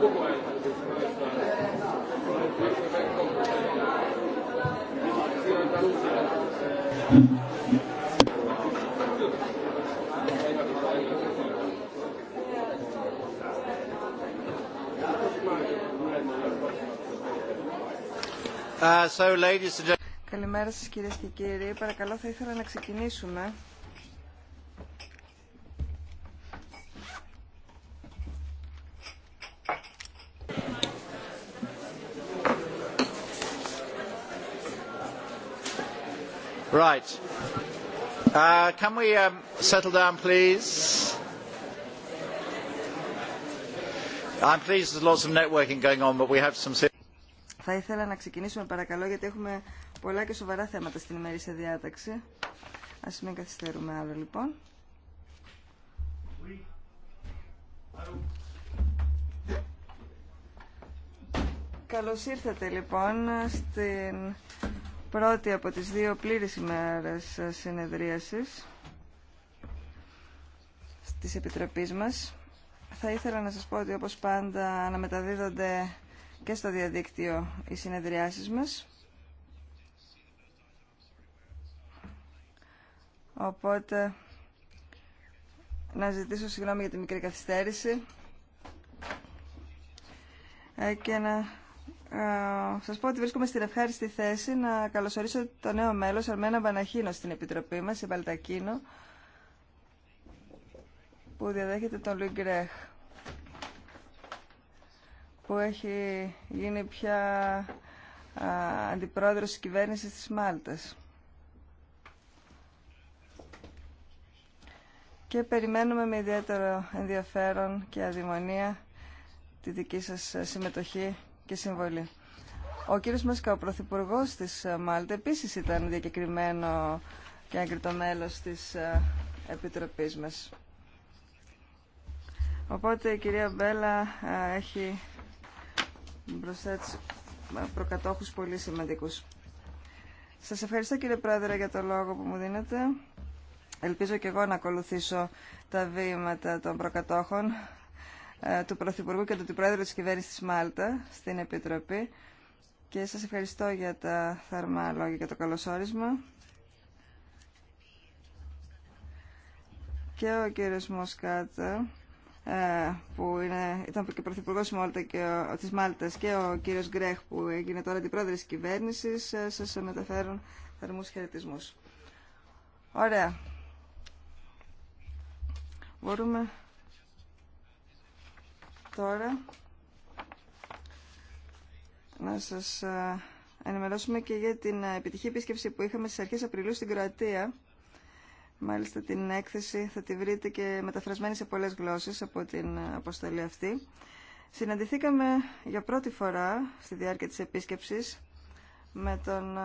Uh, Καλημέρα σας κυρίες και κύριοι. Παρακαλώ θα ήθελα να ξεκινήσουμε. Right. Uh, can we um, settle down, please? I'm pleased there's lots of networking going on, but we have some. Θα ήθελα να ξεκινήσουμε παρακαλώ γιατί έχουμε πολλά και σοβαρά θέματα στην ημερήσια διάταξη. Ας μην καθυστερούμε άλλο λοιπόν. Καλώς ήρθατε λοιπόν στην πρώτη από τις δύο πλήρες ημέρες συνεδρίασης της Επιτροπής μας. Θα ήθελα να σας πω ότι όπως πάντα αναμεταδίδονται και στο διαδίκτυο οι συνεδριάσεις μας. Οπότε να ζητήσω συγγνώμη για τη μικρή καθυστέρηση ε, και να ε, σας πω ότι βρίσκομαι στην ευχάριστη θέση να καλωσορίσω το νέο μέλος Αρμένα Μπαναχίνο στην Επιτροπή μας, η Βαλτακίνο, που διαδέχεται τον Λουί που έχει γίνει πια αντιπρόεδρος της κυβέρνησης της Μάλτας. Και περιμένουμε με ιδιαίτερο ενδιαφέρον και αδημονία τη δική σας συμμετοχή και συμβολή. Ο κύριος Μασκά, ο πρωθυπουργός της ε, Μάλτα, επίσης ήταν διακεκριμένο και έγκριτο μέλος της ε, Επιτροπής μας. Οπότε η κυρία Μπέλα ε, έχει μπροστά της προκατόχους πολύ σημαντικούς. Σας ευχαριστώ κύριε Πρόεδρε για το λόγο που μου δίνετε. Ελπίζω και εγώ να ακολουθήσω τα βήματα των προκατόχων ε, του Πρωθυπουργού και του Πρόεδρου της Κυβέρνησης της Μάλτα στην Επιτροπή και σας ευχαριστώ για τα θερμά λόγια και το καλωσόρισμα. Και ο κύριος Μοσκάτα ε, που είναι, ήταν και πρωθυπουργός της, Μάλτα και ο, της Μάλτας και ο κύριος Γκρέχ που έγινε τώρα αντιπρόεδρος της κυβέρνησης ε, σας μεταφέρουν θερμούς χαιρετισμούς. Ωραία. Μπορούμε τώρα να σας ε, ενημερώσουμε και για την ε, επιτυχή επίσκεψη που είχαμε στις αρχές Απριλίου στην Κροατία. Μάλιστα την έκθεση θα τη βρείτε και μεταφρασμένη σε πολλές γλώσσες από την ε, αποστολή αυτή. Συναντηθήκαμε για πρώτη φορά στη διάρκεια της επίσκεψης με τον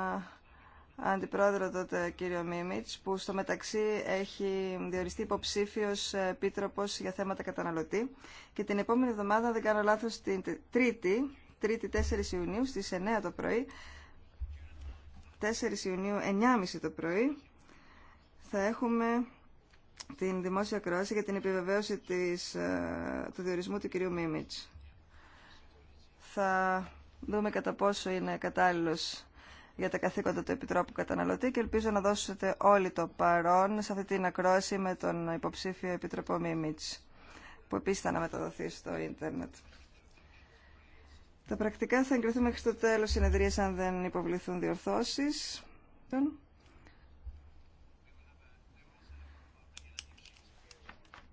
αντιπρόεδρο τότε κύριο Μίμιτς, που στο μεταξύ έχει διοριστεί υποψήφιος επίτροπος για θέματα καταναλωτή. Και την επόμενη εβδομάδα, δεν κάνω λάθος, την Τρίτη, Τρίτη 4 Ιουνίου στις 9 το πρωί, 4 Ιουνίου 9.30 το πρωί, θα έχουμε την δημόσια κρόση για την επιβεβαίωση της, ε, του διορισμού του κυρίου Μίμιτς. Θα δούμε κατά πόσο είναι κατάλληλος για τα καθήκοντα του Επιτρόπου Καταναλωτή και ελπίζω να δώσετε όλοι το παρόν σε αυτή την ακρόαση με τον υποψήφιο Επιτροπό Μίμιτς, που επίσης θα αναμεταδοθεί στο ίντερνετ. Τα πρακτικά θα εγκριθούν μέχρι το τέλος συνεδρίες αν δεν υποβληθούν διορθώσεις.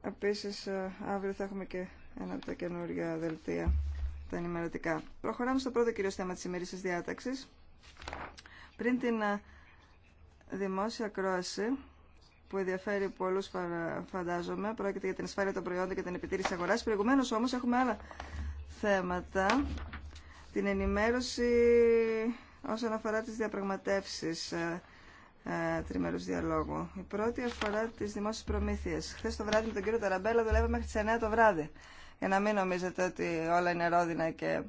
Επίσης, ε, αύριο θα έχουμε και ένα από τα καινούργια δελτία, τα ενημερωτικά. Προχωράμε στο πρώτο κυρίως θέμα της ημερήσης διάταξης. Πριν την ε, δημόσια κρόαση, που ενδιαφέρει πολλούς φαντάζομαι, πρόκειται για την ασφάλεια των προϊόντων και την επιτήρηση αγοράς. Προηγουμένως όμως έχουμε άλλα θέματα. Την ενημέρωση όσον αφορά τις διαπραγματεύσεις ε, ε, τριμερού διαλόγου. Η πρώτη αφορά τι δημόσιε προμήθειε. Χθε το βράδυ με τον κύριο Ταραμπέλα δουλεύαμε μέχρι τι 9 το βράδυ. Για να μην νομίζετε ότι όλα είναι ρόδινα και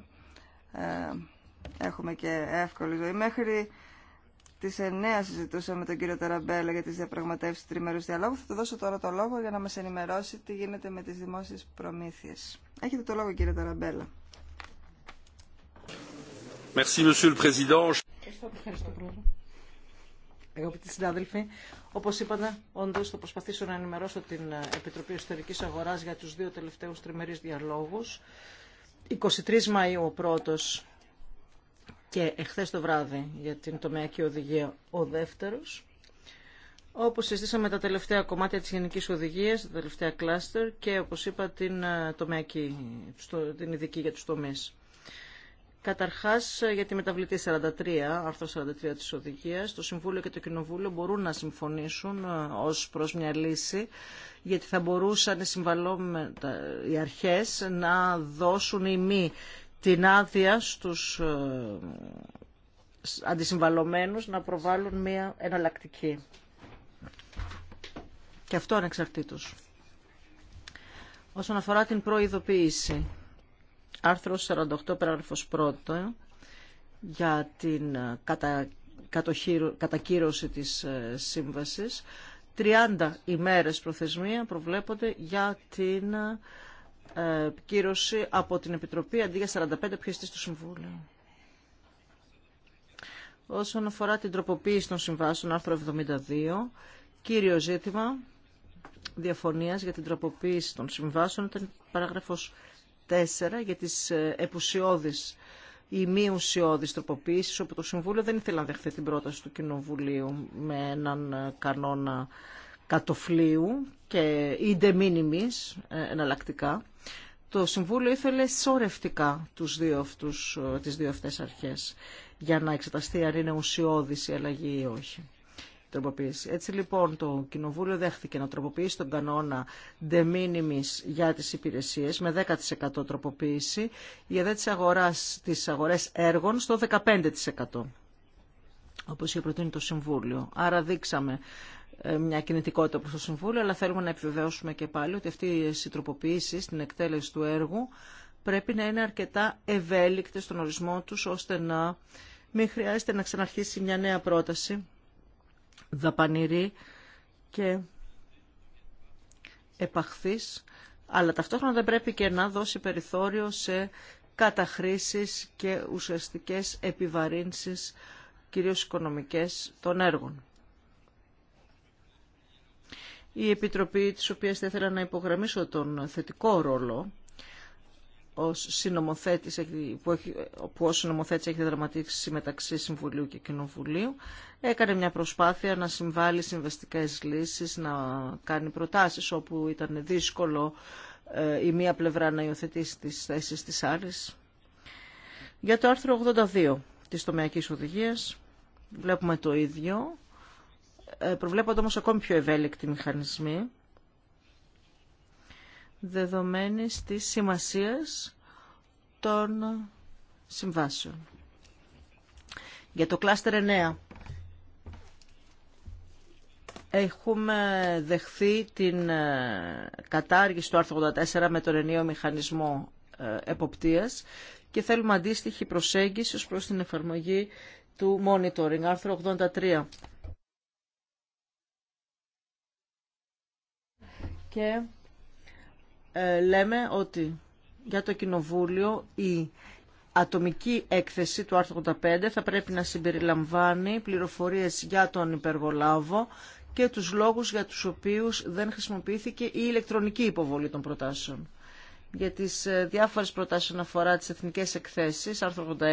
έχουμε και εύκολη ζωή. Μέχρι τις 9 συζητούσα με τον κύριο Ταραμπέλα για τι διαπραγματεύσει τριμέρου διαλόγου. Θα του δώσω τώρα το λόγο για να μα ενημερώσει τι γίνεται με τι δημόσιε προμήθειε. Έχετε το λόγο κύριε Ταραμπέλα. Merci, Monsieur le Président. Ευχαριστώ, Πρόεδρε. Αγαπητοί συνάδελφοι, όπω είπατε, όντω θα προσπαθήσω να ενημερώσω την Επιτροπή Ιστορική Αγορά για του δύο τελευταίου τριμερεί διαλόγου. 23 Μαΐου ο πρώτος και εχθές το βράδυ για την τομεακή οδηγία ο δεύτερος. Όπως συζητήσαμε τα τελευταία κομμάτια της γενικής οδηγίας, τα τελευταία κλάστερ και όπως είπα την ε, τομεακή, την ειδική για τους τομείς. Καταρχάς ε, για τη μεταβλητή 43, άρθρο 43 της οδηγίας, το Συμβούλιο και το Κοινοβούλιο μπορούν να συμφωνήσουν ε, ως προς μια λύση, γιατί θα μπορούσαν οι αρχές να δώσουν ή μη την άδεια στους ε, αντισυμβαλωμένους να προβάλλουν μία εναλλακτική. Και αυτό ανεξαρτήτως. Όσον αφορά την προειδοποίηση, άρθρο 48 παράγραφος 1 για την ε, κατα... κατακύρωση της ε, σύμβασης, 30 ημέρες προθεσμία προβλέπονται για την κύρωση από την Επιτροπή αντί για 45 πιεστή στο Συμβούλιο. Όσον αφορά την τροποποίηση των συμβάσεων, άρθρο 72, κύριο ζήτημα διαφωνίας για την τροποποίηση των συμβάσεων ήταν παράγραφος 4 για τις ε, επουσιώδεις ή μη τροποποίησης, όπου το Συμβούλιο δεν ήθελε να δεχθεί την πρόταση του Κοινοβουλίου με έναν ε, κανόνα κατοφλίου και είτε ε, εναλλακτικά. Το Συμβούλιο ήθελε σωρευτικά τους δύο αυτούς, ε, τις δύο αυτές αρχές για να εξεταστεί αν είναι ουσιώδης η αλλαγή ή όχι. Έτσι λοιπόν το Κοινοβούλιο δέχθηκε να τροποποιήσει τον κανόνα de minimis για τις υπηρεσίες με 10% τροποποίηση για δε τις, αγοράς, τις αγορές έργων στο 15% όπως είχε προτείνει το Συμβούλιο. Άρα δείξαμε ε, μια κινητικότητα προς το Συμβούλιο, αλλά θέλουμε να επιβεβαιώσουμε και πάλι ότι αυτή οι τροποποιήσεις στην εκτέλεση του έργου πρέπει να είναι αρκετά ευέλικτη στον ορισμό τους, ώστε να μην χρειάζεται να ξαναρχίσει μια νέα πρόταση δαπανηρή και επαχθής, αλλά ταυτόχρονα δεν πρέπει και να δώσει περιθώριο σε καταχρήσεις και ουσιαστικές επιβαρύνσεις, κυρίως οικονομικές, των έργων η Επιτροπή της οποίας θα ήθελα να υπογραμμίσω τον θετικό ρόλο ως συνομοθέτης, που, έχει, που ως συνομοθέτης έχει δραματίσει μεταξύ Συμβουλίου και Κοινοβουλίου, έκανε μια προσπάθεια να συμβάλλει συμβαστικές λύσεις, να κάνει προτάσεις όπου ήταν δύσκολο ε, η μία πλευρά να υιοθετήσει τις θέσεις της άλλης. Για το άρθρο 82 της τομεακής οδηγίας βλέπουμε το ίδιο ε, προβλέπονται όμως ακόμη πιο ευέλικτοι μηχανισμοί δεδομένης της σημασίας των συμβάσεων. Για το κλάστερ 9 έχουμε δεχθεί την ε, κατάργηση του άρθρου 84 με τον ενίο μηχανισμό ε, εποπτείας και θέλουμε αντίστοιχη προσέγγιση ως προς την εφαρμογή του monitoring, άρθρο 83. και ε, λέμε ότι για το Κοινοβούλιο η ατομική έκθεση του άρθρου 85 θα πρέπει να συμπεριλαμβάνει πληροφορίες για τον υπεργολάβο και τους λόγους για τους οποίους δεν χρησιμοποιήθηκε η ηλεκτρονική υποβολή των προτάσεων για τις ε, διάφορες προτάσεις αναφορά τις εθνικές εκθέσεις, άρθρο 86,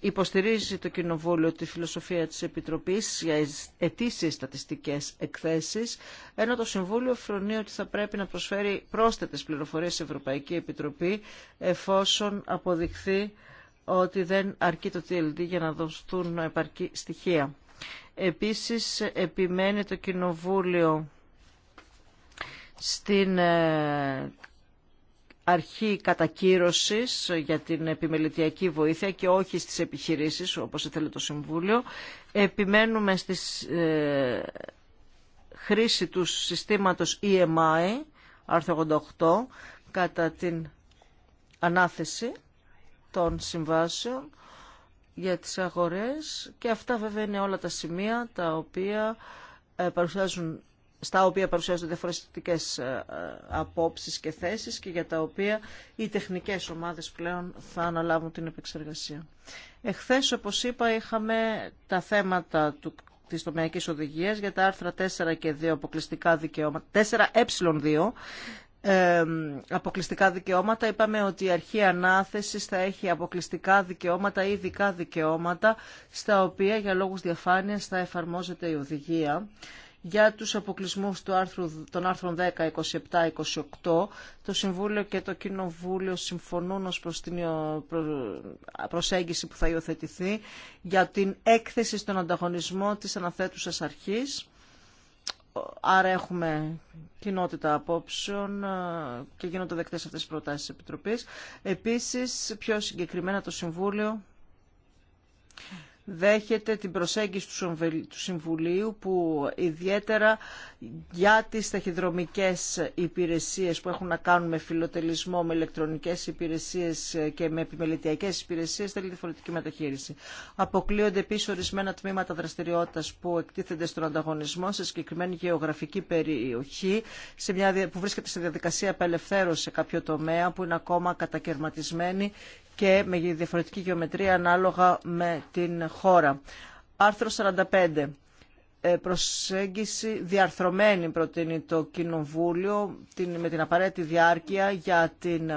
υποστηρίζει το Κοινοβούλιο τη φιλοσοφία της Επιτροπής για ετήσιες στατιστικές εκθέσεις, ενώ το Συμβούλιο φρονεί ότι θα πρέπει να προσφέρει πρόσθετες πληροφορίες στην Ευρωπαϊκή Επιτροπή, εφόσον αποδειχθεί ότι δεν αρκεί το TLD για να δοθούν επαρκή στοιχεία. Επίσης, επιμένει το Κοινοβούλιο στην ε, αρχή κατακύρωσης για την επιμελητιακή βοήθεια και όχι στις επιχειρήσεις όπως ήθελε το Συμβούλιο. Επιμένουμε στη ε, χρήση του συστήματος EMI, άρθρο 88, κατά την ανάθεση των συμβάσεων για τις αγορές και αυτά βέβαια είναι όλα τα σημεία τα οποία ε, παρουσιάζουν στα οποία παρουσιάζονται διαφορετικέ ε, ε, απόψεις και θέσεις και για τα οποία οι τεχνικές ομάδες πλέον θα αναλάβουν την επεξεργασία. Εχθές, όπως είπα, είχαμε τα θέματα του τη τομεακή οδηγία για τα άρθρα 4 και 2 αποκλειστικά δικαιώματα, 4ε2 ε, 2 ε, δικαιώματα. Είπαμε ότι η αρχή ανάθεση θα έχει αποκλειστικά δικαιώματα ή ειδικά δικαιώματα, στα οποία για λόγου διαφάνεια θα εφαρμόζεται η οδηγία για τους αποκλεισμούς του άρθρου, των άρθρων 10, 27, 28. Το Συμβούλιο και το Κοινοβούλιο συμφωνούν ως προς την ε, προσέγγιση που θα υιοθετηθεί για την έκθεση στον ανταγωνισμό της αναθέτουσας αρχής. Άρα έχουμε κοινότητα απόψεων ε, και γίνονται δεκτές αυτές τις προτάσεις της Επιτροπής. Επίσης, πιο συγκεκριμένα το Συμβούλιο δέχεται την προσέγγιση του Συμβουλίου που ιδιαίτερα για τις ταχυδρομικές υπηρεσίες που έχουν να κάνουν με φιλοτελισμό, με ηλεκτρονικές υπηρεσίες και με επιμελητιακές υπηρεσίες θέλει διαφορετική μεταχείριση. Αποκλείονται επίσης ορισμένα τμήματα δραστηριότητας που εκτίθενται στον ανταγωνισμό σε συγκεκριμένη γεωγραφική περιοχή σε μια, που βρίσκεται σε διαδικασία απελευθέρωση σε κάποιο τομέα που είναι ακόμα κατακαιρματισμένη και με διαφορετική γεωμετρία ανάλογα με την χώρα. Άρθρο 45 ε, προσέγγιση διαρθρωμένη προτείνει το Κοινοβούλιο με την απαραίτητη διάρκεια για την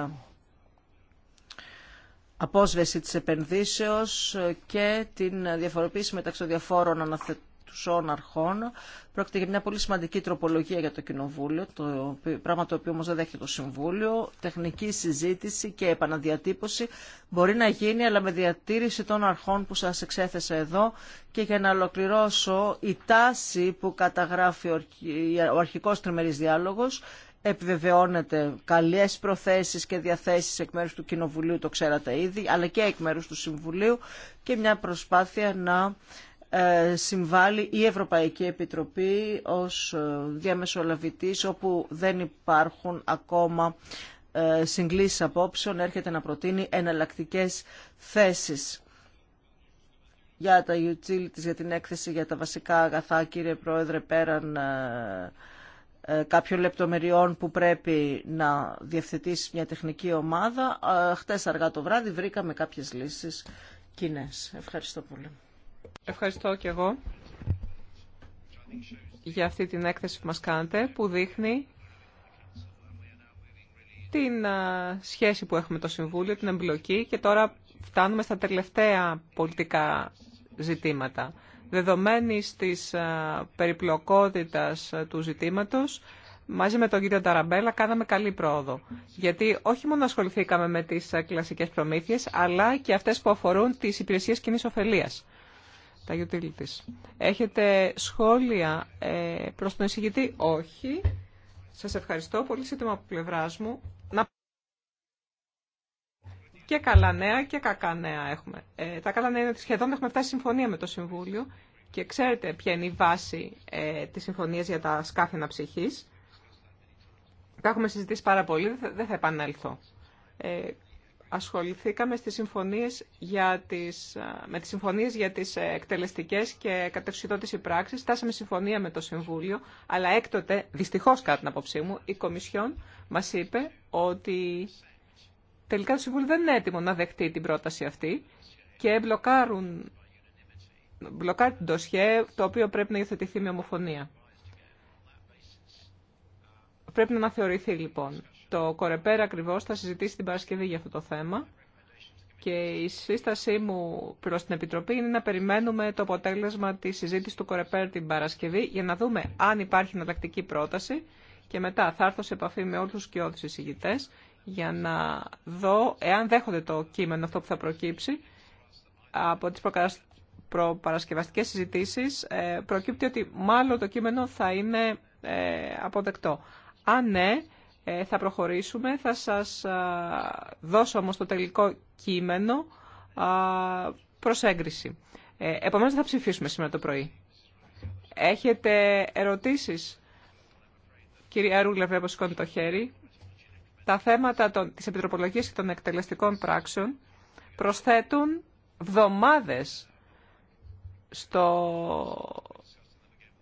απόσβεση της επενδύσεως και την διαφοροποίηση μεταξύ των διαφόρων εξουσών αρχών. Πρόκειται για μια πολύ σημαντική τροπολογία για το Κοινοβούλιο, το πράγμα το οποίο όμω δεν δέχεται το Συμβούλιο. Τεχνική συζήτηση και επαναδιατύπωση μπορεί να γίνει, αλλά με διατήρηση των αρχών που σα εξέθεσα εδώ. Και για να ολοκληρώσω, η τάση που καταγράφει ο αρχικό τριμερή διάλογο επιβεβαιώνεται καλές προθέσεις και διαθέσεις εκ μέρους του Κοινοβουλίου, το ξέρατε ήδη, αλλά και εκ μέρους του Συμβουλίου και μια προσπάθεια να ε, συμβάλλει η Ευρωπαϊκή Επιτροπή ως ε, διαμεσολαβητής όπου δεν υπάρχουν ακόμα ε, συγκλήσεις απόψεων έρχεται να προτείνει εναλλακτικές θέσεις για τα utilities, για την έκθεση, για τα βασικά αγαθά, κύριε Πρόεδρε, πέραν κάποιων λεπτομεριών που πρέπει να διευθετήσει μια τεχνική ομάδα. Χτες αργά το βράδυ βρήκαμε κάποιες λύσεις κοινέ. Ευχαριστώ πολύ. Ευχαριστώ και εγώ για αυτή την έκθεση που μας κάνετε, που δείχνει την σχέση που έχουμε το Συμβούλιο, την εμπλοκή και τώρα φτάνουμε στα τελευταία πολιτικά ζητήματα. Δεδομένης της περιπλοκότητας του ζητήματος, μαζί με τον κύριο Ταραμπέλα κάναμε καλή πρόοδο. Γιατί όχι μόνο ασχοληθήκαμε με τις κλασικές προμήθειες, αλλά και αυτές που αφορούν τις υπηρεσίες κοινή ωφελίας τα Έχετε σχόλια ε, προς τον εισηγητή. Όχι. Σας ευχαριστώ. Πολύ σύντομα από πλευρά μου. Να... Και καλά νέα και κακά νέα έχουμε. Ε, τα καλά νέα είναι ότι σχεδόν έχουμε φτάσει συμφωνία με το Συμβούλιο και ξέρετε ποια είναι η βάση ε, της συμφωνίας για τα σκάφη ψυχής Τα έχουμε συζητήσει πάρα πολύ, δεν θα επανέλθω. Ε, ασχοληθήκαμε στις συμφωνίες για τις, με τις συμφωνίες για τις ε, εκτελεστικές και κατεξιδότηση πράξεις. Στάσαμε συμφωνία με το Συμβούλιο, αλλά έκτοτε, δυστυχώς κατά την απόψή μου, η Κομισιόν μας είπε ότι τελικά το Συμβούλιο δεν είναι έτοιμο να δεχτεί την πρόταση αυτή και μπλοκάρουν, μπλοκάρει την τοσχέ, το οποίο πρέπει να υιοθετηθεί με ομοφωνία. Πρέπει να αναθεωρηθεί λοιπόν το Κορεπέρα ακριβώς θα συζητήσει την Παρασκευή για αυτό το θέμα και η σύστασή μου προς την Επιτροπή είναι να περιμένουμε το αποτέλεσμα της συζήτησης του Κορεπέρ την Παρασκευή για να δούμε αν υπάρχει εναλλακτική πρόταση και μετά θα έρθω σε επαφή με όλους τους κοιόδους εισηγητές για να δω εάν δέχονται το κείμενο αυτό που θα προκύψει από τις προπαρασκευαστικές συζητήσεις ε, προκύπτει ότι μάλλον το κείμενο θα είναι ε, αποδεκτό. Αν ναι, ε, θα προχωρήσουμε. Θα σας δώσω όμως το τελικό κείμενο προς έγκριση. Ε, επομένως θα ψηφίσουμε σήμερα το πρωί. Έχετε ερωτήσεις. Κυρία Ρούλα, βλέπω σηκώνει το χέρι. Τα θέματα των, της επιτροπολογίας και των εκτελεστικών πράξεων προσθέτουν βδομάδες στο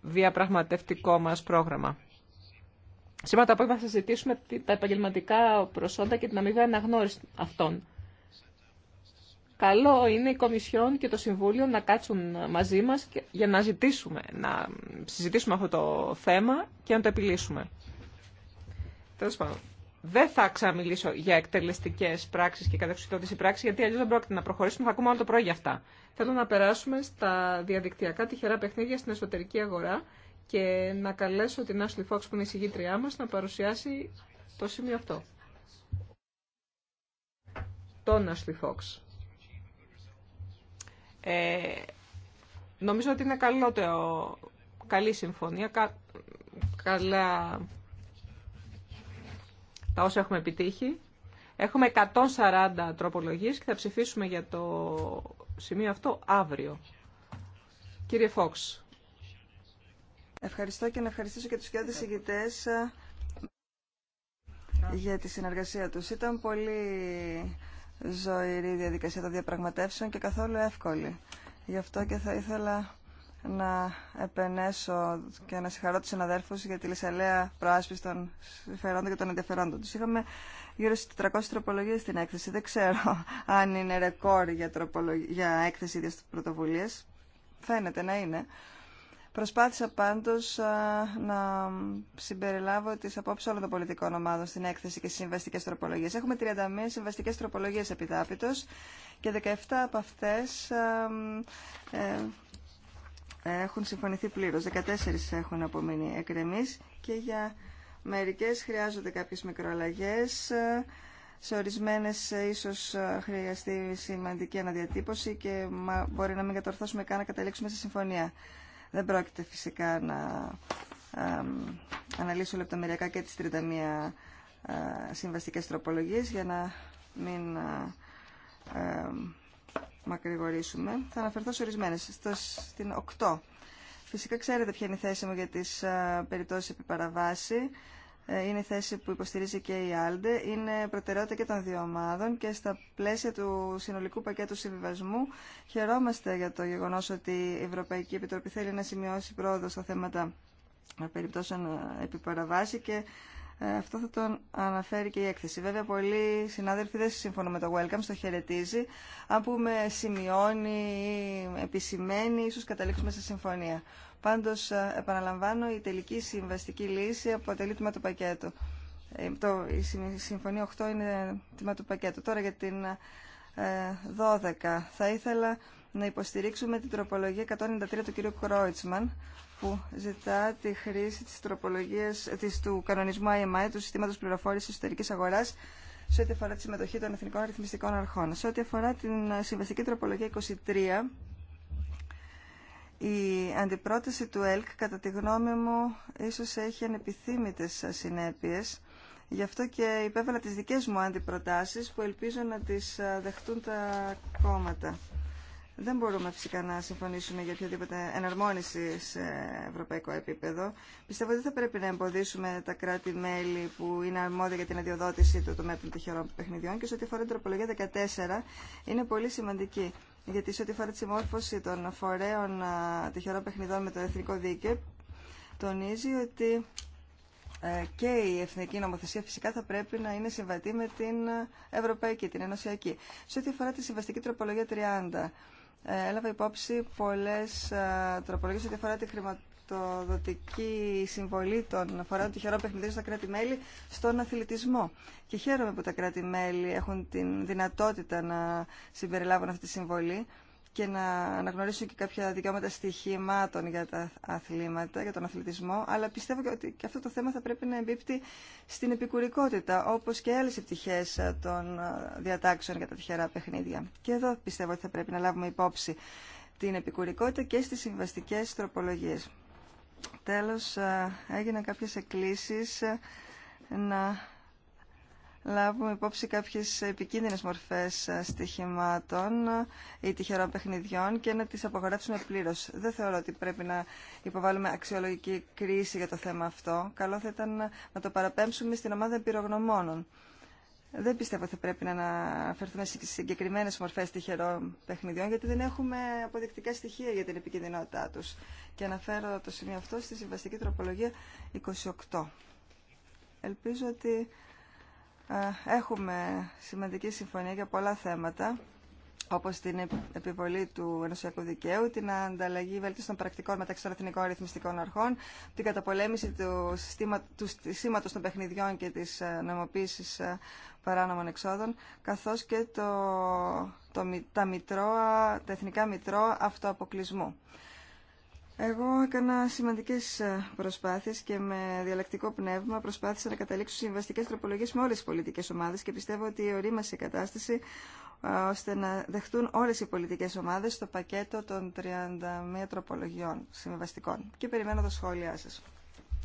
διαπραγματευτικό μας πρόγραμμα. Σήμερα το απόγευμα θα συζητήσουμε τα επαγγελματικά προσόντα και την αμοιβή αναγνώριση αυτών. Καλό είναι η Κομισιόν και το Συμβούλιο να κάτσουν μαζί μας για να ζητήσουμε, να συζητήσουμε αυτό το θέμα και να το επιλύσουμε. δεν θα ξαναμιλήσω για εκτελεστικές πράξεις και κατευθυντικές πράξεις, γιατί αλλιώς δεν πρόκειται να προχωρήσουμε, θα ακούμε όλο το πρωί για αυτά. Θέλω να περάσουμε στα διαδικτυακά τυχερά παιχνίδια στην εσωτερική αγορά και να καλέσω την Ashley Fox που είναι η συγγήτριά μας να παρουσιάσει το σημείο αυτό. Τον Ashley Fox. Ε, νομίζω ότι είναι καλό καλή συμφωνία, καλά τα όσα έχουμε επιτύχει. Έχουμε 140 τροπολογίες και θα ψηφίσουμε για το σημείο αυτό αύριο. Κύριε Φόξ, Ευχαριστώ και να ευχαριστήσω και τους κοιόδες ηγητές ε, για τη συνεργασία τους. Ήταν πολύ ζωηρή η διαδικασία των διαπραγματεύσεων και καθόλου εύκολη. Γι' αυτό και θα ήθελα να επενέσω και να συγχαρώ τους συναδέλφους για τη λησαλέα προάσπιση των συμφερόντων και των ενδιαφερόντων τους. Είχαμε γύρω στις 400 τροπολογίες στην έκθεση. Δεν ξέρω αν είναι ρεκόρ για, τροπολογ... για έκθεση ίδιας πρωτοβουλίες. Φαίνεται να είναι. Προσπάθησα πάντως να συμπεριλάβω τις απόψεις όλων των πολιτικών ομάδων στην έκθεση και στις συμβαστικές τροπολογίες. Έχουμε 31 συμβαστικές τροπολογίες επιτάπητος και 17 από αυτές ε, έχουν συμφωνηθεί πλήρως. 14 έχουν απομείνει εκκρεμείς και για μερικές χρειάζονται κάποιες μικροαλλαγές. Σε ορισμένε ε, ίσω ε, χρειαστεί σημαντική αναδιατύπωση και μπορεί να μην κατορθώσουμε καν να καταλήξουμε σε συμφωνία. Δεν πρόκειται φυσικά να αναλύσω λεπτομεριακά και τις 31 ε, συμβαστικές τροπολογίες για να μην ε, μακρηγορήσουμε. Θα αναφερθώ σε ορισμένες. Στην 8. Φυσικά ξέρετε ποια είναι η θέση μου για τις ε, περιπτώσεις επί παραβάση. Ε, είναι η θέση που υποστηρίζει και η Άλντε. Είναι προτεραιότητα και των δύο ομάδων και στα πλαίσια του συνολικού πακέτου συμβιβασμού χαιρόμαστε για το γεγονός ότι η Ευρωπαϊκή Επιτροπή θέλει να σημειώσει πρόοδο στα θέματα περιπτώσεων ε, επιπαραβάση και ε, αυτό θα τον αναφέρει και η έκθεση. Βέβαια, πολλοί συνάδελφοι δεν συμφωνούν με το welcome, στο χαιρετίζει. Αν πούμε σημειώνει ή επισημαίνει, ίσω καταλήξουμε σε συμφωνία. Πάντω ε, επαναλαμβάνω, η τελική συμβαστική λύση αποτελεί τμήμα του πακέτου. Ε, το, η συμφωνία 8 είναι τμήμα του πακέτου. Τώρα για την 12 ε, θα ήθελα να υποστηρίξουμε την τροπολογία 193 του κ. Κρόιτσμαν που ζητά τη χρήση της τροπολογίας της, του κανονισμού IMI, του Συστήματος Πληροφόρησης εσωτερική αγορά σε ό,τι αφορά τη συμμετοχή των Εθνικών Αριθμιστικών Αρχών. Σε ό,τι αφορά την συμβαστική τροπολογία 23, η αντιπρόταση του ΕΛΚ, κατά τη γνώμη μου, ίσως έχει ανεπιθύμητες συνέπειες. Γι' αυτό και υπέβαλα τις δικές μου αντιπροτάσεις που ελπίζω να τις ε, δεχτούν τα κόμματα. Δεν μπορούμε φυσικά να συμφωνήσουμε για οποιαδήποτε εναρμόνιση σε ευρωπαϊκό επίπεδο. Πιστεύω ότι δεν θα πρέπει να εμποδίσουμε τα κράτη-μέλη που είναι αρμόδια για την αδειοδότηση του τομέα των τυχερών παιχνιδιών και σε ό,τι αφορά την τροπολογία 14 είναι πολύ σημαντική γιατί σε ό,τι αφορά τη συμμόρφωση των φορέων τυχερών παιχνιδών με το εθνικό δίκαιο, τονίζει ότι ε, και η εθνική νομοθεσία φυσικά θα πρέπει να είναι συμβατή με την ευρωπαϊκή, την ενωσιακή. Σε ό,τι αφορά τη συμβαστική τροπολογία 30, ε, έλαβα υπόψη πολλές τροπολογίες ό,τι αφορά τη χρηματοδότηση το δοτική συμβολή των φορέων τυχερών παιχνιδιών στα κράτη-μέλη στον αθλητισμό. Και χαίρομαι που τα κράτη-μέλη έχουν την δυνατότητα να συμπεριλάβουν αυτή τη συμβολή και να αναγνωρίσουν και κάποια δικαιώματα στοιχημάτων για τα αθλήματα, για τον αθλητισμό, αλλά πιστεύω ότι και αυτό το θέμα θα πρέπει να εμπίπτει στην επικουρικότητα, όπω και άλλε επιτυχίε των διατάξεων για τα τυχερά παιχνίδια. Και εδώ πιστεύω ότι θα πρέπει να λάβουμε υπόψη την επικουρικότητα και στις συμβαστικέ τροπολογίες. Τέλος, ε, έγιναν κάποιες εκκλήσεις ε, να λάβουμε υπόψη κάποιες επικίνδυνες μορφές ε, στοιχημάτων ή τυχερών παιχνιδιών και να τις απογορεύσουμε πλήρως. Δεν θεωρώ ότι πρέπει να υποβάλουμε αξιολογική κρίση για το θέμα αυτό. Καλό θα ήταν να το παραπέμψουμε στην ομάδα εμπειρογνωμόνων. Δεν πιστεύω ότι θα πρέπει να αναφερθούμε σε συγκεκριμένε μορφέ τυχερών παιχνιδιών, γιατί δεν έχουμε αποδεικτικά στοιχεία για την επικίνδυνοτητά του. Και αναφέρω το σημείο αυτό στη συμβαστική τροπολογία 28. Ελπίζω ότι έχουμε σημαντική συμφωνία για πολλά θέματα όπω την επιβολή του ενωσιακού δικαίου, την ανταλλαγή βέλτιστων πρακτικών μεταξύ των εθνικών αριθμιστικών αρχών, την καταπολέμηση του, συστήμα, των παιχνιδιών και της ε, νομοποίηση ε, παράνομων εξόδων, καθώ και το, το, τα, τα εθνικά μητρώα αυτοαποκλεισμού. Εγώ έκανα σημαντικέ ε, προσπάθειες και με διαλεκτικό πνεύμα προσπάθησα να καταλήξω συμβαστικέ τροπολογίε με όλε τι πολιτικέ ομάδε και πιστεύω ότι ορίμασε η κατάσταση ώστε να δεχτούν όλες οι πολιτικές ομάδες το πακέτο των 31 τροπολογιών συμβαστικών. Και περιμένω τα σχόλιά σας.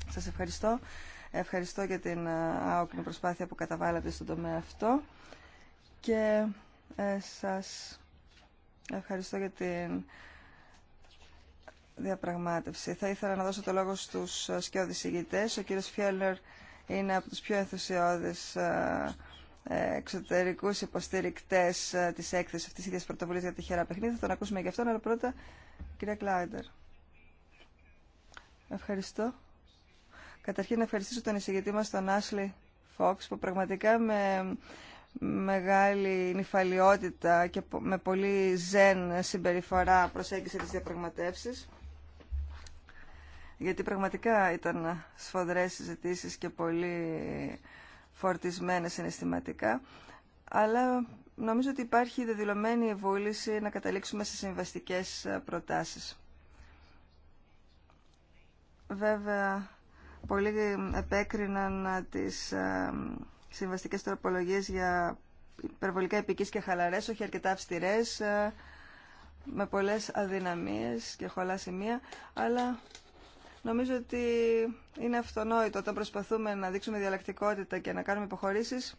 Σας ευχαριστώ. Ευχαριστώ για την άοκνη προσπάθεια που καταβάλατε στον τομέα αυτό και ε, σας ευχαριστώ για την διαπραγμάτευση. Θα ήθελα να δώσω το λόγο στους σκιώδης ηγητές. Ο κύριος Φιέλνερ είναι από τους πιο ενθουσιώδες Εξωτερικού υποστηρικτέ ε, τη έκθεση αυτή τη ίδια πρωτοβουλία για τυχερά παιχνίδια. Θα τον ακούσουμε για αυτόν, αλλά πρώτα κυρία Κλάιντερ. Ευχαριστώ. Καταρχήν να ευχαριστήσω τον εισηγητή μας, τον Άσλι Φόξ, που πραγματικά με μεγάλη νυφαλιότητα και με πολύ ζεν συμπεριφορά προσέγγισε τις διαπραγματεύσεις. Γιατί πραγματικά ήταν σφοδρές συζητήσεις και πολύ φορτισμένες συναισθηματικά, αλλά νομίζω ότι υπάρχει δεδηλωμένη βούληση να καταλήξουμε σε συμβαστικές ε, προτάσεις. Βέβαια, πολλοί επέκριναν ε, τις ε, συμβαστικές τροπολογίες για υπερβολικά επικείς και χαλαρές, όχι αρκετά αυστηρές, με πολλές αδυναμίες και χωλά σημεία, αλλά Νομίζω ότι είναι αυτονόητο όταν προσπαθούμε να δείξουμε διαλλακτικότητα και να κάνουμε υποχωρήσεις.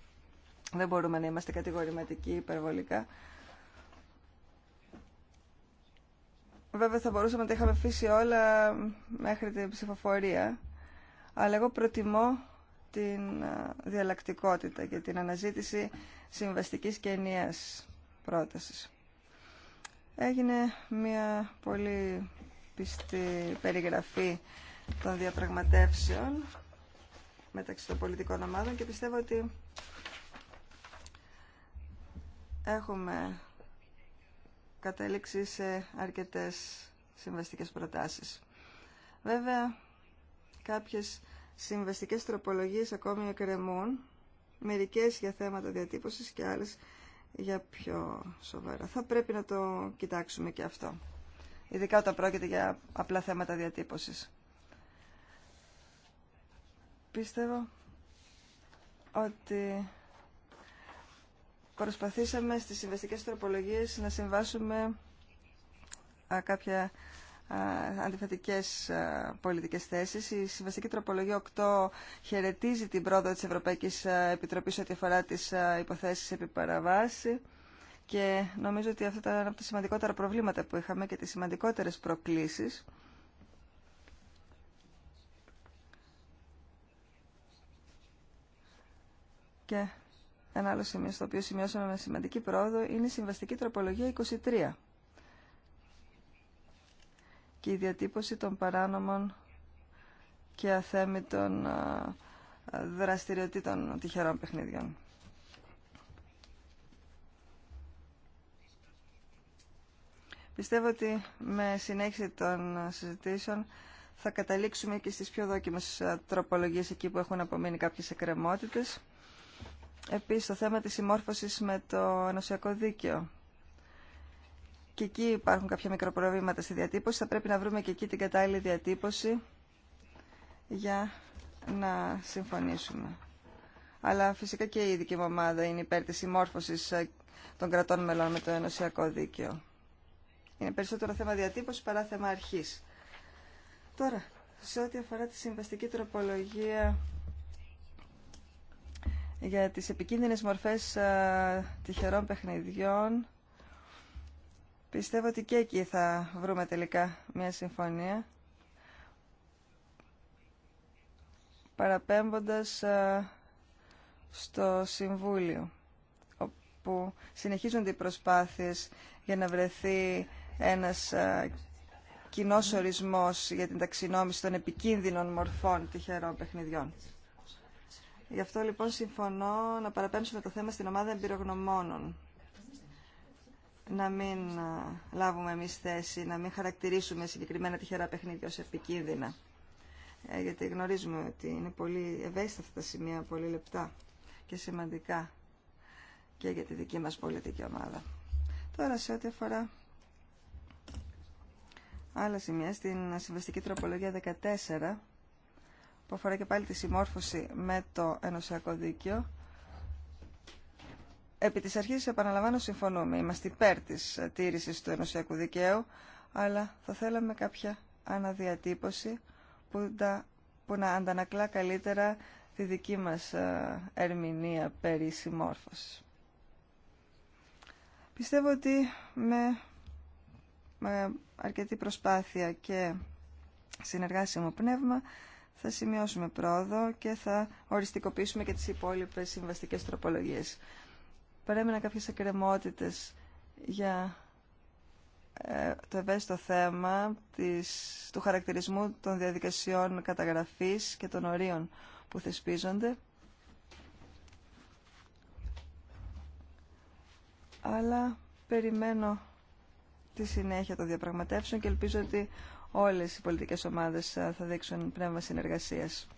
Δεν μπορούμε να είμαστε κατηγορηματικοί υπερβολικά. Βέβαια θα μπορούσαμε να τα είχαμε αφήσει όλα μέχρι την ψηφοφορία, αλλά εγώ προτιμώ την διαλλακτικότητα και την αναζήτηση συμβαστικής και ενιαίας πρότασης. Έγινε μια πολύ στην περιγραφή των διαπραγματεύσεων μεταξύ των πολιτικών ομάδων και πιστεύω ότι έχουμε καταλήξει σε αρκετές συμβαστικές προτάσεις. Βέβαια, κάποιες συμβαστικές τροπολογίες ακόμη εκκρεμούν, μερικές για θέματα διατύπωσης και άλλες για πιο σοβαρά. Θα πρέπει να το κοιτάξουμε και αυτό ειδικά όταν πρόκειται για απλά θέματα διατύπωσης. Πίστευω ότι προσπαθήσαμε στις συμβαστικές τροπολογίες να συμβάσουμε κάποια αντιφατικές πολιτικές θέσεις. Η Συμβαστική Τροπολογία 8 χαιρετίζει την πρόοδο της Ευρωπαϊκής Επιτροπής ό,τι αφορά τις υποθέσεις επί παραβάση. Και νομίζω ότι αυτά ήταν ένα από τα σημαντικότερα προβλήματα που είχαμε και τις σημαντικότερες προκλήσεις. Και ένα άλλο σημείο στο οποίο σημειώσαμε με σημαντική πρόοδο είναι η συμβαστική τροπολογία 23 και η διατύπωση των παράνομων και αθέμητων δραστηριοτήτων τυχερών παιχνιδιών. Πιστεύω ότι με συνέχιση των συζητήσεων θα καταλήξουμε και στις πιο δόκιμες ε, τροπολογίες εκεί που έχουν απομείνει κάποιες εκκρεμότητες. Επίσης, το θέμα της συμμόρφωσης με το ενωσιακό δίκαιο. Και εκεί υπάρχουν κάποια μικροπροβλήματα στη διατύπωση. Θα πρέπει να βρούμε και εκεί την κατάλληλη διατύπωση για να συμφωνήσουμε. Αλλά φυσικά και η δική μου ομάδα είναι υπέρ της συμμόρφωσης ε, των κρατών μελών με το ενωσιακό δίκαιο. Είναι περισσότερο θέμα διατύπωση παρά θέμα αρχής. Τώρα, σε ό,τι αφορά τη συμβαστική τροπολογία για τις επικίνδυνες μορφές α, τυχερών παιχνιδιών, πιστεύω ότι και εκεί θα βρούμε τελικά μια συμφωνία, παραπέμποντας στο Συμβούλιο, όπου συνεχίζονται οι προσπάθειες για να βρεθεί ένας κοινό ορισμός για την ταξινόμηση των επικίνδυνων μορφών τυχερών παιχνιδιών. Γι' αυτό λοιπόν συμφωνώ να παραπέμψουμε το θέμα στην ομάδα εμπειρογνωμόνων. Να μην λάβουμε εμεί θέση, να μην χαρακτηρίσουμε συγκεκριμένα τυχερά παιχνίδια ως επικίνδυνα. Ε, γιατί γνωρίζουμε ότι είναι πολύ ευαίσθητα αυτά τα σημεία, πολύ λεπτά και σημαντικά και για τη δική μας πολιτική ομάδα. Τώρα σε ό,τι αφορά άλλα σημεία στην συμβαστική τροπολογία 14 που αφορά και πάλι τη συμμόρφωση με το ενωσιακό δίκαιο. Επί της αρχής, επαναλαμβάνω, συμφωνούμε. Είμαστε υπέρ της τήρησης του ενωσιακού δικαίου, αλλά θα θέλαμε κάποια αναδιατύπωση που, που να αντανακλά καλύτερα τη δική μας ε, ερμηνεία περί συμμόρφωσης. Πιστεύω ότι με με αρκετή προσπάθεια και συνεργάσιμο πνεύμα θα σημειώσουμε πρόοδο και θα οριστικοποιήσουμε και τις υπόλοιπες συμβαστικές τροπολογίες. Παρέμεινα κάποιες ακρεμότητες για ε, το ευαίσθητο θέμα της, του χαρακτηρισμού των διαδικασιών καταγραφής και των ορίων που θεσπίζονται. Αλλά περιμένω στη συνέχεια των διαπραγματεύσεων και ελπίζω ότι όλες οι πολιτικές ομάδες ε, θα δείξουν πνεύμα συνεργασίας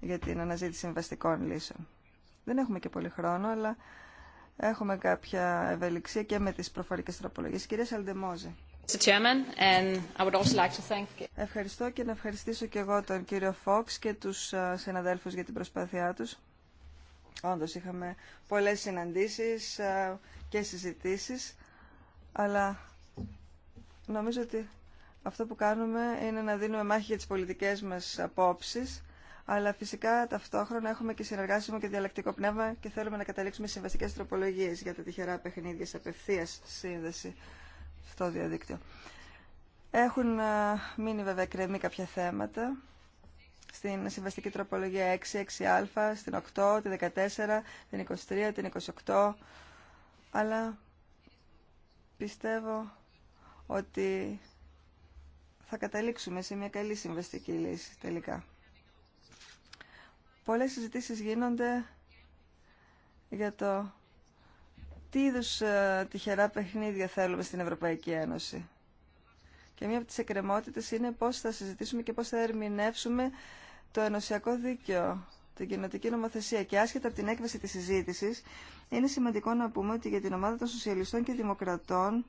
για την αναζήτηση συμβαστικών λύσεων. Δεν έχουμε και πολύ χρόνο, αλλά έχουμε κάποια ευελιξία και με τις προφορικές τροπολογίες. Κυρία Σαλντεμόζη. Ευχαριστώ και να ευχαριστήσω και εγώ τον κύριο Φόξ και τους ε, συναδέλφους για την προσπάθειά τους. Όντως είχαμε πολλές συναντήσεις ε, και συζητήσεις, αλλά Νομίζω ότι αυτό που κάνουμε είναι να δίνουμε μάχη για τις πολιτικές μας απόψεις, αλλά φυσικά ταυτόχρονα έχουμε και συνεργάσιμο και διαλλακτικό πνεύμα και θέλουμε να καταλήξουμε συμβαστικέ συμβαστικές τροπολογίες για τα τυχερά παιχνίδια σε απευθεία σύνδεση στο διαδίκτυο. Έχουν μείνει βέβαια κρεμή κάποια θέματα στην συμβαστική τροπολογία 6, 6α, στην 8, την 14, την 23, την 28, αλλά πιστεύω ότι θα καταλήξουμε σε μια καλή συμβαστική λύση τελικά. Πολλές συζητήσεις γίνονται για το τι είδου ε, τυχερά παιχνίδια θέλουμε στην Ευρωπαϊκή Ένωση. Και μία από τις εκκρεμότητες είναι πώς θα συζητήσουμε και πώς θα ερμηνεύσουμε το ενωσιακό δίκαιο, την κοινοτική νομοθεσία. Και άσχετα από την έκβαση της συζήτησης, είναι σημαντικό να πούμε ότι για την ομάδα των Σοσιαλιστών και Δημοκρατών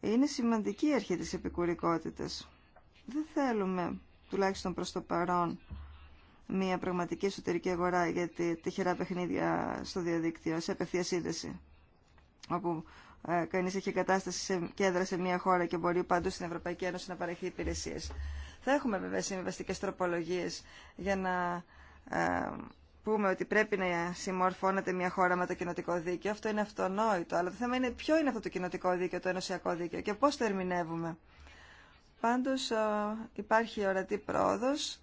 είναι σημαντική η αρχή της επικουρικότητας. Δεν θέλουμε, τουλάχιστον προς το παρόν, μια πραγματική εσωτερική αγορά για τυχερά παιχνίδια στο διαδίκτυο, σε απευθεία σύνδεση, όπου ε, κανείς έχει κατάσταση σε, κέντρα σε μια χώρα και μπορεί πάντως στην Ευρωπαϊκή Ένωση να παρέχει υπηρεσίες. Θα έχουμε βέβαια συμβαστικές τροπολογίες για να ε, πούμε ότι πρέπει να συμμορφώνεται μια χώρα με το κοινοτικό δίκαιο, αυτό είναι αυτονόητο. Αλλά το θέμα είναι ποιο είναι αυτό το κοινοτικό δίκαιο, το ενωσιακό δίκαιο και πώς το ερμηνεύουμε. Πάντως ε, υπάρχει ορατή πρόοδος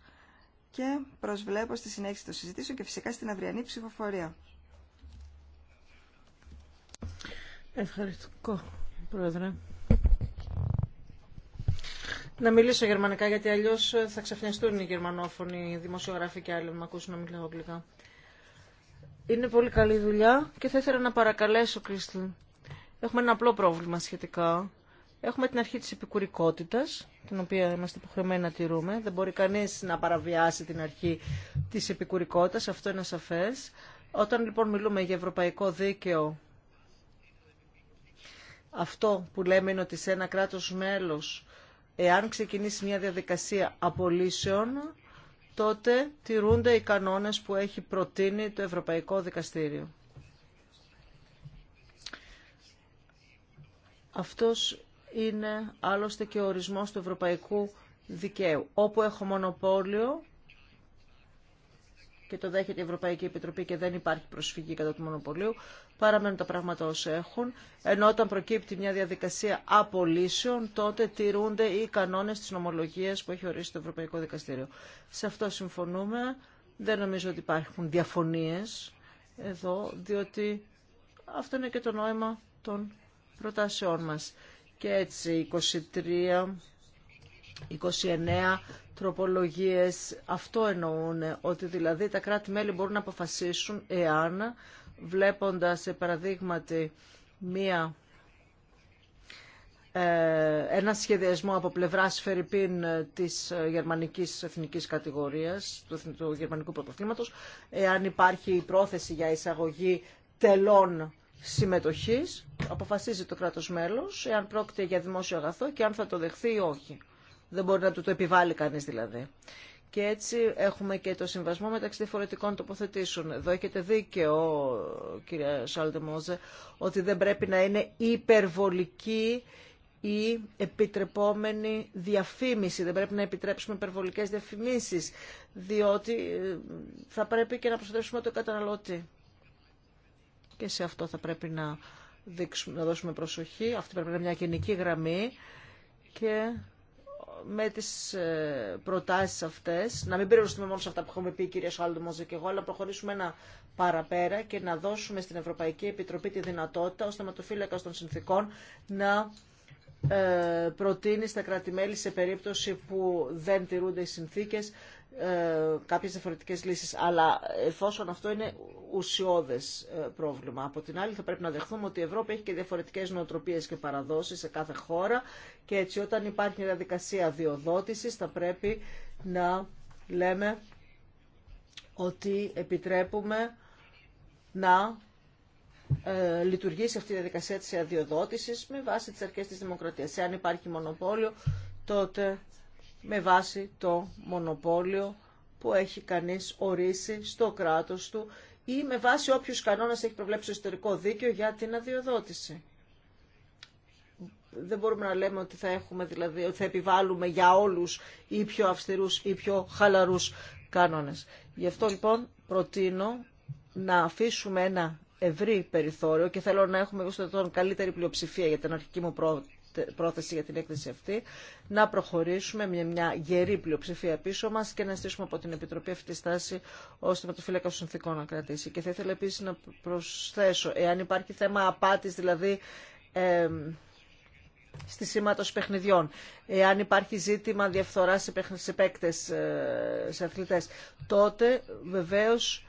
και προσβλέπω στη συνέχιση των συζητήσεων και φυσικά στην αυριανή ψηφοφορία. Ευχαριστώ, Πρόεδρε. Να μιλήσω γερμανικά γιατί αλλιώς θα ξαφνιαστούν οι γερμανόφωνοι δημοσιογράφοι και άλλοι να ακούσουν να μιλάω αγγλικά. Είναι πολύ καλή δουλειά και θα ήθελα να παρακαλέσω, Κρίστη, Έχουμε ένα απλό πρόβλημα σχετικά. Έχουμε την αρχή της επικουρικότητας, την οποία είμαστε υποχρεωμένοι να τηρούμε. Δεν μπορεί κανείς να παραβιάσει την αρχή της επικουρικότητας, αυτό είναι σαφές. Όταν λοιπόν μιλούμε για ευρωπαϊκό δίκαιο, αυτό που λέμε είναι ότι σε ένα κράτος μέλος, εάν ξεκινήσει μια διαδικασία απολύσεων, τότε τηρούνται οι κανόνες που έχει προτείνει το Ευρωπαϊκό Δικαστήριο. Αυτός είναι άλλωστε και ο ορισμός του ευρωπαϊκού δικαίου. Όπου έχω μονοπόλιο, και το δέχεται η Ευρωπαϊκή Επιτροπή και δεν υπάρχει προσφυγή κατά του μονοπωλίου, παραμένουν τα πράγματα όσο έχουν, ενώ όταν προκύπτει μια διαδικασία απολύσεων, τότε τηρούνται οι κανόνες της νομολογίας που έχει ορίσει το Ευρωπαϊκό Δικαστήριο. Σε αυτό συμφωνούμε. Δεν νομίζω ότι υπάρχουν διαφωνίες εδώ, διότι αυτό είναι και το νόημα των προτάσεών μας. Και έτσι 23 29 τροπολογίες αυτό εννοούν, ότι δηλαδή τα κράτη-μέλη μπορούν να αποφασίσουν εάν βλέποντας σε παραδείγματι μία ε, ένα σχεδιασμό από πλευρά Φερρυπίν της γερμανικής εθνικής κατηγορίας, του, γερμανικού πρωτοθλήματος, εάν υπάρχει η πρόθεση για εισαγωγή τελών συμμετοχής, αποφασίζει το κράτος μέλος, εάν πρόκειται για δημόσιο αγαθό και αν θα το δεχθεί ή όχι. Δεν μπορεί να του το επιβάλλει κανεί δηλαδή. Και έτσι έχουμε και το συμβασμό μεταξύ διαφορετικών τοποθετήσεων. Εδώ έχετε δίκαιο, κυρία Σάλτε Μόζε, ότι δεν πρέπει να είναι υπερβολική η επιτρεπόμενη διαφήμιση. Δεν πρέπει να επιτρέψουμε υπερβολικές διαφημίσει, διότι ε, θα πρέπει και να προστατεύσουμε τον καταναλωτή. Και σε αυτό θα πρέπει να, να δώσουμε προσοχή. Αυτή πρέπει να είναι μια γενική γραμμή και με τις ε, προτάσει αυτέ, να μην περιοριστούμε μόνο σε αυτά που έχουμε πει η κυρία Μόζε και εγώ, αλλά προχωρήσουμε ένα παραπέρα και να δώσουμε στην Ευρωπαϊκή Επιτροπή τη δυνατότητα, ώστε θεματοφύλακα των συνθήκων, να ε, προτείνει στα κρατη σε περίπτωση που δεν τηρούνται οι συνθήκε ε, κάποιες διαφορετικές λύσεις. Αλλά εφόσον αυτό είναι ουσιώδες ε, πρόβλημα. Από την άλλη θα πρέπει να δεχθούμε ότι η Ευρώπη έχει και διαφορετικές νοοτροπίες και παραδόσεις σε κάθε χώρα και έτσι όταν υπάρχει διαδικασία διοδότησης θα πρέπει να λέμε ότι επιτρέπουμε να ε, λειτουργήσει αυτή η διαδικασία της αδειοδότησης με βάση τις αρχές της δημοκρατίας. Εάν υπάρχει μονοπόλιο, τότε με βάση το μονοπόλιο που έχει κανείς ορίσει στο κράτος του ή με βάση όποιους κανόνες έχει προβλέψει το ιστορικό δίκαιο για την αδειοδότηση. Δεν μπορούμε να λέμε ότι θα, έχουμε, δηλαδή, ότι θα επιβάλλουμε για όλους ή πιο αυστηρούς ή πιο χαλαρούς κανόνες. Γι' αυτό λοιπόν προτείνω να αφήσουμε ένα ευρύ περιθώριο και θέλω να έχουμε εγώ καλύτερη πλειοψηφία για την αρχική μου πρόταση πρόθεση για την έκθεση αυτή, να προχωρήσουμε με μια γερή πλειοψηφία πίσω μα και να στήσουμε από την Επιτροπή αυτή τη στάση ώστε με το φύλακα συνθήκων να κρατήσει. Και θα ήθελα επίση να προσθέσω, εάν υπάρχει θέμα απάτη δηλαδή... Ε, στη σήματος παιχνιδιών, εάν υπάρχει ζήτημα διαφθοράς σε, σε ε, σε αθλητές, τότε βεβαίως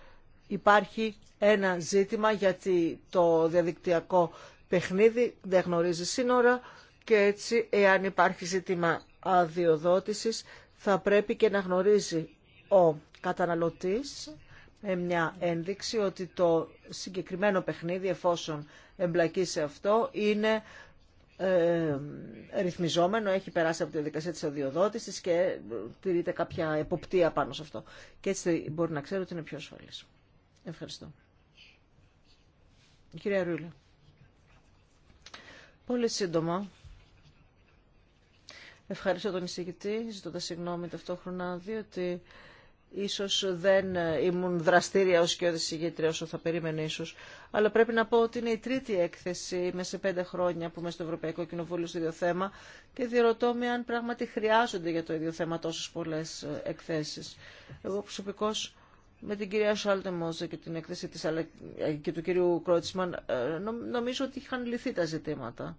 υπάρχει ένα ζήτημα γιατί το διαδικτυακό παιχνίδι δεν γνωρίζει σύνορα, και έτσι εάν υπάρχει ζήτημα αδειοδότησης θα πρέπει και να γνωρίζει ο καταναλωτής μια ένδειξη ότι το συγκεκριμένο παιχνίδι εφόσον εμπλακεί σε αυτό είναι ε, ρυθμιζόμενο, έχει περάσει από τη διαδικασία της αδειοδότησης και ε, τηρείται κάποια εποπτεία πάνω σε αυτό. Και έτσι μπορεί να ξέρω ότι είναι πιο ασφαλής. Ευχαριστώ. κυρία Ρούλα. Πολύ σύντομα. Ευχαριστώ τον εισηγητή, ζητώντα συγγνώμη ταυτόχρονα, διότι ίσως δεν ήμουν δραστήρια ως και ηγετρία όσο θα περίμενε ίσως. Αλλά πρέπει να πω ότι είναι η τρίτη έκθεση μέσα σε πέντε χρόνια που είμαι στο Ευρωπαϊκό Κοινοβούλιο στο ίδιο θέμα και διερωτώ με αν πράγματι χρειάζονται για το ίδιο θέμα τόσε πολλέ ε, εκθέσει. Εγώ προσωπικώ με την κυρία Μόζε και την έκθεση της, ε, και του κυρίου Κρότσμαν ε, νομίζω ότι είχαν λυθεί τα ζητήματα.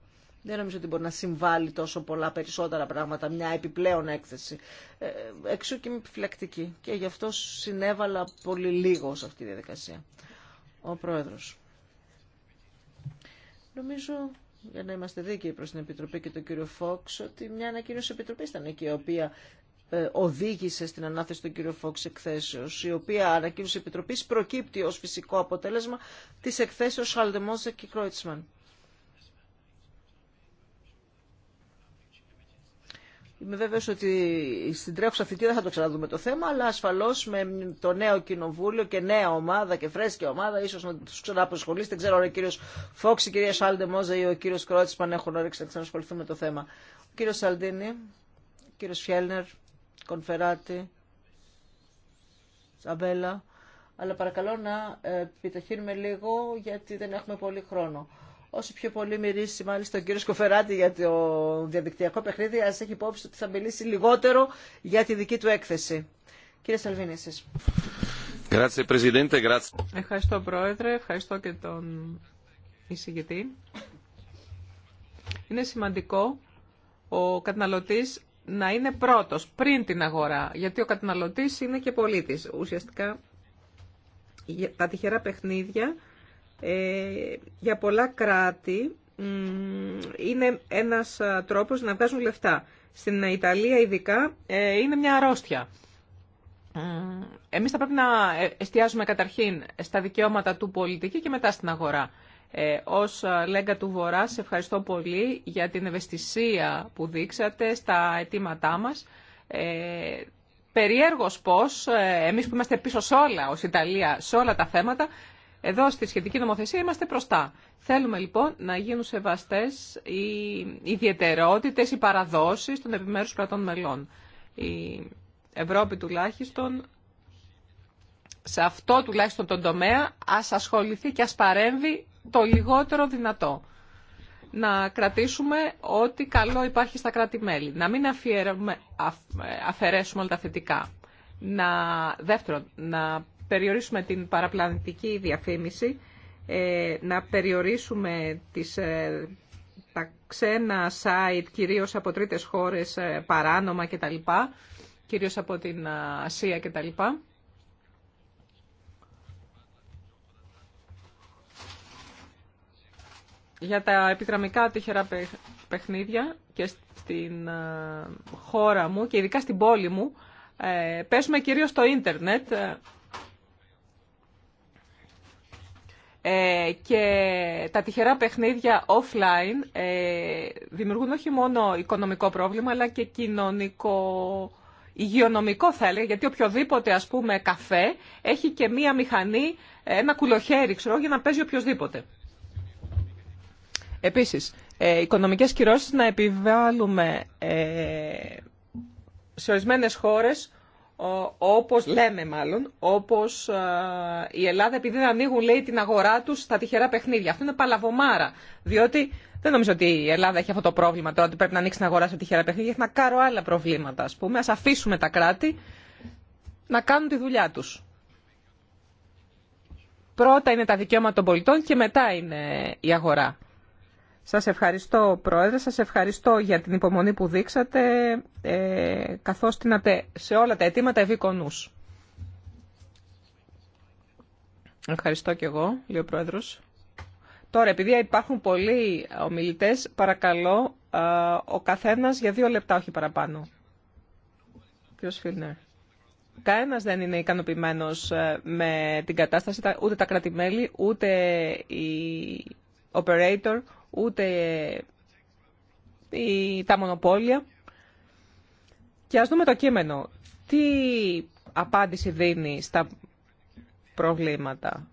Δεν νομίζω ότι μπορεί να συμβάλλει τόσο πολλά περισσότερα πράγματα, μια επιπλέον έκθεση. Ε, εξού και είμαι επιφυλακτική και γι' αυτό συνέβαλα πολύ λίγο σε αυτή τη διαδικασία. Ο Πρόεδρος. Νομίζω για να είμαστε δίκαιοι προς την Επιτροπή και τον κύριο Φόξ, ότι μια ανακοίνωση επιτροπή ήταν εκεί, η οποία ε, οδήγησε στην ανάθεση του κύριο Φόξ εκθέσεω, η οποία ανακοίνωση Επιτροπή προκύπτει ω φυσικό αποτέλεσμα της εκθέσεω Σαλδεμόζε και Κρόιτσμαν. Είμαι βέβαιο ότι στην τρέχουσα θητεία δεν θα το ξαναδούμε το θέμα, αλλά ασφαλώ με το νέο κοινοβούλιο και νέα ομάδα και φρέσκη ομάδα, ίσω να του ξαναπροσχολήσετε. Δεν ξέρω αν ο κύριο Φόξ, η κυρία Σάλντε Μόζα ή ο κύριος πάνε έχουν όρεξη να ξανασχοληθούν με το θέμα. Ο κύριο Σαλντίνη, ο κύριος Φιέλνερ, Κονφεράτη, Σαμπέλα. Αλλά παρακαλώ να ε, επιταχύνουμε λίγο γιατί δεν έχουμε πολύ χρόνο. Όσο πιο πολύ μυρίσει μάλιστα ο κύριο Κοφεράτη για το διαδικτυακό παιχνίδι, α έχει υπόψη ότι θα μιλήσει λιγότερο για τη δική του έκθεση. Κύριε Σαλβίνη, εσείς. Ευχαριστώ, Πρόεδρε. Ευχαριστώ και τον εισηγητή. Είναι σημαντικό ο καταναλωτής να είναι πρώτος πριν την αγορά, γιατί ο καταναλωτής είναι και πολίτης. Ουσιαστικά τα τυχερά παιχνίδια ε, για πολλά κράτη είναι ένας τρόπος να βγάζουν λεφτά. Στην Ιταλία ειδικά ε, είναι μια αρρώστια. Ε, εμείς θα πρέπει να εστιάζουμε καταρχήν στα δικαιώματα του πολιτική και μετά στην αγορά. Ε, ως Λέγκα του Βορρά, σε ευχαριστώ πολύ για την ευαισθησία που δείξατε στα αιτήματά μας. Ε, περιέργως πώς, εμείς που είμαστε πίσω σε όλα ως Ιταλία, σε όλα τα θέματα, εδώ στη σχετική νομοθεσία είμαστε μπροστά. Θέλουμε λοιπόν να γίνουν σεβαστές οι ιδιαιτερότητες, οι παραδόσεις των επιμέρους κρατών μελών. Η Ευρώπη τουλάχιστον σε αυτό τουλάχιστον τον τομέα ας ασχοληθεί και ας παρέμβει το λιγότερο δυνατό. Να κρατήσουμε ό,τι καλό υπάρχει στα κράτη-μέλη. Να μην αφαιρέσουμε όλα τα θετικά. Να, δεύτερον, να περιορίσουμε την παραπλανητική διαφήμιση, ε, να περιορίσουμε τις, ε, τα ξένα site, κυρίως από τρίτες χώρες, ε, παράνομα κτλ, κυρίως από την Ασία κτλ. για τα επιγραμμικά τυχερά παιχνίδια και στην χώρα μου και ειδικά στην πόλη μου πέσουμε κυρίως στο ίντερνετ Ε, και τα τυχερά παιχνίδια offline ε, δημιουργούν όχι μόνο οικονομικό πρόβλημα, αλλά και κοινωνικό, υγειονομικό θα έλεγα, γιατί οποιοδήποτε ας πούμε καφέ έχει και μία μηχανή, ένα κουλοχέρι, ξέρω, για να παίζει οποιοδήποτε. Επίσης, ε, οικονομικές κυρώσεις να επιβάλλουμε ε, σε ορισμένες χώρες όπως λέμε μάλλον, όπως η Ελλάδα επειδή δεν ανοίγουν λέει την αγορά τους στα τυχερά παιχνίδια. Αυτό είναι παλαβομάρα, διότι δεν νομίζω ότι η Ελλάδα έχει αυτό το πρόβλημα τώρα ότι πρέπει να ανοίξει την αγορά στα τυχερά παιχνίδια, έχει να κάνω άλλα προβλήματα ας πούμε, ας αφήσουμε τα κράτη να κάνουν τη δουλειά τους. Πρώτα είναι τα δικαιώματα των πολιτών και μετά είναι η αγορά. Σας ευχαριστώ Πρόεδρε, σας ευχαριστώ για την υπομονή που δείξατε ε, καθώς τίνατε σε όλα τα αιτήματα ευήκονους. Ευχαριστώ και εγώ, λέει ο Πρόεδρος. Τώρα, επειδή υπάρχουν πολλοί ομιλητές, παρακαλώ ε, ο καθένας για δύο λεπτά, όχι παραπάνω. Ποιος Φίλνερ. Κανένας δεν είναι ικανοποιημένος ε, με την κατάσταση, ούτε τα κρατημέλη, ούτε η operator, ούτε τα μονοπόλια. Και ας δούμε το κείμενο. Τι απάντηση δίνει στα προβλήματα.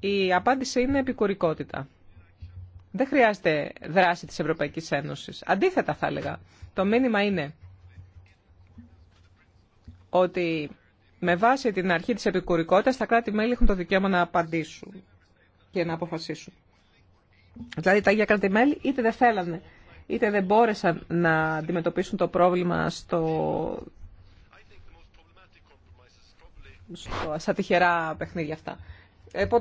Η απάντηση είναι επικουρικότητα. Δεν χρειάζεται δράση της Ευρωπαϊκής Ένωσης. Αντίθετα θα έλεγα. Το μήνυμα είναι ότι με βάση την αρχή της επικουρικότητας τα κράτη-μέλη έχουν το δικαίωμα να απαντήσουν και να αποφασίσουν. Δηλαδή τα ίδια κράτη-μέλη είτε δεν θέλανε, είτε δεν μπόρεσαν να αντιμετωπίσουν το πρόβλημα στο... στα τυχερά παιχνίδια αυτά.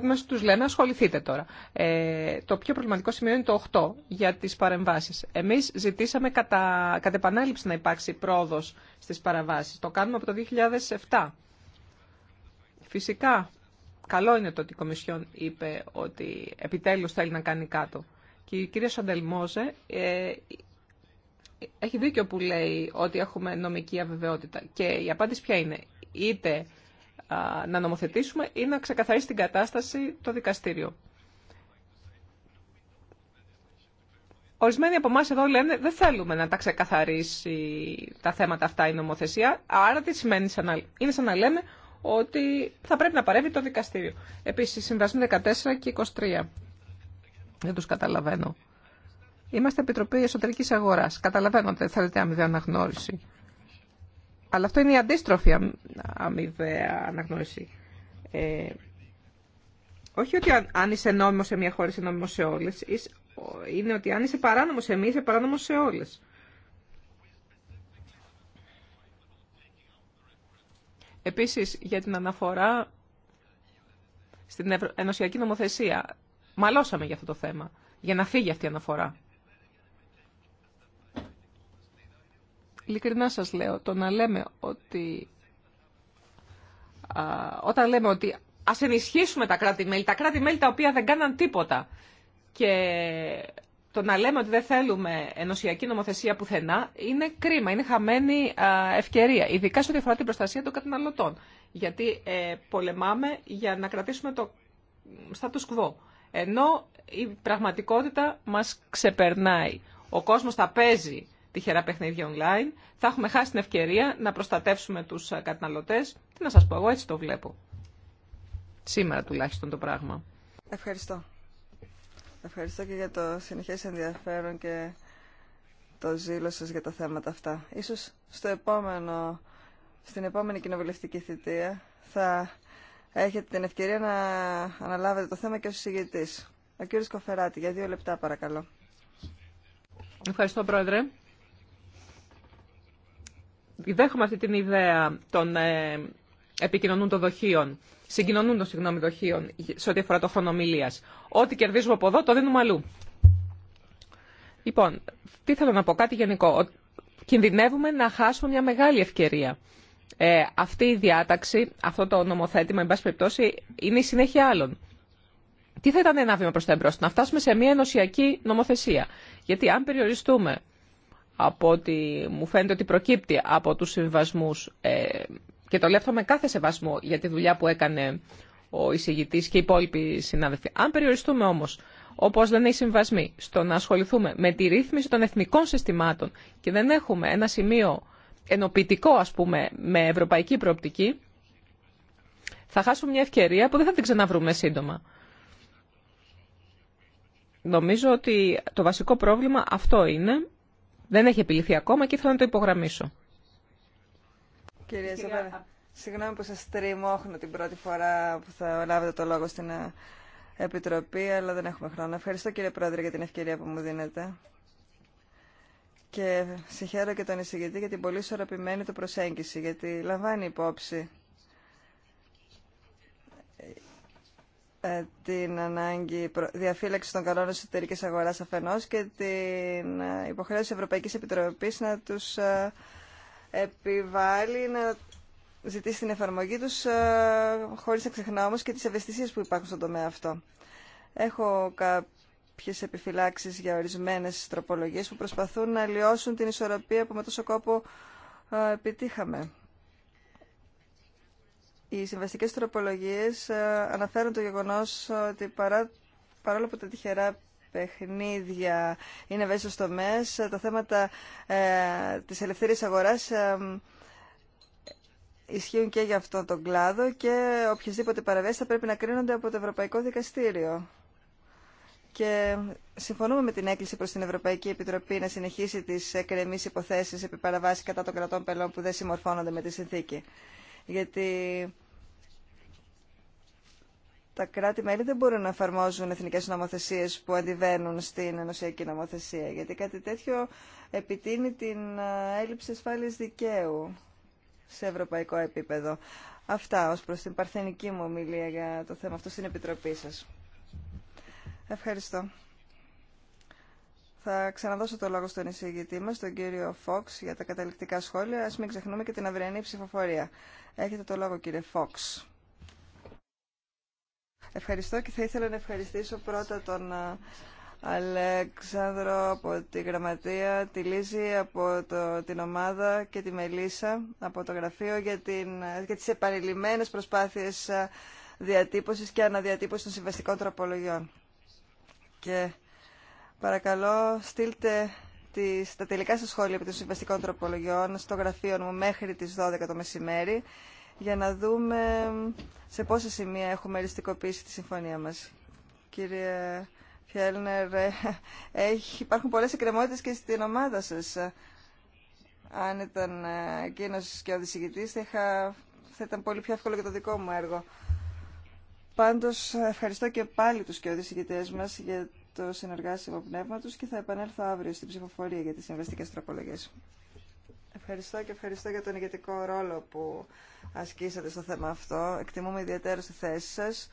μας τους λέμε ασχοληθείτε τώρα. Ε, το πιο προβληματικό σημείο είναι το 8 για τις παρεμβάσεις. Εμείς ζητήσαμε κατά, κατά επανάληψη να υπάρξει πρόοδο στις παρεμβάσεις. Το κάνουμε από το 2007. Φυσικά Καλό είναι το ότι η Κομισιόν είπε ότι επιτέλους θέλει να κάνει κάτω. Και η κυρία Σαντελμόζε ε, έχει δίκιο που λέει ότι έχουμε νομική αβεβαιότητα. Και η απάντηση ποια είναι. Είτε να νομοθετήσουμε ή να ξεκαθαρίσει την κατάσταση το δικαστήριο. Ορισμένοι από εμά εδώ λένε δεν θέλουμε να τα ξεκαθαρίσει τα θέματα αυτά η νομοθεσία. Άρα τι σημαίνει, είναι σαν να λέμε ότι θα πρέπει να παρεύει το δικαστήριο. Επίσης, συμβασμοί 14 και 23. Δεν τους καταλαβαίνω. Είμαστε Επιτροπή Εσωτερικής Αγοράς. Καταλαβαίνω ότι δεν θέλετε αμοιβαία αναγνώριση. Αλλά αυτό είναι η αντίστροφη αμοιβαία αναγνώριση. Ε, όχι ότι αν είσαι νόμιμο σε μια χώρα, είσαι νόμιμος σε όλες. Είναι ότι αν είσαι παράνομος σε μία, είσαι παράνομος σε όλες. Επίσης, για την αναφορά στην ενωσιακή νομοθεσία. Μαλώσαμε για αυτό το θέμα, για να φύγει αυτή η αναφορά. Ειλικρινά σας λέω, το να λέμε ότι... Α, όταν λέμε ότι ας ενισχύσουμε τα κράτη-μέλη, τα κράτη-μέλη τα οποία δεν κάναν τίποτα και το να λέμε ότι δεν θέλουμε ενωσιακή νομοθεσία πουθενά είναι κρίμα, είναι χαμένη ευκαιρία, ειδικά σε ό,τι αφορά την προστασία των καταναλωτών. Γιατί ε, πολεμάμε για να κρατήσουμε το status quo. Ενώ η πραγματικότητα μας ξεπερνάει. Ο κόσμος θα παίζει τυχερά παιχνίδια online, θα έχουμε χάσει την ευκαιρία να προστατεύσουμε τους καταναλωτές. Τι να σας πω, εγώ έτσι το βλέπω. Σήμερα τουλάχιστον το πράγμα. Ευχαριστώ. Ευχαριστώ και για το συνεχές ενδιαφέρον και το ζήλο σας για τα θέματα αυτά. Ίσως στο επόμενο, στην επόμενη κοινοβουλευτική θητεία θα έχετε την ευκαιρία να αναλάβετε το θέμα και ως συγγετής. Ο κύριος Κοφεράτη, για δύο λεπτά παρακαλώ. Ευχαριστώ Πρόεδρε. Δέχομαι αυτή την ιδέα των ε, επικοινωνούν δοχείων συγκοινωνούν των συγγνώμη δοχείων σε ό,τι αφορά το χρονομιλία. Ό,τι κερδίζουμε από εδώ το δίνουμε αλλού. Λοιπόν, τι θέλω να πω, κάτι γενικό. Κινδυνεύουμε να χάσουμε μια μεγάλη ευκαιρία. Ε, αυτή η διάταξη, αυτό το νομοθέτημα, εν πάση περιπτώσει, είναι η συνέχεια άλλων. Τι θα ήταν ένα βήμα προ τα εμπρό, να φτάσουμε σε μια ενωσιακή νομοθεσία. Γιατί αν περιοριστούμε από ότι μου φαίνεται ότι προκύπτει από τους συμβασμούς ε, και το λέω αυτό με κάθε σεβασμό για τη δουλειά που έκανε ο εισηγητή και οι υπόλοιποι συνάδελφοι. Αν περιοριστούμε όμω, όπω λένε οι συμβασμοί, στο να ασχοληθούμε με τη ρύθμιση των εθνικών συστημάτων και δεν έχουμε ένα σημείο ενοποιητικό, α πούμε, με ευρωπαϊκή προοπτική, θα χάσουμε μια ευκαιρία που δεν θα την ξαναβρούμε σύντομα. Νομίζω ότι το βασικό πρόβλημα αυτό είναι. Δεν έχει επιληθεί ακόμα και ήθελα να το υπογραμμίσω. Κυρία Ζαβέλα, συγγνώμη που σας τριμώχνω την πρώτη φορά που θα λάβετε το λόγο στην ε, Επιτροπή, αλλά δεν έχουμε χρόνο. Ευχαριστώ κύριε Πρόεδρε για την ευκαιρία που μου δίνετε. Και συγχαίρω και τον εισηγητή για την πολύ ισορροπημένη του προσέγγιση, γιατί λαμβάνει υπόψη ε, την ανάγκη διαφύλαξη των κανόνων εσωτερική αγορά αφενό και την ε, υποχρέωση Ευρωπαϊκή Επιτροπή να του επιβάλλει να ζητήσει την εφαρμογή τους ε, χωρίς να ξεχνά όμως και τις ευαισθησίες που υπάρχουν στον τομέα αυτό. Έχω κάποιες επιφυλάξεις για ορισμένες τροπολογίες που προσπαθούν να λιώσουν την ισορροπία που με τόσο κόπο ε, επιτύχαμε. Οι συμβαστικέ τροπολογίες ε, αναφέρουν το γεγονός ότι παρά, παρόλο που τα τυχερά παιχνίδια είναι στο τομές. τα θέματα ε, της ελευθερίας αγοράς ε, ισχύουν και για αυτόν τον κλάδο και οποιασδήποτε παραβέσει θα πρέπει να κρίνονται από το Ευρωπαϊκό Δικαστήριο. Και συμφωνούμε με την έκκληση προς την Ευρωπαϊκή Επιτροπή να συνεχίσει τις εκκρεμείς υποθέσεις επί παραβάση κατά των κρατών πελών που δεν συμμορφώνονται με τη συνθήκη. Γιατί τα κράτη-μέλη δεν μπορούν να εφαρμόζουν εθνικέ νομοθεσίε που αντιβαίνουν στην ενωσιακή νομοθεσία, γιατί κάτι τέτοιο επιτείνει την ε, έλλειψη ασφάλεια δικαίου σε ευρωπαϊκό επίπεδο. Αυτά ω προ την παρθενική μου ομιλία για το θέμα αυτό στην Επιτροπή σα. Ευχαριστώ. Θα ξαναδώσω το λόγο στον εισηγητή μα, τον κύριο Φόξ, για τα καταληκτικά σχόλια. Α μην ξεχνούμε και την αυριανή ψηφοφορία. Έχετε το λόγο κύριε Φόξ. Ευχαριστώ και θα ήθελα να ευχαριστήσω πρώτα τον ε, Αλέξανδρο από τη Γραμματεία, τη Λίζη από το, την ομάδα και τη Μελίσα από το γραφείο για, την, για τις επανειλημμένες προσπάθειες ε, διατύπωσης και αναδιατύπωσης των συμβαστικών τροπολογιών. Και παρακαλώ στείλτε τις, τα τελικά σας σχόλια από των συμβαστικών τροπολογιών στο γραφείο μου μέχρι τις 12 το μεσημέρι για να δούμε σε πόσα σημεία έχουμε ριστικοποιήσει τη συμφωνία μας. Κύριε Φιέλνερ, ε, υπάρχουν πολλές εκκρεμότητες και στην ομάδα σας. Αν ήταν ε, εκείνο και ο δισηγητής, θα, ήταν πολύ πιο εύκολο και το δικό μου έργο. Πάντως, ευχαριστώ και πάλι τους και ο μας για το συνεργάσιμο πνεύμα τους και θα επανέλθω αύριο στην ψηφοφορία για τις συμβαστικές τροπολογίες. Ευχαριστώ και ευχαριστώ για τον ηγετικό ρόλο που ασκήσατε στο θέμα αυτό. Εκτιμούμε ιδιαίτερα στη θέση σας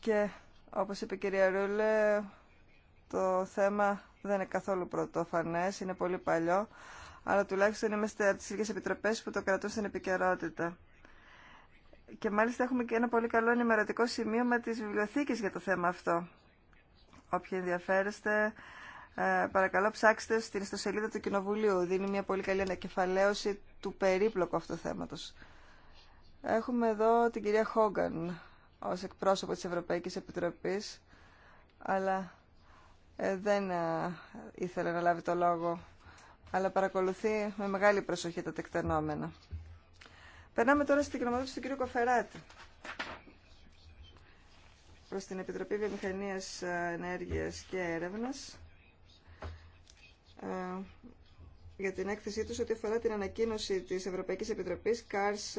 και όπως είπε η κυρία Ρούλε, το θέμα δεν είναι καθόλου πρωτοφανές, είναι πολύ παλιό, αλλά τουλάχιστον είμαστε από τις ίδιες επιτροπές που το κρατούν στην επικαιρότητα. Και μάλιστα έχουμε και ένα πολύ καλό ενημερωτικό σημείωμα της βιβλιοθήκης για το θέμα αυτό. Όποιοι ενδιαφέρεστε, ε, παρακαλώ ψάξτε στην ιστοσελίδα του Κοινοβουλίου. Δίνει μια πολύ καλή ανακεφαλαίωση του περίπλοκου αυτού θέματος. Έχουμε εδώ την κυρία Χόγκαν ως εκπρόσωπο τη Ευρωπαϊκής Επιτροπής, αλλά ε, δεν ε, ήθελε να λάβει το λόγο, αλλά παρακολουθεί με μεγάλη προσοχή τα τεκτενόμενα. Περνάμε τώρα στην γνωμοδότηση του κυρίου Κοφεράτη προς την Επιτροπή Βιομηχανίας Ενέργειας και Έρευνας. Ε, για την έκθεσή τους ότι αφορά την ανακοίνωση της Ευρωπαϊκής Επιτροπής CARS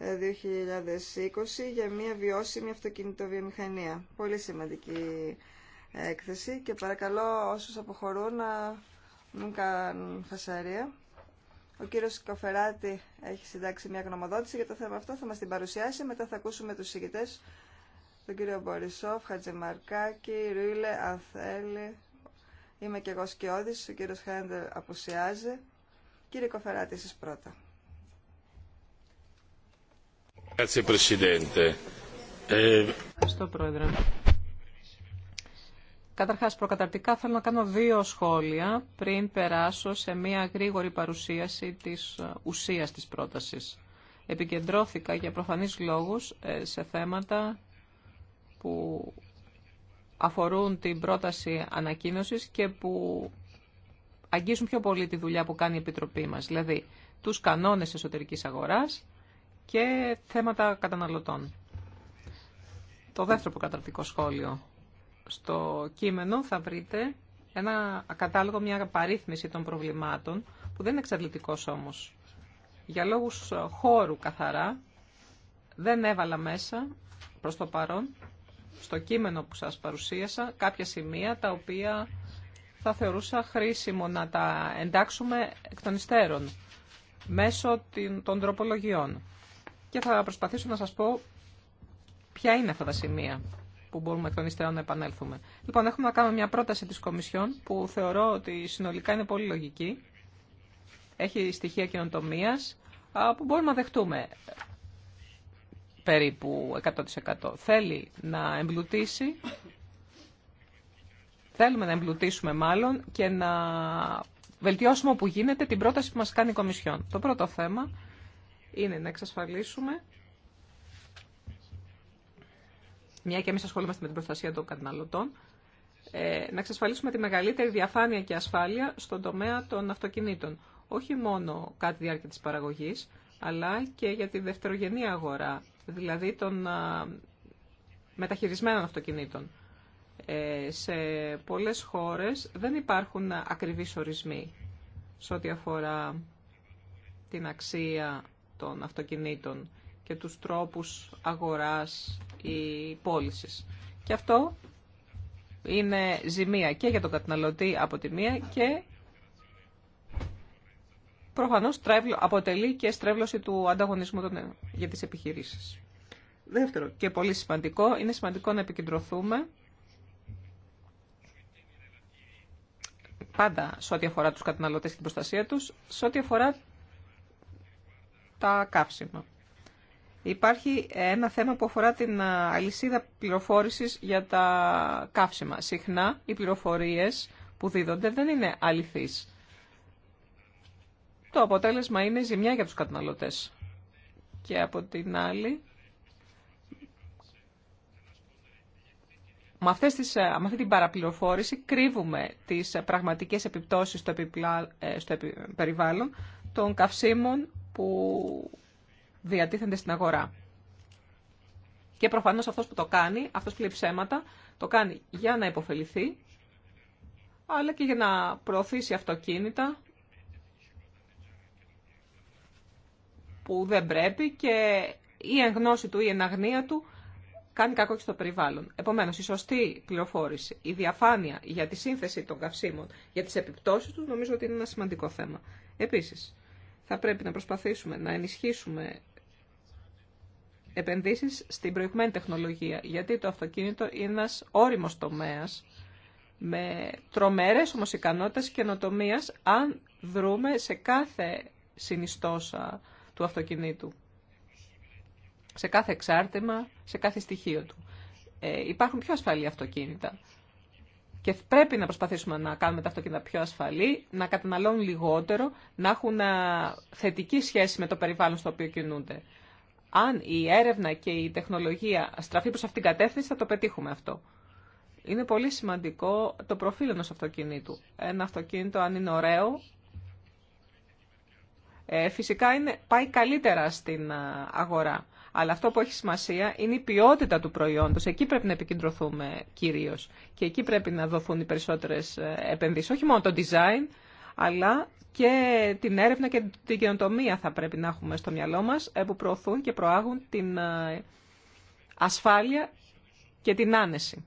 2020 ε, για μια βιώσιμη αυτοκινητοβιομηχανία. Πολύ σημαντική έκθεση και παρακαλώ όσους αποχωρούν να μην κάνουν φασαρία. Ο κύριος Καφεράτη έχει συντάξει μια γνωμοδότηση για το θέμα αυτό, θα μας την παρουσιάσει, μετά θα ακούσουμε τους συγκητές, τον κύριο Μπορισόφ, Χατζημαρκάκη, Ρούιλε, Ανθέλη, Είμαι και εγώ σκιώδης, ο κύριος Χέντερ απουσιάζει. Κύριε Κοφεράτη, εσείς πρώτα. Ε, Ευχαριστώ, Πρόεδρε. Καταρχάς, προκαταρτικά θέλω να κάνω δύο σχόλια πριν περάσω σε μια γρήγορη παρουσίαση της ε, ουσίας της πρότασης. Επικεντρώθηκα για προφανείς λόγους ε, σε θέματα που αφορούν την πρόταση ανακοίνωσης και που αγγίζουν πιο πολύ τη δουλειά που κάνει η Επιτροπή μας, δηλαδή τους κανόνες εσωτερικής αγοράς και θέματα καταναλωτών. Το δεύτερο προκαταρτικό σχόλιο. Στο κείμενο θα βρείτε ένα κατάλογο, μια παρήθμιση των προβλημάτων, που δεν είναι εξαντλητικός όμως. Για λόγους χώρου καθαρά, δεν έβαλα μέσα προς το παρόν στο κείμενο που σας παρουσίασα κάποια σημεία τα οποία θα θεωρούσα χρήσιμο να τα εντάξουμε εκ των υστέρων μέσω των τροπολογιών. Και θα προσπαθήσω να σας πω ποια είναι αυτά τα σημεία που μπορούμε εκ των υστέρων να επανέλθουμε. Λοιπόν, έχουμε να κάνουμε μια πρόταση της Κομισιόν που θεωρώ ότι συνολικά είναι πολύ λογική. Έχει στοιχεία καινοτομία που μπορούμε να δεχτούμε περίπου 100%. Θέλει να εμπλουτίσει, θέλουμε να εμπλουτίσουμε μάλλον και να βελτιώσουμε όπου γίνεται την πρόταση που μας κάνει η Κομισιόν. Το πρώτο θέμα είναι να εξασφαλίσουμε, μια και εμείς ασχολούμαστε με την προστασία των καταναλωτών, ε, να εξασφαλίσουμε τη μεγαλύτερη διαφάνεια και ασφάλεια στον τομέα των αυτοκινήτων. Όχι μόνο κατά διάρκεια της παραγωγής, αλλά και για τη δευτερογενή αγορά δηλαδή των μεταχειρισμένων αυτοκινήτων. Ε, σε πολλές χώρες δεν υπάρχουν ακριβείς ορισμοί σε ό,τι αφορά την αξία των αυτοκινήτων και τους τρόπους αγοράς ή πώλησης. Και αυτό είναι ζημία και για τον καταναλωτή από τη μία και προφανώς αποτελεί και στρέβλωση του ανταγωνισμού για τις επιχειρήσεις. Δεύτερο και πολύ σημαντικό, είναι σημαντικό να επικεντρωθούμε πάντα σε ό,τι αφορά τους καταναλωτές και την προστασία τους, σε ό,τι αφορά τα καύσιμα. Υπάρχει ένα θέμα που αφορά την αλυσίδα πληροφόρησης για τα καύσιμα. Συχνά οι πληροφορίες που δίδονται δεν είναι αληθείς. Το αποτέλεσμα είναι ζημιά για τους καταναλωτές. Και από την άλλη, με, αυτές τις, ε, με αυτή την παραπληροφόρηση κρύβουμε τις ε, πραγματικές επιπτώσεις στο, επιπλα, ε, στο επι, περιβάλλον των καυσίμων που διατίθενται στην αγορά. Και προφανώς αυτός που το κάνει, αυτός που λέει ψέματα, το κάνει για να υποφεληθεί, αλλά και για να προωθήσει αυτοκίνητα που δεν πρέπει και η εγγνώση του ή η εναγνία του κάνει κακό και στο περιβάλλον. Επομένω, η σωστή πληροφόρηση, η διαφάνεια για τη σύνθεση των καυσίμων, για τι επιπτώσει του, νομίζω ότι είναι ένα σημαντικό θέμα. Επίση, θα πρέπει να προσπαθήσουμε να ενισχύσουμε επενδύσεις στην προηγουμένη τεχνολογία, γιατί το αυτοκίνητο είναι ένας όριμος τομέας με τρομερές όμως ικανότητες καινοτομίας αν δρούμε σε κάθε συνιστόσα του αυτοκινήτου. Σε κάθε εξάρτημα, σε κάθε στοιχείο του. Ε, υπάρχουν πιο ασφαλή αυτοκίνητα. Και πρέπει να προσπαθήσουμε να κάνουμε τα αυτοκίνητα πιο ασφαλή, να καταναλώνουν λιγότερο, να έχουν θετική σχέση με το περιβάλλον στο οποίο κινούνται. Αν η έρευνα και η τεχνολογία στραφεί προς αυτήν την κατεύθυνση, θα το πετύχουμε αυτό. Είναι πολύ σημαντικό το προφίλ ενός αυτοκινήτου. Ένα αυτοκίνητο, αν είναι ωραίο, ε, φυσικά είναι, πάει καλύτερα στην ε, αγορά. Αλλά αυτό που έχει σημασία είναι η ποιότητα του προϊόντος. Εκεί πρέπει να επικεντρωθούμε κυρίως. Και εκεί πρέπει να δοθούν οι περισσότερες ε, επενδύσεις. Όχι μόνο το design, αλλά και την έρευνα και την καινοτομία θα πρέπει να έχουμε στο μυαλό μας, που προωθούν και προάγουν την ασφάλεια και την άνεση.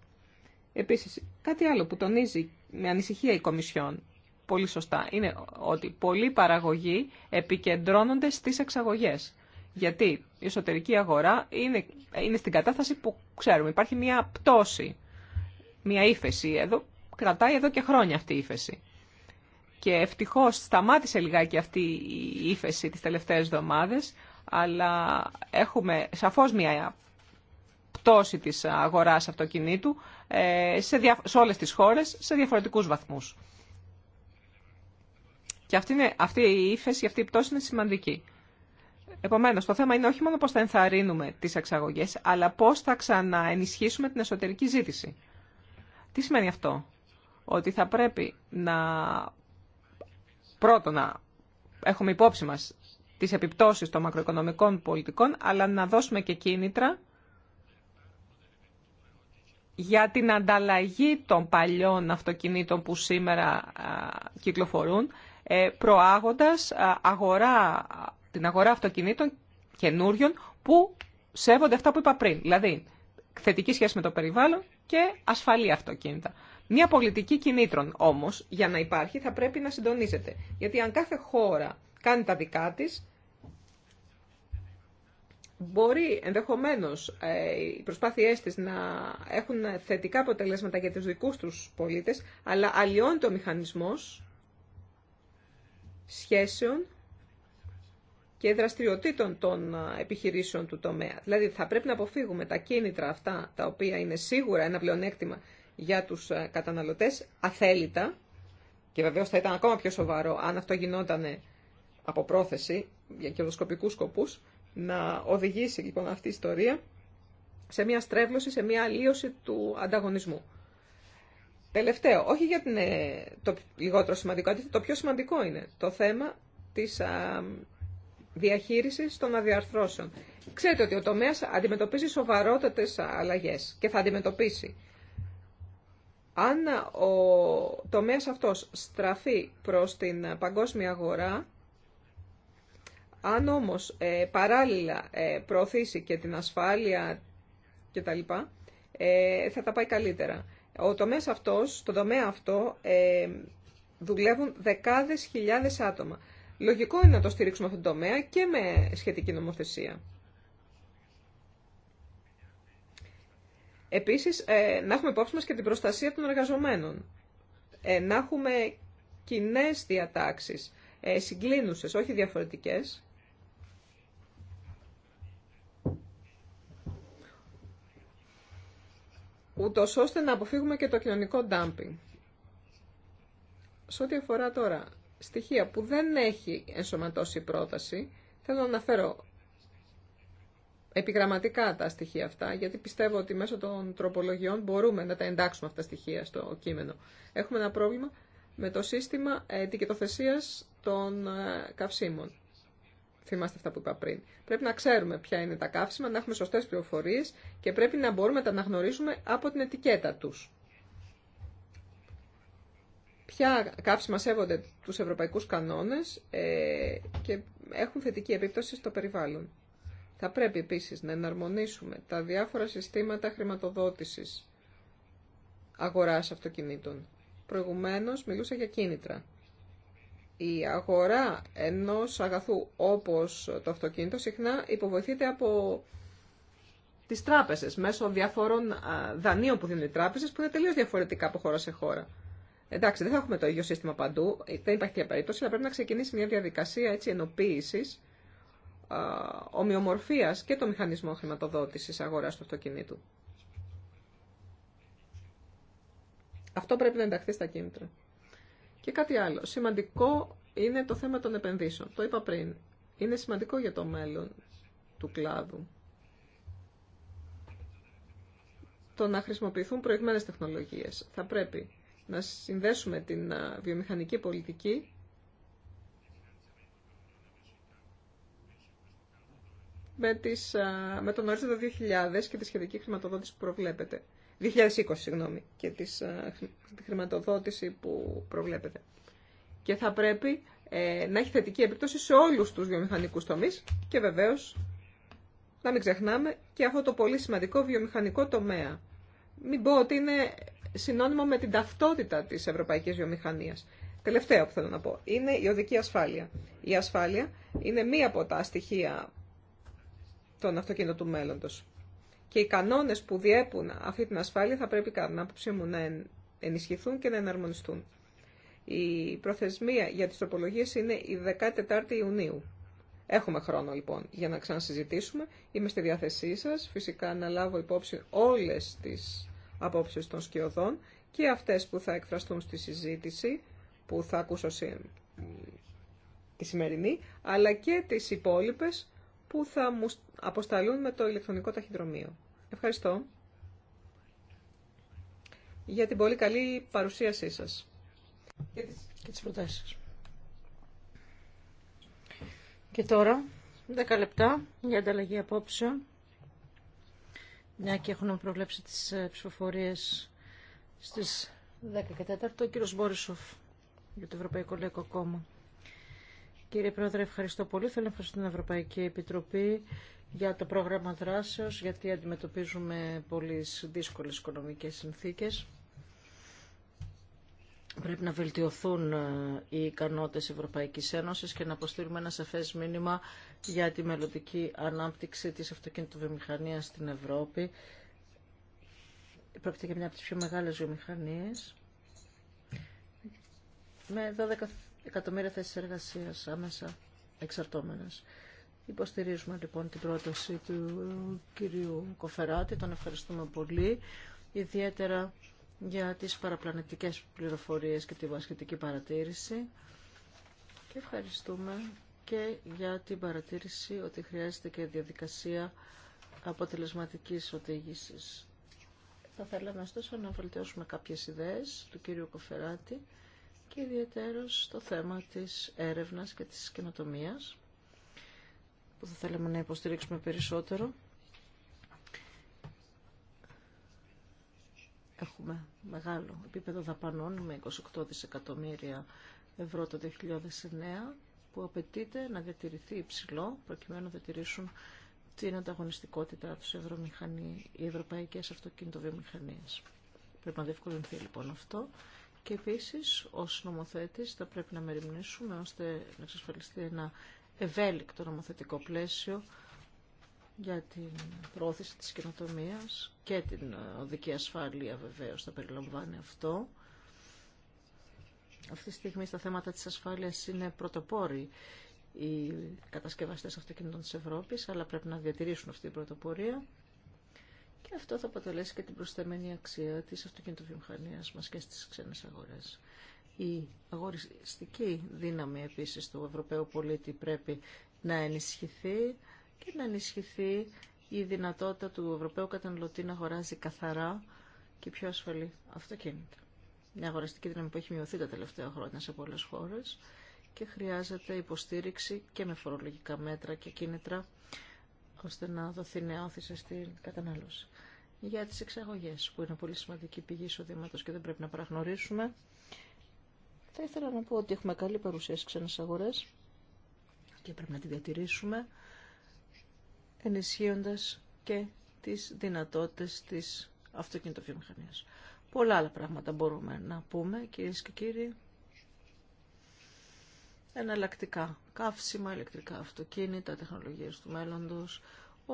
Επίσης, κάτι άλλο που τονίζει με ανησυχία η Κομισιόν πολύ σωστά είναι ότι πολλοί παραγωγοί επικεντρώνονται στις εξαγωγές. Γιατί η εσωτερική αγορά είναι, είναι στην κατάσταση που ξέρουμε. Υπάρχει μια πτώση, μια ύφεση. Εδώ, κρατάει εδώ και χρόνια αυτή η ύφεση. Και ευτυχώς σταμάτησε λιγάκι αυτή η ύφεση τις τελευταίες εβδομάδες, αλλά έχουμε σαφώς μια πτώση της αγοράς αυτοκινήτου ε, σε, σε όλες τις χώρες σε διαφορετικούς βαθμούς. Και αυτή, αυτή η ύφεση, αυτή η πτώση είναι σημαντική. Επομένως, το θέμα είναι όχι μόνο πώς θα ενθαρρύνουμε τις εξαγωγές, αλλά πώς θα ξαναενισχύσουμε την εσωτερική ζήτηση. Τι σημαίνει αυτό? Ότι θα πρέπει να πρώτον να έχουμε υπόψη μας τις επιπτώσεις των μακροοικονομικών πολιτικών, αλλά να δώσουμε και κίνητρα για την ανταλλαγή των παλιών αυτοκινήτων που σήμερα κυκλοφορούν ε, προάγοντας ε, αγορά, την αγορά αυτοκινήτων καινούριων που σέβονται αυτά που είπα πριν. Δηλαδή, θετική σχέση με το περιβάλλον και ασφαλή αυτοκίνητα. Μια πολιτική κινήτρων όμως, για να υπάρχει, θα πρέπει να συντονίζεται. Γιατί αν κάθε χώρα κάνει τα δικά της, μπορεί ενδεχομένως ε, οι προσπάθειές της να έχουν θετικά αποτελέσματα για τους δικούς τους πολίτες, αλλά αλλοιώνει το μηχανισμός σχέσεων και δραστηριοτήτων των επιχειρήσεων του τομέα. Δηλαδή θα πρέπει να αποφύγουμε τα κίνητρα αυτά, τα οποία είναι σίγουρα ένα πλεονέκτημα για τους καταναλωτές, αθέλητα, και βεβαίως θα ήταν ακόμα πιο σοβαρό αν αυτό γινόταν από πρόθεση για κερδοσκοπικούς σκοπούς, να οδηγήσει λοιπόν αυτή η ιστορία σε μια στρέβλωση, σε μια αλλίωση του ανταγωνισμού. Τελευταίο, όχι για την, ε, το λιγότερο σημαντικό, το πιο σημαντικό είναι το θέμα της α, διαχείρισης των αδιαρθρώσεων. Ξέρετε ότι ο τομέας αντιμετωπίζει σοβαρότατες αλλαγές και θα αντιμετωπίσει. Αν ο τομέας αυτός στραφεί προς την παγκόσμια αγορά, αν όμως ε, παράλληλα ε, προωθήσει και την ασφάλεια κτλ, ε, θα τα πάει καλύτερα. Ο τομέας αυτός, το τομέα αυτό ε, δουλεύουν δεκάδες χιλιάδες άτομα. Λογικό είναι να το στηρίξουμε αυτό το τομέα και με σχετική νομοθεσία. Επίσης, ε, να έχουμε υπόψη μας και την προστασία των εργαζομένων. Ε, να έχουμε κοινέ διατάξεις, ε, συγκλίνουσες, όχι διαφορετικές. ούτω ώστε να αποφύγουμε και το κοινωνικό ντάμπινγκ. Σε ό,τι αφορά τώρα στοιχεία που δεν έχει ενσωματώσει η πρόταση, θέλω να αναφέρω επιγραμματικά τα στοιχεία αυτά, γιατί πιστεύω ότι μέσω των τροπολογιών μπορούμε να τα εντάξουμε αυτά τα στοιχεία στο κείμενο. Έχουμε ένα πρόβλημα με το σύστημα ετικετοθεσίας των ε, καυσίμων. Θυμάστε αυτά που είπα πριν. Πρέπει να ξέρουμε ποια είναι τα καύσιμα, να έχουμε σωστές πληροφορίες και πρέπει να μπορούμε να τα αναγνωρίσουμε από την ετικέτα τους. Ποια καύσιμα σέβονται τους ευρωπαϊκούς κανόνες ε, και έχουν θετική επίπτωση στο περιβάλλον. Θα πρέπει επίσης να εναρμονίσουμε τα διάφορα συστήματα χρηματοδότησης αγοράς αυτοκινήτων. Προηγουμένως μιλούσα για κίνητρα η αγορά ενός αγαθού όπως το αυτοκίνητο συχνά υποβοηθείται από τις τράπεζες μέσω διαφόρων δανείων που δίνουν οι τράπεζες που είναι τελείως διαφορετικά από χώρα σε χώρα. Εντάξει, δεν θα έχουμε το ίδιο σύστημα παντού, ε, δεν υπάρχει τέτοια περίπτωση, αλλά πρέπει να ξεκινήσει μια διαδικασία έτσι ενοποίησης, ομοιομορφίας και το μηχανισμό χρηματοδότησης αγοράς του αυτοκινήτου. Αυτό πρέπει να ενταχθεί στα κίνητρα. Και κάτι άλλο. Σημαντικό είναι το θέμα των επενδύσεων. Το είπα πριν. Είναι σημαντικό για το μέλλον του κλάδου. Το να χρησιμοποιηθούν προηγμένες τεχνολογίες. Θα πρέπει να συνδέσουμε την βιομηχανική πολιτική με, με τον ορίζοντα 2000 και τη σχετική χρηματοδότηση που προβλέπεται. 2020, συγγνώμη, και της, ε, τη χρηματοδότηση που προβλέπετε. Και θα πρέπει ε, να έχει θετική επίπτωση σε όλους τους βιομηχανικούς τομείς και βεβαίως να μην ξεχνάμε και αυτό το πολύ σημαντικό βιομηχανικό τομέα. Μην πω ότι είναι συνώνυμο με την ταυτότητα της ευρωπαϊκής βιομηχανίας. Τελευταίο που θέλω να πω είναι η οδική ασφάλεια. Η ασφάλεια είναι μία από τα στοιχεία των αυτοκίνητων του μέλλοντος και οι κανόνες που διέπουν αυτή την ασφάλεια θα πρέπει κατά την άποψή μου να ενισχυθούν και να εναρμονιστούν. Η προθεσμία για τις τροπολογίες είναι η 14η Ιουνίου. Έχουμε χρόνο λοιπόν για να ξανασυζητήσουμε. Είμαι στη διάθεσή σα. Φυσικά να λάβω υπόψη όλες τις απόψεις των σκιωδών και αυτές που θα εκφραστούν στη συζήτηση που θα ακούσω τη σημερινή, αλλά και τις υπόλοιπες που θα μου αποσταλούν με το ηλεκτρονικό ταχυδρομείο. Ευχαριστώ για την πολύ καλή παρουσίασή σας και τις, προτάσεις Και τώρα, 10 λεπτά για ανταλλαγή απόψεων. Μια και έχουν προβλέψει τις ε, ψηφοφορίες στις 10 και 4, ο κύριος Μπόρισοφ για το Ευρωπαϊκό Λαϊκό Κόμμα. Κύριε Πρόεδρε, ευχαριστώ πολύ. Θέλω να ευχαριστώ την Ευρωπαϊκή Επιτροπή για το πρόγραμμα δράσεως, γιατί αντιμετωπίζουμε πολύ δύσκολες οικονομικές συνθήκες. Πρέπει να βελτιωθούν ε, οι ικανότητες Ευρωπαϊκής Ένωσης και να αποστείλουμε ένα σαφές μήνυμα για τη μελλοντική ανάπτυξη της αυτοκινητοβιομηχανίας στην Ευρώπη. Πρόκειται για μια από τις πιο μεγάλες βιομηχανίες. Με εκατομμύρια θέσεις εργασίας άμεσα εξαρτώμενες. Υποστηρίζουμε λοιπόν την πρόταση του κυρίου Κοφεράτη, τον ευχαριστούμε πολύ, ιδιαίτερα για τις παραπλανητικές πληροφορίες και τη βασχετική παρατήρηση και ευχαριστούμε και για την παρατήρηση ότι χρειάζεται και διαδικασία αποτελεσματικής οδήγησης. Θα θέλαμε ωστόσο να βελτιώσουμε κάποιες ιδέες του κύριου Κοφεράτη και ιδιαίτερο στο θέμα της έρευνας και της καινοτομίας που θα θέλαμε να υποστηρίξουμε περισσότερο. Έχουμε μεγάλο επίπεδο δαπανών με 28 δισεκατομμύρια ευρώ το 2009 που απαιτείται να διατηρηθεί υψηλό προκειμένου να διατηρήσουν την ανταγωνιστικότητά τους οι ευρωπαϊκές αυτοκινητοβιομηχανίες. Πρέπει να διευκολυνθεί λοιπόν αυτό. Και επίση, ως νομοθέτης, θα πρέπει να μεριμνήσουμε ώστε να εξασφαλιστεί ένα ευέλικτο νομοθετικό πλαίσιο για την πρόθεση της καινοτομία και την ε, οδική ασφάλεια βεβαίως θα περιλαμβάνει αυτό. Αυτή τη στιγμή στα θέματα της ασφάλειας είναι πρωτοπόροι οι κατασκευαστές αυτοκινήτων της Ευρώπης, αλλά πρέπει να διατηρήσουν αυτή την πρωτοπορία. Και αυτό θα αποτελέσει και την προσθεμένη αξία τη αυτοκινητοβιομηχανίας μα και στι ξένε αγορέ. Η αγοριστική δύναμη επίση του Ευρωπαίου πολίτη πρέπει να ενισχυθεί και να ενισχυθεί η δυνατότητα του Ευρωπαίου καταναλωτή να αγοράζει καθαρά και πιο ασφαλή αυτοκίνητα. Μια αγοραστική δύναμη που έχει μειωθεί τα τελευταία χρόνια σε πολλέ χώρε και χρειάζεται υποστήριξη και με φορολογικά μέτρα και κίνητρα ώστε να δοθεί νέα στην κατανάλωση για τις εξαγωγές, που είναι πολύ σημαντική πηγή εισοδήματο και δεν πρέπει να παραγνωρίσουμε. Θα ήθελα να πω ότι έχουμε καλή παρουσία στις ξένες αγορές και πρέπει να τη διατηρήσουμε, ενισχύοντας και τις δυνατότητες της αυτοκινητοβιομηχανίας. Πολλά άλλα πράγματα μπορούμε να πούμε, κυρίε και κύριοι. Εναλλακτικά καύσιμα, ηλεκτρικά αυτοκίνητα, τεχνολογίες του μέλλοντος,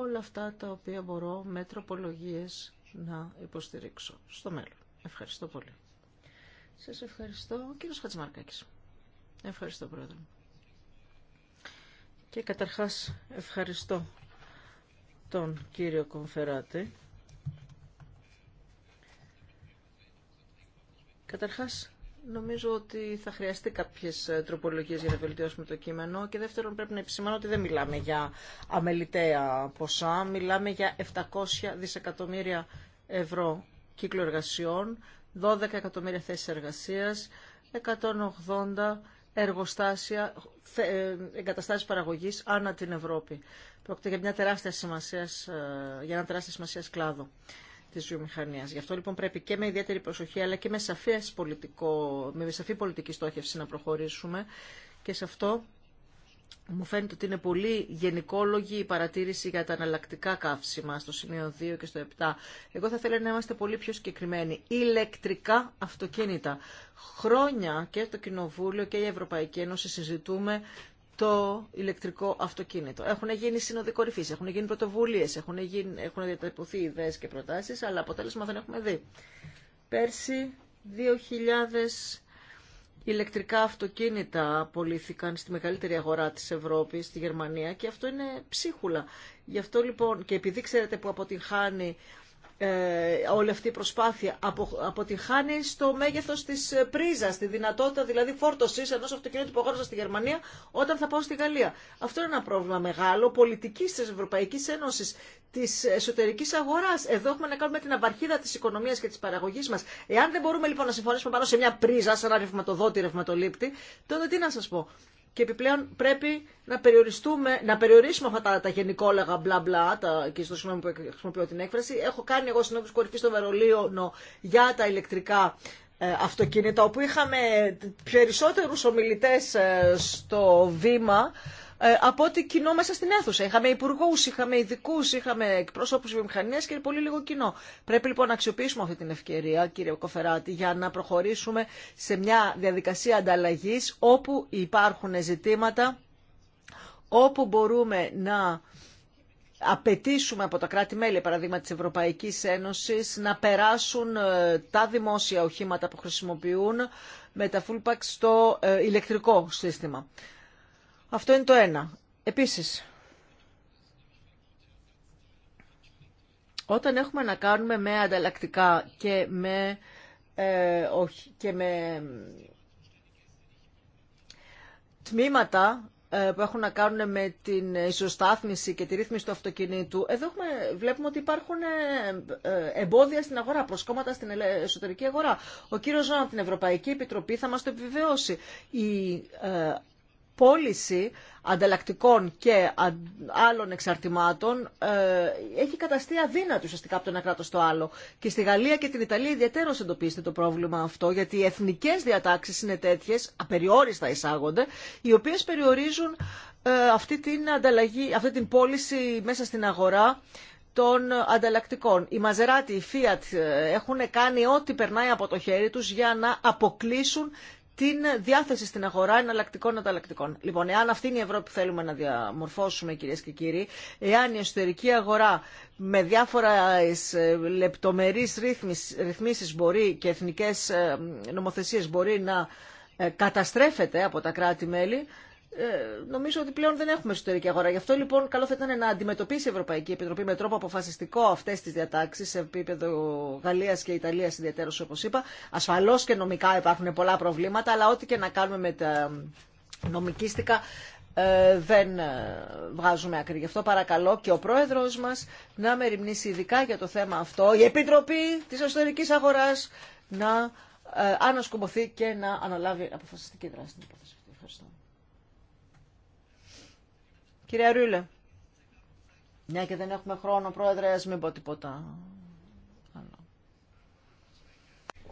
όλα αυτά τα οποία μπορώ με τροπολογίες να υποστηρίξω στο μέλλον. Ευχαριστώ πολύ. Σας ευχαριστώ. Κύριος Χατζημαρκάκης. Ευχαριστώ, Πρόεδρε. Και καταρχάς ευχαριστώ τον κύριο Κομφεράτη. Καταρχάς Νομίζω ότι θα χρειαστεί κάποιε τροπολογίε για να βελτιώσουμε το κείμενο. Και δεύτερον, πρέπει να επισημάνω ότι δεν μιλάμε για αμεληταία ποσά. Μιλάμε για 700 δισεκατομμύρια ευρώ κύκλο εργασιών, 12 εκατομμύρια θέσει εργασία, 180 εργοστάσια, ε, εγκαταστάσεις παραγωγής ανά την Ευρώπη. Πρόκειται για μια ε, για ένα τεράστια σημασία κλάδο της βιομηχανίας. Γι' αυτό λοιπόν πρέπει και με ιδιαίτερη προσοχή αλλά και με, πολιτικό, με σαφή πολιτική στόχευση να προχωρήσουμε και σε αυτό μου φαίνεται ότι είναι πολύ γενικόλογη η παρατήρηση για τα αναλλακτικά καύσιμα στο σημείο 2 και στο 7. Εγώ θα θέλαμε να είμαστε πολύ πιο συγκεκριμένοι. Ηλεκτρικά αυτοκίνητα. Χρόνια και το Κοινοβούλιο και η Ευρωπαϊκή Ένωση συζητούμε το ηλεκτρικό αυτοκίνητο. Έχουν γίνει σύνοδοι έχουν γίνει πρωτοβουλίε, έχουν, γίνει, έχουν διατυπωθεί ιδέε και προτάσει, αλλά αποτέλεσμα δεν έχουμε δει. Πέρσι 2.000 ηλεκτρικά αυτοκίνητα απολύθηκαν στη μεγαλύτερη αγορά της Ευρώπης, στη Γερμανία, και αυτό είναι ψίχουλα. Γι' αυτό λοιπόν, και επειδή ξέρετε που αποτυγχάνει ε, όλη αυτή η προσπάθεια απο, αποτυχάνει στο μέγεθο τη ε, πρίζα, τη δυνατότητα δηλαδή φόρτωση ενό αυτοκινήτου που αγόρασα στη Γερμανία όταν θα πάω στη Γαλλία. Αυτό είναι ένα πρόβλημα μεγάλο πολιτική τη Ευρωπαϊκή Ένωση, τη εσωτερική αγορά. Εδώ έχουμε να κάνουμε την απαρχίδα τη οικονομία και τη παραγωγή μα. Εάν δεν μπορούμε λοιπόν να συμφωνήσουμε πάνω σε μια πρίζα, σε ένα ρευματοδότη, ρευματολήπτη, τότε τι να σα πω και επιπλέον πρέπει να, περιοριστούμε, να περιορίσουμε αυτά τα, τα γενικόλεγα μπλα μπλα, τα, και στο συγγνώμη που χρησιμοποιώ την έκφραση. Έχω κάνει εγώ συνόδους κορυφή στο Βερολίνο για τα ηλεκτρικά ε, αυτοκίνητα, όπου είχαμε περισσότερους ομιλητές ε, στο βήμα, ε, από ό,τι κοινό μέσα στην αίθουσα. Είχαμε υπουργού, είχαμε ειδικού, είχαμε εκπρόσωπου βιομηχανία και πολύ λίγο κοινό. Πρέπει λοιπόν να αξιοποιήσουμε αυτή την ευκαιρία, κύριε Κοφεράτη, για να προχωρήσουμε σε μια διαδικασία ανταλλαγή όπου υπάρχουν ζητήματα, όπου μπορούμε να απαιτήσουμε από τα κράτη-μέλη, παραδείγμα της Ευρωπαϊκής Ένωσης, να περάσουν ε, τα δημόσια οχήματα που χρησιμοποιούν με τα full pack στο ε, ηλεκτρικό σύστημα. Αυτό είναι το ένα. Επίσης, όταν έχουμε να κάνουμε με ανταλλακτικά και με, ε, όχι, και με τμήματα ε, που έχουν να κάνουν με την ισοστάθμιση και τη ρύθμιση του αυτοκινήτου. Εδώ έχουμε, βλέπουμε ότι υπάρχουν ε, ε, εμπόδια στην αγορά, προσκόμματα στην εσωτερική αγορά. Ο κύριος Ζώνα από την Ευρωπαϊκή Επιτροπή θα μας το επιβεβαιώσει. Η πώληση ανταλλακτικών και άλλων εξαρτημάτων ε, έχει καταστεί αδύνατη ουσιαστικά από το ένα κράτο στο άλλο. Και στη Γαλλία και την Ιταλία ιδιαίτερω εντοπίζεται το πρόβλημα αυτό, γιατί οι εθνικέ διατάξει είναι τέτοιε, απεριόριστα εισάγονται, οι οποίε περιορίζουν ε, αυτή την, ανταλλαγή, αυτή την πώληση μέσα στην αγορά των ανταλλακτικών. Οι Μαζεράτη, η φίατ ε, έχουν κάνει ό,τι περνάει από το χέρι τους για να αποκλείσουν την διάθεση στην αγορά εναλλακτικών ανταλλακτικών. Λοιπόν, εάν αυτή είναι η Ευρώπη που θέλουμε να διαμορφώσουμε, κυρίε και κύριοι, εάν η εσωτερική αγορά με διάφορα ε, λεπτομερεί ρυθμίσει μπορεί και εθνικέ ε, νομοθεσίε μπορεί να ε, καταστρέφεται από τα κράτη-μέλη, ε, νομίζω ότι πλέον δεν έχουμε εσωτερική αγορά. Γι' αυτό λοιπόν καλό θα ήταν να αντιμετωπίσει η Ευρωπαϊκή Επιτροπή με τρόπο αποφασιστικό αυτέ τι διατάξει σε επίπεδο Γαλλία και Ιταλία ιδιαίτερω όπω είπα. Ασφαλώ και νομικά υπάρχουν πολλά προβλήματα, αλλά ό,τι και να κάνουμε με τα νομικίστικα ε, δεν ε, βγάζουμε άκρη. Γι' αυτό παρακαλώ και ο πρόεδρο μα να με μεριμνήσει ειδικά για το θέμα αυτό. Η Επιτροπή τη Εσωτερική Αγορά να ανασκουμποθεί και να αναλάβει αποφασιστική δράση Ευχαριστώ. Κυρία Ρούλε. Ναι και δεν έχουμε χρόνο, πρόεδρε, ας μην πω τίποτα.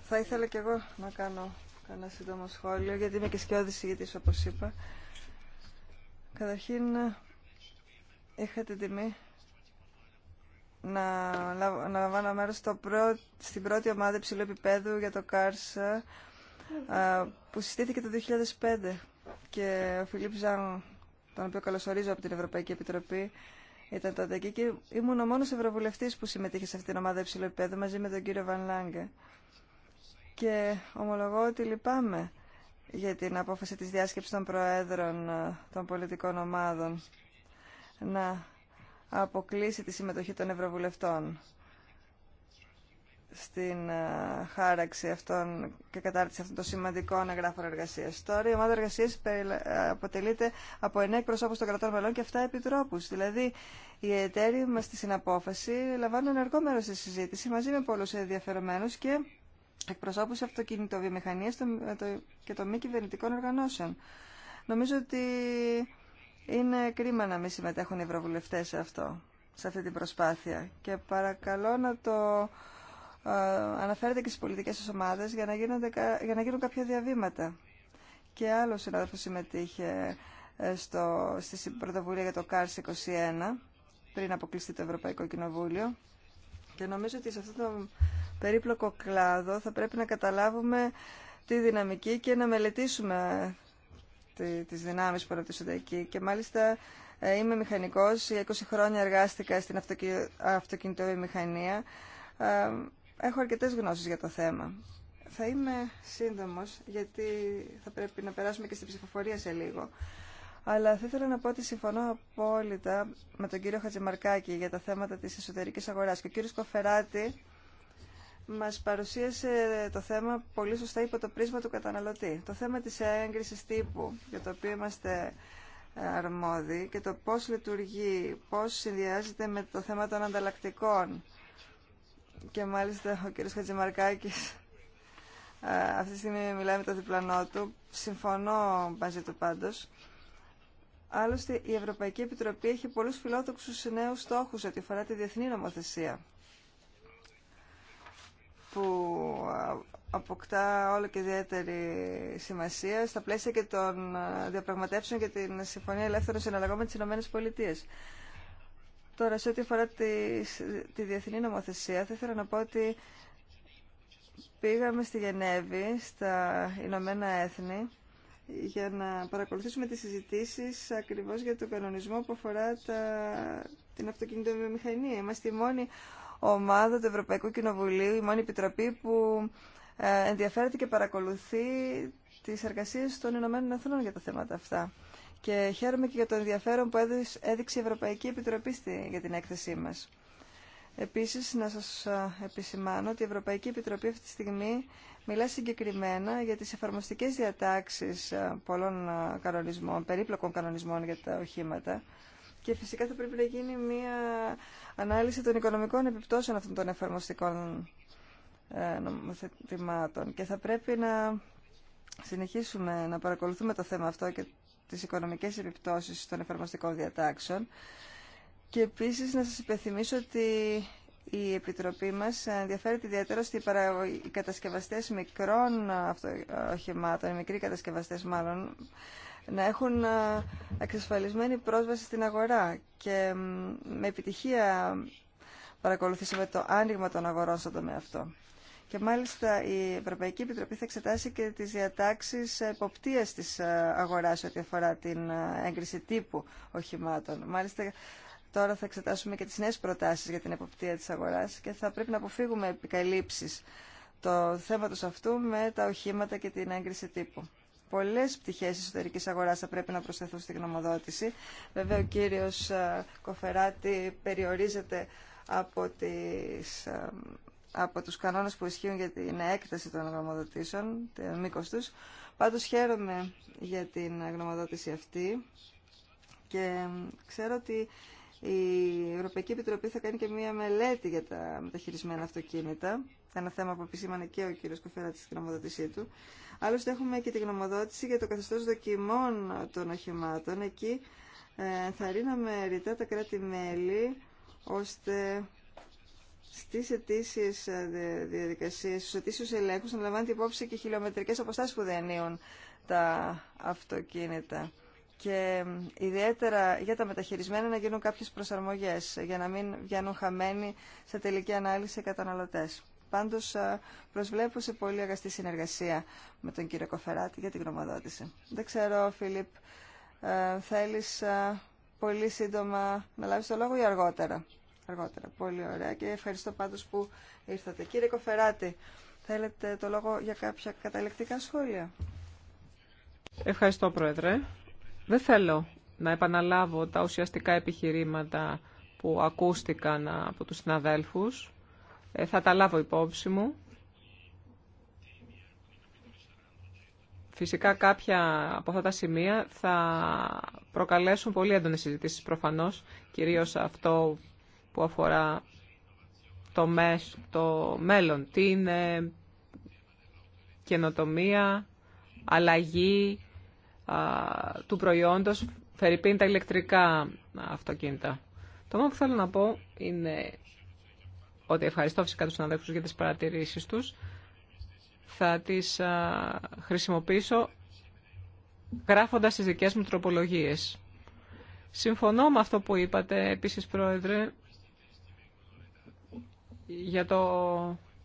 Θα ήθελα κι εγώ να κάνω ένα σύντομο σχόλιο, γιατί είμαι και σκιώδης ηγητής, όπως είπα. Καταρχήν, είχα την τιμή να, να λαμβάνω μέρος στο στην πρώτη ομάδα υψηλού επίπεδου για το ΚΑΡΣΑ, που συστήθηκε το 2005. Και ο Φιλίπ Ζαν τον οποίο καλωσορίζω από την Ευρωπαϊκή Επιτροπή, ήταν τότε εκεί και ήμουν ο μόνος ευρωβουλευτής που συμμετείχε σε αυτήν την ομάδα υψηλού μαζί με τον κύριο Βαν Λάγκε. Και ομολογώ ότι λυπάμαι για την απόφαση της διάσκεψης των προέδρων ε, των πολιτικών ομάδων να αποκλείσει τη συμμετοχή των ευρωβουλευτών στην ε, χάραξη αυτών και κατάρτιση αυτών των σημαντικών εγγράφων εργασία. Τώρα η ομάδα εργασία ε, αποτελείται από εννέα εκπροσώπου των κρατών μελών και αυτά επιτρόπου. Δηλαδή, οι εταίροι μα στη συναπόφαση λαμβάνουν ενεργό μέρο στη συζήτηση μαζί με πολλού ενδιαφερομένου και εκπροσώπου αυτοκινητοβιομηχανία ε, και των μη κυβερνητικών οργανώσεων. Νομίζω ότι είναι κρίμα να μην συμμετέχουν οι ευρωβουλευτέ σε αυτό, σε αυτή την προσπάθεια. Και παρακαλώ να το ε, αναφέρεται και στις πολιτικές ομάδε ομάδες για να, γίνουν κάποια διαβήματα. Και άλλο συνάδελφος συμμετείχε ε, στο, στη πρωτοβουλία για το ΚΑΡΣ 21 πριν αποκλειστεί το Ευρωπαϊκό Κοινοβούλιο. Και νομίζω ότι σε αυτό το περίπλοκο κλάδο θα πρέπει να καταλάβουμε τη δυναμική και να μελετήσουμε ε, τις δυνάμεις που αναπτύσσονται εκεί. Και μάλιστα είμαι μηχανικός, 20 χρόνια εργάστηκα στην αυτοκινητοβιομηχανία Έχω αρκετές γνώσεις για το θέμα. Θα είμαι σύντομος, γιατί θα πρέπει να περάσουμε και στην ψηφοφορία σε λίγο. Αλλά θα ήθελα να πω ότι συμφωνώ απόλυτα με τον κύριο Χατζημαρκάκη για τα θέματα της εσωτερικής αγοράς. Και ο κύριος Κοφεράτη μας παρουσίασε το θέμα πολύ σωστά υπό το πρίσμα του καταναλωτή. Το θέμα της έγκρισης τύπου, για το οποίο είμαστε ε, αρμόδιοι, και το πώς λειτουργεί, πώς συνδυάζεται με το θέμα των ανταλλακτικών και μάλιστα ο κύριος Χατζημαρκάκης ε, αυτή τη στιγμή μιλάει με το διπλανό του. Συμφωνώ μαζί του πάντως. Άλλωστε, η Ευρωπαϊκή Επιτροπή έχει πολλούς φιλόδοξους νέους στόχους ότι αφορά τη διεθνή νομοθεσία που ε, αποκτά όλο και ιδιαίτερη σημασία στα πλαίσια και των ε, διαπραγματεύσεων για την Συμφωνία Ελεύθερων Συναλλαγών με τις Ηνωμένες Τώρα, σε ό,τι αφορά τη, διεθνή νομοθεσία, θα ήθελα να πω ότι πήγαμε στη Γενέβη, στα Ηνωμένα Έθνη, για να παρακολουθήσουμε τις συζητήσεις ακριβώς για τον κανονισμό που αφορά τα, την αυτοκινητοβιομηχανία. Είμαστε η μόνη ομάδα του Ευρωπαϊκού Κοινοβουλίου, η μόνη επιτροπή που ε, ενδιαφέρεται και παρακολουθεί τις εργασίες των Ηνωμένων Εθνών για τα θέματα αυτά και χαίρομαι και για το ενδιαφέρον που έδειξε η Ευρωπαϊκή Επιτροπή για την έκθεσή μας. Επίσης, να σας επισημάνω ότι η Ευρωπαϊκή Επιτροπή αυτή τη στιγμή μιλά συγκεκριμένα για τις εφαρμοστικές διατάξεις πολλών κανονισμών, περίπλοκων κανονισμών για τα οχήματα και φυσικά θα πρέπει να γίνει μια ανάλυση των οικονομικών επιπτώσεων αυτών των εφαρμοστικών ε, νομοθετημάτων και θα πρέπει να συνεχίσουμε να παρακολουθούμε το θέμα αυτό και τις οικονομικές επιπτώσεις των εφαρμοστικών διατάξεων και επίσης να σας υπενθυμίσω ότι η Επιτροπή μας ενδιαφέρεται ιδιαίτερα ότι οι κατασκευαστές μικρών αυτοχημάτων, οι μικροί κατασκευαστές μάλλον, να έχουν εξασφαλισμένη πρόσβαση στην αγορά και με επιτυχία παρακολουθήσαμε το άνοιγμα των αγορών στον τομέα αυτό. Και μάλιστα η Ευρωπαϊκή Επιτροπή θα εξετάσει και τις διατάξεις εποπτείας της ε, αγοράς ό,τι αφορά την ε, έγκριση τύπου οχημάτων. Μάλιστα τώρα θα εξετάσουμε και τις νέες προτάσεις για την εποπτεία της αγοράς και θα πρέπει να αποφύγουμε επικαλύψεις το θέμα του αυτού με τα οχήματα και την έγκριση τύπου. Πολλέ πτυχέ εσωτερική αγορά θα πρέπει να προσθεθούν στη γνωμοδότηση. Βέβαια, ο κύριο ε, Κοφεράτη περιορίζεται από τις από τους κανόνες που ισχύουν για την έκταση των γνωμοδοτήσεων, το μήκος τους. Πάντως χαίρομαι για την γνωμοδότηση αυτή και ξέρω ότι η Ευρωπαϊκή Επιτροπή θα κάνει και μία μελέτη για τα μεταχειρισμένα αυτοκίνητα. Ένα θέμα που επισήμανε και ο κύριος Κοφέρα στην γνωμοδότησή του. Άλλωστε έχουμε και τη γνωμοδότηση για το καθεστώς δοκιμών των οχημάτων. Εκεί ε, θα ρίναμε ρητά τα κράτη-μέλη ώστε Στι αιτήσει ε, διαδικασίε, στου αιτήσιου ελέγχου, να λαμβάνεται υπόψη και χιλιομετρικέ αποστάσει που διανύουν τα αυτοκίνητα. Και ιδιαίτερα για τα μεταχειρισμένα να γίνουν κάποιε προσαρμογέ για να μην βγαίνουν χαμένοι σε τελική ανάλυση οι καταναλωτέ. Πάντω, ε, προσβλέπω σε πολύ αγαστή συνεργασία με τον κύριο Κοφεράτη για την γνωμοδότηση. Δεν ξέρω, Φίλιπ, ε, θέλει πολύ σύντομα να λάβει το λόγο ή αργότερα αργότερα. Πολύ ωραία και ευχαριστώ πάντως που ήρθατε. Κύριε Κοφεράτη, θέλετε το λόγο για κάποια καταληκτικά σχόλια. Ευχαριστώ, Πρόεδρε. Δεν θέλω να επαναλάβω τα ουσιαστικά επιχειρήματα που ακούστηκαν από τους συναδέλφους. Ε, θα τα λάβω υπόψη μου. Φυσικά κάποια από αυτά τα σημεία θα προκαλέσουν πολύ έντονες συζητήσεις προφανώς, κυρίως αυτό που αφορά το, μέσο, το μέλλον, είναι καινοτομία, αλλαγή του προϊόντος, φερειπίν τα ηλεκτρικά αυτοκίνητα. Το μόνο που θέλω να πω είναι ότι ευχαριστώ φυσικά τους συναδέλφους για τις παρατηρήσεις τους. Θα τις χρησιμοποιήσω γράφοντας τις δικές μου τροπολογίες. Συμφωνώ με αυτό που είπατε, επίσης Πρόεδρε, για το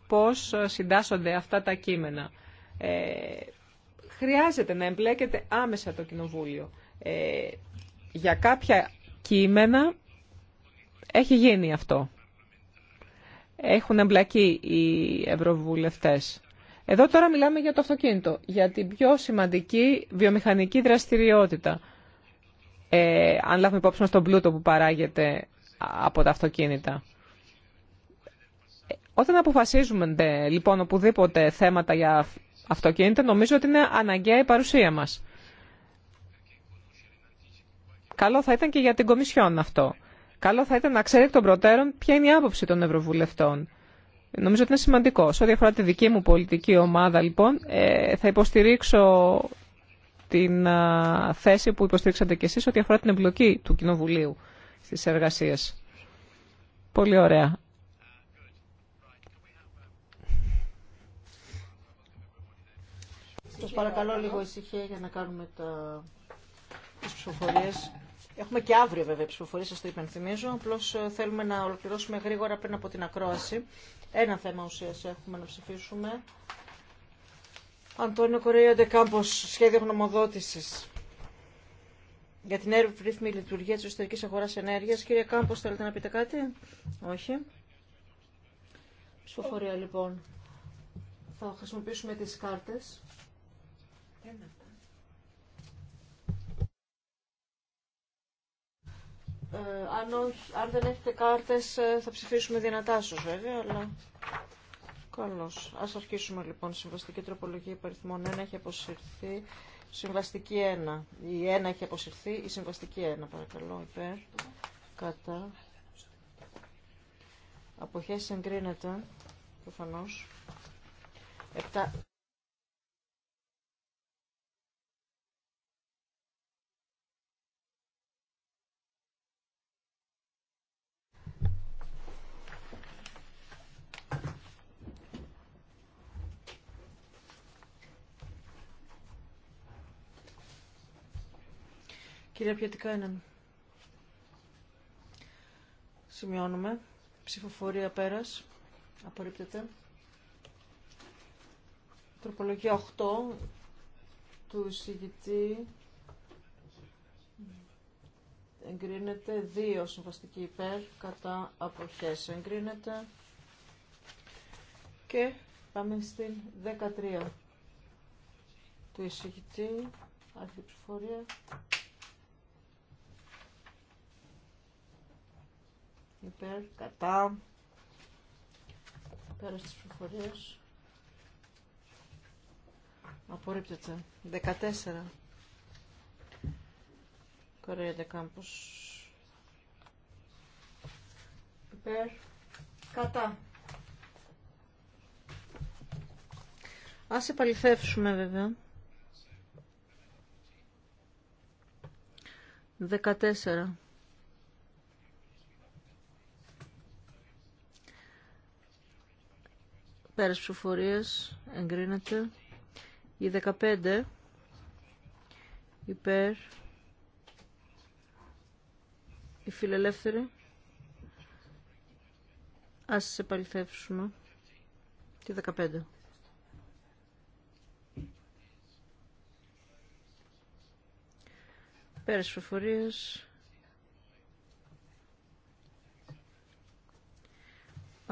πώς συντάσσονται αυτά τα κείμενα. Ε, χρειάζεται να εμπλέκεται άμεσα το Κοινοβούλιο. Ε, για κάποια κείμενα έχει γίνει αυτό. Έχουν εμπλακεί οι ευρωβουλευτές. Εδώ τώρα μιλάμε για το αυτοκίνητο, για την πιο σημαντική βιομηχανική δραστηριότητα. Ε, αν λάβουμε υπόψη μας τον πλούτο που παράγεται από τα αυτοκίνητα. Όταν αποφασίζουμε λοιπόν οπουδήποτε θέματα για αυτοκίνητα, νομίζω ότι είναι αναγκαία η παρουσία μας. Καλό θα ήταν και για την Κομισιόν αυτό. Καλό θα ήταν να ξέρει εκ των προτέρων ποια είναι η άποψη των Ευρωβουλευτών. Νομίζω ότι είναι σημαντικό. Σε ό,τι αφορά τη δική μου πολιτική ομάδα, λοιπόν, ε, θα υποστηρίξω την θέση που υποστηρίξατε κι εσείς ό,τι αφορά την εμπλοκή του Κοινοβουλίου στις εργασίες. Πολύ ωραία. Σα παρακαλώ λίγο ησυχία για να κάνουμε τα... τις Έχουμε και αύριο βέβαια ψηφοφορίε, σα το υπενθυμίζω. Απλώ ε, θέλουμε να ολοκληρώσουμε γρήγορα πριν από την ακρόαση. Ένα θέμα ουσία έχουμε να ψηφίσουμε. Αντώνιο Κορέα κάμπο σχέδιο γνωμοδότηση για την έρευνη λειτουργία τη Ιστορικής αγορά ενέργειας. Κύριε Κάμπος, θέλετε να πείτε κάτι? Όχι. Ψηφοφορία λοιπόν. Θα χρησιμοποιήσουμε τις κάρτες. Ε, αν, όχι, αν δεν έχετε κάρτες ε, θα ψηφίσουμε δυνατά σας βέβαια, αλλά καλώς. Ας αρχίσουμε λοιπόν. Συμβαστική τροπολογία υπαριθμών 1 έχει αποσυρθεί. Συμβαστική 1. Η 1 έχει αποσυρθεί. Η συμβαστική 1 παρακαλώ υπέρ. Κατά. Αποχές εγκρίνεται προφανώς. 7. Πιατικά, έναν. σημειώνουμε. Ψηφοφορία πέρας. Απορρίπτεται. Τροπολογία 8 του εισηγητή εγκρίνεται 2 συμβαστική υπέρ κατά αποχές εγκρίνεται και πάμε στην 13 του εισηγητή αρχή ψηφορία υπέρ, κατά, πέρα στις προφορίες. Απορρίπτεται. 14. Κορέα Δεκάμπος. Υπέρ, κατά. Ας επαληθεύσουμε βέβαια. 14. Πέρας ψηφορίας εγκρίνεται. Η 15 υπέρ η φιλελεύθερη. Ας επαληθεύσουμε τη 15. Πέρας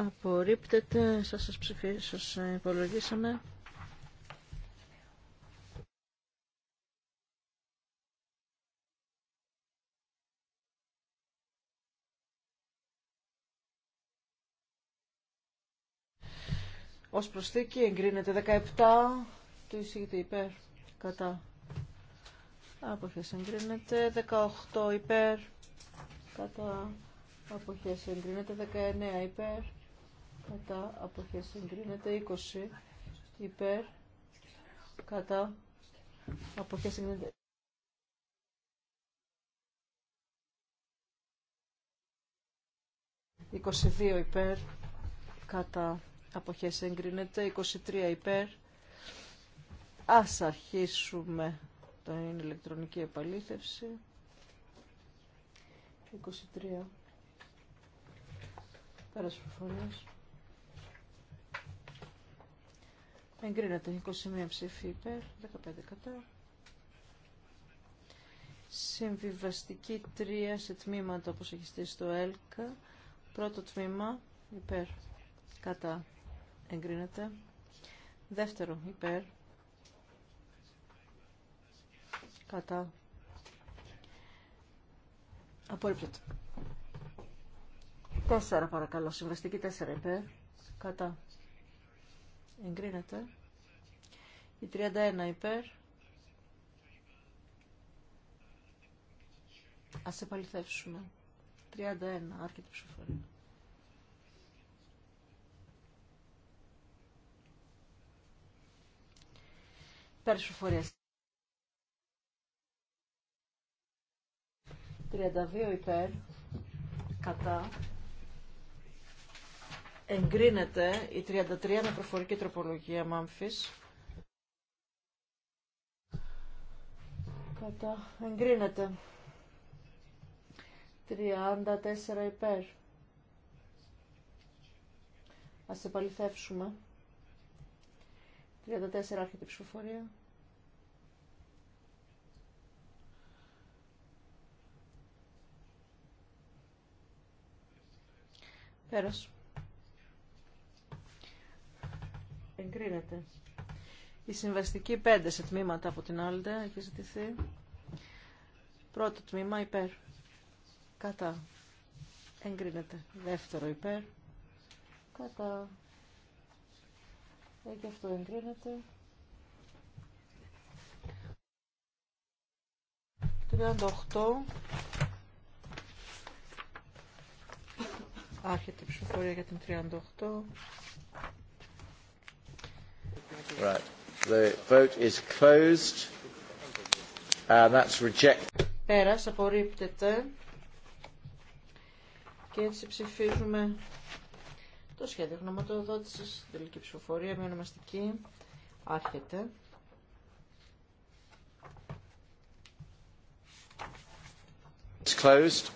Απορρίπτεται. Σας, σας, ψηφί, σας υπολογίσαμε. Ως προσθήκη εγκρίνεται 17 του εισηγητή υπέρ κατά αποχές εγκρίνεται 18 υπέρ κατά αποχές εγκρίνεται 19 υπέρ κατά αποχές εγκρίνεται 20 υπέρ κατά αποχές εγκρίνεται ...22 υπέρ, κατά αποχές εγκρίνεται, 23 υπέρ. Ας αρχίσουμε την ηλεκτρονική επαλήθευση. 23. Πέρας Εγκρίνεται 21 ψήφι υπέρ, 15 κατά. Συμβιβαστική 3 σε τμήματα όπως έχει στήσει το ΕΛΚΑ. Πρώτο τμήμα υπέρ, κατά. Εγκρίνεται. Δεύτερο υπέρ, κατά. Απορρίπτεται. Τέσσερα παρακαλώ. Συμβαστική τέσσερα υπέρ, κατά εγκρίνεται. Η 31 υπέρ. Ας επαληθεύσουμε. 31, άρχεται η ψηφοφορία. Πέρα ψηφοφορία. 32 υπέρ, κατά, εγκρίνεται η 33 με προφορική τροπολογία Μάμφης. Κατά. Εγκρίνεται. 34 υπέρ. Ας επαληθεύσουμε. 34 άρχεται η ψηφοφορία. Πέρασε. Εγκρίνεται. Η συμβαστική 5 σε τμήματα από την Αλντέ έχει ζητηθεί. Πρώτο τμήμα υπέρ. Κατά. Εγκρίνεται. Δεύτερο υπέρ. Κατά. Ε, και αυτό εγκρίνεται. Τριάντα 38. Άρχεται η ψηφοφορία για την 38. Right. The vote is closed. And that's rejected. Πέρας, απορρίπτεται. Και έτσι ψηφίζουμε το σχέδιο γνωματοδότησης, τελική ψηφοφορία, μια ονομαστική. Άρχεται. It's closed.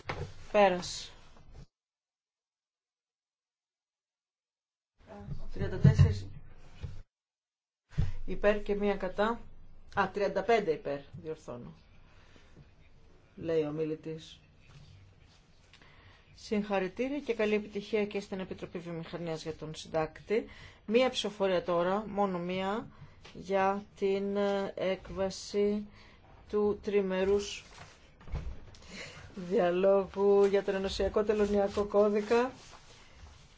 Πέρας. 34 υπέρ και μία κατά. Α, 35 υπέρ, διορθώνω. Λέει ο μιλητής. Συγχαρητήρια και καλή επιτυχία και στην Επιτροπή Βιομηχανίας για τον συντάκτη. Μία ψηφοφορία τώρα, μόνο μία, για την ε, έκβαση του τριμερούς διαλόγου για τον Ενωσιακό Τελωνιακό Κώδικα.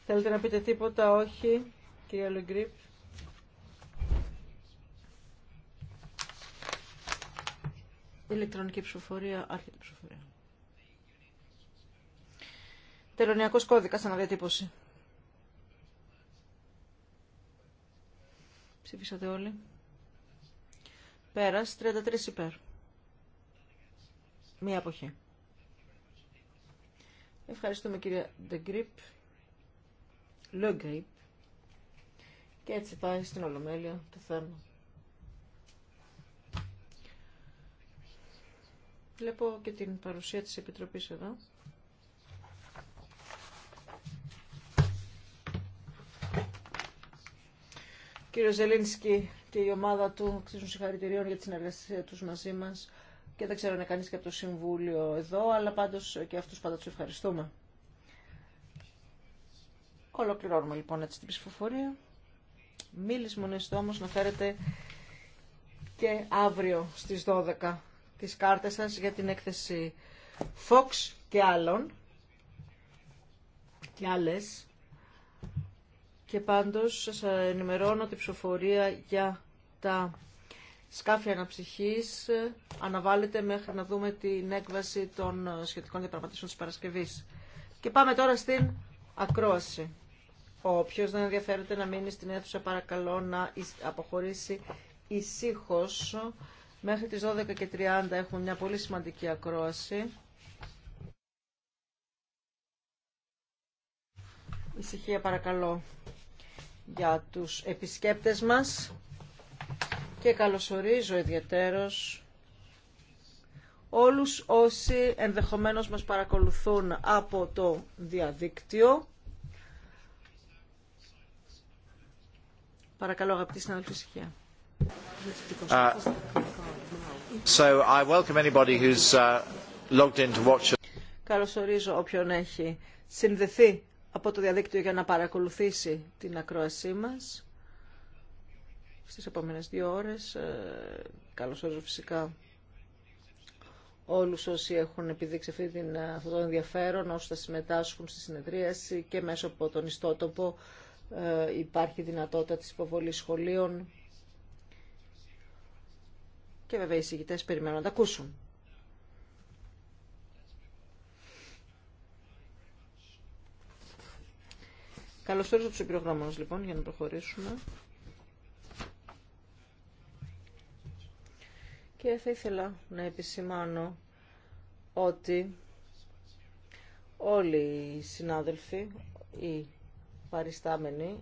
Θέλετε να πείτε τίποτα, όχι, κύριε Λουγκρίπ. ηλεκτρονική ψηφοφορία, άρχιτη ψηφοφορία. Τελωνιακός κώδικας αναδιατύπωση. Ψηφίσατε όλοι. Πέρας, 33 υπέρ. Μία αποχή. Ευχαριστούμε κυρία Ντεγκρυπ, Grip, Και έτσι πάει στην Ολομέλεια το θέμα. Βλέπω και την παρουσία της Επιτροπής εδώ. Κύριο Ζελίνσκι και η ομάδα του αξίζουν συγχαρητηρίων για τη συνεργασία τους μαζί μας και δεν ξέρω αν είναι κανείς και από το Συμβούλιο εδώ, αλλά πάντως και αυτούς πάντα τους ευχαριστούμε. Ολοκληρώνουμε λοιπόν έτσι την ψηφοφορία. Μίλης μονεστό, όμως να φέρετε και αύριο στις 12 τις κάρτες σας για την έκθεση Fox και άλλων και άλλες και πάντως σας ενημερώνω ότι η ψηφοφορία για τα σκάφια αναψυχής αναβάλλεται μέχρι να δούμε την έκβαση των σχετικών διαπραγματεύσεων της Παρασκευής. Και πάμε τώρα στην ακρόαση. Όποιος δεν ενδιαφέρεται να μείνει στην αίθουσα παρακαλώ να αποχωρήσει ησύχως. Μέχρι τις 12.30 έχουμε μια πολύ σημαντική ακρόαση. Ησυχία παρακαλώ για τους επισκέπτες μας και καλωσορίζω ιδιαίτερος όλους όσοι ενδεχομένως μας παρακολουθούν από το διαδίκτυο. Παρακαλώ αγαπητοί συναδελφοί, ησυχία. So uh, ορίζω όποιον έχει συνδεθεί από το διαδίκτυο για να παρακολουθήσει την ακρόασή μας. Στις επόμενες δύο ώρες ε, καλωσορίζω φυσικά όλους όσοι έχουν επιδείξει την, ε, αυτό το ενδιαφέρον, όσοι θα συμμετάσχουν στη συνεδρίαση και μέσω από τον ιστότοπο ε, υπάρχει δυνατότητα της υποβολής σχολείων και βέβαια οι συγητές περιμένουν να τα ακούσουν. Καλώς ήρθατε τους λοιπόν για να προχωρήσουμε. Και θα ήθελα να επισημάνω ότι όλοι οι συνάδελφοι, οι παριστάμενοι,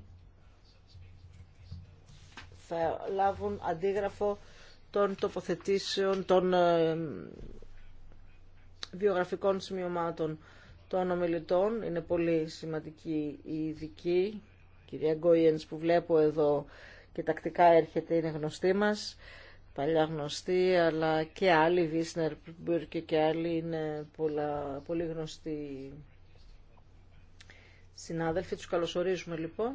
θα λάβουν αντίγραφο των τοποθετήσεων των ε, βιογραφικών σημειωμάτων των ομιλητών. Είναι πολύ σημαντική η ειδική. κυρία Γκόιενς που βλέπω εδώ και τακτικά έρχεται είναι γνωστή μας. Παλιά γνωστή, αλλά και άλλοι, Βίσνερ Μπουρκε και άλλοι είναι πολλά, πολύ γνωστοί συνάδελφοι. Τους καλωσορίζουμε λοιπόν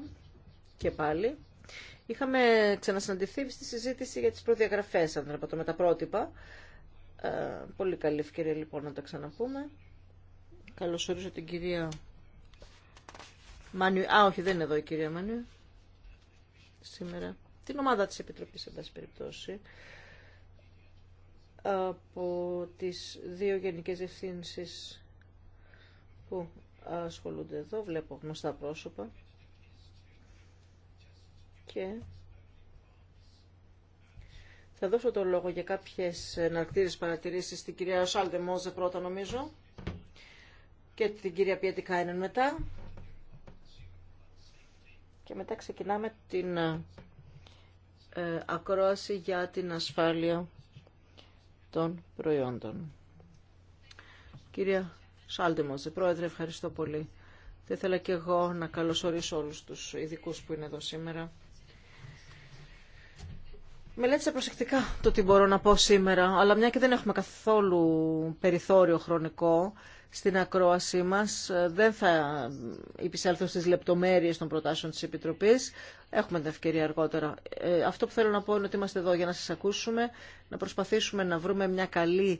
και πάλι. Είχαμε ξανασυναντηθεί στη συζήτηση για τις προδιαγραφές, αν δεν με τα πρότυπα. Ε, πολύ καλή ευκαιρία λοιπόν να τα ξαναπούμε. Καλωσορίζω την κυρία Μανιου. Α, όχι, δεν είναι εδώ η κυρία Μανιου. Σήμερα. Την ομάδα της Επιτροπής, εν πάση περιπτώσει. Από τις δύο γενικές ευθύνσεις που ασχολούνται εδώ, βλέπω γνωστά πρόσωπα και θα δώσω το λόγο για κάποιες εναρκτήρες παρατηρήσεις στην κυρία Σάλτε Μόζε πρώτα νομίζω και την κυρία Πιέτη μετά και μετά ξεκινάμε την ε, ακρόαση για την ασφάλεια των προϊόντων. Κυρία Σάλτεμος, πρόεδρε, ευχαριστώ πολύ. Θα ήθελα και εγώ να καλωσορίσω όλους τους ειδικού που είναι εδώ σήμερα Μελέτησα προσεκτικά το τι μπορώ να πω σήμερα, αλλά μια και δεν έχουμε καθόλου περιθώριο χρονικό στην ακρόασή μας, δεν θα υπησέλθω στις λεπτομέρειες των προτάσεων της Επιτροπής. Έχουμε την ευκαιρία αργότερα. Ε, αυτό που θέλω να πω είναι ότι είμαστε εδώ για να σας ακούσουμε, να προσπαθήσουμε να βρούμε μια καλή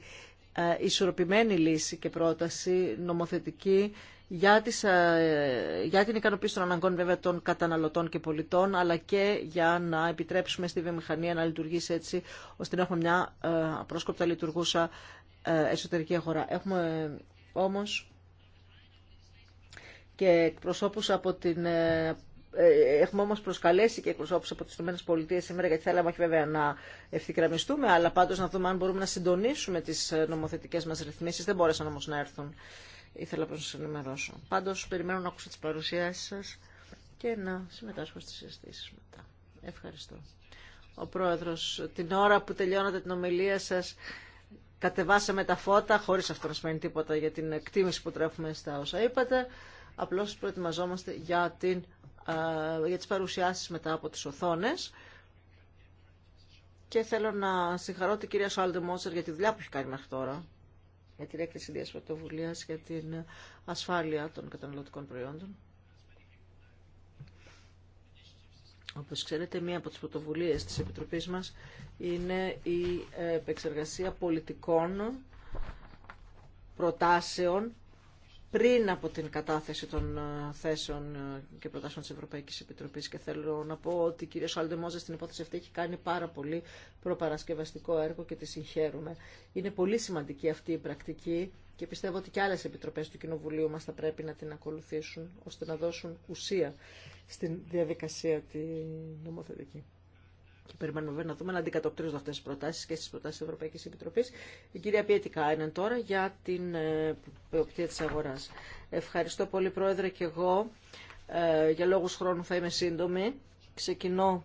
ε, ισορροπημένη λύση και πρόταση νομοθετική για, τις, ε, για την ικανοποίηση των αναγκών βέβαια των καταναλωτών και πολιτών, αλλά και για να επιτρέψουμε στη βιομηχανία να λειτουργήσει έτσι, ώστε να έχουμε μια ε, απρόσκοπτα λειτουργούσα ε, εσωτερική αγορά. Έχουμε όμως και εκπροσώπους από την έχουμε όμω προσκαλέσει και εκπροσώπου από τι ΗΠΑ σήμερα, γιατί θέλαμε όχι βέβαια να ευθυγραμμιστούμε, αλλά πάντω να δούμε αν μπορούμε να συντονίσουμε τι νομοθετικέ μα ρυθμίσει. Δεν μπόρεσαν όμω να έρθουν ήθελα να σας ενημερώσω. Πάντως περιμένω να ακούσω τις παρουσιάσεις σας και να συμμετάσχω στις συζητήσει μετά. Ευχαριστώ. Ο Πρόεδρος, την ώρα που τελειώνατε την ομιλία σας, κατεβάσαμε τα φώτα, χωρίς αυτό να σημαίνει τίποτα για την εκτίμηση που τρέφουμε στα όσα είπατε. Απλώς προετοιμαζόμαστε για, την, για τις παρουσιάσεις μετά από τις οθόνες. Και θέλω να συγχαρώ την κυρία Σουάλντε Μότσερ για τη δουλειά που έχει κάνει μέχρι τώρα για την έκθεση πρωτοβουλία για την ασφάλεια των καταναλωτικών προϊόντων. Όπω ξέρετε, μία από τις πρωτοβουλίε τη Επιτροπή μας είναι η επεξεργασία πολιτικών προτάσεων πριν από την κατάθεση των ε, θέσεων ε, και προτάσεων της Ευρωπαϊκής Επιτροπής και θέλω να πω ότι η κυρία Σουαλντεμόζα στην υπόθεση αυτή έχει κάνει πάρα πολύ προπαρασκευαστικό έργο και τη συγχαίρουμε. Είναι πολύ σημαντική αυτή η πρακτική και πιστεύω ότι και άλλες επιτροπές του Κοινοβουλίου μας θα πρέπει να την ακολουθήσουν ώστε να δώσουν ουσία στην διαδικασία τη νομοθετική. Και περιμένουμε να δούμε να αντικατοπτρίζονται αυτέ τι προτάσει και στι προτάσει τη Ευρωπαϊκή Επιτροπή. Η κυρία Πιέτικα είναι τώρα για την ε, ποιοπτία τη αγορά. Ευχαριστώ πολύ, Πρόεδρε, και εγώ. Ε, για λόγους χρόνου θα είμαι σύντομη. Ξεκινώ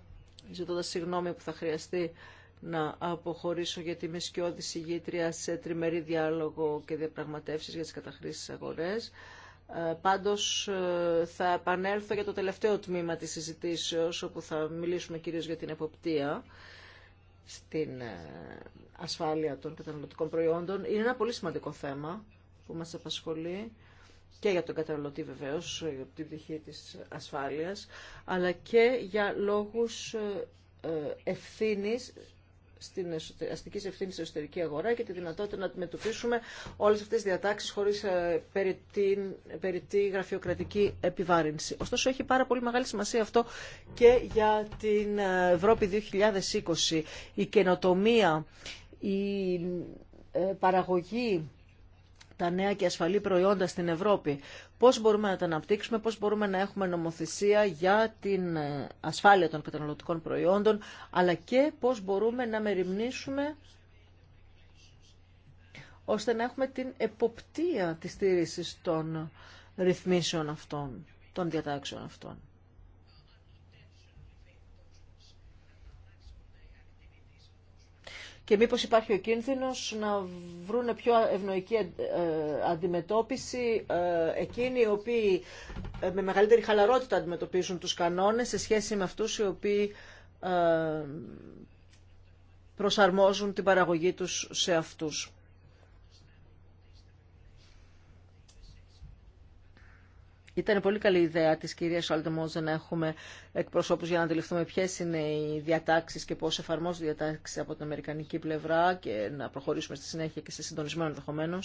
ζητώντα συγγνώμη που θα χρειαστεί να αποχωρήσω γιατί είμαι σκιώδη συγγήτρια σε τριμερή διάλογο και διαπραγματεύσει για τι καταχρήσει αγορές. Ε, πάντως ε, θα επανέλθω για το τελευταίο τμήμα της συζητήσεως όπου θα μιλήσουμε κυρίως για την εποπτεία στην ε, ασφάλεια των καταναλωτικών προϊόντων. Είναι ένα πολύ σημαντικό θέμα που μας απασχολεί και για τον καταναλωτή βεβαίως, για την πτυχή της ασφάλειας, αλλά και για λόγους ευθύνης στην αστική ευθύνη στην εσωτερική αγορά και τη δυνατότητα να αντιμετωπίσουμε όλε αυτέ τι διατάξει χωρί ε, περιττή γραφειοκρατική επιβάρυνση. Ωστόσο, έχει πάρα πολύ μεγάλη σημασία αυτό και για την ε, Ευρώπη 2020. Η καινοτομία, η ε, παραγωγή, τα νέα και ασφαλή προϊόντα στην Ευρώπη πώς μπορούμε να τα αναπτύξουμε, πώς μπορούμε να έχουμε νομοθεσία για την ε, ασφάλεια των καταναλωτικών προϊόντων, αλλά και πώς μπορούμε να μεριμνήσουμε ώστε να έχουμε την εποπτεία της στήρησης των ρυθμίσεων αυτών, των διατάξεων αυτών. και μήπως υπάρχει ο κίνδυνος να βρουν πιο ευνοϊκή ε, αντιμετώπιση ε, εκείνοι οι οποίοι ε, με μεγαλύτερη χαλαρότητα αντιμετωπίζουν τους κανόνες σε σχέση με αυτούς οι οποίοι προσαρμόζουν την παραγωγή τους σε αυτούς. Ήταν πολύ καλή ιδέα της κυρίας Σαλτεμόζε να έχουμε εκπροσώπου για να αντιληφθούμε ποιε είναι οι διατάξει και πώ εφαρμόζονται οι διατάξει από την Αμερικανική πλευρά και να προχωρήσουμε στη συνέχεια και σε συντονισμένο ενδεχομένω.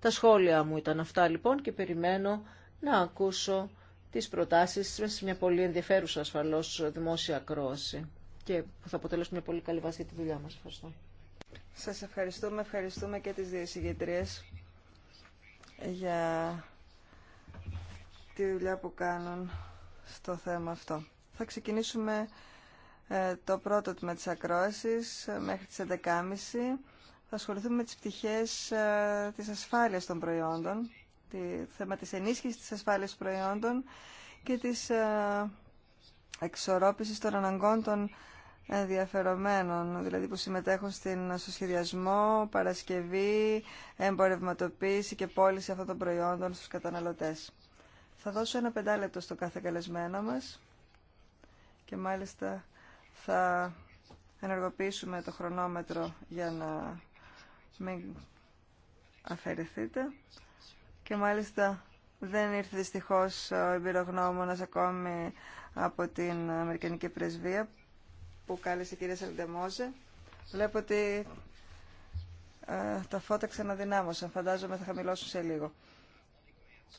Τα σχόλια μου ήταν αυτά λοιπόν και περιμένω να ακούσω τι προτάσει μέσα σε μια πολύ ενδιαφέρουσα ασφαλώ δημόσια ακρόαση και που θα αποτελέσουν μια πολύ καλή βάση για τη δουλειά μας. Ευχαριστώ. Σας ευχαριστούμε, ευχαριστούμε και τι δύο για τη δουλειά που κάνουν στο θέμα αυτό. Θα ξεκινήσουμε ε, το πρώτο τμήμα της ακρόασης ε, μέχρι τις 11.30. Θα ασχοληθούμε με τις πτυχές ε, της ασφάλειας των προϊόντων, το θέμα της ενίσχυσης της ασφάλειας προϊόντων και της εξορρόπησης των αναγκών των ενδιαφερομένων, δηλαδή που συμμετέχουν στην, στο σχεδιασμό, παρασκευή, εμπορευματοποίηση και πώληση αυτών των προϊόντων στους καταναλωτές. Θα δώσω ένα πεντάλεπτο στο κάθε καλεσμένο μας και μάλιστα θα ενεργοποιήσουμε το χρονόμετρο για να μην αφαιρεθείτε. Και μάλιστα δεν ήρθε δυστυχώς ο εμπειρογνώμονας ακόμη από την Αμερικανική Πρεσβεία που κάλεσε η κυρία Σαλντεμόζε. Βλέπω ότι ε, τα φώτα ξαναδυνάμωσαν. Φαντάζομαι θα χαμηλώσουν σε λίγο.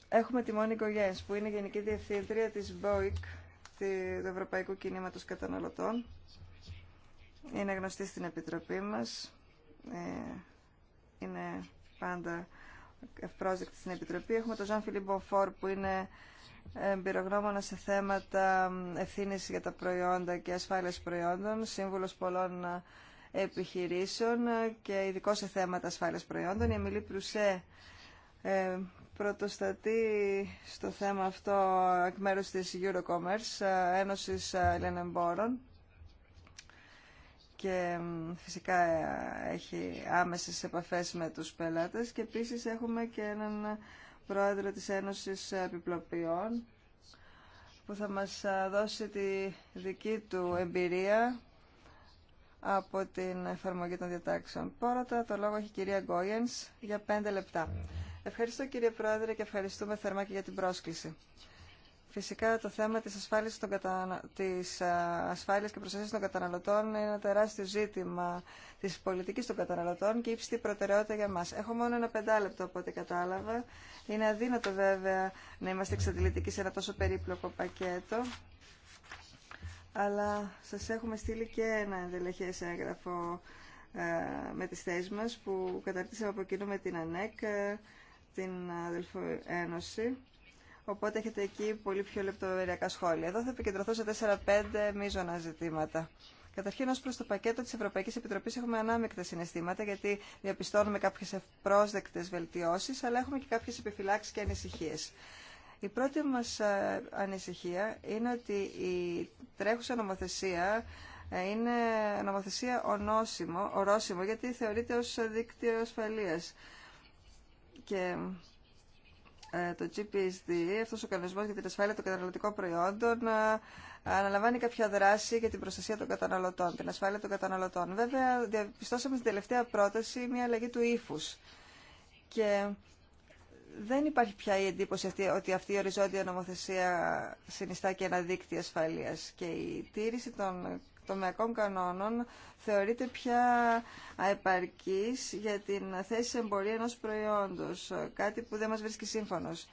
Έχουμε τη Μόνικο Γιένς, που είναι Γενική Διευθύντρια της BOIC, του Ευρωπαϊκού Κινήματος Καταναλωτών. Είναι γνωστή στην Επιτροπή μας. Ε, είναι πάντα ευπρόσδεκτη στην Επιτροπή. Έχουμε τον Ζαν Φιλιμποφόρ, που είναι εμπειρογνώμονα σε θέματα ευθύνη για τα προϊόντα και ασφάλεια προϊόντων, σύμβουλο πολλών ε, επιχειρήσεων και ειδικό σε θέματα ασφάλεια προϊόντων. Η Εμιλή Προυσέ, ε, πρωτοστατεί στο θέμα αυτό εκ μέρους της Eurocommerce, ε, Ένωσης ε, Ελληνεμπόρων και φυσικά ε, έχει άμεσες επαφές με τους πελάτες και επίσης έχουμε και έναν πρόεδρο της Ένωσης Επιπλοποιών που θα μας δώσει τη δική του εμπειρία από την εφαρμογή των διατάξεων. Πόρατα το λόγο έχει η κυρία Γκόγενς για πέντε λεπτά. Ευχαριστώ κύριε Πρόεδρε και ευχαριστούμε θερμά και για την πρόσκληση. Φυσικά το θέμα της ασφάλειας, των της ασφάλειας και προστασίας των καταναλωτών είναι ένα τεράστιο ζήτημα της πολιτικής των καταναλωτών και ύψιστη προτεραιότητα για μας. Έχω μόνο ένα πεντάλεπτο από ό,τι κατάλαβα. Είναι αδύνατο βέβαια να είμαστε εξαντλητικοί σε ένα τόσο περίπλοκο πακέτο. Αλλά σας έχουμε στείλει και ένα ενδελεχές έγγραφο ε, με τις θέσεις μας που καταρτήσαμε από κοινού με την ΑΝΕΚ ε, την Αδελφού Ένωση. Οπότε έχετε εκεί πολύ πιο λεπτομεριακά σχόλια. Εδώ θα επικεντρωθώ σε 4-5 μείζωνα ζητήματα. Καταρχήν, ω προ το πακέτο τη Ευρωπαϊκή Επιτροπή, έχουμε ανάμεικτα συναισθήματα, γιατί διαπιστώνουμε κάποιε ευπρόσδεκτε βελτιώσει, αλλά έχουμε και κάποιε επιφυλάξει και ανησυχίε. Η πρώτη μα ε, ανησυχία είναι ότι η τρέχουσα νομοθεσία ε, είναι νομοθεσία ονόσημο, ορόσημο, γιατί θεωρείται ω δίκτυο ασφαλεία. Και ε, το GPSD, αυτός ο κανονισμός για την ασφάλεια των καταναλωτικών προϊόντων, ε, αναλαμβάνει κάποια δράση για την προστασία των καταναλωτών, την ασφάλεια των καταναλωτών. Βέβαια, διαπιστώσαμε στην τελευταία πρόταση μια αλλαγή του ύφου. Και δεν υπάρχει πια η εντύπωση αυτή, ότι αυτή η οριζόντια νομοθεσία συνιστά και ένα δίκτυο ασφαλείας και η τήρηση των τομεακών κανόνων θεωρείται πια αεπαρκής για την θέση εμπορία ενός προϊόντος, κάτι που δεν μας βρίσκει σύμφωνος.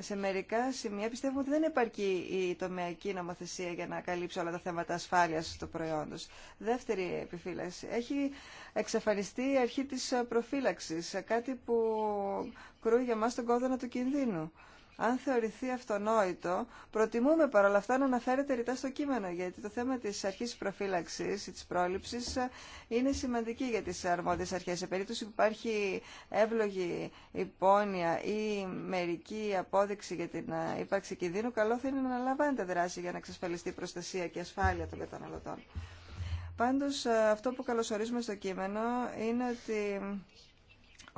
Σε μερικά σημεία πιστεύουμε ότι δεν επαρκεί η τομεακή νομοθεσία για να καλύψει όλα τα θέματα ασφάλεια του προϊόντο. Δεύτερη επιφύλαξη. Έχει εξαφανιστεί η αρχή τη προφύλαξη, κάτι που κρούει για μα τον κόδωνα του κινδύνου αν θεωρηθεί αυτονόητο, προτιμούμε παρόλα αυτά να αναφέρεται ρητά στο κείμενο, γιατί το θέμα της αρχής προφύλαξης ή της πρόληψης ε, είναι σημαντική για τις αρμόδιες αρχές. Σε περίπτωση που υπάρχει εύλογη υπόνοια ή μερική απόδειξη για την ε, ύπαρξη κινδύνου, καλό θα είναι να αναλαμβάνετε δράση για να εξασφαλιστεί η προστασία και ασφάλεια των καταναλωτών. Πάντως, ε, αυτό που καλωσορίζουμε στο κείμενο είναι ότι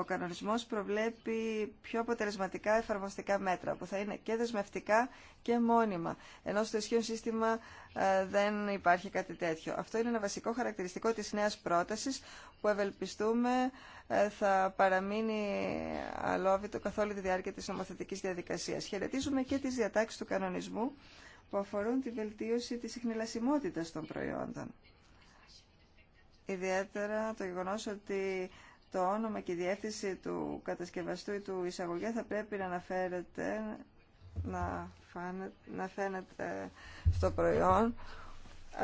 ο κανονισμό προβλέπει πιο αποτελεσματικά εφαρμοστικά μέτρα που θα είναι και δεσμευτικά και μόνιμα. Ενώ στο ισχύον σύστημα ε, δεν υπάρχει κάτι τέτοιο. Αυτό είναι ένα βασικό χαρακτηριστικό τη νέα πρόταση που ευελπιστούμε ε, θα παραμείνει αλόβητο καθ' όλη τη διάρκεια τη νομοθετική διαδικασία. Χαιρετίζουμε και τι διατάξει του κανονισμού που αφορούν τη βελτίωση τη συχνηλασιμότητας των προϊόντων. Ιδιαίτερα το γεγονό ότι το όνομα και η διεύθυνση του κατασκευαστού ή του εισαγωγέ θα πρέπει να αναφέρεται, να, να φαίνεται στο προϊόν.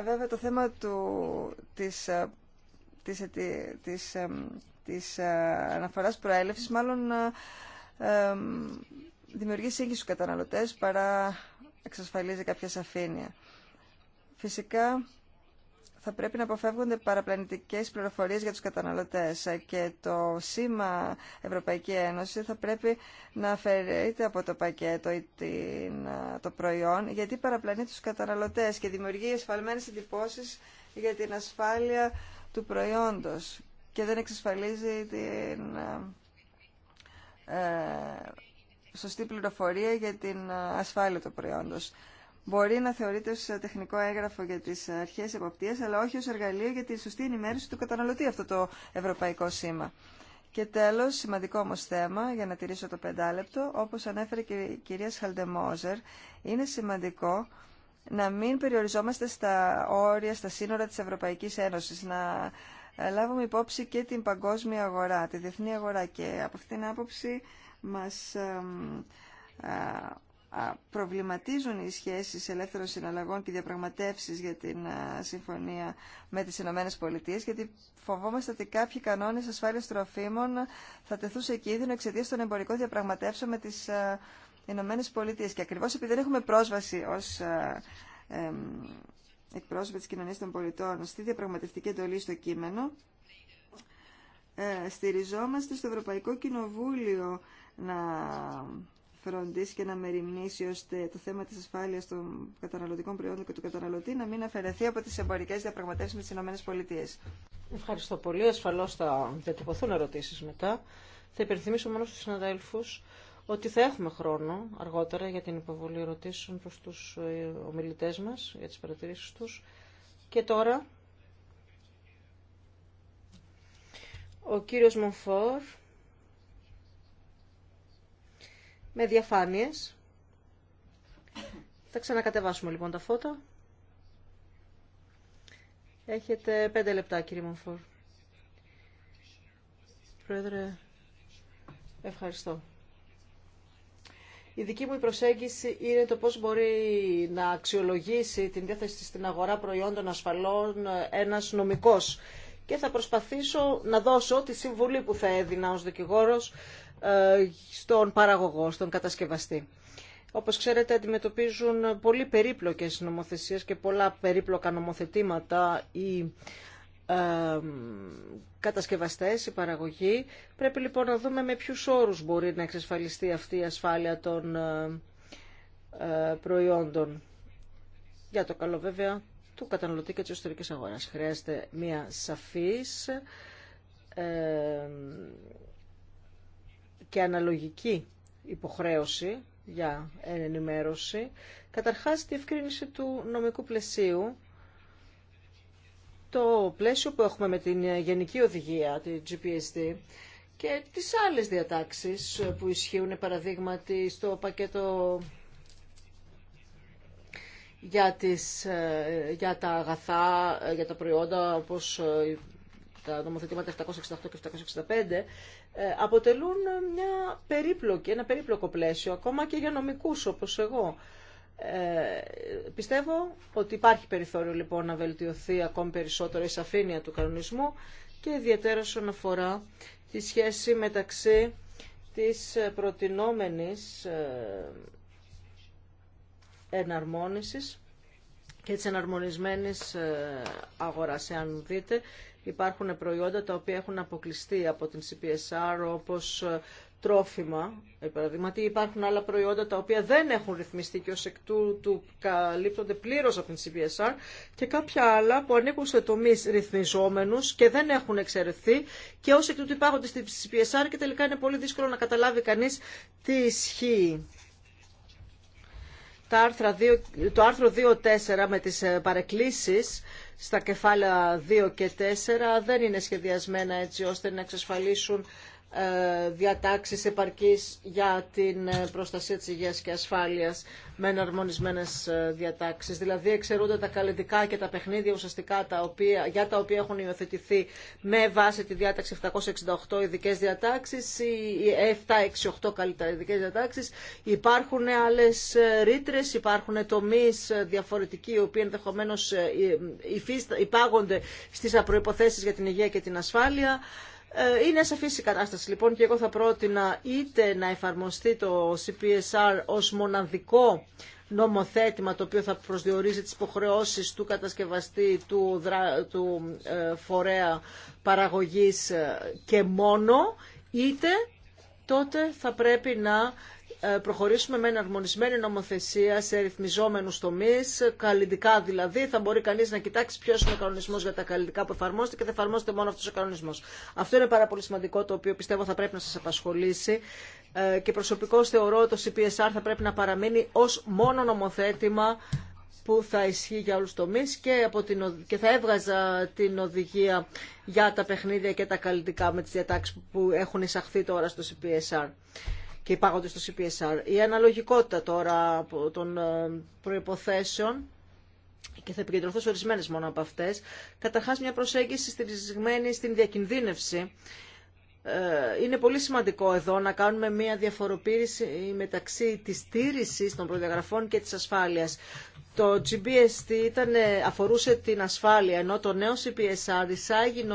Βέβαια το θέμα του, της, ε, της, ε, της, ε, της αναφοράς προέλευσης μάλλον ε, δημιουργεί σύγχυση στους καταναλωτές παρά εξασφαλίζει κάποια σαφήνεια. Φυσικά θα πρέπει να αποφεύγονται παραπλανητικές πληροφορίες για τους καταναλωτές και το σήμα Ευρωπαϊκή Ένωση θα πρέπει να αφαιρείται από το πακέτο ή την, το προϊόν γιατί παραπλανεί τους καταναλωτές και δημιουργεί εσφαλμένες εντυπώσεις για την ασφάλεια του προϊόντος και δεν εξασφαλίζει την ε, σωστή πληροφορία για την ασφάλεια του προϊόντος μπορεί να θεωρείται ως τεχνικό έγγραφο για τις αρχές εποπτείας, αλλά όχι ως εργαλείο για τη σωστή ενημέρωση του καταναλωτή αυτό το ευρωπαϊκό σήμα. Και τέλος, σημαντικό όμως θέμα, για να τηρήσω το πεντάλεπτο, όπως ανέφερε και η κυρία Σχαλντεμόζερ, είναι σημαντικό να μην περιοριζόμαστε στα όρια, στα σύνορα της Ευρωπαϊκής Ένωσης, να λάβουμε υπόψη και την παγκόσμια αγορά, τη διεθνή αγορά και από αυτήν την άποψη μας προβληματίζουν οι σχέσεις ελεύθερων συναλλαγών και διαπραγματεύσεις για την συμφωνία με τις Ηνωμένες Πολιτείες, γιατί φοβόμαστε ότι κάποιοι κανόνες ασφάλειας τροφίμων θα τεθούν σε κίνδυνο εξαιτίας των εμπορικών διαπραγματεύσεων με τις Ηνωμένες Πολιτείες. Και ακριβώς επειδή δεν έχουμε πρόσβαση ως εκπρόσωποι της κοινωνίας των πολιτών στη διαπραγματευτική εντολή στο κείμενο, ε, στηριζόμαστε στο Ευρωπαϊκό Κοινοβούλιο να φροντίσει και να μεριμνήσει ώστε το θέμα της ασφάλειας των καταναλωτικών προϊόντων και του καταναλωτή να μην αφαιρεθεί από τις εμπορικέ διαπραγματεύσεις με τις ΗΠΑ. Ευχαριστώ πολύ. Ασφαλώς θα διατυπωθούν ερωτήσεις μετά. Θα υπενθυμίσω μόνο στους συναδέλφους ότι θα έχουμε χρόνο αργότερα για την υποβολή ερωτήσεων προς τους ε, ομιλητές μας, για τις παρατηρήσεις τους. Και τώρα, ο κύριος Μονφόρ, με διαφάνειες. Θα ξανακατεβάσουμε λοιπόν τα φώτα. Έχετε πέντε λεπτά κύριε Μονφόρ. Πρόεδρε, ευχαριστώ. Η δική μου προσέγγιση είναι το πώς μπορεί να αξιολογήσει την διάθεση στην αγορά προϊόντων ασφαλών ένας νομικός. Και θα προσπαθήσω να δώσω τη συμβουλή που θα έδινα ως δικηγόρος ε, στον παραγωγό, στον κατασκευαστή. Όπως ξέρετε αντιμετωπίζουν πολύ περίπλοκες νομοθεσίες και πολλά περίπλοκα νομοθετήματα οι ε, κατασκευαστές, η παραγωγή. Πρέπει λοιπόν να δούμε με ποιους όρους μπορεί να εξασφαλιστεί αυτή η ασφάλεια των ε, προϊόντων. Για το καλό βέβαια του καταναλωτή και της ιστορικής αγοράς. Χρειάζεται μια σαφής και αναλογική υποχρέωση για ενημέρωση. Καταρχάς, τη ευκρίνηση του νομικού πλαισίου. Το πλαίσιο που έχουμε με την Γενική Οδηγία, τη GPSD, και τις άλλες διατάξεις που ισχύουν παραδείγματι στο πακέτο για, τις, ε, για τα αγαθά, ε, για τα προϊόντα όπως ε, τα νομοθετήματα 768 και 765 ε, αποτελούν μια περίπλοκη, ένα περίπλοκο πλαίσιο, ακόμα και για νομικούς όπως εγώ. Ε, πιστεύω ότι υπάρχει περιθώριο λοιπόν να βελτιωθεί ακόμη περισσότερο η σαφήνεια του κανονισμού και ιδιαίτερα όσον αφορά τη σχέση μεταξύ της προτινόμενης ε, εναρμόνισης και της εναρμονισμένης ε, αγοράς. Εάν δείτε, Υπάρχουν προϊόντα τα οποία έχουν αποκλειστεί από την CPSR όπως ε, τρόφιμα, υπάρχουν άλλα προϊόντα τα οποία δεν έχουν ρυθμιστεί και ως εκ τούτου καλύπτονται πλήρως από την CPSR και κάποια άλλα που ανήκουν σε τομείς ρυθμιζόμενους και δεν έχουν εξαιρεθεί και ως εκ τούτου υπάρχονται στην CPSR και τελικά είναι πολύ δύσκολο να καταλάβει κανείς τι ισχύει. Το άρθρο 2.4 με τις ε, παρεκκλήσεις στα κεφάλαια 2 και 4 δεν είναι σχεδιασμένα έτσι ώστε να εξασφαλίσουν ε, διατάξεις επαρκής για την ε, προστασία της υγείας και ασφάλειας με εναρμονισμένες ε, διατάξεις. Δηλαδή εξαιρούνται τα καλλιτικά και τα παιχνίδια ουσιαστικά τα οποία, για τα οποία έχουν υιοθετηθεί με βάση τη διάταξη 768 ειδικέ διατάξεις ή 768 καλύτερα ειδικέ διατάξεις. Υπάρχουν άλλες ρήτρε, υπάρχουν τομείς διαφορετικοί οι οποίοι ενδεχομένως υπάγονται στις προϋποθέσεις για την υγεία και την ασφάλεια. Ε, είναι σαφή η κατάσταση λοιπόν και εγώ θα πρότεινα είτε να εφαρμοστεί το CPSR ως μοναδικό νομοθέτημα το οποίο θα προσδιορίζει τις υποχρεώσεις του κατασκευαστή, του, δρα... του ε, φορέα παραγωγής ε, και μόνο, είτε τότε θα πρέπει να ε, προχωρήσουμε με εναρμονισμένη νομοθεσία σε ρυθμιζόμενου τομεί. καλλιτικά δηλαδή, θα μπορεί κανεί να κοιτάξει ποιο είναι ο κανονισμό για τα καλλιτικά που εφαρμόζεται και θα εφαρμόζεται μόνο αυτός ο κανονισμό. Αυτό είναι πάρα πολύ σημαντικό το οποίο πιστεύω θα πρέπει να σα απασχολήσει ε, και προσωπικώ θεωρώ ότι το CPSR θα πρέπει να παραμείνει ω μόνο νομοθέτημα που θα ισχύει για όλους τους τομείς και, την, και θα έβγαζα την οδηγία για τα παιχνίδια και τα καλλιτικά με τις διατάξει που έχουν εισαχθεί τώρα στο CPSR και οι στο CPSR. Η αναλογικότητα τώρα των ε, προϋποθέσεων και θα επικεντρωθώ σε ορισμένες μόνο από αυτές. Καταρχάς μια προσέγγιση στηριζημένη στην διακινδύνευση. Ε, είναι πολύ σημαντικό εδώ να κάνουμε μια διαφοροποίηση μεταξύ της στήρησης των προδιαγραφών και της ασφάλειας. Το GBST ήταν, ε, αφορούσε την ασφάλεια, ενώ το νέο CPSR εισάγει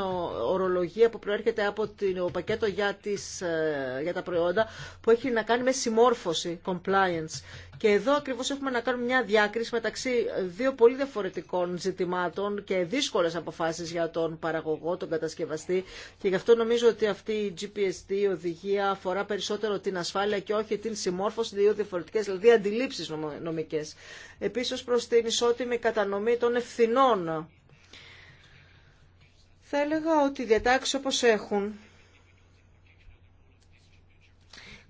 ορολογία που προέρχεται από το πακέτο για, τις, ε, για τα προϊόντα που έχει να κάνει με συμμόρφωση, compliance. Και εδώ ακριβώς έχουμε να κάνουμε μια διάκριση μεταξύ δύο πολύ διαφορετικών ζητημάτων και δύσκολες αποφάσεις για τον παραγωγό, τον κατασκευαστή και γι' αυτό νομίζω ότι αυτή η GPSD η οδηγία αφορά περισσότερο την ασφάλεια και όχι την συμμόρφωση δύο διαφορετικές, δηλαδή αντιλήψεις νομικές. Επίσης προς την ισότιμη κατανομή των ευθυνών. Θα έλεγα ότι οι διατάξεις όπως έχουν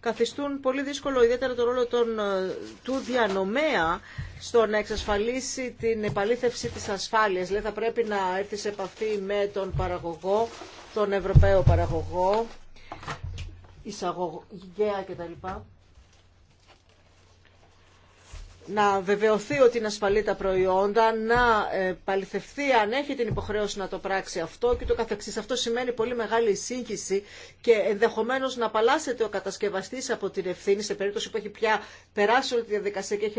καθιστούν πολύ δύσκολο ιδιαίτερα το ρόλο των, ε, του διανομέα στο να εξασφαλίσει την επαλήθευση της ασφάλειας. Δηλαδή θα πρέπει να έρθει σε επαφή με τον παραγωγό, τον Ευρωπαίο παραγωγό, εισαγωγέα κτλ να βεβαιωθεί ότι είναι ασφαλή τα προϊόντα, να ε, παληθευτεί αν έχει την υποχρέωση να το πράξει αυτό και το καθεξής. Αυτό σημαίνει πολύ μεγάλη εισήγηση και ενδεχομένως να απαλλάσσεται ο κατασκευαστής από την ευθύνη σε περίπτωση που έχει πια περάσει όλη τη διαδικασία και έχει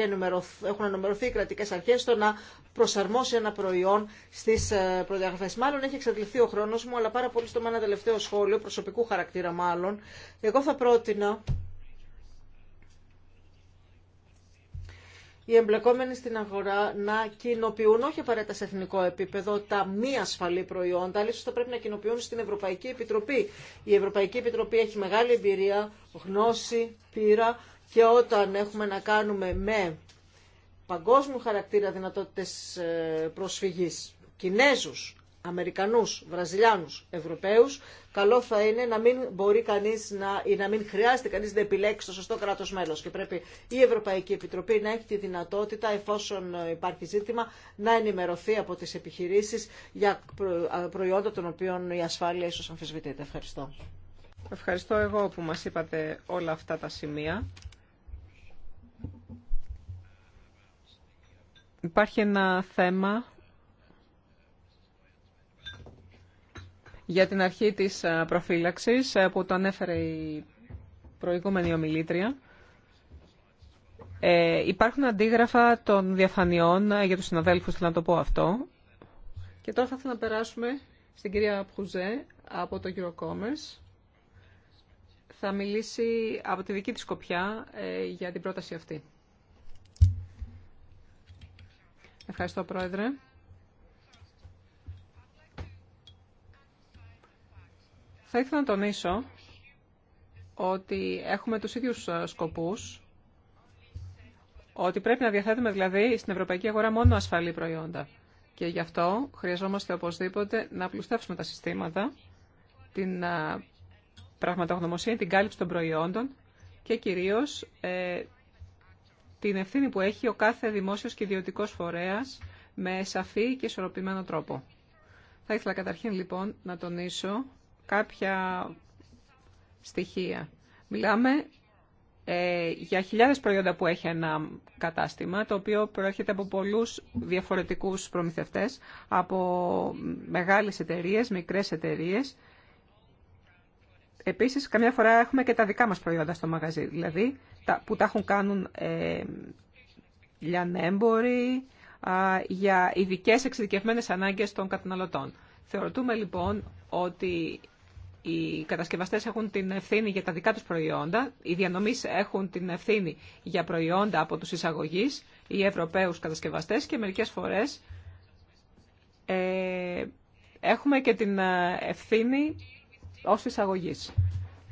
έχουν ενημερωθεί οι κρατικές αρχές στο να προσαρμόσει ένα προϊόν στις ε, προδιαγραφές. Μάλλον έχει εξαντληθεί ο χρόνος μου, αλλά πάρα πολύ στο με ένα τελευταίο σχόλιο, προσωπικού χαρακτήρα μάλλον. Εγώ θα πρότεινα οι εμπλεκόμενοι στην αγορά να κοινοποιούν όχι απαραίτητα σε εθνικό επίπεδο τα μη ασφαλή προϊόντα, αλλά ίσως θα πρέπει να κοινοποιούν στην Ευρωπαϊκή Επιτροπή. Η Ευρωπαϊκή Επιτροπή έχει μεγάλη εμπειρία, γνώση, πείρα και όταν έχουμε να κάνουμε με παγκόσμιο χαρακτήρα δυνατότητες ε, προσφυγής, Κινέζους, Αμερικανούς, Βραζιλιάνους, Ευρωπαίους, καλό θα είναι να μην μπορεί κανείς να, ή να μην χρειάζεται κανείς να επιλέξει το σωστό κράτος μέλος και πρέπει η Ευρωπαϊκή Επιτροπή να έχει τη δυνατότητα εφόσον ε, υπάρχει ζήτημα να ενημερωθεί από τις επιχειρήσεις για προϊόντα των οποίων η ασφάλεια ίσως αμφισβητείται. Ευχαριστώ. Ευχαριστώ εγώ που μας είπατε όλα αυτά τα σημεία. Υπάρχει ένα θέμα για την αρχή της ε, προφύλαξης ε, που το ανέφερε η προηγούμενη ομιλήτρια. Ε, υπάρχουν αντίγραφα των διαφανειών για τους συναδέλφους, θέλω να το πω αυτό. Και τώρα θα ήθελα να περάσουμε στην κυρία Πχουζέ από το Eurocommerce. Θα μιλήσει από τη δική της κοπιά για την πρόταση αυτή. Ευχαριστώ, Πρόεδρε. Θα ήθελα να τονίσω ότι έχουμε τους ίδιους ε, σκοπούς, ότι πρέπει να διαθέτουμε δηλαδή στην ευρωπαϊκή αγορά μόνο ασφαλή προϊόντα. Και γι' αυτό χρειαζόμαστε οπωσδήποτε να πλουστεύσουμε τα συστήματα, την ε, πραγματογνωμοσία, την κάλυψη των προϊόντων και κυρίως ε, την ευθύνη που έχει ο κάθε δημόσιος και ιδιωτικός φορέας με σαφή και ισορροπημένο τρόπο. Θα ήθελα καταρχήν λοιπόν να τονίσω κάποια στοιχεία. Μιλάμε ε, για χιλιάδες προϊόντα που έχει ένα κατάστημα, το οποίο προέρχεται από πολλούς διαφορετικούς προμηθευτές, από μεγάλες εταιρείες, μικρές εταιρείες. Επίσης, καμιά φορά έχουμε και τα δικά μας προϊόντα στο μαγαζί, δηλαδή τα, που τα έχουν κάνουν ε, λιανέμποροι, για ειδικέ εξειδικευμένες ανάγκες των καταναλωτών. Θεωρούμε λοιπόν ότι οι κατασκευαστέ έχουν την ευθύνη για τα δικά του προϊόντα, οι διανομείς έχουν την ευθύνη για προϊόντα από τους εισαγωγείς, οι Ευρωπαίου κατασκευαστές και μερικέ φορές ε, έχουμε και την ε, ευθύνη ω εισαγωγή.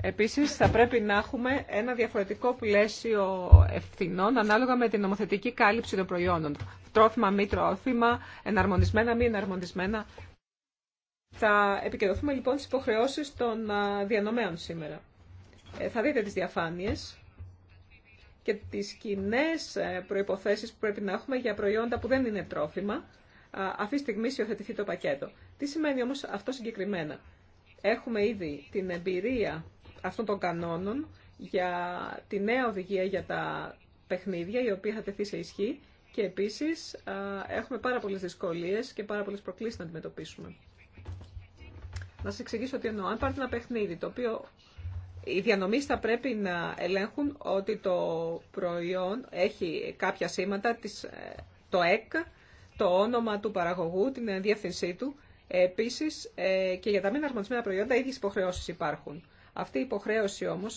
Επίσης, θα πρέπει να έχουμε ένα διαφορετικό πλαίσιο ευθυνών ανάλογα με την νομοθετική κάλυψη των προϊόντων. Τρόφιμα, μη τρόφιμα, εναρμονισμένα, μη εναρμονισμένα θα επικεντρωθούμε λοιπόν στις υποχρεώσεις των διανομέων σήμερα. Ε, θα δείτε τις διαφάνειες και τις κοινέ ε, προϋποθέσεις που πρέπει να έχουμε για προϊόντα που δεν είναι τρόφιμα. Αυτή τη στιγμή σιωθετηθεί το πακέτο. Τι σημαίνει όμως αυτό συγκεκριμένα. Έχουμε ήδη την εμπειρία αυτών των κανόνων για τη νέα οδηγία για τα παιχνίδια, η οποία θα τεθεί σε ισχύ και επίσης έχουμε πάρα πολλές δυσκολίες και πάρα πολλές προκλήσεις να αντιμετωπίσουμε. Να σα εξηγήσω τι εννοώ. Αν πάρετε ένα παιχνίδι το οποίο οι διανομή θα πρέπει να ελέγχουν ότι το προϊόν έχει κάποια σήματα, ε, το ΕΚ, το όνομα του παραγωγού, την διεύθυνσή του. Επίση, ε, και για τα μη αρμονισμένα προϊόντα ίδιες υποχρεώσει υπάρχουν. Αυτή η υποχρέωση όμω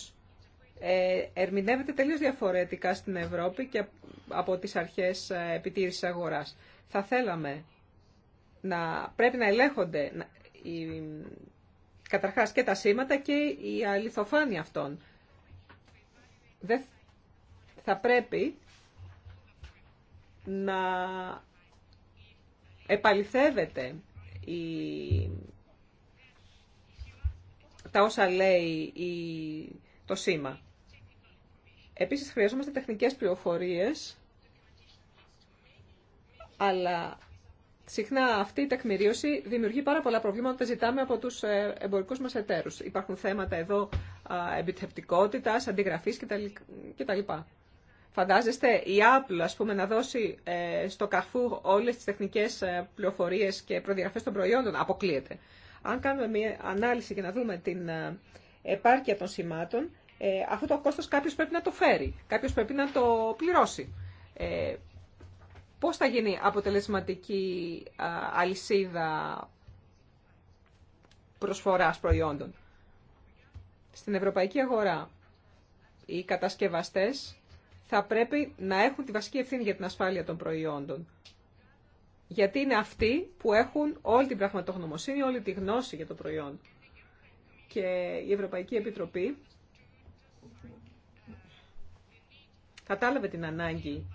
ε, ερμηνεύεται τελείως διαφορετικά στην Ευρώπη και από τις αρχές επιτήρησης αγοράς. Θα θέλαμε να πρέπει να ελέγχονται η, καταρχάς και τα σήματα και η αληθοφάνεια αυτών. Δεν θα πρέπει να επαληθεύεται η, τα όσα λέει η, το σήμα. Επίσης χρειαζόμαστε τεχνικές πληροφορίες, αλλά Συχνά αυτή η τεκμηρίωση δημιουργεί πάρα πολλά προβλήματα όταν ζητάμε από τους ε, εμπορικούς μας εταίρους. Υπάρχουν θέματα εδώ επιτεπτικότητας, αντιγραφής κτλ. Φαντάζεστε η Apple ας πούμε, να δώσει ε, στο καφού όλες τις τεχνικές ε, πληροφορίες και προδιαγραφές των προϊόντων. Αποκλείεται. Αν κάνουμε μια ανάλυση και να δούμε την επάρκεια των σημάτων, αυτό το κόστος κάποιος πρέπει να το φέρει, κάποιος πρέπει να το πληρώσει. Πώς θα γίνει αποτελεσματική αλυσίδα προσφοράς προϊόντων. Στην ευρωπαϊκή αγορά οι κατασκευαστές θα πρέπει να έχουν τη βασική ευθύνη για την ασφάλεια των προϊόντων. Γιατί είναι αυτοί που έχουν όλη την πραγματογνωμοσύνη, όλη τη γνώση για το προϊόν. Και η Ευρωπαϊκή Επιτροπή κατάλαβε την ανάγκη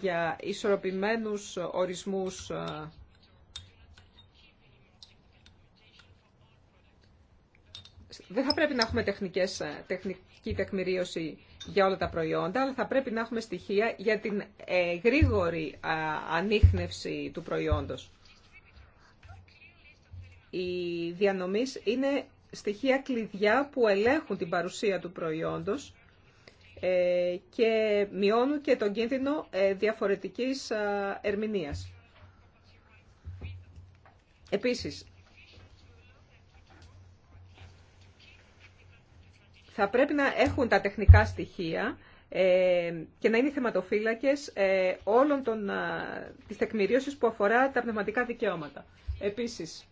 για ισορροπημένους ορισμούς ε, δεν θα πρέπει να έχουμε τεχνικές, ε, τεχνική τεκμηρίωση για όλα τα προϊόντα, αλλά θα πρέπει να έχουμε στοιχεία για την ε, γρήγορη ανείχνευση του προϊόντος. Οι διανομής είναι στοιχεία κλειδιά που ελέγχουν την παρουσία του προϊόντος ε, και μειώνουν και τον κίνδυνο ε, διαφορετικής ερμηνείας. Επίσης, θα πρέπει να έχουν τα τεχνικά στοιχεία ε, και να είναι θεματοφύλακες όλων των, της τεκμηρίωσης που αφορά τα πνευματικά δικαιώματα. Επίσης,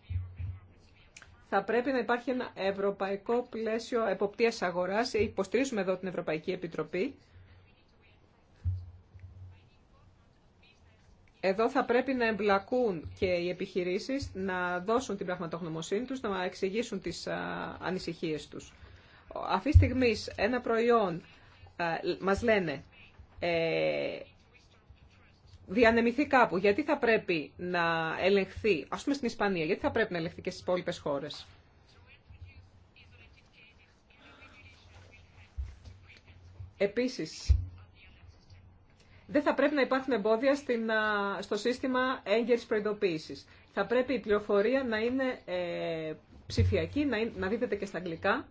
θα πρέπει να υπάρχει ένα ευρωπαϊκό πλαίσιο εποπτείας αγοράς. Υποστηρίζουμε εδώ την Ευρωπαϊκή Επιτροπή. Εδώ θα πρέπει να εμπλακούν και οι επιχειρήσεις να δώσουν την πραγματογνωμοσύνη τους, να εξηγήσουν τις ανησυχίες τους. Αυτή τη στιγμή ένα προϊόν μας λένε ε, διανεμηθεί κάπου, γιατί θα πρέπει να ελεγχθεί, ας πούμε στην Ισπανία, γιατί θα πρέπει να ελεγχθεί και στις υπόλοιπε χώρες. Επίσης, δεν θα πρέπει να υπάρχουν εμπόδια στην, στο σύστημα έγκαιρης προειδοποίησης. Θα πρέπει η πληροφορία να είναι ε, ψηφιακή, να, δίδεται και στα αγγλικά.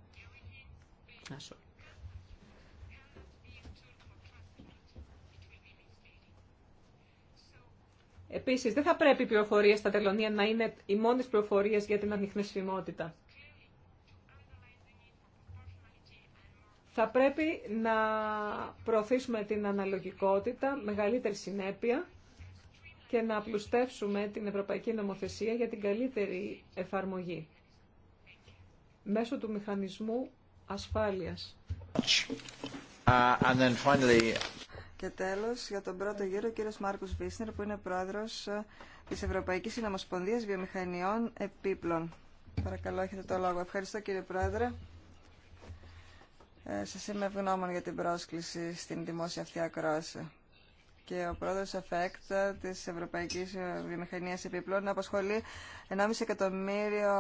Επίσης, δεν θα πρέπει οι πληροφορίες στα τελωνία να είναι οι μόνες πληροφορίε για την ανιχνεσιμότητα. Θα πρέπει να προωθήσουμε την αναλογικότητα, μεγαλύτερη συνέπεια και να απλουστεύσουμε την Ευρωπαϊκή Νομοθεσία για την καλύτερη εφαρμογή μέσω του μηχανισμού ασφάλειας. Uh, και τέλο για τον πρώτο γύρο, ο κύριο Μάρκο Βίσνερ, που είναι πρόεδρος ε, της Ευρωπαϊκής Συνομοσπονδία Βιομηχανιών Επίπλων. Παρακαλώ, έχετε το λόγο. Ευχαριστώ κύριε Πρόεδρε. Ε, σας είμαι ευγνώμων για την πρόσκληση στην δημόσια αυτή ακρόαση. Και ο πρόεδρος ΕΦΕΚΤ τη Ευρωπαϊκής ε, Βιομηχανίας Επίπλων απασχολεί 1,5 εκατομμύριο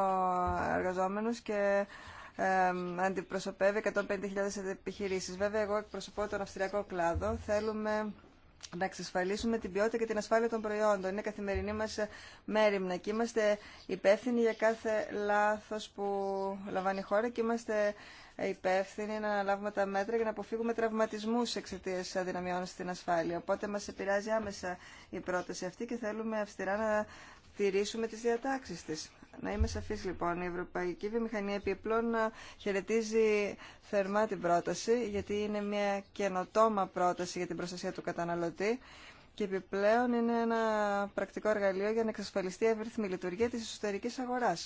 εργαζόμενους και αντιπροσωπεύει 150.000 επιχειρήσει, Βέβαια, εγώ εκπροσωπώ τον αυστριακό κλάδο. Θέλουμε να εξασφαλίσουμε την ποιότητα και την ασφάλεια των προϊόντων. Είναι καθημερινή μα μέρημνα και είμαστε υπεύθυνοι για κάθε λάθο που λαμβάνει η χώρα και είμαστε υπεύθυνοι να αναλάβουμε τα μέτρα για να αποφύγουμε τραυματισμούς εξαιτία αδυναμιών στην ασφάλεια. Οπότε μα επηρεάζει άμεσα η πρόταση αυτή και θέλουμε αυστηρά να τηρήσουμε τις διατάξεις της. Να είμαι σαφή λοιπόν, η Ευρωπαϊκή Βιομηχανία Επιπλών ε, χαιρετίζει θερμά την πρόταση, γιατί είναι μια καινοτόμα πρόταση για την προστασία του καταναλωτή και επιπλέον είναι ένα πρακτικό εργαλείο για να εξασφαλιστεί η εύρυθμη λειτουργία τη εσωτερική αγορά.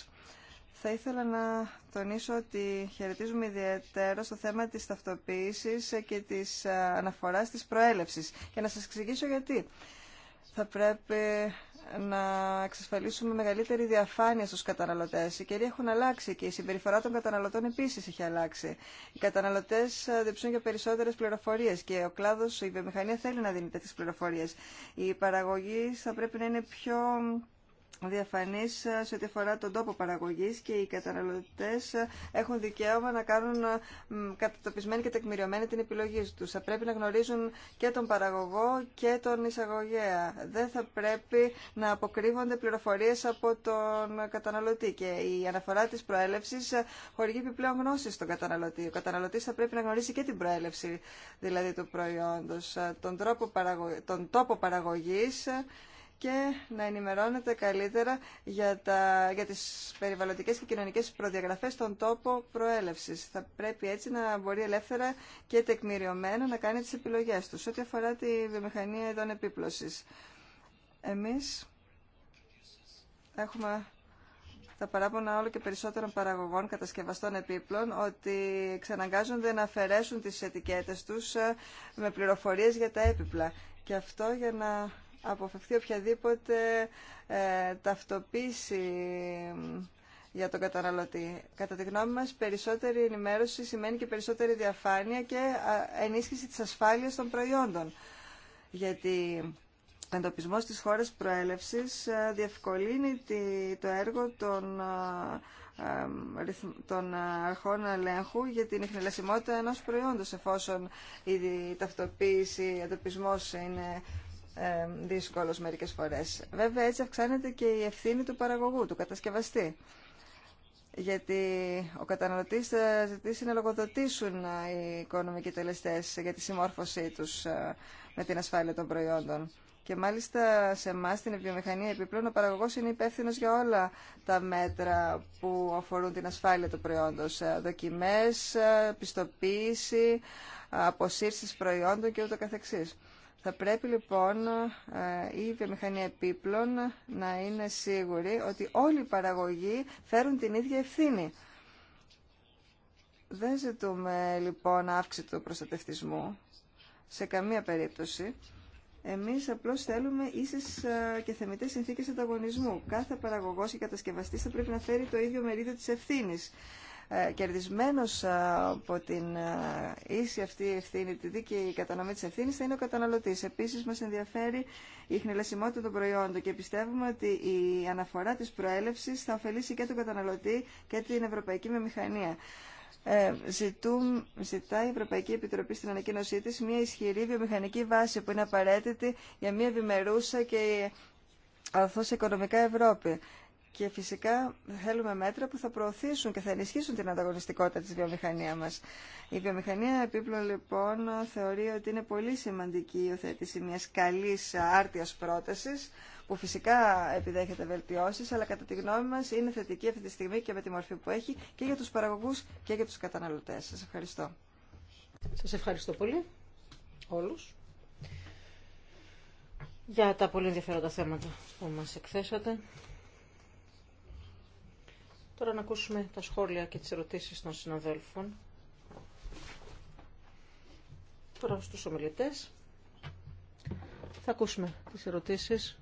Θα ήθελα να τονίσω ότι χαιρετίζουμε ιδιαίτερα στο θέμα της ταυτοποίησης και της ε, αναφοράς της προέλευσης. Και να σας εξηγήσω γιατί. Θα πρέπει να εξασφαλίσουμε μεγαλύτερη διαφάνεια στους καταναλωτές. Οι καιροί έχουν αλλάξει και η συμπεριφορά των καταναλωτών επίσης έχει αλλάξει. Οι καταναλωτές ε, δεψούν για περισσότερες πληροφορίες και ο κλάδος, η βιομηχανία θέλει να δίνει τέτοιες πληροφορίες. Η παραγωγή θα πρέπει να είναι πιο διαφανής ε, σε ό,τι αφορά τον τόπο παραγωγής και οι καταναλωτές ε, έχουν δικαίωμα να κάνουν ε, κατατοπισμένη και τεκμηριωμένη την επιλογή τους. Θα πρέπει να γνωρίζουν και τον παραγωγό και τον εισαγωγέα. Δεν θα πρέπει να αποκρύβονται πληροφορίες από τον καταναλωτή και η αναφορά της προέλευσης χορηγεί επιπλέον γνώση στον καταναλωτή. Ο καταναλωτή θα πρέπει να γνωρίσει και την προέλευση δηλαδή του προϊόντος, τον, τον τόπο παραγωγή και να ενημερώνεται καλύτερα για, τα, για τις περιβαλλοντικές και κοινωνικές προδιαγραφές στον τόπο προέλευσης. Θα πρέπει έτσι να μπορεί ελεύθερα και τεκμηριωμένα να κάνει τις επιλογές του. ό,τι αφορά τη βιομηχανία ειδών επίπλωσης. Εμείς έχουμε τα παράπονα όλο και περισσότερων παραγωγών κατασκευαστών επίπλων ότι εξαναγκάζονται να αφαιρέσουν τις ετικέτες τους ε, με πληροφορίες για τα έπιπλα. Και αυτό για να αποφευθεί οποιαδήποτε ε, ταυτοποίηση για τον καταναλωτή. Κατά τη γνώμη μας, περισσότερη ενημέρωση σημαίνει και περισσότερη διαφάνεια και ενίσχυση της ασφάλειας των προϊόντων. Γιατί ο εντοπισμός της χώρας προέλευσης ε, διευκολύνει το έργο των, ε, των ε, αρχών ελέγχου για την ειχνηλασιμότητα ενός προϊόντος, εφόσον η ταυτοποίηση, η εντοπισμός είναι δύσκολος μερικές φορές. Βέβαια έτσι αυξάνεται και η ευθύνη του παραγωγού, του κατασκευαστή. Γιατί ο καταναλωτής θα ζητήσει να λογοδοτήσουν οι οικονομικοί τελεστές για τη συμμόρφωσή τους ε, με την ασφάλεια των προϊόντων. Και μάλιστα σε εμά στην βιομηχανία επιπλέον ο παραγωγό είναι υπεύθυνο για όλα τα μέτρα που αφορούν την ασφάλεια του προϊόντο. Ε, Δοκιμέ, ε, πιστοποίηση, αποσύρσει προϊόντων και ούτω καθεξής. Θα πρέπει λοιπόν ε, η βιομηχανία επίπλων να είναι σίγουρη ότι όλοι οι παραγωγοί φέρουν την ίδια ευθύνη. Δεν ζητούμε λοιπόν αύξηση του προστατευτισμού σε καμία περίπτωση. Εμείς απλώς θέλουμε ίσες ε, και θεμητές συνθήκες ανταγωνισμού. Κάθε παραγωγός και κατασκευαστής θα πρέπει να φέρει το ίδιο μερίδιο της ευθύνης. Ε, κερδισμένος ε, από την ε, ίση αυτή ευθύνη, τη δίκαιη κατανομή της ευθύνης, θα είναι ο καταναλωτής. Επίσης, μας ενδιαφέρει η χνηλασιμότητα των προϊόντων και πιστεύουμε ότι η αναφορά της προέλευσης θα ωφελήσει και τον καταναλωτή και την ευρωπαϊκή μεμηχανία. Ε, ζητούν, η Ευρωπαϊκή Επιτροπή στην ανακοίνωσή της μια ισχυρή βιομηχανική βάση που είναι απαραίτητη για μια ευημερούσα και αθώς οικονομικά Ευρώπη. Και φυσικά θέλουμε μέτρα που θα προωθήσουν και θα ενισχύσουν την ανταγωνιστικότητα της βιομηχανία μας. Η βιομηχανία επίπλο λοιπόν θεωρεί ότι είναι πολύ σημαντική η υιοθέτηση μιας καλής άρτιας πρότασης που φυσικά επιδέχεται βελτιώσει, αλλά κατά τη γνώμη μα είναι θετική αυτή τη στιγμή και με τη μορφή που έχει και για του παραγωγού και για του καταναλωτέ. Σα ευχαριστώ. Σα ευχαριστώ πολύ όλου. για τα πολύ ενδιαφέροντα θέματα που μα εκθέσατε. Τώρα να ακούσουμε τα σχόλια και τις ερωτήσεις των συναδέλφων. Τώρα στους ομιλητές. Θα ακούσουμε τις ερωτήσεις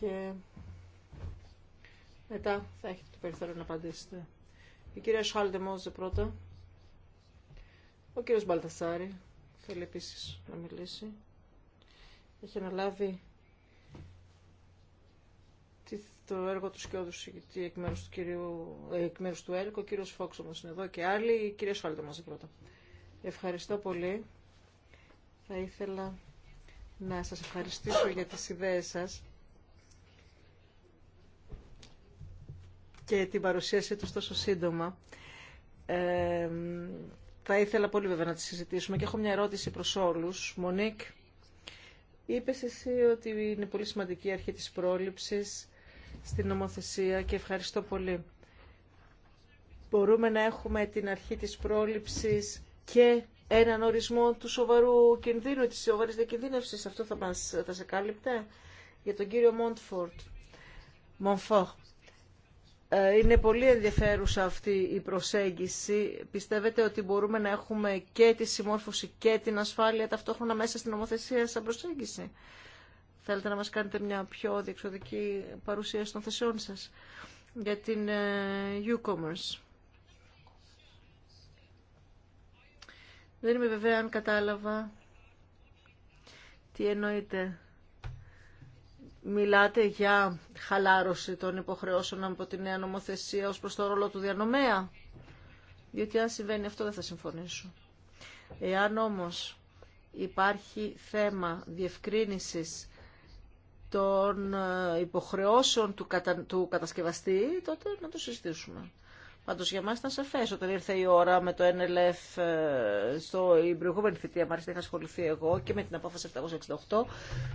και μετά θα έχετε το περιθώριο να απαντήσετε. Η κυρία Σχάλντε Μόζε πρώτα. Ο κύριος Μπαλτασάρη θέλει επίσης να μιλήσει. Έχει αναλάβει το έργο του Σκιώδου Συγητή εκ μέρους του, κυρίου, ε, εκ του Ο κύριος Φόξ όμως είναι εδώ και άλλοι. Η κυρία Σφάλτε μαζί πρώτα. Ευχαριστώ πολύ. Θα ήθελα να σας ευχαριστήσω για τις ιδέες σας και την παρουσίασή τους τόσο σύντομα. Ε, θα ήθελα πολύ βέβαια να τις συζητήσουμε και έχω μια ερώτηση προς όλους. Μονίκ, είπες εσύ ότι είναι πολύ σημαντική η αρχή της πρόληψης στην νομοθεσία και ευχαριστώ πολύ. Μπορούμε να έχουμε την αρχή της πρόληψης και έναν ορισμό του σοβαρού κινδύνου, της σοβαρής διακινδύνευσης. Αυτό θα μας θα σε κάλυπτε για τον κύριο Μόντφορτ. Μονφό. Ε, είναι πολύ ενδιαφέρουσα αυτή η προσέγγιση. Πιστεύετε ότι μπορούμε να έχουμε και τη συμμόρφωση και την ασφάλεια ταυτόχρονα μέσα στην νομοθεσία σαν προσέγγιση. Θέλετε να μας κάνετε μια πιο διεξοδική παρουσίαση των θεσεών σας για την ε, e-commerce. Δεν είμαι βέβαια αν κατάλαβα τι εννοείτε. Μιλάτε για χαλάρωση των υποχρεώσεων από τη νέα νομοθεσία ως προς το ρόλο του διανομέα. Διότι αν συμβαίνει αυτό δεν θα συμφωνήσω. Εάν όμως υπάρχει θέμα διευκρίνησης των ε, υποχρεώσεων του, του κατασκευαστή, τότε να το συζητήσουμε. Πάντω για μα ήταν σαφέ όταν ήρθε η ώρα με το NLF ε, στο η προηγούμενη θητεία, μάλιστα είχα ασχοληθεί εγώ και με την απόφαση 768.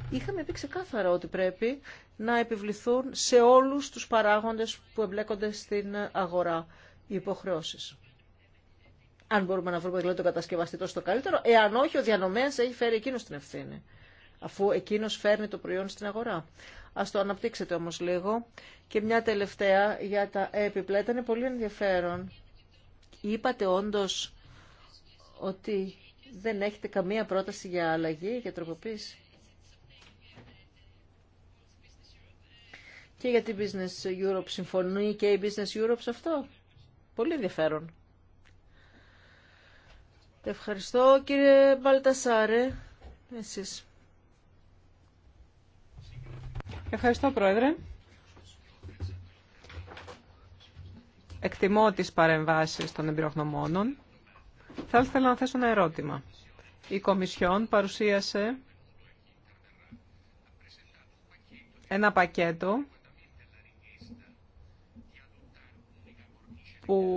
Είχαμε πει ξεκάθαρα ότι πρέπει να επιβληθούν σε όλου του παράγοντε που εμπλέκονται στην αγορά οι υποχρεώσει. Αν μπορούμε να βρούμε δηλαδή τον κατασκευαστή τόσο το καλύτερο, εάν όχι, ο διανομέα έχει φέρει εκείνο την ευθύνη αφού εκείνος φέρνει το προϊόν στην αγορά. Ας το αναπτύξετε όμως λίγο. Και μια τελευταία για τα έπιπλα. Ήταν πολύ ενδιαφέρον. Είπατε όντως ότι δεν έχετε καμία πρόταση για αλλαγή, για τροποποίηση. Και για την Business Europe συμφωνεί και η Business Europe σε αυτό. Πολύ ενδιαφέρον. Ευχαριστώ κύριε Μπαλτασάρε. Εσείς. Ευχαριστώ, Πρόεδρε. Εκτιμώ τις παρεμβάσεις των εμπειρογνωμόνων. Θα ήθελα να θέσω ένα ερώτημα. Η Κομισιόν παρουσίασε ένα πακέτο που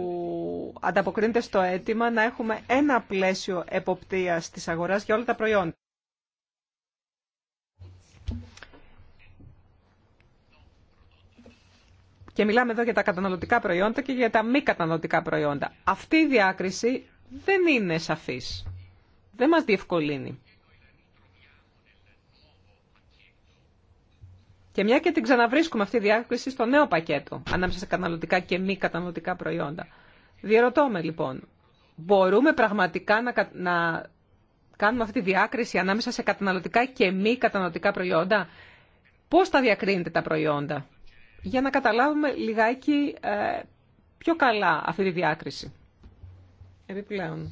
ανταποκρίνεται στο αίτημα να έχουμε ένα πλαίσιο εποπτείας της αγοράς για όλα τα προϊόντα. Και μιλάμε εδώ για τα καταναλωτικά προϊόντα και για τα μη καταναλωτικά προϊόντα. Αυτή η διάκριση δεν είναι σαφής. Δεν μας διευκολύνει. Και μια και την ξαναβρίσκουμε αυτή τη διάκριση στο νέο πακέτο, ανάμεσα σε καταναλωτικά και μη καταναλωτικά προϊόντα. Διερωτώ λοιπόν, μπορούμε πραγματικά να, να κάνουμε αυτή τη διάκριση ανάμεσα σε καταναλωτικά και μη καταναλωτικά προϊόντα. Πώς θα διακρίνετε τα προϊόντα για να καταλάβουμε λιγάκι ε, πιο καλά αυτή τη διάκριση. Επιπλέον.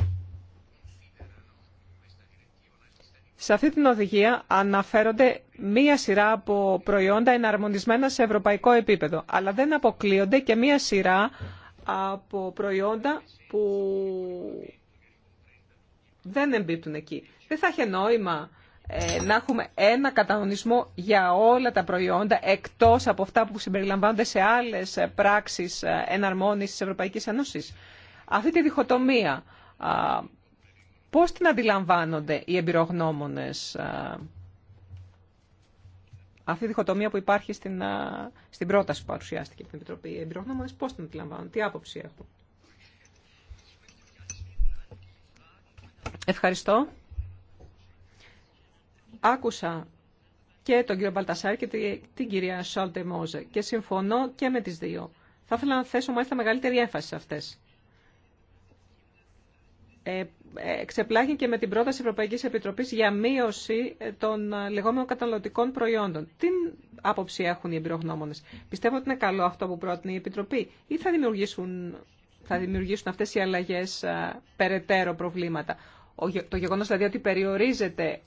Σε αυτή την οδηγία αναφέρονται μία σειρά από προϊόντα εναρμονισμένα σε ευρωπαϊκό επίπεδο, αλλά δεν αποκλείονται και μία σειρά από προϊόντα που δεν εμπίπτουν εκεί. Δεν θα είχε νόημα ε, να έχουμε ένα κατανονισμό για όλα τα προϊόντα εκτός από αυτά που συμπεριλαμβάνονται σε άλλες πράξεις εναρμόνισης της Ευρωπαϊκής Ένωσης. Αυτή τη διχοτομία πώς την αντιλαμβάνονται οι εμπειρογνώμονες αυτή η διχοτομία που υπάρχει στην, στην πρόταση που παρουσιάστηκε από την Επιτροπή. Οι εμπειρογνώμονες πώς την αντιλαμβάνονται, τι άποψη έχουν. Ευχαριστώ. Άκουσα και τον κύριο Μπαλτασάρ και την κυρία Σόλτε Μόζε και συμφωνώ και με τις δύο. Θα ήθελα να θέσω μάλιστα μεγαλύτερη έμφαση σε αυτές. Ε, ε εξεπλάγει και με την πρόταση Ευρωπαϊκής Επιτροπής για μείωση ε, των ε, λεγόμενων καταναλωτικών προϊόντων. Τι άποψη έχουν οι εμπειρογνώμονες. Πιστεύω ότι είναι καλό αυτό που πρότεινε η Επιτροπή ή θα δημιουργήσουν, θα δημιουργήσουν αυτές οι αλλαγές α, περαιτέρω προβλήματα. Ο, το γεγονός δηλαδή ότι περιορίζεται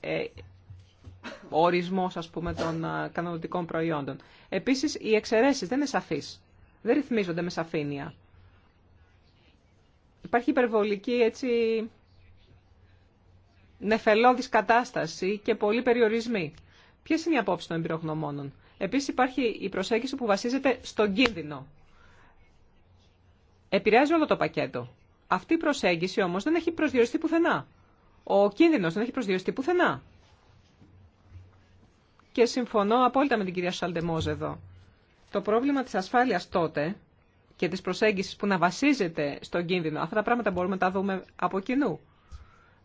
ο ορισμός ας πούμε των κανονικών προϊόντων. Επίσης οι εξαιρέσεις δεν είναι σαφείς, δεν ρυθμίζονται με σαφήνεια. Υπάρχει υπερβολική έτσι νεφελώδης κατάσταση και πολλοί περιορισμοί. Ποιε είναι οι απόψει των εμπειρογνωμόνων. Επίση υπάρχει η προσέγγιση που βασίζεται στον κίνδυνο. Επηρεάζει όλο το πακέτο. Αυτή η προσέγγιση όμω δεν έχει προσδιοριστεί πουθενά. Ο κίνδυνο δεν έχει προσδιοριστεί πουθενά και συμφωνώ απόλυτα με την κυρία Σαλντεμόζ εδώ. Το πρόβλημα της ασφάλειας τότε και της προσέγγισης που να βασίζεται στον κίνδυνο, αυτά τα πράγματα μπορούμε να τα δούμε από κοινού.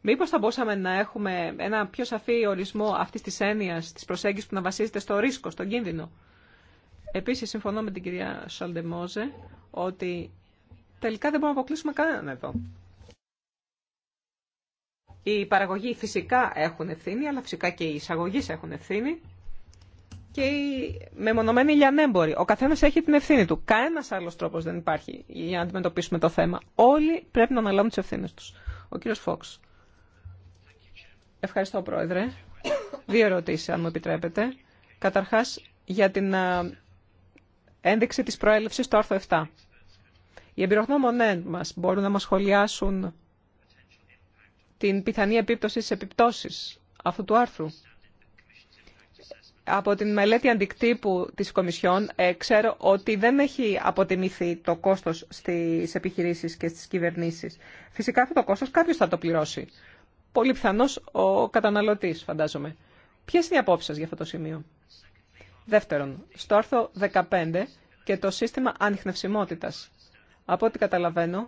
Μήπως θα μπορούσαμε να έχουμε ένα πιο σαφή ορισμό αυτής της έννοιας, της προσέγγισης που να βασίζεται στο ρίσκο, στον κίνδυνο. Επίσης, συμφωνώ με την κυρία Σαλντεμόζε ότι τελικά δεν μπορούμε να αποκλείσουμε κανέναν εδώ. Οι παραγωγοί φυσικά έχουν ευθύνη, αλλά φυσικά και οι εισαγωγεί έχουν ευθύνη και οι μεμονωμένοι ναι λιανέμποροι. Ο καθένα έχει την ευθύνη του. Κανένα άλλο τρόπο δεν υπάρχει για να αντιμετωπίσουμε το θέμα. Όλοι πρέπει να αναλάβουν τι ευθύνε του. Ο κύριο Φόξ. Ευχαριστώ, Πρόεδρε. Δύο ερωτήσει, αν μου επιτρέπετε. Καταρχά, για την ένδειξη τη προέλευση στο άρθρο 7. Οι εμπειρογνώμονέ μα μπορούν να μα σχολιάσουν την πιθανή επίπτωση στι επιπτώσει αυτού του άρθρου από την μελέτη αντικτύπου της Κομισιόν ε, ξέρω ότι δεν έχει αποτιμηθεί το κόστος στις επιχειρήσεις και στις κυβερνήσεις. Φυσικά αυτό το κόστος κάποιος θα το πληρώσει. Πολύ πιθανώς ο καταναλωτής, φαντάζομαι. Ποιες είναι οι απόψεις για αυτό το σημείο. Δεύτερον, στο άρθρο 15 και το σύστημα ανιχνευσιμότητας. Από ό,τι καταλαβαίνω,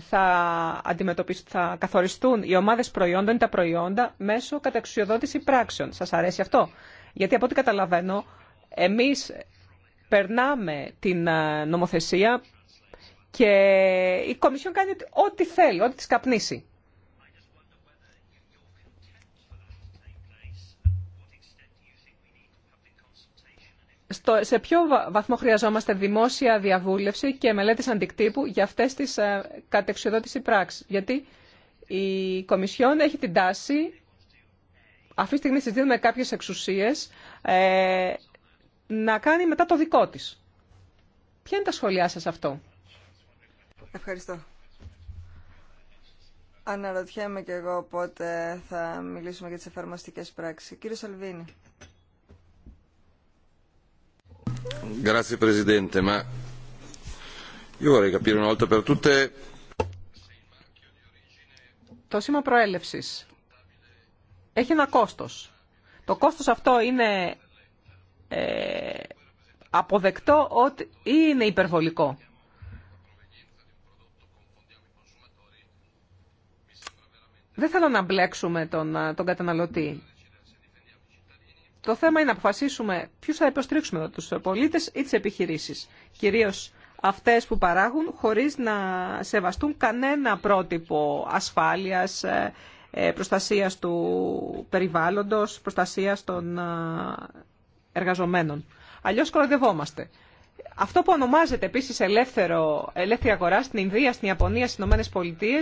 θα, αντιμετωπιστούν, καθοριστούν οι ομάδες προϊόντων ή τα προϊόντα μέσω καταξιοδότηση πράξεων. Σας αρέσει αυτό. Γιατί από ό,τι καταλαβαίνω, εμείς περνάμε την ε, νομοθεσία και η Κομισιόν κάνει ό,τι θέλει, ό,τι της καπνίσει. σε ποιο βαθμό χρειαζόμαστε δημόσια διαβούλευση και μελέτη αντικτύπου για αυτές τις ε, πράξη. πράξεις. Γιατί η Κομισιόν έχει την τάση, αυτή τη στιγμή συζητούμε κάποιες εξουσίες, ε, να κάνει μετά το δικό της. Ποια είναι τα σχόλιά σας αυτό. Ευχαριστώ. Αναρωτιέμαι και εγώ πότε θα μιλήσουμε για τις εφαρμοστικές πράξεις. Κύριε Σαλβίνη. Grazie Presidente, vorrei capire una volta Το σήμα προέλευσης έχει ένα κόστος. Το κόστος αυτό είναι ε, αποδεκτό ότι, ή είναι υπερβολικό. Δεν θέλω να μπλέξουμε τον, τον καταναλωτή. Το θέμα είναι να αποφασίσουμε ποιου θα υποστηρίξουμε εδώ, του πολίτε ή τι επιχειρήσει. Κυρίω αυτέ που παράγουν χωρί να σεβαστούν κανένα πρότυπο ασφάλεια, ε, ε, προστασία του περιβάλλοντο, προστασία των ε, εργαζομένων. Αλλιώ κοροϊδευόμαστε. Αυτό που ονομάζεται επίση ελεύθερη αγορά στην Ινδία, στην Ιαπωνία, στι Ηνωμένε Πολιτείε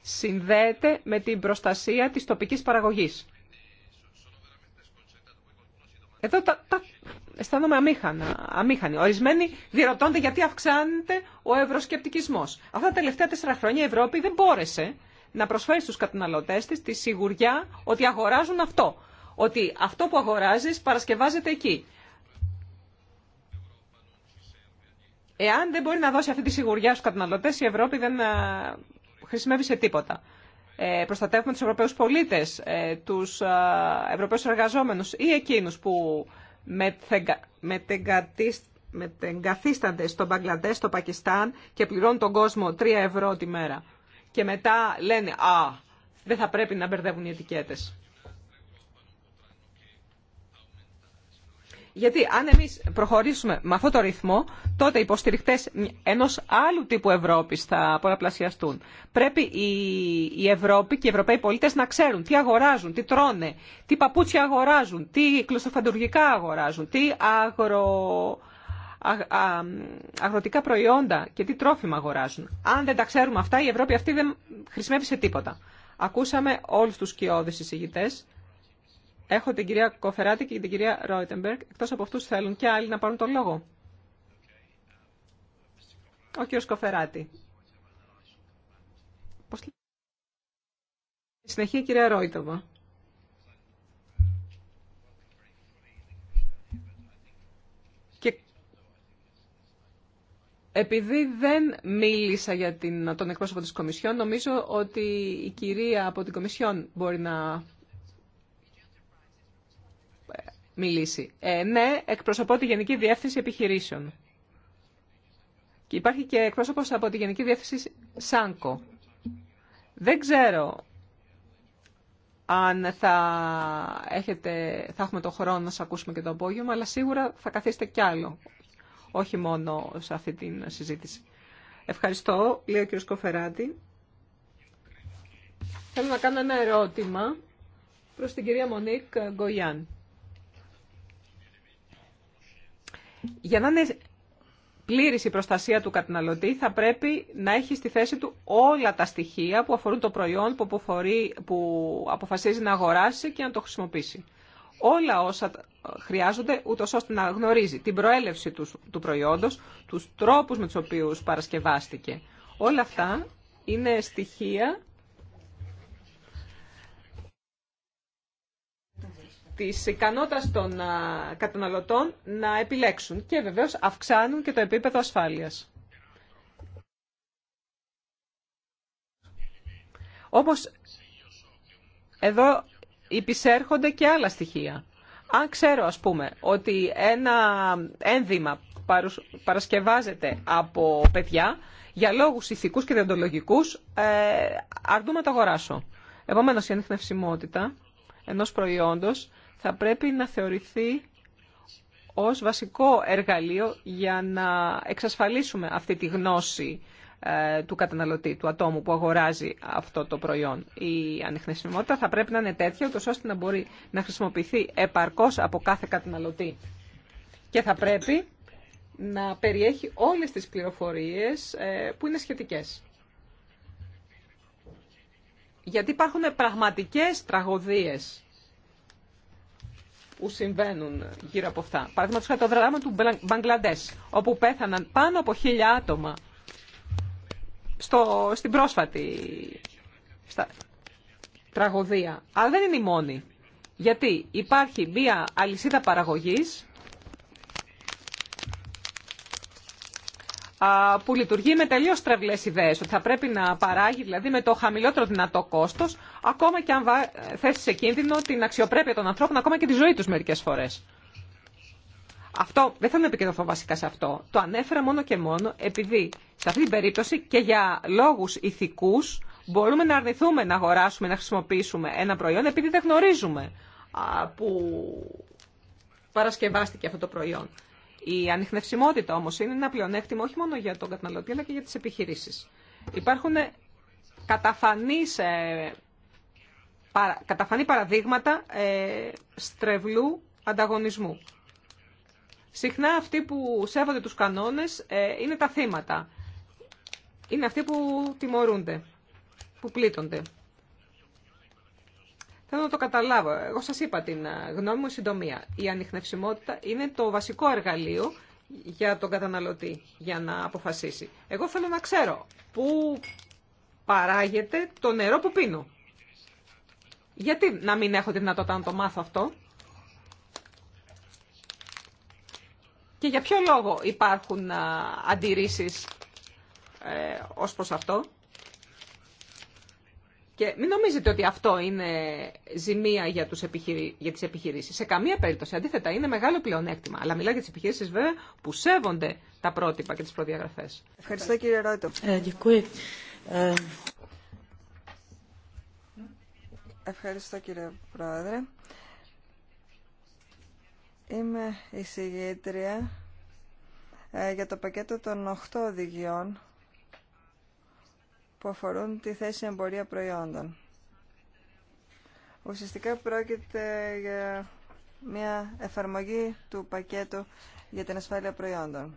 συνδέεται με την προστασία τη τοπική παραγωγή. Εδώ τα, τα αισθάνομαι αμήχανα, αμήχανοι. Ορισμένοι διερωτώνται γιατί αυξάνεται ο ευρωσκεπτικισμός. Αυτά τα τελευταία τέσσερα χρόνια η Ευρώπη δεν μπόρεσε να προσφέρει στους καταναλωτές τη τη σιγουριά ότι αγοράζουν αυτό. Ότι αυτό που αγοράζεις παρασκευάζεται εκεί. Εάν δεν μπορεί να δώσει αυτή τη σιγουριά στου καταναλωτέ, η Ευρώπη δεν ε, χρησιμεύει σε τίποτα. Ε, προστατεύουμε τους Ευρωπαίους πολίτες, ε, τους ε, Ευρωπαίους εργαζόμενους ή εκείνους που μετεγκαθίστανται στο Μπαγκλαντές, στο Πακιστάν και πληρώνουν τον κόσμο 3 ευρώ τη μέρα. Και μετά λένε «Α, δεν θα πρέπει να μπερδεύουν οι ετικέτες». Γιατί αν εμείς προχωρήσουμε με αυτό το ρυθμό, τότε οι υποστηριχτές ενός άλλου τύπου Ευρώπης θα πολλαπλασιαστούν. Πρέπει η Ευρώπη και οι Ευρωπαίοι πολίτες να ξέρουν τι αγοράζουν, τι τρώνε, τι παπούτσια αγοράζουν, τι κλωστοφαντουργικά αγοράζουν, τι αγρο... αγροτικά προϊόντα και τι τρόφιμα αγοράζουν. Αν δεν τα ξέρουμε αυτά, η Ευρώπη αυτή δεν χρησιμεύει σε τίποτα. Ακούσαμε όλους τους κοιόδες εισηγητές Έχω την κυρία Κοφεράτη και την κυρία Ρόιτεμπεργκ. Εκτό από αυτού θέλουν και άλλοι να πάρουν τον λόγο. Ο κύριο Κοφεράτη. Πώς... Συνεχεία κυρία Ρόιτεμπεργκ. επειδή δεν μίλησα για την, τον εκπρόσωπο της Κομισιόν, νομίζω ότι η κυρία από την Κομισιόν μπορεί να μιλήσει. Ε, ναι, εκπροσωπώ τη Γενική Διεύθυνση Επιχειρήσεων. Και υπάρχει και εκπρόσωπος από τη Γενική Διεύθυνση ΣΑΝΚΟ. Δεν ξέρω αν θα, έχετε, θα έχουμε το χρόνο να σας ακούσουμε και το απόγευμα, αλλά σίγουρα θα καθίσετε κι άλλο, όχι μόνο σε αυτή τη συζήτηση. Ευχαριστώ, λέει ο κ. Σκοφεράτη. Θέλω να κάνω ένα ερώτημα προς την κυρία Μονίκ Γκογιάν. Για να είναι πλήρης η προστασία του καταναλωτή θα πρέπει να έχει στη θέση του όλα τα στοιχεία που αφορούν το προϊόν που, που αποφασίζει να αγοράσει και να το χρησιμοποιήσει. Όλα όσα ε, χρειάζονται ούτω ώστε να γνωρίζει την προέλευση του, του προϊόντος, τους τρόπους με τους οποίους παρασκευάστηκε. Όλα αυτά είναι στοιχεία της ικανότητας των καταναλωτών να επιλέξουν και βεβαίως αυξάνουν και το επίπεδο ασφάλειας. Όμως εδώ υπησέρχονται και άλλα στοιχεία. Αν ξέρω, ας πούμε, ότι ένα ένδυμα παρασκευάζεται από παιδιά, για λόγους ηθικούς και διοντολογικούς, ε, να το αγοράσω. Επομένως, η ανιχνευσιμότητα ενός προϊόντος θα πρέπει να θεωρηθεί ως βασικό εργαλείο για να εξασφαλίσουμε αυτή τη γνώση ε, του καταναλωτή, του ατόμου που αγοράζει αυτό το προϊόν. Η ανιχνεσιμότητα θα πρέπει να είναι τέτοια, ώστε να μπορεί να χρησιμοποιηθεί επαρκώς από κάθε καταναλωτή. Και θα πρέπει να περιέχει όλες τις πληροφορίες ε, που είναι σχετικές. Γιατί υπάρχουν πραγματικές τραγωδίες που συμβαίνουν γύρω από αυτά. Παραδείγματο χάρη το δράμα του Μπαγκλαντέ, όπου πέθαναν πάνω από χίλια άτομα στο, στην πρόσφατη στα, τραγωδία. Αλλά δεν είναι η μόνη. Γιατί υπάρχει μία αλυσίδα παραγωγής που λειτουργεί με τελείω τρευλέ ιδέε. Ότι θα πρέπει να παράγει δηλαδή με το χαμηλότερο δυνατό κόστο, ακόμα και αν θέσει σε κίνδυνο την αξιοπρέπεια των ανθρώπων, ακόμα και τη ζωή του μερικέ φορέ. Αυτό δεν θα με επικεντρωθώ βασικά σε αυτό. Το ανέφερα μόνο και μόνο επειδή σε αυτή την περίπτωση και για λόγου ηθικούς μπορούμε να αρνηθούμε να αγοράσουμε, να χρησιμοποιήσουμε ένα προϊόν επειδή δεν γνωρίζουμε που παρασκευάστηκε αυτό το προϊόν. Η ανιχνευσιμότητα όμως είναι ένα πλεονέκτημα όχι μόνο για τον καταναλωτή αλλά και για τις επιχειρήσεις. Υπάρχουν καταφανείς, ε, παρα, καταφανή παραδείγματα ε, στρεβλού ανταγωνισμού. Συχνά αυτοί που σέβονται τους κανόνες ε, είναι τα θύματα. Είναι αυτοί που τιμωρούνται, που πλήττονται. Θέλω να το καταλάβω. Εγώ σας είπα την ε, γνώμη μου συντομία. Η ανιχνευσιμότητα είναι το βασικό εργαλείο για τον καταναλωτή για να αποφασίσει. Εγώ θέλω να ξέρω πού παράγεται το νερό που πίνω. Γιατί να μην έχω τη δυνατότητα να το μάθω αυτό. Και για ποιο λόγο υπάρχουν ε, αντιρρήσεις ε, ως προς αυτό. Και μην νομίζετε ότι αυτό είναι ζημία για, τους επιχειρη... τις επιχειρήσεις. Σε καμία περίπτωση. Αντίθετα, είναι μεγάλο πλεονέκτημα. Αλλά μιλάω για τις επιχειρήσεις βέβαια που σέβονται τα πρότυπα και τις προδιαγραφές. Ευχαριστώ κύριε Ρόιτο. Ε, ε, Ευχαριστώ κύριε Πρόεδρε. Είμαι η συγγήτρια ε, για το πακέτο των 8 οδηγιών που αφορούν τη θέση εμπορία προϊόντων. Ουσιαστικά πρόκειται για μια εφαρμογή του πακέτου για την ασφάλεια προϊόντων.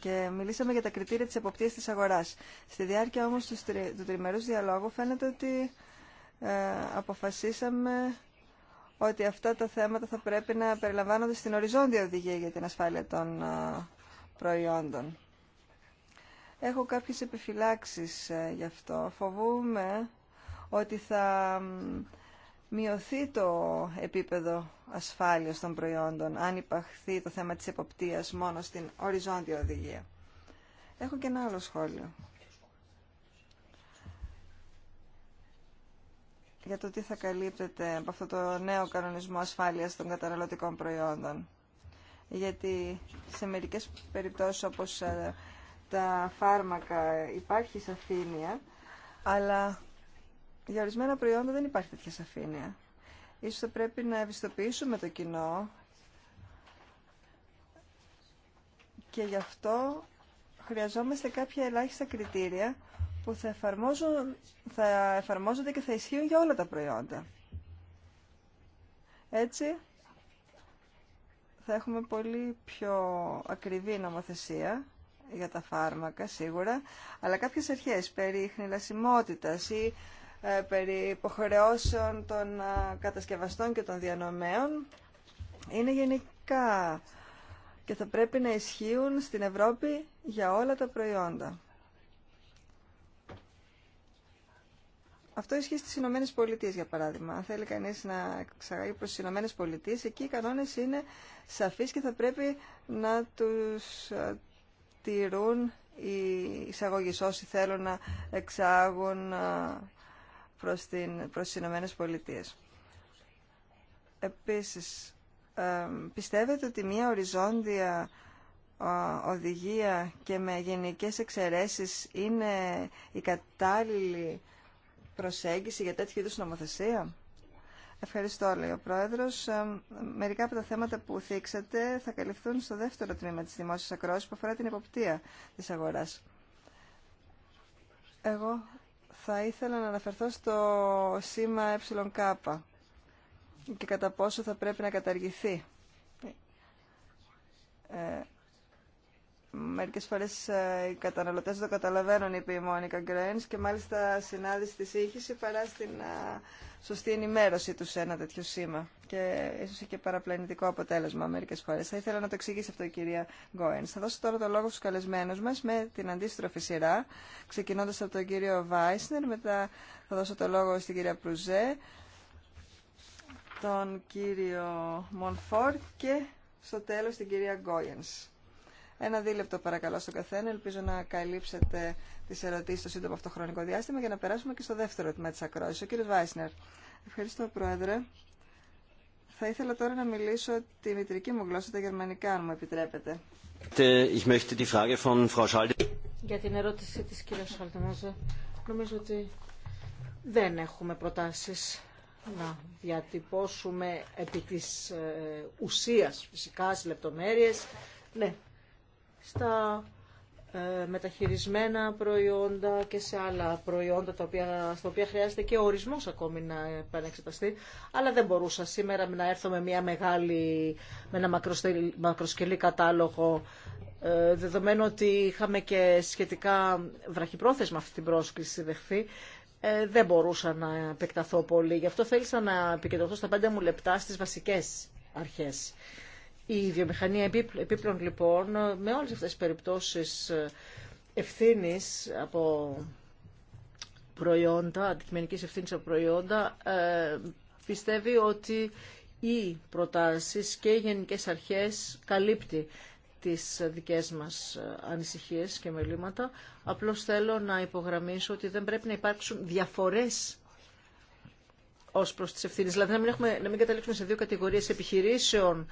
Και μιλήσαμε για τα κριτήρια της εποπτείας της αγοράς. Στη διάρκεια όμως του, τριμέρου τριμερούς διαλόγου φαίνεται ότι ε, αποφασίσαμε ότι αυτά τα θέματα θα πρέπει να περιλαμβάνονται στην οριζόντια οδηγία για την ασφάλεια των ε, προϊόντων. Έχω κάποιες επιφυλάξεις ε, γι' αυτό. Φοβούμαι ότι θα μειωθεί το επίπεδο ασφάλειας των προϊόντων αν υπαχθεί το θέμα της εποπτείας μόνο στην οριζόντια οδηγία. Έχω και ένα άλλο σχόλιο. για το τι θα καλύπτεται από αυτό το νέο κανονισμό ασφάλειας των καταναλωτικών προϊόντων. Γιατί σε μερικές περιπτώσεις όπως ε, τα φάρμακα υπάρχει σαφήνεια, αλλά για ορισμένα προϊόντα δεν υπάρχει τέτοια σαφήνεια. Ίσως θα πρέπει να ευαισθητοποιήσουμε το κοινό και γι' αυτό χρειαζόμαστε κάποια ελάχιστα κριτήρια που θα, εφαρμόζουν, θα εφαρμόζονται και θα ισχύουν για όλα τα προϊόντα. Έτσι, θα έχουμε πολύ πιο ακριβή νομοθεσία για τα φάρμακα σίγουρα, αλλά κάποιες αρχές περί χνηλασιμότητας ή ε, περί υποχρεώσεων των ε, κατασκευαστών και των διανομέων είναι γενικά και θα πρέπει να ισχύουν στην Ευρώπη για όλα τα προϊόντα. Αυτό ισχύει στις Ηνωμένε Πολιτείε, για παράδειγμα. Αν θέλει κανείς να εξαγάγει προς τις Ηνωμένε Πολιτείες, εκεί οι κανόνε είναι σαφεί και θα πρέπει να του ε, τηρούν οι εισαγωγείς όσοι θέλουν να εξάγουν προς, την, προς τις Ηνωμένες Πολιτείες. Επίσης, ε, πιστεύετε ότι μια οριζόντια οδηγία και με γενικές εξαιρέσεις είναι η κατάλληλη προσέγγιση για τέτοιου είδους νομοθεσία. Ευχαριστώ, λέει ο Πρόεδρο. Ε, μερικά από τα θέματα που θίξατε θα καλυφθούν στο δεύτερο τμήμα τη δημόσια ακρόαση που αφορά την εποπτεία τη αγορά. Εγώ θα ήθελα να αναφερθώ στο σήμα ΕΚ και κατά πόσο θα πρέπει να καταργηθεί. Ε, μερικές φορές ε, οι καταναλωτές δεν το καταλαβαίνουν, είπε η Μόνικα Γκρένς, και μάλιστα συνάδει στη σύγχυση παρά στην ε, σωστή ενημέρωση του σε ένα τέτοιο σήμα. Και ίσω και παραπλανητικό αποτέλεσμα μερικέ φορέ. Θα ήθελα να το εξηγήσει αυτό η κυρία Γκόεν. Θα δώσω τώρα το λόγο στου καλεσμένου μα με την αντίστροφη σειρά, ξεκινώντα από τον κύριο Βάισνερ, μετά θα δώσω το λόγο στην κυρία Προυζέ, τον κύριο Μονφόρ και στο τέλο την κυρία Γκόεν. Ένα δίλεπτο παρακαλώ στον καθένα. Ελπίζω να καλύψετε τις ερωτήσεις στο σύντομο αυτό χρονικό διάστημα για να περάσουμε και στο δεύτερο τμήμα της ακρόασης. Ο κύριος Βάισνερ. Ευχαριστώ, Πρόεδρε. Θα ήθελα τώρα να μιλήσω τη μητρική μου γλώσσα, τα γερμανικά, αν μου επιτρέπετε. Ε, για την ερώτηση της κυρίας Σαλτεμόζε, νομίζω ότι δεν έχουμε προτάσει να διατυπώσουμε επί της ε, ουσίας, φυσικά, στις λεπτομέρειες. Ναι, στα ε, μεταχειρισμένα προϊόντα και σε άλλα προϊόντα τα οποία, στα οποία χρειάζεται και ο ορισμός ακόμη να επανεξεταστεί αλλά δεν μπορούσα σήμερα να έρθω με μια μεγάλη με ένα μακροσκελή κατάλογο ε, δεδομένου ότι είχαμε και σχετικά βραχυπρόθεσμα αυτή την πρόσκληση δεχθεί ε, δεν μπορούσα να επεκταθώ πολύ γι' αυτό θέλησα να επικεντρωθώ στα πέντε μου λεπτά στις βασικές αρχές η βιομηχανία επίπλων λοιπόν με όλες αυτές τις περιπτώσεις ε, ευθύνης από προϊόντα, αντικειμενικής ευθύνης από προϊόντα, ε, πιστεύει ότι οι προτάσεις και οι γενικές αρχές καλύπτει τις δικές μας ε, ανησυχίες και μελήματα. Απλώς θέλω να υπογραμμίσω ότι δεν πρέπει να υπάρξουν διαφορές ως προς τις ευθύνες. Δηλαδή να μην, έχουμε, να μην καταλήξουμε σε δύο κατηγορίες επιχειρήσεων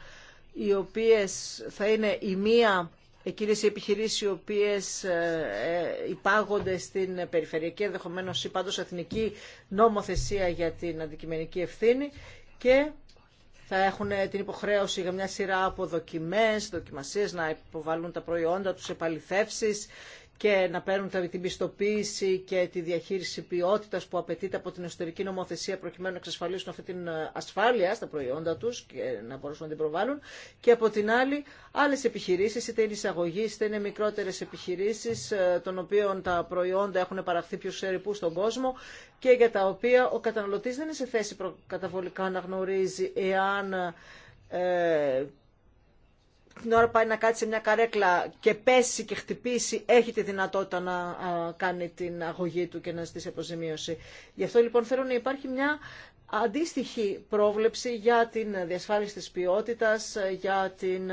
οι οποίες θα είναι η μία εκείνες οι επιχειρήσεις οι οποίες ε, ε, υπάγονται στην περιφερειακή ενδεχομένω ή πάντως εθνική νόμοθεσία για την αντικειμενική ευθύνη και θα έχουν ε, την υποχρέωση για μια σειρά από δοκιμές, δοκιμασίες να υποβάλουν τα προϊόντα τους, επαληθεύσεις και να παίρνουν την πιστοποίηση και τη διαχείριση ποιότητα που απαιτείται από την εσωτερική νομοθεσία προκειμένου να εξασφαλίσουν αυτή την ε, ασφάλεια στα προϊόντα του και να μπορούν να την προβάλλουν. Και από την άλλη, άλλε επιχειρήσει είτε είναι εισαγωγή, είτε είναι μικρότερε επιχειρήσει ε, των οποίων τα προϊόντα έχουν παραχθεί πιο ρηπού στον κόσμο και για τα οποία ο καταναλωτή δεν είναι σε θέση προκαταβολικά να γνωρίζει εάν ε, την ώρα πάει να κάτσει σε μια καρέκλα και πέσει και χτυπήσει, έχει τη δυνατότητα να κάνει την αγωγή του και να ζητήσει αποζημίωση. Γι' αυτό λοιπόν θέλω να υπάρχει μια αντίστοιχη πρόβλεψη για την διασφάλιση της ποιότητας, για την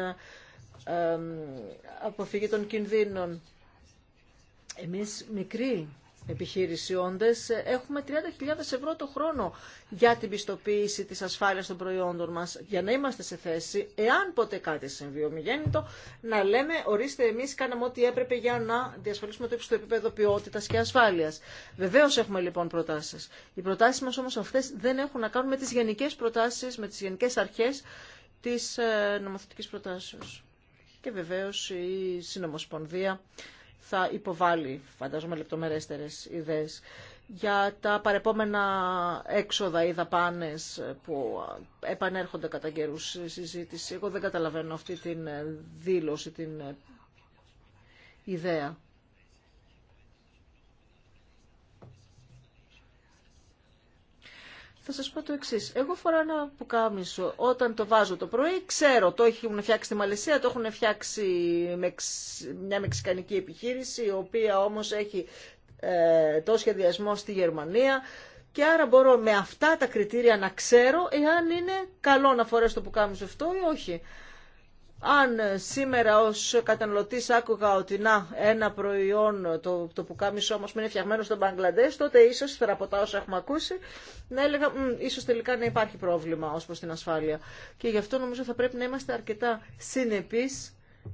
αποφυγή των κινδύνων. Εμείς μικροί επιχείρησιόντες, έχουμε 30.000 ευρώ το χρόνο για την πιστοποίηση της ασφάλειας των προϊόντων μας, για να είμαστε σε θέση, εάν ποτέ κάτι συμβεί ομιγέννητο, να λέμε, ορίστε εμείς κάναμε ό,τι έπρεπε για να διασφαλίσουμε το του επίπεδο ποιότητας και ασφάλειας. Βεβαίως έχουμε λοιπόν προτάσεις. Οι προτάσεις μας όμως αυτές δεν έχουν να κάνουν με τις γενικές προτάσεις, με τις γενικές αρχές της ε, νομοθετικής προτάσεως. Και βεβαίως η Συνομοσπονδία θα υποβάλει, φαντάζομαι, λεπτομερέστερες ιδέες για τα παρεπόμενα έξοδα ή δαπάνες που επανέρχονται κατά καιρούς συζήτηση. Εγώ δεν καταλαβαίνω αυτή την δήλωση, την ιδέα. θα σας πω το εξής. Εγώ φοράω ένα πουκάμισο όταν το βάζω το πρωί, ξέρω, το έχουν φτιάξει στη Μαλαισία, το έχουν φτιάξει μια μεξικανική επιχείρηση, η οποία όμως έχει ε, το σχεδιασμό στη Γερμανία και άρα μπορώ με αυτά τα κριτήρια να ξέρω εάν είναι καλό να φορέσω το πουκάμισο αυτό ή όχι αν σήμερα ω καταναλωτή άκουγα ότι να, ένα προϊόν, το, το πουκάμισό που είναι φτιαγμένο στον Μπαγκλαντέ, τότε ίσω πέρα από τα όσα έχουμε ακούσει, να έλεγα, ίσω ίσως τελικά να υπάρχει πρόβλημα ω προ την ασφάλεια. Και γι' αυτό νομίζω θα πρέπει να είμαστε αρκετά συνεπεί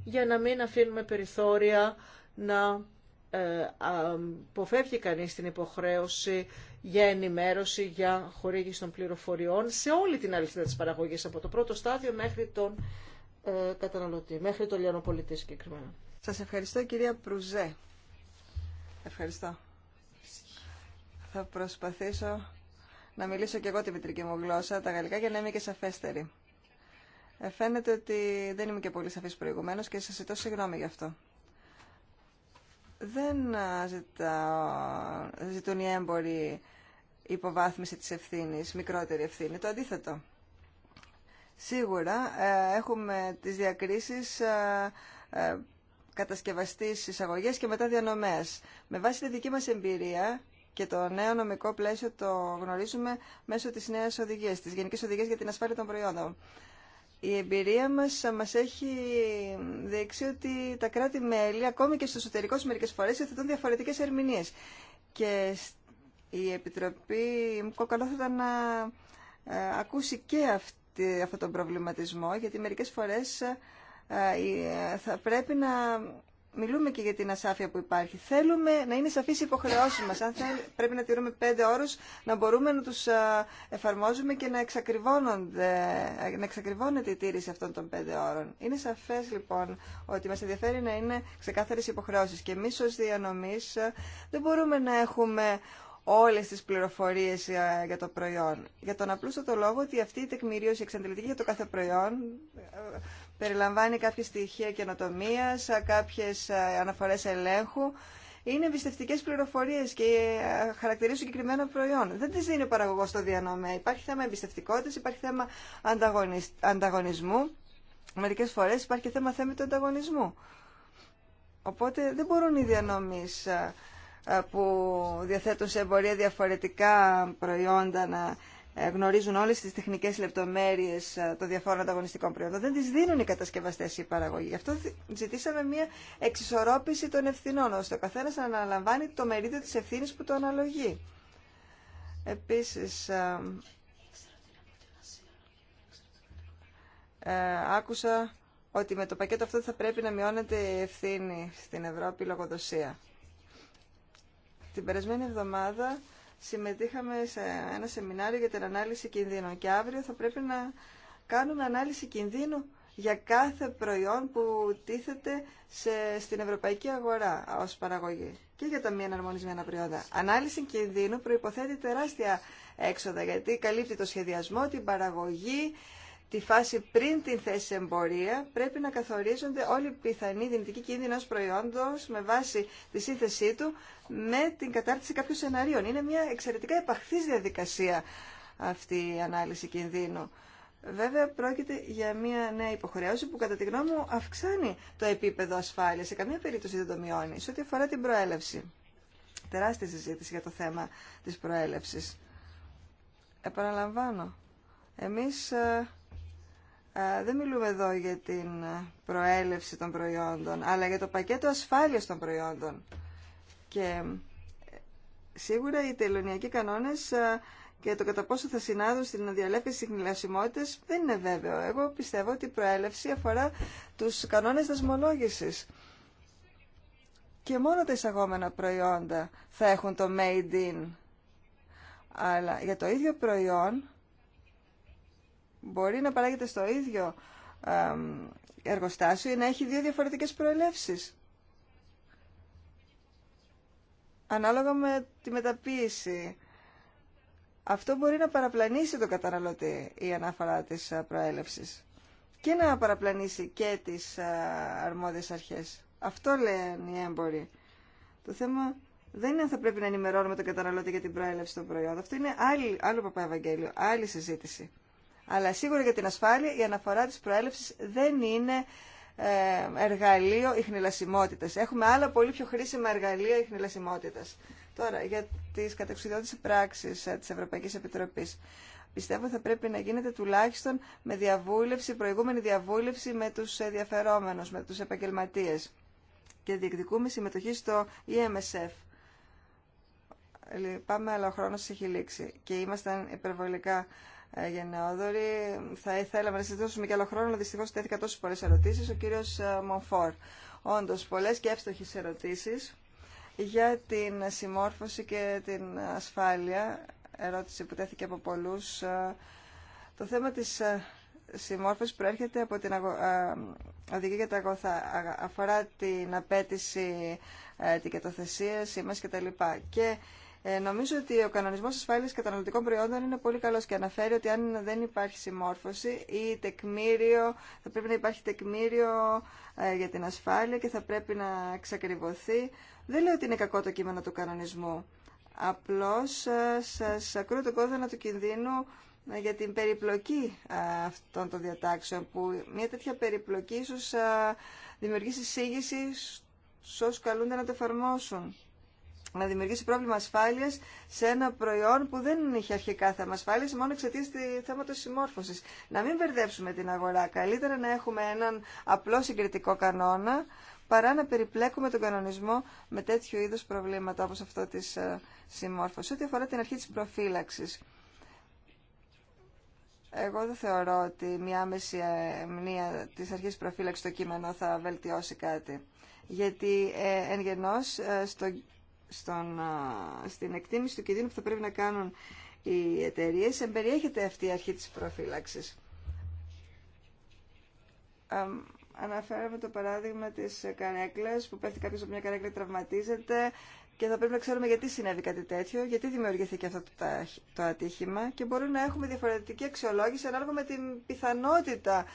για να μην αφήνουμε περιθώρια να ε, αποφεύγει κανεί την υποχρέωση για ενημέρωση, για χορήγηση των πληροφοριών σε όλη την αλυσίδα της παραγωγής, από το πρώτο στάδιο μέχρι τον ε, καταναλωτή, μέχρι το λιανοπολιτή συγκεκριμένα. Σας ευχαριστώ κυρία Προυζέ. Ευχαριστώ. Θα προσπαθήσω να μιλήσω και εγώ τη μητρική μου γλώσσα, τα γαλλικά, για να είμαι και σαφέστερη. Ε, φαίνεται ότι δεν είμαι και πολύ σαφής προηγουμένως και σας ζητώ συγγνώμη γι' αυτό. Δεν ζητούν οι έμποροι υποβάθμιση της ευθύνης, μικρότερη ευθύνη. Το αντίθετο. Σίγουρα ε, έχουμε τις διακρίσεις ε, ε, κατασκευαστής εισαγωγές και μετά διανομές. Με βάση τη δική μας εμπειρία και το νέο νομικό πλαίσιο το γνωρίζουμε μέσω της νέας οδηγίας, της Γενικής Οδηγίας για την Ασφάλεια των Προϊόντων. Η εμπειρία μας μας έχει δείξει ότι τα κράτη-μέλη, ακόμη και στο εσωτερικό σε μερικές φορές, θετούν διαφορετικές ερμηνείες. Και η Επιτροπή, καλό θα ήταν να ακούσει και αυτή αυτόν τον προβληματισμό, γιατί μερικές φορές ε, θα πρέπει να μιλούμε και για την ασάφεια που υπάρχει. Θέλουμε να είναι σαφείς οι υποχρεώσεις μας. Αν πρέπει να τηρούμε πέντε όρους, να μπορούμε να τους ε, εφαρμόζουμε και να, να εξακριβώνεται η τήρηση αυτών των πέντε όρων. Είναι σαφές λοιπόν ότι μας ενδιαφέρει να είναι ξεκάθαρες υποχρεώσεις. Και εμείς ως διανομής ε, δεν μπορούμε να έχουμε όλες τις πληροφορίες ε, για το προϊόν. Για τον απλούστατο λόγο ότι αυτή η τεκμηρίωση εξαντλητική για το κάθε προϊόν ε, περιλαμβάνει κάποια στοιχεία καινοτομία, ε, κάποιες αναφορές ελέγχου. Είναι εμπιστευτικέ πληροφορίε και χαρακτηρίζουν συγκεκριμένα προϊόν. Δεν τι δίνει ο παραγωγό στο διανομέα. Υπάρχει θέμα εμπιστευτικότητα, υπάρχει θέμα ανταγωνισμού. Μερικέ φορέ υπάρχει και θέμα θέμα του ανταγωνισμού. Οπότε δεν μπορούν οι διανομείς ε, που διαθέτουν σε εμπορία διαφορετικά προϊόντα να ε, γνωρίζουν όλες τις τεχνικές λεπτομέρειες ε, των διαφόρων ανταγωνιστικών προϊόντων. Δεν τις δίνουν οι κατασκευαστές ή οι παραγωγοί. Γι' αυτό ζητήσαμε μια εξισορρόπηση των ευθυνών, ώστε ο καθένας να αναλαμβάνει το μερίδιο της ευθύνης που το αναλογεί. Επίσης, άκουσα ότι με το πακέτο αυτό θα πρέπει να μειώνεται η ευθύνη στην Ευρώπη λογοδοσία. Την περασμένη εβδομάδα συμμετείχαμε σε ένα σεμινάριο για την ανάλυση κινδύνων και αύριο θα πρέπει να κάνουμε ανάλυση κινδύνου για κάθε προϊόν που τίθεται στην ευρωπαϊκή αγορά ως παραγωγή και για τα μη εναρμονισμένα προϊόντα. Ανάλυση κινδύνου προϋποθέτει τεράστια έξοδα γιατί καλύπτει το σχεδιασμό, την παραγωγή, τη φάση πριν την θέση εμπορία πρέπει να καθορίζονται όλοι οι πιθανοί δυνητικοί κίνδυνοι προϊόντος με βάση τη σύνθεσή του με την κατάρτιση κάποιων σενάριων. Είναι μια εξαιρετικά επαχθής διαδικασία αυτή η ανάλυση κινδύνου. Βέβαια, πρόκειται για μια νέα υποχρέωση που, κατά τη γνώμη μου, αυξάνει το επίπεδο ασφάλεια. Σε καμία περίπτωση δεν το μειώνει. Σε ό,τι αφορά την προέλευση. Τεράστια συζήτηση για το θέμα τη προέλευση. Επαναλαμβάνω. Εμείς ε, δεν μιλούμε εδώ για την προέλευση των προϊόντων, αλλά για το πακέτο ασφάλειας των προϊόντων. Και ε, σίγουρα οι τελωνιακοί κανόνες ε, και το κατά πόσο θα συνάδουν στην αδιαλέπιση της δεν είναι βέβαιο. Εγώ πιστεύω ότι η προέλευση αφορά τους κανόνες δασμολόγησης. Και μόνο τα εισαγόμενα προϊόντα θα έχουν το made in. Αλλά για το ίδιο προϊόν μπορεί να παράγεται στο ίδιο εργοστάσιο ή να έχει δύο διαφορετικές προελεύσεις. Ανάλογα με τη μεταποίηση. Αυτό μπορεί να παραπλανήσει τον καταναλωτή η ανάφορα της ε, προέλευσης και να παραπλανήσει και τις ε, αρμόδιες αρχές. Αυτό λένε οι έμποροι. Το θέμα δεν είναι αν θα πρέπει να ενημερώνουμε τον καταναλωτή για την προέλευση των προϊόντων. Αυτό είναι άλλη, άλλο Ευαγγέλιο, άλλη συζήτηση. Αλλά σίγουρα για την ασφάλεια η αναφορά της προέλευσης δεν είναι ε, εργαλείο ιχνηλασιμότητας. Έχουμε άλλα πολύ πιο χρήσιμα εργαλεία ιχνηλασιμότητας. Τώρα, για τις κατεξουδιώτες πράξεις ε, της Ευρωπαϊκής Επιτροπής. Πιστεύω θα πρέπει να γίνεται τουλάχιστον με διαβούλευση, προηγούμενη διαβούλευση με τους ενδιαφερόμενους, με τους επαγγελματίες. Και διεκδικούμε συμμετοχή στο EMSF. Πάμε, αλλά ο χρόνος έχει λήξει και ήμασταν υπερβολικά γενναιόδοροι. Θα ήθελα να σα δώσουμε και άλλο χρόνο, αλλά δυστυχώ τέθηκα τόσε πολλέ ερωτήσει. Ο κύριο ε, Μονφόρ. Όντω, πολλέ και εύστοχε ερωτήσει για την συμμόρφωση και την ασφάλεια. Ερώτηση που τέθηκε από πολλού. Ε, το θέμα τη ε, συμμόρφωση προέρχεται από την οδηγία για τα αγωθά. Αφορά την απέτηση ετικετοθεσία, σήμα κτλ. Και ε, νομίζω ότι ο κανονισμό ασφάλεια καταναλωτικών προϊόντων είναι πολύ καλό και αναφέρει ότι αν δεν υπάρχει συμμόρφωση ή τεκμήριο, θα πρέπει να υπάρχει τεκμήριο ε, για την ασφάλεια και θα πρέπει να εξακριβωθεί. Δεν λέω ότι είναι κακό το κείμενο του κανονισμού. Απλώ ε, σα ακούω τον κόδωνα του κινδύνου ε, για την περιπλοκή αυτών των διατάξεων που μια τέτοια περιπλοκή ίσως δημιουργήσει σύγχυση όσους καλούνται να το εφαρμόσουν να δημιουργήσει πρόβλημα ασφάλεια σε ένα προϊόν που δεν είχε αρχικά θέμα ασφάλεια, μόνο εξαιτία του θέματο συμμόρφωση. Να μην μπερδέψουμε την αγορά. Καλύτερα να έχουμε έναν απλό συγκριτικό κανόνα παρά να περιπλέκουμε τον κανονισμό με τέτοιου είδου προβλήματα όπω αυτό τη ε, συμμόρφωση. Ό,τι αφορά την αρχή τη προφύλαξη. Εγώ δεν θεωρώ ότι μια άμεση ε, μνήμα της αρχής προφύλαξης στο κείμενο θα βελτιώσει κάτι. Γιατί ε, ε στο στον, στην εκτίμηση του κινδύνου που θα πρέπει να κάνουν οι εταιρείε εμπεριέχεται αυτή η αρχή της προφύλαξης. Αναφέραμε το παράδειγμα της καρέκλας που πέφτει κάποιος από μια καρέκλα και τραυματίζεται και θα πρέπει να ξέρουμε γιατί συνέβη κάτι τέτοιο, γιατί δημιουργήθηκε αυτό το ατύχημα και μπορούμε να έχουμε διαφορετική αξιολόγηση ανάλογα με την πιθανότητα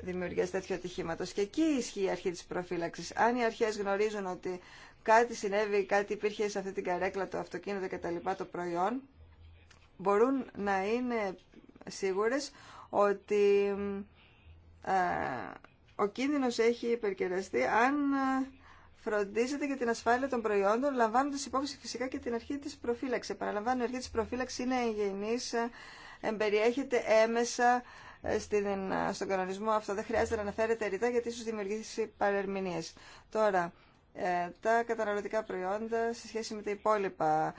δημιουργία τέτοιου ατυχήματο. Και εκεί ισχύει η αρχή τη προφύλαξη. Αν οι αρχέ γνωρίζουν ότι κάτι συνέβη, κάτι υπήρχε σε αυτή την καρέκλα, το αυτοκίνητο λοιπά το προϊόν, μπορούν να είναι σίγουρες ότι ε, ο κίνδυνος έχει υπερκεραστεί αν ε, φροντίζεται για την ασφάλεια των προϊόντων, λαμβάνοντας υπόψη φυσικά και την αρχή της προφύλαξης. Παραλαμβάνω, η αρχή της προφύλαξης είναι εγγενής, ε, εμπεριέχεται έμεσα στον κανονισμό αυτό. Δεν χρειάζεται να αναφέρεται ρητά γιατί ίσως δημιουργήσει παρερμηνίες. Τώρα, ε, τα καταναλωτικά προϊόντα σε σχέση με τα υπόλοιπα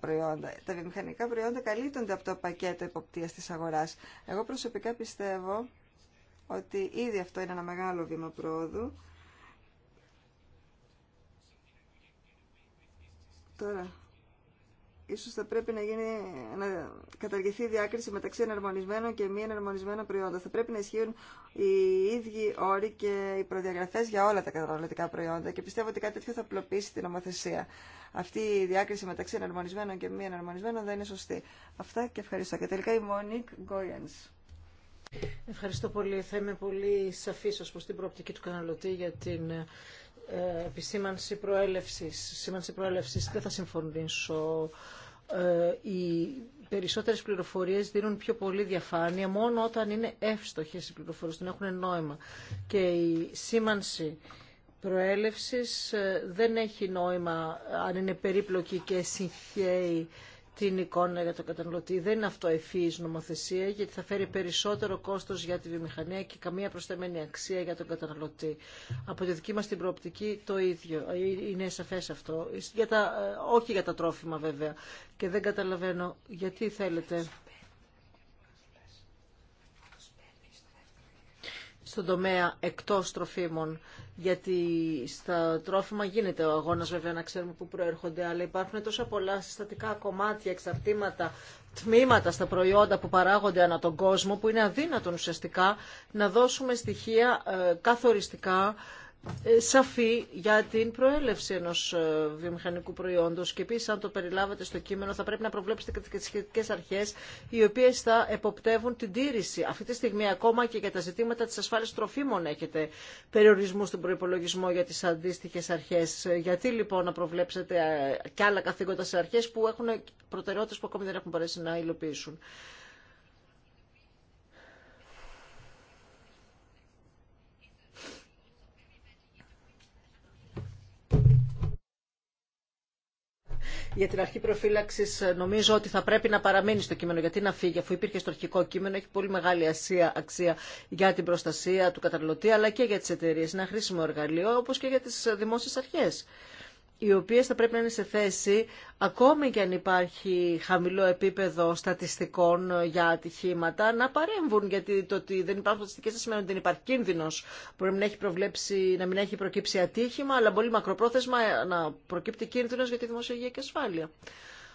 προϊόντα. Τα βιομηχανικά προϊόντα καλύπτονται από το πακέτο υποπτία τη αγορά. Εγώ προσωπικά πιστεύω ότι ήδη αυτό είναι ένα μεγάλο βήμα πρόοδου. Τώρα, ίσως θα πρέπει να, γίνει, να καταργηθεί η διάκριση μεταξύ εναρμονισμένων και μη εναρμονισμένων προϊόντων. Θα πρέπει να ισχύουν οι ίδιοι όροι και οι προδιαγραφέ για όλα τα καταναλωτικά προϊόντα και πιστεύω ότι κάτι τέτοιο θα απλοποιήσει την νομοθεσία. Αυτή η διάκριση μεταξύ εναρμονισμένων και μη εναρμονισμένων δεν είναι σωστή. Αυτά και ευχαριστώ. Και τελικά η Μόνικ Γκόιενς. Ευχαριστώ πολύ. Θα είμαι πολύ σαφή ω προ την προοπτική του καταναλωτή για την ε, επισήμανση προέλευση. Σήμανση πρόελευση, δεν θα συμφωνήσω ε, οι περισσότερες πληροφορίες δίνουν πιο πολύ διαφάνεια μόνο όταν είναι εύστοχες οι πληροφορίες, δεν έχουν νόημα. Και η σήμανση προέλευσης ε, δεν έχει νόημα αν είναι περίπλοκη και συγχαίει την εικόνα για τον καταναλωτή. Δεν είναι αυτό ευφύη νομοθεσία γιατί θα φέρει περισσότερο κόστος για τη βιομηχανία και καμία προσθεμένη αξία για τον καταναλωτή. Από τη δική μα την προοπτική το ίδιο. Είναι σαφές αυτό. Για τα, ε, όχι για τα τρόφιμα βέβαια. Και δεν καταλαβαίνω γιατί θέλετε στον τομέα εκτός τροφίμων, γιατί στα τρόφιμα γίνεται ο αγώνας βέβαια να ξέρουμε που προέρχονται, αλλά υπάρχουν τόσα πολλά συστατικά κομμάτια, εξαρτήματα, τμήματα στα προϊόντα που παράγονται ανά τον κόσμο, που είναι αδύνατον ουσιαστικά να δώσουμε στοιχεία ε, καθοριστικά ε, σαφή για την προέλευση ενό ε, βιομηχανικού προϊόντος και επίση αν το περιλάβατε στο κείμενο θα πρέπει να προβλέψετε και τι σχετικέ αρχέ, οι οποίε θα εποπτεύουν την τήρηση. Αυτή τη στιγμή ακόμα και για τα ζητήματα τη ασφάλεια τροφίμων έχετε περιορισμού στον προπολογισμό για τι αντίστοιχε αρχέ. Ε, γιατί λοιπόν να προβλέψετε και άλλα καθήκοντα σε αρχέ, που έχουν προτεραιότητε που ακόμη δεν έχουν μπορέσει να υλοποιήσουν. για την αρχή προφύλαξη ε, νομίζω ότι θα πρέπει να παραμείνει στο κείμενο. Γιατί να φύγει, αφού υπήρχε στο αρχικό κείμενο, έχει πολύ μεγάλη ασία, αξία για την προστασία του καταναλωτή αλλά και για τι εταιρείε. Ένα χρήσιμο εργαλείο όπω και για τι ε, δημόσιε αρχέ οι οποίες θα πρέπει να είναι σε θέση, ακόμη και αν υπάρχει χαμηλό επίπεδο στατιστικών για ατυχήματα, να παρέμβουν, γιατί το ότι δεν υπάρχουν στατιστικές δεν σημαίνει ότι δεν υπάρχει κίνδυνος. Μπορεί να, έχει προβλέψει, να μην έχει προκύψει ατύχημα, αλλά πολύ μακροπρόθεσμα να προκύπτει κίνδυνος για τη δημόσια υγεία και ασφάλεια.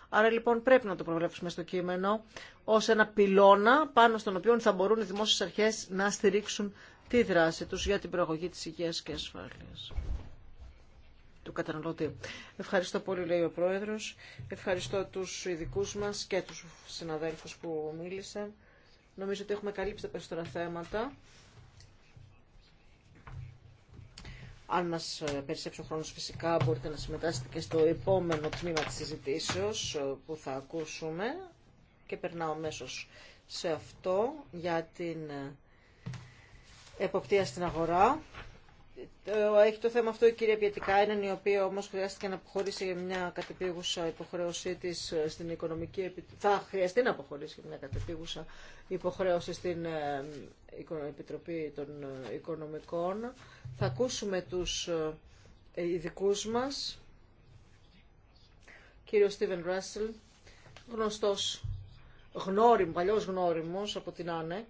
Άρα λοιπόν πρέπει να το προβλέψουμε στο κείμενο ως ένα πυλώνα πάνω στον οποίο θα μπορούν οι δημόσιες αρχές να στηρίξουν τη δράση τους για την προαγωγή της υγείας και ασφάλειας. Ευχαριστώ πολύ, λέει ο Πρόεδρος. Ευχαριστώ τους ειδικού μας και του συναδέλφους που μίλησαν. Νομίζω ότι έχουμε καλύψει τα περισσότερα θέματα. Αν μα περισσέψει ο χρόνο φυσικά μπορείτε να συμμετάσχετε και στο επόμενο τμήμα της συζητήσεω ε, που θα ακούσουμε και περνάω αμέσω σε αυτό για την ε, εποπτεία στην αγορά το, έχει το θέμα αυτό η κυρία Πιετικά, έναν η οποία όμως χρειάστηκε να αποχωρήσει για μια κατεπίγουσα υποχρέωσή της ε, στην οικονομική επιτροπή. Θα χρειαστεί να αποχωρήσει μια κατεπίγουσα υποχρέωση στην ε, Επιτροπή των ε, Οικονομικών. Θα ακούσουμε τους ειδικού μας. Κύριο Στίβεν Ράσελ, γνωστός γνώριμ, παλιός γνώριμος από την ΆΝΕΚ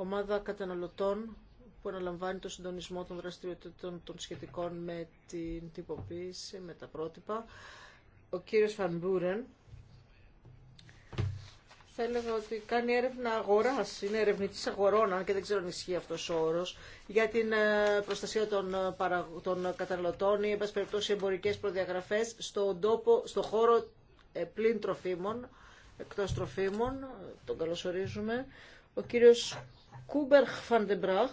ομάδα καταναλωτών που αναλαμβάνει το συντονισμό των δραστηριοτήτων των σχετικών με την τυποποίηση, με τα πρότυπα. Ο κύριος Φανμπούρεν θα έλεγα ότι κάνει έρευνα αγοράς, είναι ερευνητής αγορών, αν και δεν ξέρω αν ισχύει αυτός ο όρος, για την ε, προστασία ε, των, καταναλωτών ή, εν πάση περιπτώσει, εμπορικές προδιαγραφές στον τόπο, στο χώρο ε, πλην τροφίμων, εκτός τροφίμων, τον καλωσορίζουμε, ο κύριος Κούμπερχ Φαντεμπράχ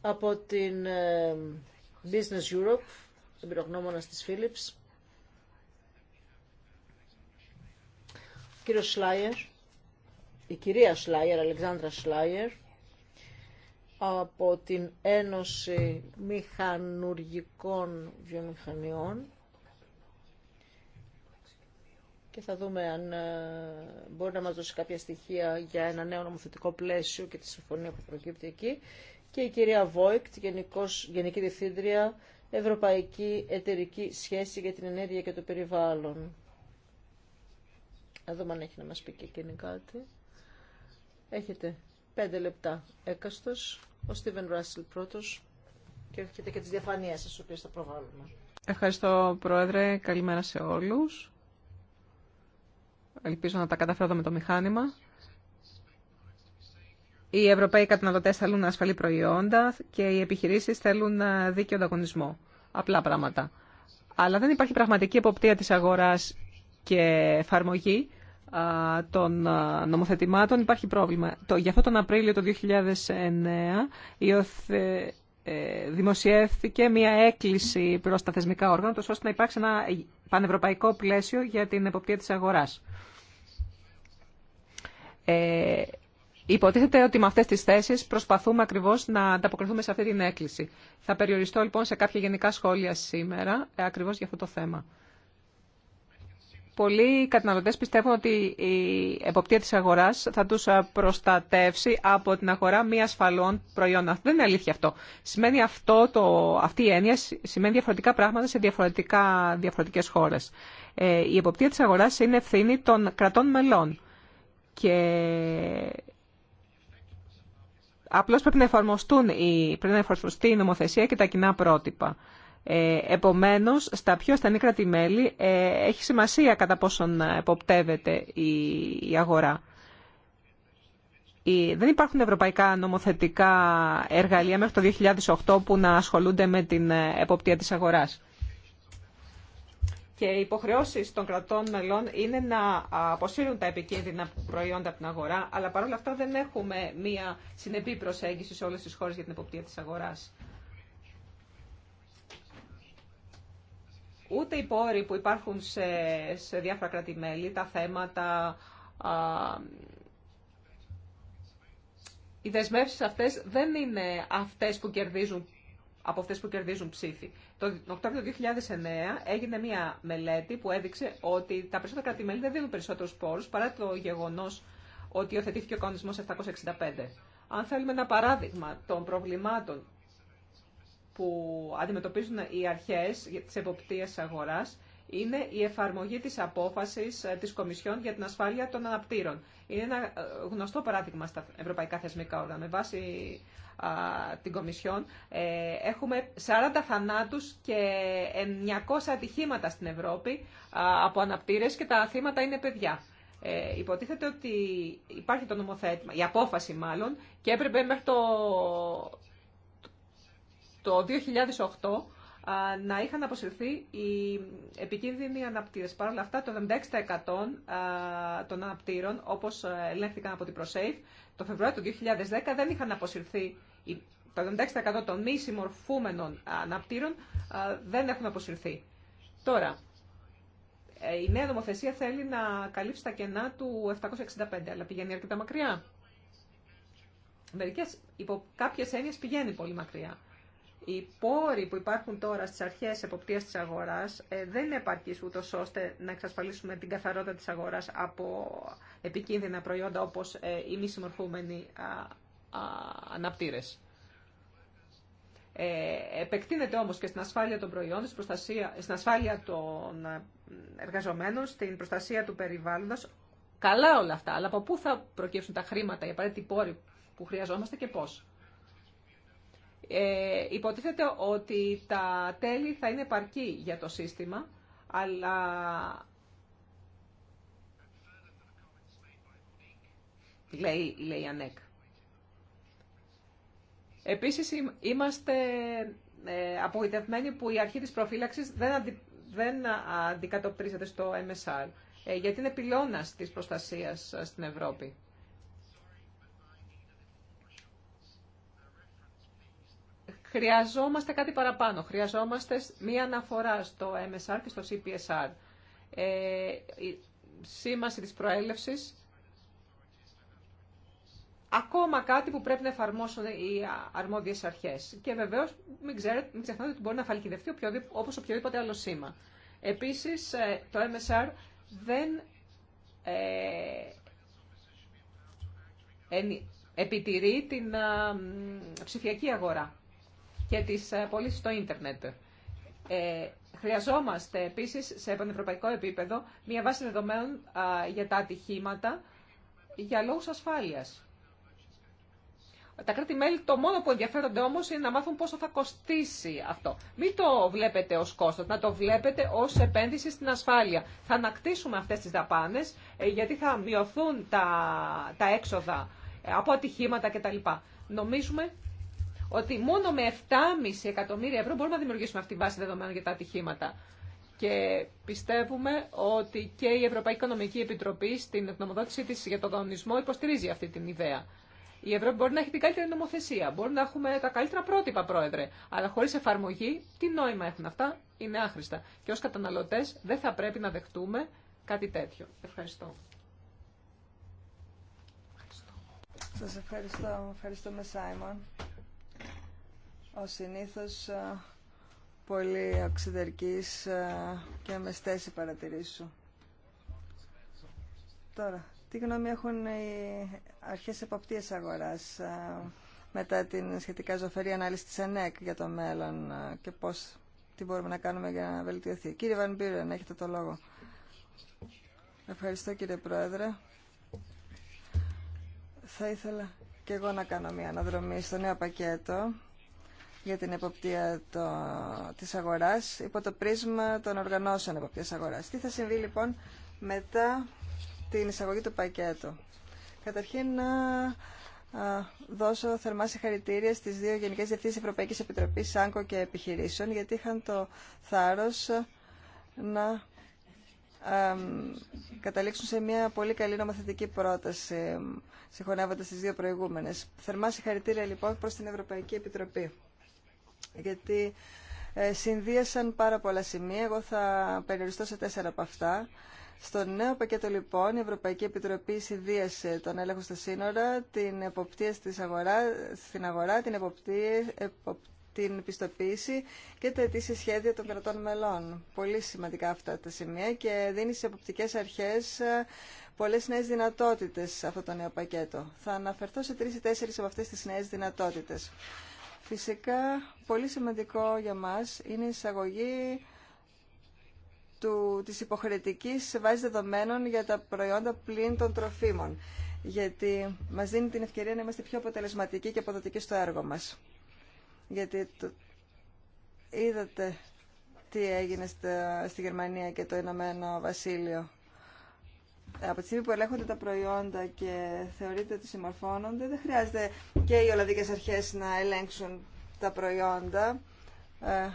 από την ε, Business Europe, εμπειρογνώμονας της Philips, ο κύριος Σλάιερ, η κυρία Σλάιερ, Αλεξάνδρα Σλάιερ, από την Ένωση Μηχανουργικών Βιομηχανιών, και θα δούμε αν ε, μπορεί να μας δώσει κάποια στοιχεία για ένα νέο νομοθετικό πλαίσιο και τη συμφωνία που προκύπτει εκεί. Και η κυρία Βόικτ, Γενικός, Γενική Διευθύντρια, Ευρωπαϊκή Εταιρική Σχέση για την Ενέργεια και το Περιβάλλον. Να δούμε αν έχει να μας πει και εκείνη κάτι. Έχετε πέντε λεπτά έκαστος. Ο Στίβεν Ράσιλ πρώτος. Και έχετε και τις διαφανίες σας, οποίες θα προβάλλουμε. Ευχαριστώ, Πρόεδρε. Καλημέρα σε όλους. Ελπίζω να τα καταφέρω με το μηχάνημα. Οι Ευρωπαίοι καταναλωτέ θέλουν ασφαλή προϊόντα και οι επιχειρήσει θέλουν ε, δίκαιο ανταγωνισμό. Απλά πράγματα. Αλλά δεν υπάρχει πραγματική εποπτεία τη αγορά και εφαρμογή των ε, νομοθετημάτων. Υπάρχει πρόβλημα. Το, γι' αυτό τον Απρίλιο του 2009 ε, δημοσιεύθηκε μια έκκληση προ τα θεσμικά όργανα, ώστε να υπάρξει ένα πανευρωπαϊκό πλαίσιο για την εποπτεία τη αγορά. Ε, υποτίθεται ότι με αυτές τις θέσεις προσπαθούμε ακριβώς να ανταποκριθούμε σε αυτή την έκκληση. Θα περιοριστώ λοιπόν σε κάποια γενικά σχόλια σήμερα ε, ακριβώς για αυτό το θέμα. Πολλοί καταναλωτές πιστεύουν ότι η εποπτεία της αγοράς θα τους ε, προστατεύσει από την αγορά μη ασφαλών προϊόντων. Δεν είναι αλήθεια αυτό. Σημαίνει αυτό το, αυτή η έννοια σημαίνει διαφορετικά πράγματα σε διαφορετικά, διαφορετικές χώρες. Ε, η εποπτεία της αγοράς είναι ευθύνη των κρατών μελών. Και απλώς πρέπει να, εφαρμοστούν οι, πρέπει να εφαρμοστεί η νομοθεσία και τα κοινά πρότυπα. Ε, επομένως, στα πιο ασθενή μέλη ε, έχει σημασία κατά πόσον εποπτεύεται η, αγορά. δεν υπάρχουν ευρωπαϊκά νομοθετικά εργαλεία μέχρι το 2008 που να ασχολούνται με την ε, εποπτεία της αγοράς και οι υποχρεώσει των κρατών μελών είναι να αποσύρουν τα επικίνδυνα προϊόντα από την αγορά, αλλά παρόλα αυτά δεν έχουμε μία συνεπή προσέγγιση σε όλες τις χώρες για την εποπτεία της αγοράς. Ούτε οι πόροι που υπάρχουν σε, σε διάφορα κράτη-μέλη, τα θέματα, α, οι δεσμεύσεις αυτές δεν είναι αυτές που κερδίζουν από αυτές που κερδίζουν ψήφι. Το Οκτώβριο 2009 έγινε μια μελέτη που έδειξε ότι τα περισσότερα κρατημέλη δεν δίνουν περισσότερου πόρου παρά το γεγονό ότι υιοθετήθηκε ο κανονισμό 765. Αν θέλουμε ένα παράδειγμα των προβλημάτων που αντιμετωπίζουν οι αρχέ τη εποπτεία αγορά, είναι η εφαρμογή της απόφασης ε, της Κομισιόν για την ασφάλεια των αναπτύρων. Είναι ένα ε, γνωστό παράδειγμα στα ευρωπαϊκά θεσμικά όργανα. Με βάση την Κομισιόν ε, έχουμε 40 θανάτους και 900 ατυχήματα στην Ευρώπη από αναπτύρες και τα θύματα είναι παιδιά. υποτίθεται ότι υπάρχει το νομοθέτημα, η απόφαση μάλλον, και έπρεπε μέχρι το, το 2008 να είχαν αποσυρθεί οι επικίνδυνοι αναπτήρες. Παρ' όλα αυτά, το 76% των αναπτύρων, όπως ε, ελέγχθηκαν από την ProSafe, το Φεβρουάριο του 2010 δεν είχαν αποσυρθεί το 76% των μη συμμορφούμενων αναπτήρων δεν έχουν αποσυρθεί. Τώρα, ε, η νέα νομοθεσία θέλει να καλύψει τα κενά του 765, αλλά πηγαίνει αρκετά μακριά. Μερικές, υπό κάποιες έννοιες πηγαίνει πολύ μακριά. Οι πόροι που υπάρχουν τώρα στις αρχές εποπτείας της αγοράς ε, δεν είναι επαρκείς ούτως ώστε να εξασφαλίσουμε την καθαρότητα της αγοράς από επικίνδυνα προϊόντα όπως ε, οι μη συμμορφούμενοι αναπτήρες. Ε, επεκτείνεται όμως και στην ασφάλεια των προϊόντων, στην, προστασία, στην ασφάλεια των εργαζομένων, στην προστασία του περιβάλλοντος. Καλά όλα αυτά, αλλά από πού θα προκύψουν τα χρήματα, οι απαραίτητοι πόροι που χρειαζόμαστε και πώς. Ε, υποτίθεται ότι τα τέλη θα είναι επαρκή για το σύστημα, αλλά λέει, λέει ΑΝΕΚ. Επίσης είμαστε ε, απογοητευμένοι που η αρχή της προφύλαξης δεν, αντι, δεν αντικατοπτρίζεται στο MSR, ε, γιατί είναι πυλώνας της προστασίας στην Ευρώπη. Χρειαζόμαστε κάτι παραπάνω. Χρειαζόμαστε μία αναφορά στο MSR και στο CPSR. Ε, η σήμαση της προέλευσης. Ακόμα κάτι που πρέπει να εφαρμόσουν οι αρμόδιες αρχές. Και βεβαίως μην, ξέρετε, μην ξεχνάτε ότι μπορεί να φαλκιδευτεί όπως οποιοδήποτε άλλο σήμα. Επίσης, ε, το MSR δεν ε, επιτηρεί την ε, ψηφιακή αγορά και τις ε, πωλήσει στο ίντερνετ. Ε, χρειαζόμαστε επίσης σε πανευρωπαϊκό επίπεδο μια βάση δεδομένων για τα ατυχήματα για λόγους ασφάλειας. Τα κράτη-μέλη το μόνο που ενδιαφέρονται όμω είναι να μάθουν πόσο θα κοστίσει αυτό. Μην το βλέπετε ω κόστο, να το βλέπετε ω επένδυση στην ασφάλεια. Θα ανακτήσουμε αυτέ τι δαπάνε ε, γιατί θα μειωθούν τα, τα έξοδα από ατυχήματα κτλ. Νομίζουμε ότι μόνο με 7,5 εκατομμύρια ευρώ μπορούμε να δημιουργήσουμε αυτή τη βάση δεδομένων για τα ατυχήματα. Και πιστεύουμε ότι και η Ευρωπαϊκή Οικονομική Επιτροπή στην εκνομοδότησή τη για τον κανονισμό υποστηρίζει αυτή την ιδέα. Η Ευρώπη μπορεί να έχει την καλύτερη νομοθεσία, μπορεί να έχουμε τα καλύτερα πρότυπα, πρόεδρε. Αλλά χωρί εφαρμογή, τι νόημα έχουν αυτά, είναι άχρηστα. Και ω καταναλωτέ δεν θα πρέπει να δεχτούμε κάτι τέτοιο. Ευχαριστώ. Σα ευχαριστώ. Ευχαριστούμε, Σάιμον ο συνήθως ε, πολύ οξυδερκής ε, και με στέση παρατηρήσεις Τώρα, τι γνώμη έχουν οι αρχές εποπτείες αγοράς ε, μετά την σχετικά ζωφερή ανάλυση της ΕΝΕΚ για το μέλλον και πώς, τι μπορούμε να κάνουμε για να βελτιωθεί. Κύριε Βανμπύρεν, έχετε το λόγο. Ευχαριστώ κύριε Πρόεδρε. Θα ήθελα και εγώ να κάνω μια αναδρομή στο νέο πακέτο για την εποπτεία το, της αγοράς υπό το πρίσμα των οργανώσεων εποπτείας αγοράς. Τι θα συμβεί λοιπόν μετά την εισαγωγή του πακέτου. Καταρχήν να δώσω θερμά συγχαρητήρια στις δύο Γενικές Διευθύνσεις Ευρωπαϊκής Επιτροπής ΣΑΝΚΟ και Επιχειρήσεων γιατί είχαν το θάρρος να καταλήξουν σε μια πολύ καλή νομοθετική πρόταση συγχωνεύοντας τις δύο προηγούμενες. Θερμά συγχαρητήρια λοιπόν προς την Ευρωπαϊκή Επιτροπή γιατί ε, συνδύασαν πάρα πολλά σημεία. Εγώ θα περιοριστώ σε τέσσερα από αυτά. Στο νέο πακέτο λοιπόν η Ευρωπαϊκή Επιτροπή συνδύασε τον έλεγχο στα σύνορα, την εποπτεία στις αγορά, στην αγορά, την εποπτεία, την πιστοποίηση και τα αιτήσια σχέδια των κρατών μελών. Πολύ σημαντικά αυτά τα σημεία και δίνει σε εποπτικές αρχές ε, πολλές νέες δυνατότητες σε αυτό το νέο πακέτο. Θα αναφερθώ σε τρεις ή τέσσερις από αυτές τις νέες δυνατότητες. Φυσικά, πολύ σημαντικό για μας είναι η εισαγωγή του, της υποχρεωτικής βάσης δεδομένων για τα προϊόντα πλήν των τροφίμων, γιατί μας δίνει την ευκαιρία να είμαστε πιο αποτελεσματικοί και αποδοτικοί στο έργο μας. Γιατί είδατε τι έγινε στη Γερμανία και το Ηνωμένο Βασίλειο από τη στιγμή που ελέγχονται τα προϊόντα και θεωρείται ότι συμμορφώνονται, δεν χρειάζεται και οι Ολλανδικές αρχές να ελέγξουν τα προϊόντα. Ε,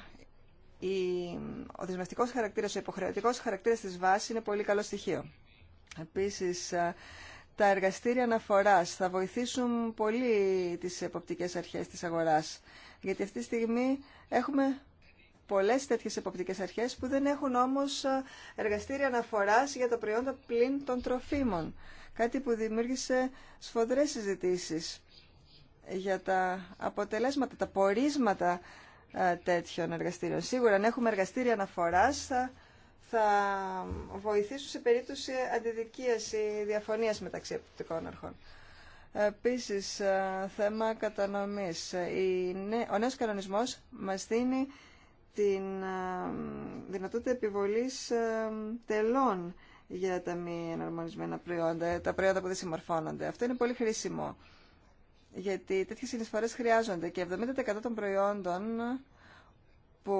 ο δεσμευτικός χαρακτήρας, ο υποχρεωτικός χαρακτήρας της βάσης είναι πολύ καλό στοιχείο. Επίσης, ε, τα εργαστήρια αναφοράς θα βοηθήσουν πολύ τις εποπτικές αρχές της αγοράς, γιατί αυτή τη στιγμή έχουμε πολλές τέτοιες εποπτικέ αρχές που δεν έχουν όμως ε, εργαστήρια αναφοράς για τα προϊόντα πλην των τροφίμων. Κάτι που δημιούργησε σφοδρές συζητήσει για τα αποτελέσματα, τα πορίσματα ε, τέτοιων εργαστήριων. Σίγουρα αν έχουμε εργαστήρια αναφοράς θα, θα βοηθήσουν σε περίπτωση αντιδικίας ή διαφωνίας μεταξύ εποπτικών αρχών. Επίση, ε, θέμα κατανομής. Ο νέο κανονισμό μα δίνει την ε, δυνατότητα επιβολής ε, τελών για τα μη εναρμονισμένα προϊόντα, τα προϊόντα που δεν συμμορφώνονται. Αυτό είναι πολύ χρήσιμο, γιατί τέτοιες συνεισφορές χρειάζονται και 70% των προϊόντων που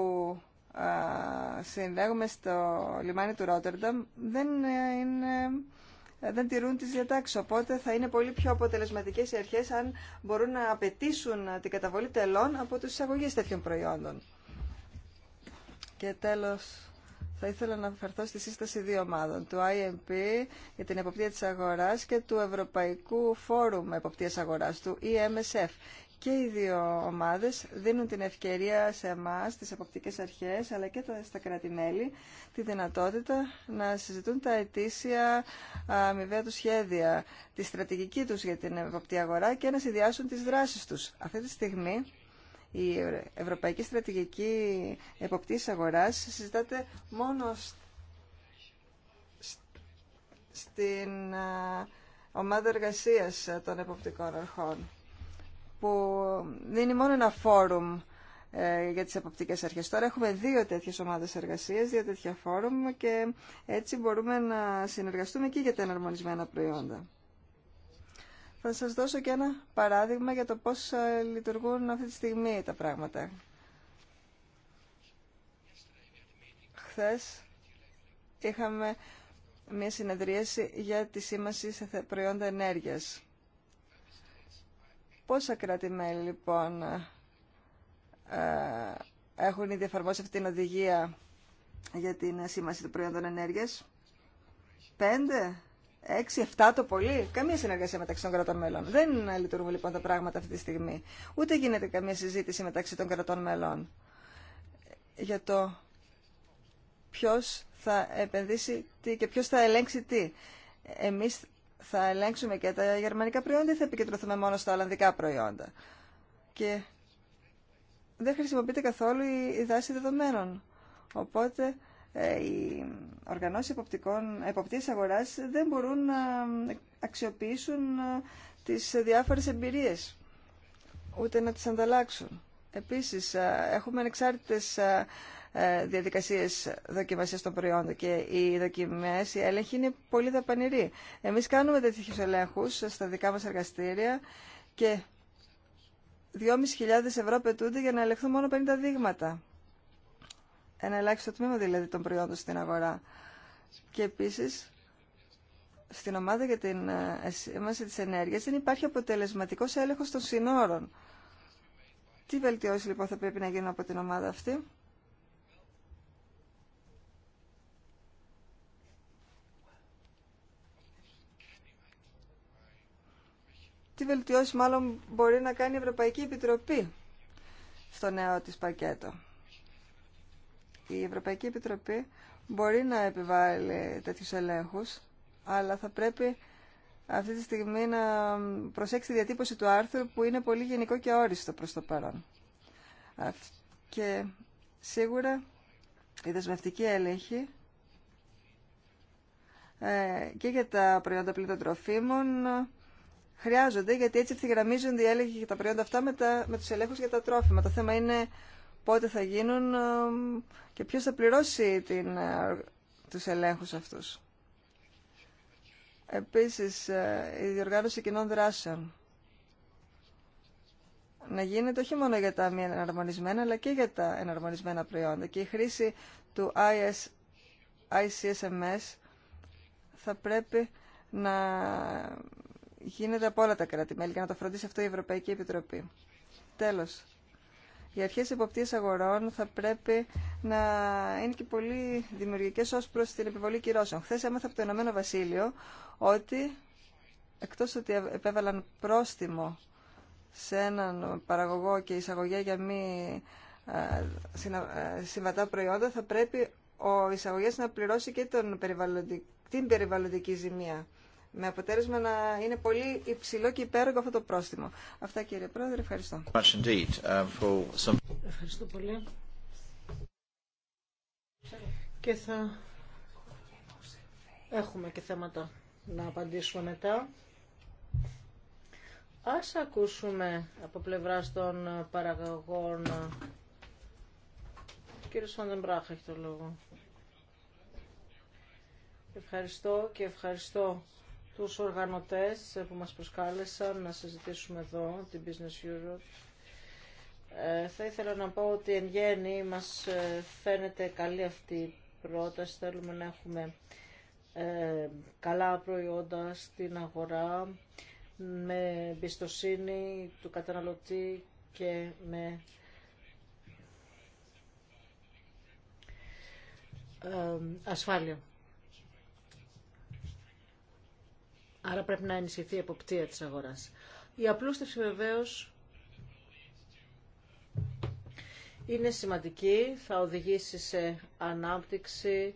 ε, συνδέουμε στο λιμάνι του Ρότερνταμ δεν, είναι, δεν τηρούν τις διατάξεις. Οπότε θα είναι πολύ πιο αποτελεσματικές οι αρχές αν μπορούν να απαιτήσουν την καταβολή τελών από τους εισαγωγείς τέτοιων προϊόντων. Και τέλος, θα ήθελα να αναφερθώ στη σύσταση δύο ομάδων, του IMP για την εποπτεία της αγοράς και του Ευρωπαϊκού Φόρουμ Εποπτείας Αγοράς, του EMSF. Και οι δύο ομάδες δίνουν την ευκαιρία σε εμά, τις εποπτικές αρχές, αλλά και στα κράτη-μέλη, τη δυνατότητα να συζητούν τα αιτήσια αμοιβαία του σχέδια, τη στρατηγική τους για την εποπτεία αγορά και να συνδυάσουν τις δράσεις τους. Αυτή τη στιγμή η Ευρωπαϊκή Στρατηγική Εποπτής Αγοράς συζητάται μόνο στην ομάδα εργασίας των εποπτικών αρχών που δίνει μόνο ένα φόρουμ ε, για τις εποπτικές αρχές. Τώρα έχουμε δύο τέτοιες ομάδες εργασίας, δύο τέτοια φόρουμ και έτσι μπορούμε να συνεργαστούμε και για τα εναρμονισμένα προϊόντα. Θα σας δώσω και ένα παράδειγμα για το πώς ε, λειτουργούν αυτή τη στιγμή τα πράγματα. Χθες είχαμε μια συνεδρίαση για τη σήμαση σε προϊόντα ενέργειας. Πόσα κράτη-μέλη λοιπόν ε, ε, έχουν ήδη εφαρμόσει αυτή την οδηγία για την σήμαση των προϊόντων ενέργειας. Πέντε Έξι, 7 το πολύ. Καμία συνεργασία μεταξύ των κρατών μελών. Δεν λειτουργούν λοιπόν τα πράγματα αυτή τη στιγμή. Ούτε γίνεται καμία συζήτηση μεταξύ των κρατών μελών για το ποιο θα επενδύσει τι και ποιο θα ελέγξει τι. Εμεί θα ελέγξουμε και τα γερμανικά προϊόντα ή θα επικεντρωθούμε μόνο στα ολλανδικά προϊόντα. Και δεν χρησιμοποιείται καθόλου η δάση δεδομένων. Οπότε ε, οι οργανώσεις εποπτικών, εποπτής αγοράς δεν μπορούν να αξιοποιήσουν ε, τις διάφορες εμπειρίες, ούτε να τις ανταλλάξουν. Επίσης, ε, έχουμε ανεξάρτητες διαδικασίες δοκιμασίας των προϊόντων και οι δοκιμές, οι έλεγχοι είναι πολύ δαπανηροί. Εμείς κάνουμε τέτοιους ελέγχους στα δικά μας εργαστήρια και 2.500 ευρώ πετούνται για να ελεγχθούν μόνο 50 δείγματα ένα ελάχιστο τμήμα δηλαδή των προϊόντων στην αγορά. Και επίσης, στην ομάδα για την ε, σήμανση της ενέργειας δεν υπάρχει αποτελεσματικός έλεγχος των συνόρων. Τι βελτιώσει λοιπόν θα πρέπει να γίνουν από την ομάδα αυτή. Τι βελτιώσει μάλλον μπορεί να κάνει η Ευρωπαϊκή Επιτροπή στο νέο της πακέτο. Η Ευρωπαϊκή Επιτροπή μπορεί να επιβάλλει τέτοιους ελέγχους, αλλά θα πρέπει αυτή τη στιγμή να προσέξει τη διατύπωση του άρθρου που είναι πολύ γενικό και όριστο προς το παρόν. Και σίγουρα η δεσμευτική έλεγχη ε, και για τα προϊόντα τροφίμων ε, χρειάζονται γιατί έτσι ευθυγραμμίζονται οι έλεγχοι για τα προϊόντα αυτά με, τα, με τους ελέγχους για τα τρόφιμα. Το θέμα είναι πότε θα γίνουν ε, και ποιος θα πληρώσει την, ε, τους ελέγχους αυτούς. Επίσης, ε, η διοργάνωση κοινών δράσεων. Να γίνεται όχι μόνο για τα μη εναρμονισμένα, αλλά και για τα εναρμονισμένα προϊόντα. Και η χρήση του IS, ICSMS θα πρέπει να γίνεται από όλα τα κράτη-μέλη για να το φροντίσει αυτό η Ευρωπαϊκή Επιτροπή. Τέλος, οι αρχέ υποπτήρες αγορών θα πρέπει να είναι και πολύ δημιουργικέ ω προ την επιβολή κυρώσεων. Χθε έμαθα από το Ηνωμένο Βασίλειο ότι εκτός ότι επέβαλαν πρόστιμο σε έναν παραγωγό και εισαγωγέ για μη ε, ε, συμβατά προϊόντα, θα πρέπει ο εισαγωγέ να πληρώσει και τον την περιβαλλοντική ζημία με αποτέλεσμα να είναι πολύ υψηλό και υπέροχο αυτό το πρόστιμο. Αυτά κύριε Πρόεδρε, ευχαριστώ. Uh, ευχαριστώ πολύ. Και θα έχουμε και θέματα να απαντήσουμε μετά. Ας ακούσουμε από πλευράς των παραγωγών. κύριος έχει το λόγο. Ευχαριστώ και ευχαριστώ τους οργανωτές που μας προσκάλεσαν να συζητήσουμε εδώ την Business Europe. Ε, θα ήθελα να πω ότι εν γέννη μας ε, φαίνεται καλή αυτή η πρόταση. Θέλουμε να έχουμε ε, καλά προϊόντα στην αγορά με εμπιστοσύνη του καταναλωτή και με ε, ασφάλεια. Άρα πρέπει να ενισχυθεί η εποπτεία της αγοράς. Η απλούστευση βεβαίως είναι σημαντική, θα οδηγήσει σε ανάπτυξη,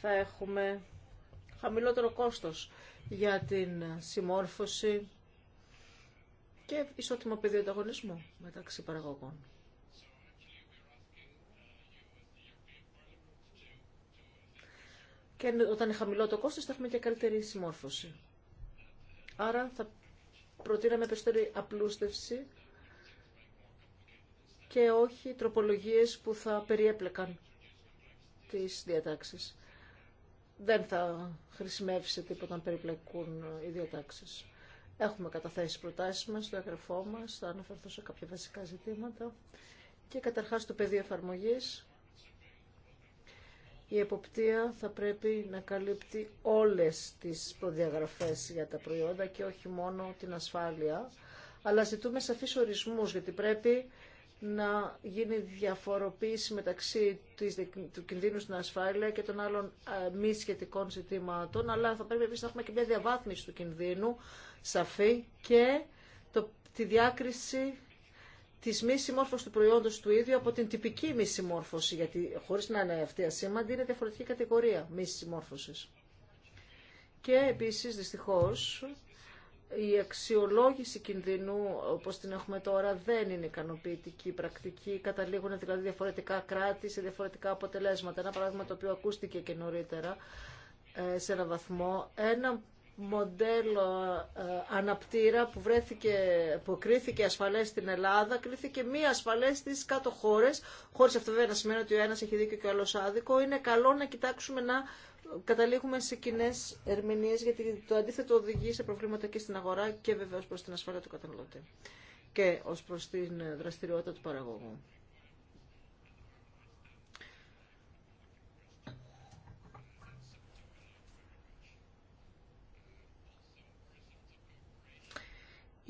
θα έχουμε χαμηλότερο κόστος για την συμμόρφωση και ισότιμο πεδίο ανταγωνισμού μεταξύ παραγωγών. Και όταν είναι χαμηλό το κόστος θα έχουμε και καλύτερη συμμόρφωση. Άρα θα προτείναμε περισσότερη απλούστευση και όχι τροπολογίες που θα περιέπλεκαν τις διατάξεις. Δεν θα χρησιμεύσει τίποτα να περιπλεκούν οι διατάξεις. Έχουμε καταθέσει προτάσεις μας στο έγγραφό μας, θα αναφερθώ σε κάποια βασικά ζητήματα και καταρχάς το πεδίο εφαρμογής η εποπτεία θα πρέπει να καλύπτει όλες τις προδιαγραφές για τα προϊόντα και όχι μόνο την ασφάλεια, αλλά ζητούμε σαφείς ορισμούς, γιατί πρέπει να γίνει διαφοροποίηση μεταξύ του κινδύνου στην ασφάλεια και των άλλων ε, μη σχετικών ζητήματων, αλλά θα πρέπει επίσης να έχουμε και μια διαβάθμιση του κινδύνου, σαφή, και το, τη διάκριση τη μη συμμόρφωση του προϊόντος του ίδιου από την τυπική μη συμμόρφωση, γιατί χωρίς να είναι αυτή ασήμαντη είναι διαφορετική κατηγορία μη συμμόρφωση. Και επίσης δυστυχώς η αξιολόγηση κινδυνού όπως την έχουμε τώρα δεν είναι ικανοποιητική πρακτική. Καταλήγουν δηλαδή διαφορετικά κράτη σε διαφορετικά αποτελέσματα. Ένα παράδειγμα το οποίο ακούστηκε και νωρίτερα ε, σε έναν βαθμό. Ένα μοντέλο ε, αναπτήρα που, βρέθηκε, που ασφαλές στην Ελλάδα, κρίθηκε μη ασφαλές στις κάτω χώρες, χωρίς αυτό βέβαια να σημαίνει ότι ο ένας έχει δίκιο και ο άλλος άδικο, είναι καλό να κοιτάξουμε να καταλήγουμε σε κοινέ ερμηνείε, γιατί το αντίθετο οδηγεί σε προβλήματα και στην αγορά και βεβαίω προ την ασφάλεια του καταναλωτή και ω προ την δραστηριότητα του παραγωγού.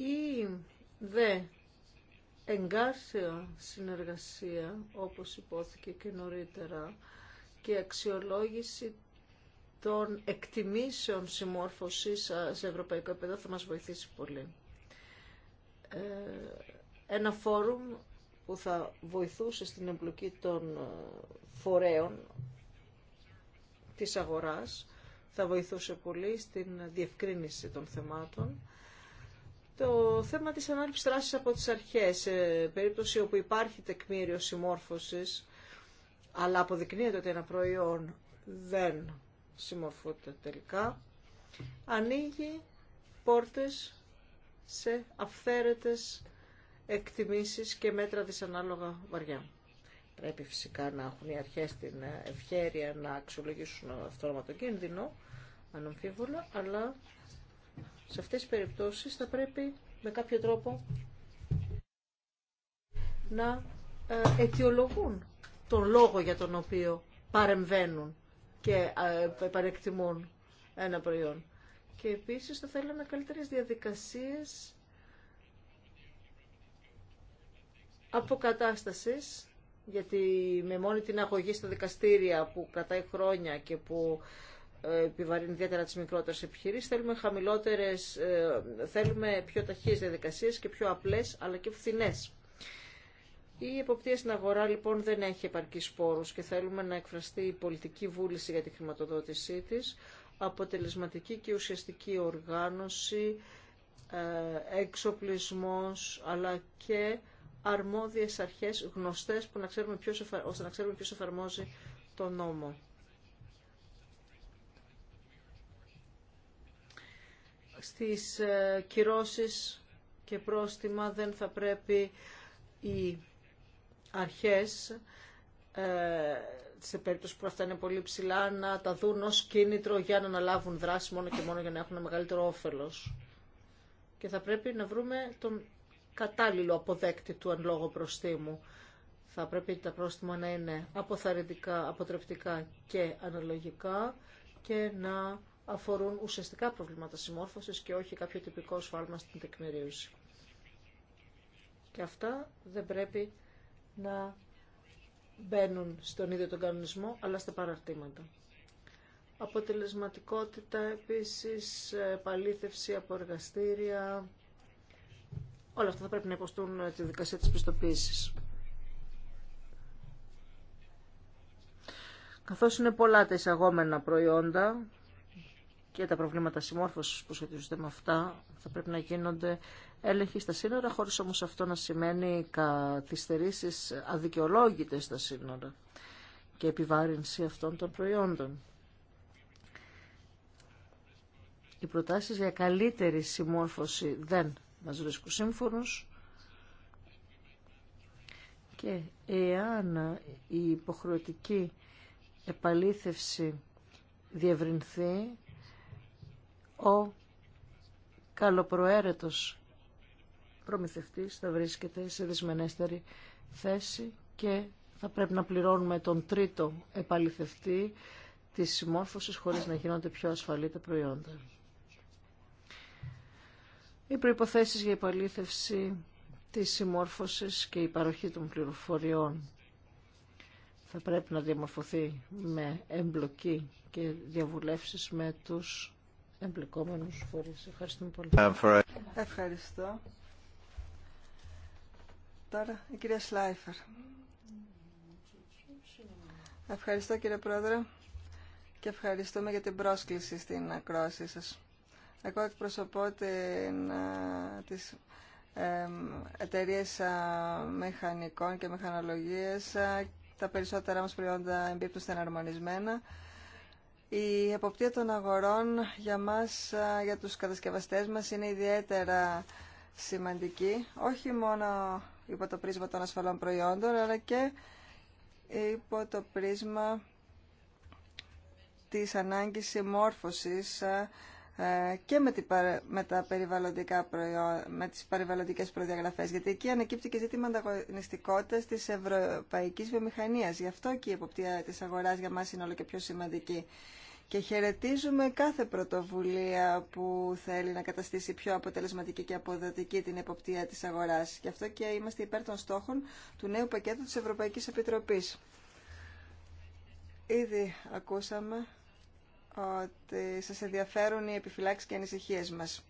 ή δε εγκάρσια συνεργασία, όπως υπόθηκε και νωρίτερα, και αξιολόγηση των εκτιμήσεων συμμόρφωσης σε ευρωπαϊκό επίπεδο θα μας βοηθήσει πολύ. Ε, ένα φόρουμ που θα βοηθούσε στην εμπλοκή των ε, φορέων της αγοράς, θα βοηθούσε πολύ στην διευκρίνηση των θεμάτων το θέμα της ανάληψης δράσης από τις αρχές, σε περίπτωση όπου υπάρχει τεκμήριο συμμόρφωσης, αλλά αποδεικνύεται ότι ένα προϊόν δεν συμμορφούνται τελικά, ανοίγει πόρτες σε αυθαίρετες εκτιμήσεις και μέτρα δυσανάλογα βαριά. Πρέπει φυσικά να έχουν οι αρχές την ευχέρεια να αξιολογήσουν αυτόνομα το κίνδυνο, αλλά σε αυτές τις περιπτώσεις θα πρέπει με κάποιο τρόπο να ε, αιτιολογούν τον λόγο για τον οποίο παρεμβαίνουν και ε, παρεκτιμούν ένα προϊόν. Και επίσης θα θέλαμε καλύτερες διαδικασίες αποκατάστασης, γιατί με μόνη την αγωγή στα δικαστήρια που κρατάει χρόνια και που επιβαρύνει ιδιαίτερα τις μικρότερες επιχειρήσεις. Θέλουμε, χαμηλότερες, ε, θέλουμε πιο ταχύες διαδικασίες και πιο απλές αλλά και φθηνές. Η εποπτεία στην αγορά λοιπόν δεν έχει επαρκή σπόρους και θέλουμε να εκφραστεί η πολιτική βούληση για τη χρηματοδότησή της, αποτελεσματική και ουσιαστική οργάνωση, ε, εξοπλισμός αλλά και αρμόδιες αρχές γνωστές που να ώστε να ξέρουμε ποιος εφαρμόζει τον νόμο. στις ε, κυρώσεις και πρόστιμα δεν θα πρέπει οι αρχές ε, σε περίπτωση που αυτά είναι πολύ ψηλά να τα δουν ως κίνητρο για να αναλάβουν δράση μόνο και μόνο για να έχουν μεγαλύτερο όφελος. Και θα πρέπει να βρούμε τον κατάλληλο αποδέκτη του αν λόγω Θα πρέπει τα πρόστιμα να είναι αποθαρρυντικά, αποτρεπτικά και αναλογικά και να αφορούν ουσιαστικά προβλήματα συμμόρφωσης και όχι κάποιο τυπικό σφάλμα στην τεκμηρίωση. Και αυτά δεν πρέπει να μπαίνουν στον ίδιο τον κανονισμό, αλλά στα παραρτήματα. Αποτελεσματικότητα επίσης, παλήθευση από εργαστήρια, όλα αυτά θα πρέπει να υποστούν ε, τη δικασία της πιστοποίησης. Καθώς είναι πολλά τα εισαγόμενα προϊόντα και τα προβλήματα συμμόρφωσης που σχετίζονται με αυτά θα πρέπει να γίνονται έλεγχοι στα σύνορα, χωρίς όμως αυτό να σημαίνει καθυστερήσεις αδικαιολόγητε στα σύνορα και επιβάρυνση αυτών των προϊόντων. Οι προτάσεις για καλύτερη συμμόρφωση δεν μας βρίσκουν σύμφωνος και εάν η υποχρεωτική επαλήθευση διευρυνθεί ο καλοπροαίρετος προμηθευτής θα βρίσκεται σε δυσμενέστερη θέση και θα πρέπει να πληρώνουμε τον τρίτο επαληθευτή της συμμόρφωσης χωρίς να γίνονται πιο ασφαλή τα προϊόντα. Οι προϋποθέσεις για επαλήθευση της συμμόρφωσης και η παροχή των πληροφοριών θα πρέπει να διαμορφωθεί με εμπλοκή και διαβουλεύσεις με τους εμπλεκόμενους φορείς. Ευχαριστούμε πολύ. Um, Ευχαριστώ. Τώρα η κυρία Σλάιφερ. Ευχαριστώ κύριε Πρόεδρε και ευχαριστούμε για την πρόσκληση στην ακρόαση σας. Εγώ εκπροσωπώ την, τις ε, εταιρείες μηχανικών και μηχανολογίες. Τα περισσότερα μας προϊόντα εμπίπτουν στεναρμονισμένα. αρμονισμένα η εποπτεία των αγορών για μας, για τους κατασκευαστές μας, είναι ιδιαίτερα σημαντική, όχι μόνο υπό το πρίσμα των ασφαλών προϊόντων, αλλά και υπό το πρίσμα της ανάγκης συμμόρφωσης ε, και με, τι με, τα περιβαλλοντικά με τις περιβαλλοντικές προδιαγραφές, γιατί εκεί ανακύπτει και ζήτημα ανταγωνιστικότητας της ευρωπαϊκής βιομηχανίας. Γι' αυτό και η εποπτεία της αγοράς για μας είναι όλο και πιο σημαντική. Και χαιρετίζουμε κάθε πρωτοβουλία που θέλει να καταστήσει πιο αποτελεσματική και αποδοτική την εποπτεία της αγοράς. Γι' αυτό και είμαστε υπέρ των στόχων του νέου πακέτου της Ευρωπαϊκής Επιτροπής. Ήδη ακούσαμε ότι σας ενδιαφέρουν οι επιφυλάξεις και οι ανησυχίες μας.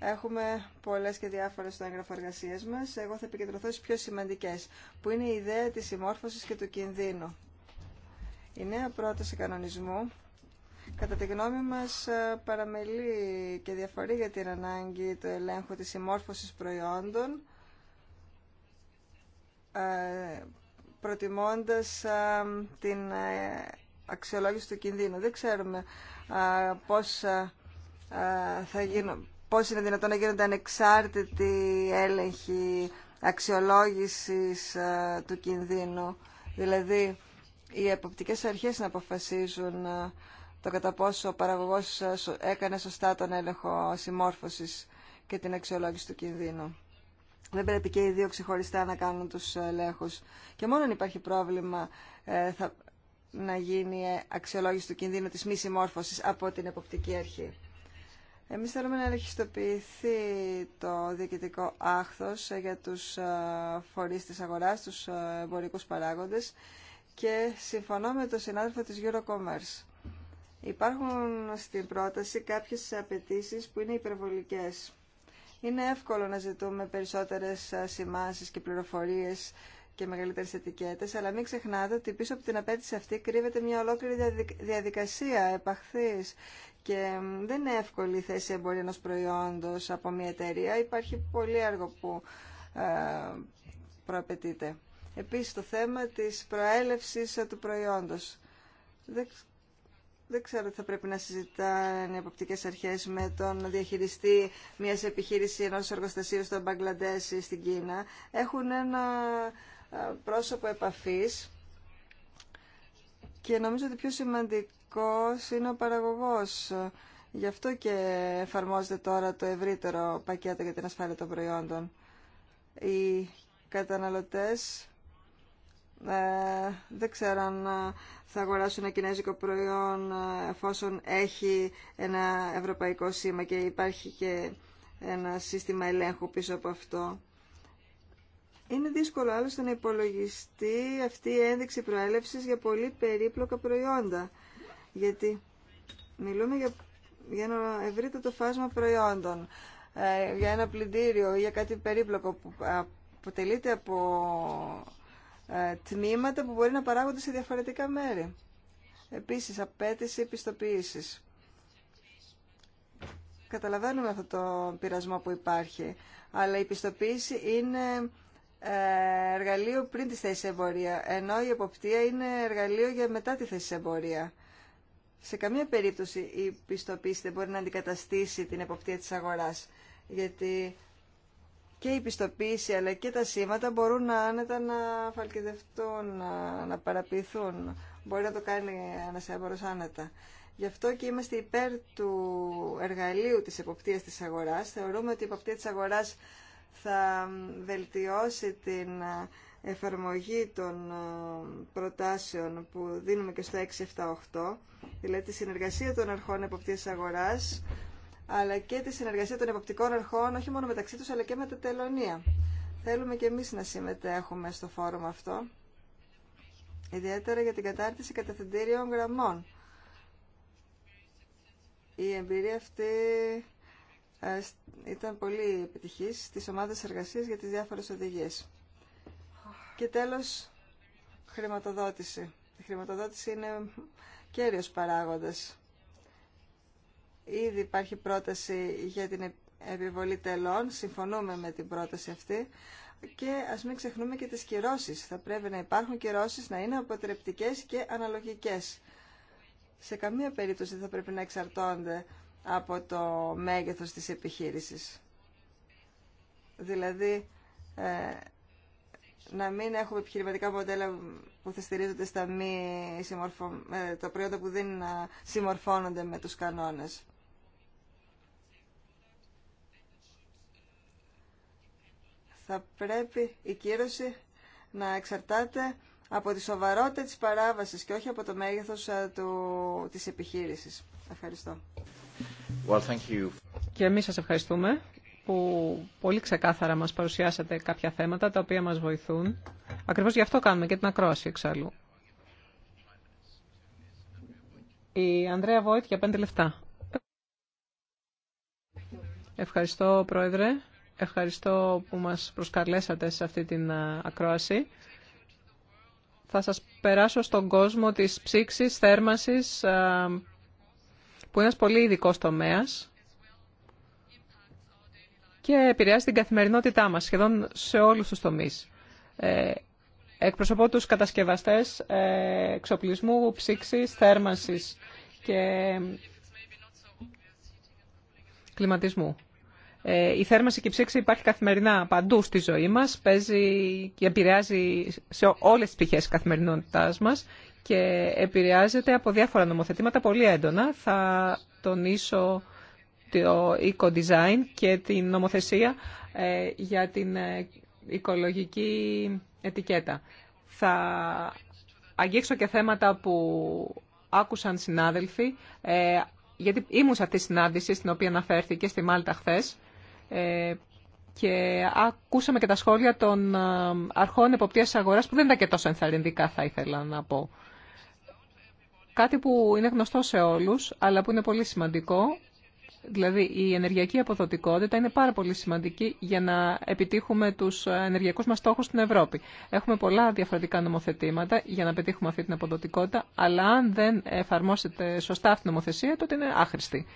Έχουμε πολλές και διάφορες στο έγγραφο μας. Εγώ θα επικεντρωθώ στις πιο σημαντικές, που είναι η ιδέα της συμμόρφωσης και του κινδύνου. Η νέα πρόταση κανονισμού, κατά τη γνώμη μας, παραμελεί και διαφορεί για την ανάγκη του ελέγχου της συμμόρφωσης προϊόντων, ε, προτιμώντας ε, την ε, αξιολόγηση του κινδύνου. Δεν ξέρουμε α, πώς, α, θα πώς είναι δυνατόν να γίνονται ανεξάρτητοι έλεγχοι αξιολόγησης του κινδύνου. Δηλαδή, οι εποπτικές αρχές να αποφασίζουν το κατά πόσο ο παραγωγός έκανε σωστά τον έλεγχο συμμόρφωσης και την αξιολόγηση του κινδύνου. Δεν πρέπει και οι δύο ξεχωριστά να κάνουν τους ελέγχους. Και μόνο αν υπάρχει πρόβλημα ε, θα να γίνει αξιολόγηση του κινδύνου της μη συμμόρφωσης από την εποπτική αρχή. Εμείς θέλουμε να ελεγχιστοποιηθεί το διοικητικό άχθος ε, για τους ε, φορείς της αγοράς, τους ε, εμπορικούς παράγοντες και συμφωνώ με τον συνάδελφο της Eurocommerce. Υπάρχουν στην πρόταση κάποιες απαιτήσει που είναι υπερβολικές. Είναι εύκολο να ζητούμε περισσότερες σημάσεις και πληροφορίες και μεγαλύτερε ετικέτε, αλλά μην ξεχνάτε ότι πίσω από την απέτηση αυτή κρύβεται μια ολόκληρη διαδικασία επαχθή. και δεν είναι εύκολη η θέση εμπορία ενό προϊόντος από μια εταιρεία. Υπάρχει πολύ έργο που ε, προαπαιτείται. Επίση, το θέμα τη προέλευση του προϊόντο. Δεν ξέρω τι θα πρέπει να συζητάνε οι αποπτικέ αρχέ με τον διαχειριστή μια επιχείρηση ενό εργοστασίου στο Μπαγκλαντές ή στην Κίνα. Έχουν ένα ε, πρόσωπο επαφής και νομίζω ότι πιο σημαντικός είναι ο παραγωγός. Γι' αυτό και εφαρμόζεται τώρα το ευρύτερο πακέτο για την ασφάλεια των προϊόντων. Οι καταναλωτές ε, δεν ξέραν να θα αγοράσουν ένα κινέζικο προϊόν ε, εφόσον έχει ένα ευρωπαϊκό σήμα και υπάρχει και ένα σύστημα ελέγχου πίσω από αυτό. Είναι δύσκολο άλλωστε να υπολογιστεί αυτή η ένδειξη προέλευσης για πολύ περίπλοκα προϊόντα. Γιατί μιλούμε για, για ένα ευρύτατο φάσμα προϊόντων, ε, για ένα πλυντήριο ή για κάτι περίπλοκο που αποτελείται από ε, τμήματα που μπορεί να παράγονται σε διαφορετικά μέρη. Επίσης, απέτηση επιστοποίησης. Καταλαβαίνουμε αυτό το πειρασμό που υπάρχει, αλλά η επιστοποίηση επισης απετηση επιστοποιηση καταλαβαινουμε αυτο το πειρασμο που υπαρχει αλλα η επιστοποιηση ειναι ε, εργαλείο πριν τη θέση εμπορία, ενώ η εποπτεία είναι εργαλείο για μετά τη θέση εμπορία. Σε καμία περίπτωση η πιστοποίηση δεν μπορεί να αντικαταστήσει την εποπτεία της αγοράς, γιατί και η πιστοποίηση αλλά και τα σήματα μπορούν να άνετα να φαλκιδευτούν, να, να παραποιηθούν. Μπορεί να το κάνει ένα έμπορος άνετα. Γι' αυτό και είμαστε υπέρ του εργαλείου της εποπτείας της αγοράς. Θεωρούμε ότι η εποπτεία της αγοράς θα βελτιώσει την εφαρμογή των ε, προτάσεων που δίνουμε και στο 678, δηλαδή τη συνεργασία των αρχών εποπτείας αγοράς, αλλά και τη συνεργασία των εποπτικών αρχών, όχι μόνο μεταξύ τους, αλλά και με τα τελωνία. Θέλουμε και εμείς να συμμετέχουμε στο φόρουμ αυτό, ιδιαίτερα για την κατάρτιση καταθεντήριων γραμμών. Η εμπειρία αυτή ε, ήταν πολύ επιτυχής στις ομάδες εργασίας για τις διάφορες οδηγίες. Και τέλος, χρηματοδότηση. Η χρηματοδότηση είναι κέριος παράγοντας. Ήδη υπάρχει πρόταση για την επιβολή τελών, συμφωνούμε με την πρόταση αυτή, και ας μην ξεχνούμε και τις κυρώσεις. Θα πρέπει να υπάρχουν κυρώσεις να είναι αποτρεπτικές και αναλογικές. Σε καμία περίπτωση δεν θα πρέπει να εξαρτώνται από το μέγεθος της επιχείρησης. Δηλαδή, ε, να μην έχουμε επιχειρηματικά μοντέλα που θα στηρίζονται στα μη συμμορφω... Ε, τα προϊόντα που δεν ε, συμμορφώνονται με τους κανόνες. Θα πρέπει η κύρωση να εξαρτάται από τη σοβαρότητα της παράβασης και όχι από το μέγεθος του, της επιχείρησης. Ευχαριστώ. Και εμείς σας ευχαριστούμε που πολύ ξεκάθαρα μας παρουσιάσατε κάποια θέματα τα οποία μας βοηθούν. Ακριβώς γι' αυτό κάνουμε και την ακρόαση εξάλλου. Η Ανδρέα Βόιτ για πέντε λεφτά. Ευχαριστώ, Πρόεδρε. Ευχαριστώ που μας προσκαλέσατε σε αυτή την ακρόαση. Θα σας περάσω στον κόσμο της ψήξης, θέρμανσης, που είναι ένας πολύ ειδικό τομέας και επηρεάζει την καθημερινότητά μας σχεδόν σε όλους τους τομείς. Ε, εκπροσωπώ τους κατασκευαστές ε, εξοπλισμού, ψήξης, θέρμανσης και ε, κλιματισμού. Ε, η θέρμανση και η ψήξη υπάρχει καθημερινά παντού στη ζωή μας, παίζει και επηρεάζει σε όλες τις πτυχές της καθημερινότητάς μας και επηρεάζεται από διάφορα νομοθετήματα πολύ έντονα. Θα τονίσω το eco-design και την νομοθεσία ε, για την ε, οικολογική ετικέτα. Θα αγγίξω και θέματα που άκουσαν συνάδελφοι, ε, γιατί ήμουν σε αυτή τη συνάντηση στην οποία αναφέρθηκε στη Μάλτα χθε και ακούσαμε και τα σχόλια των αρχών εποπτείας αγοράς που δεν ήταν και τόσο ενθαρρυντικά θα ήθελα να πω. Κάτι που είναι γνωστό σε όλους, αλλά που είναι πολύ σημαντικό, δηλαδή η ενεργειακή αποδοτικότητα είναι πάρα πολύ σημαντική για να επιτύχουμε τους ενεργειακούς μας στόχους στην Ευρώπη. Έχουμε πολλά διαφορετικά νομοθετήματα για να πετύχουμε αυτή την αποδοτικότητα, αλλά αν δεν εφαρμόσετε σωστά αυτή την νομοθεσία, τότε είναι άχρηστη.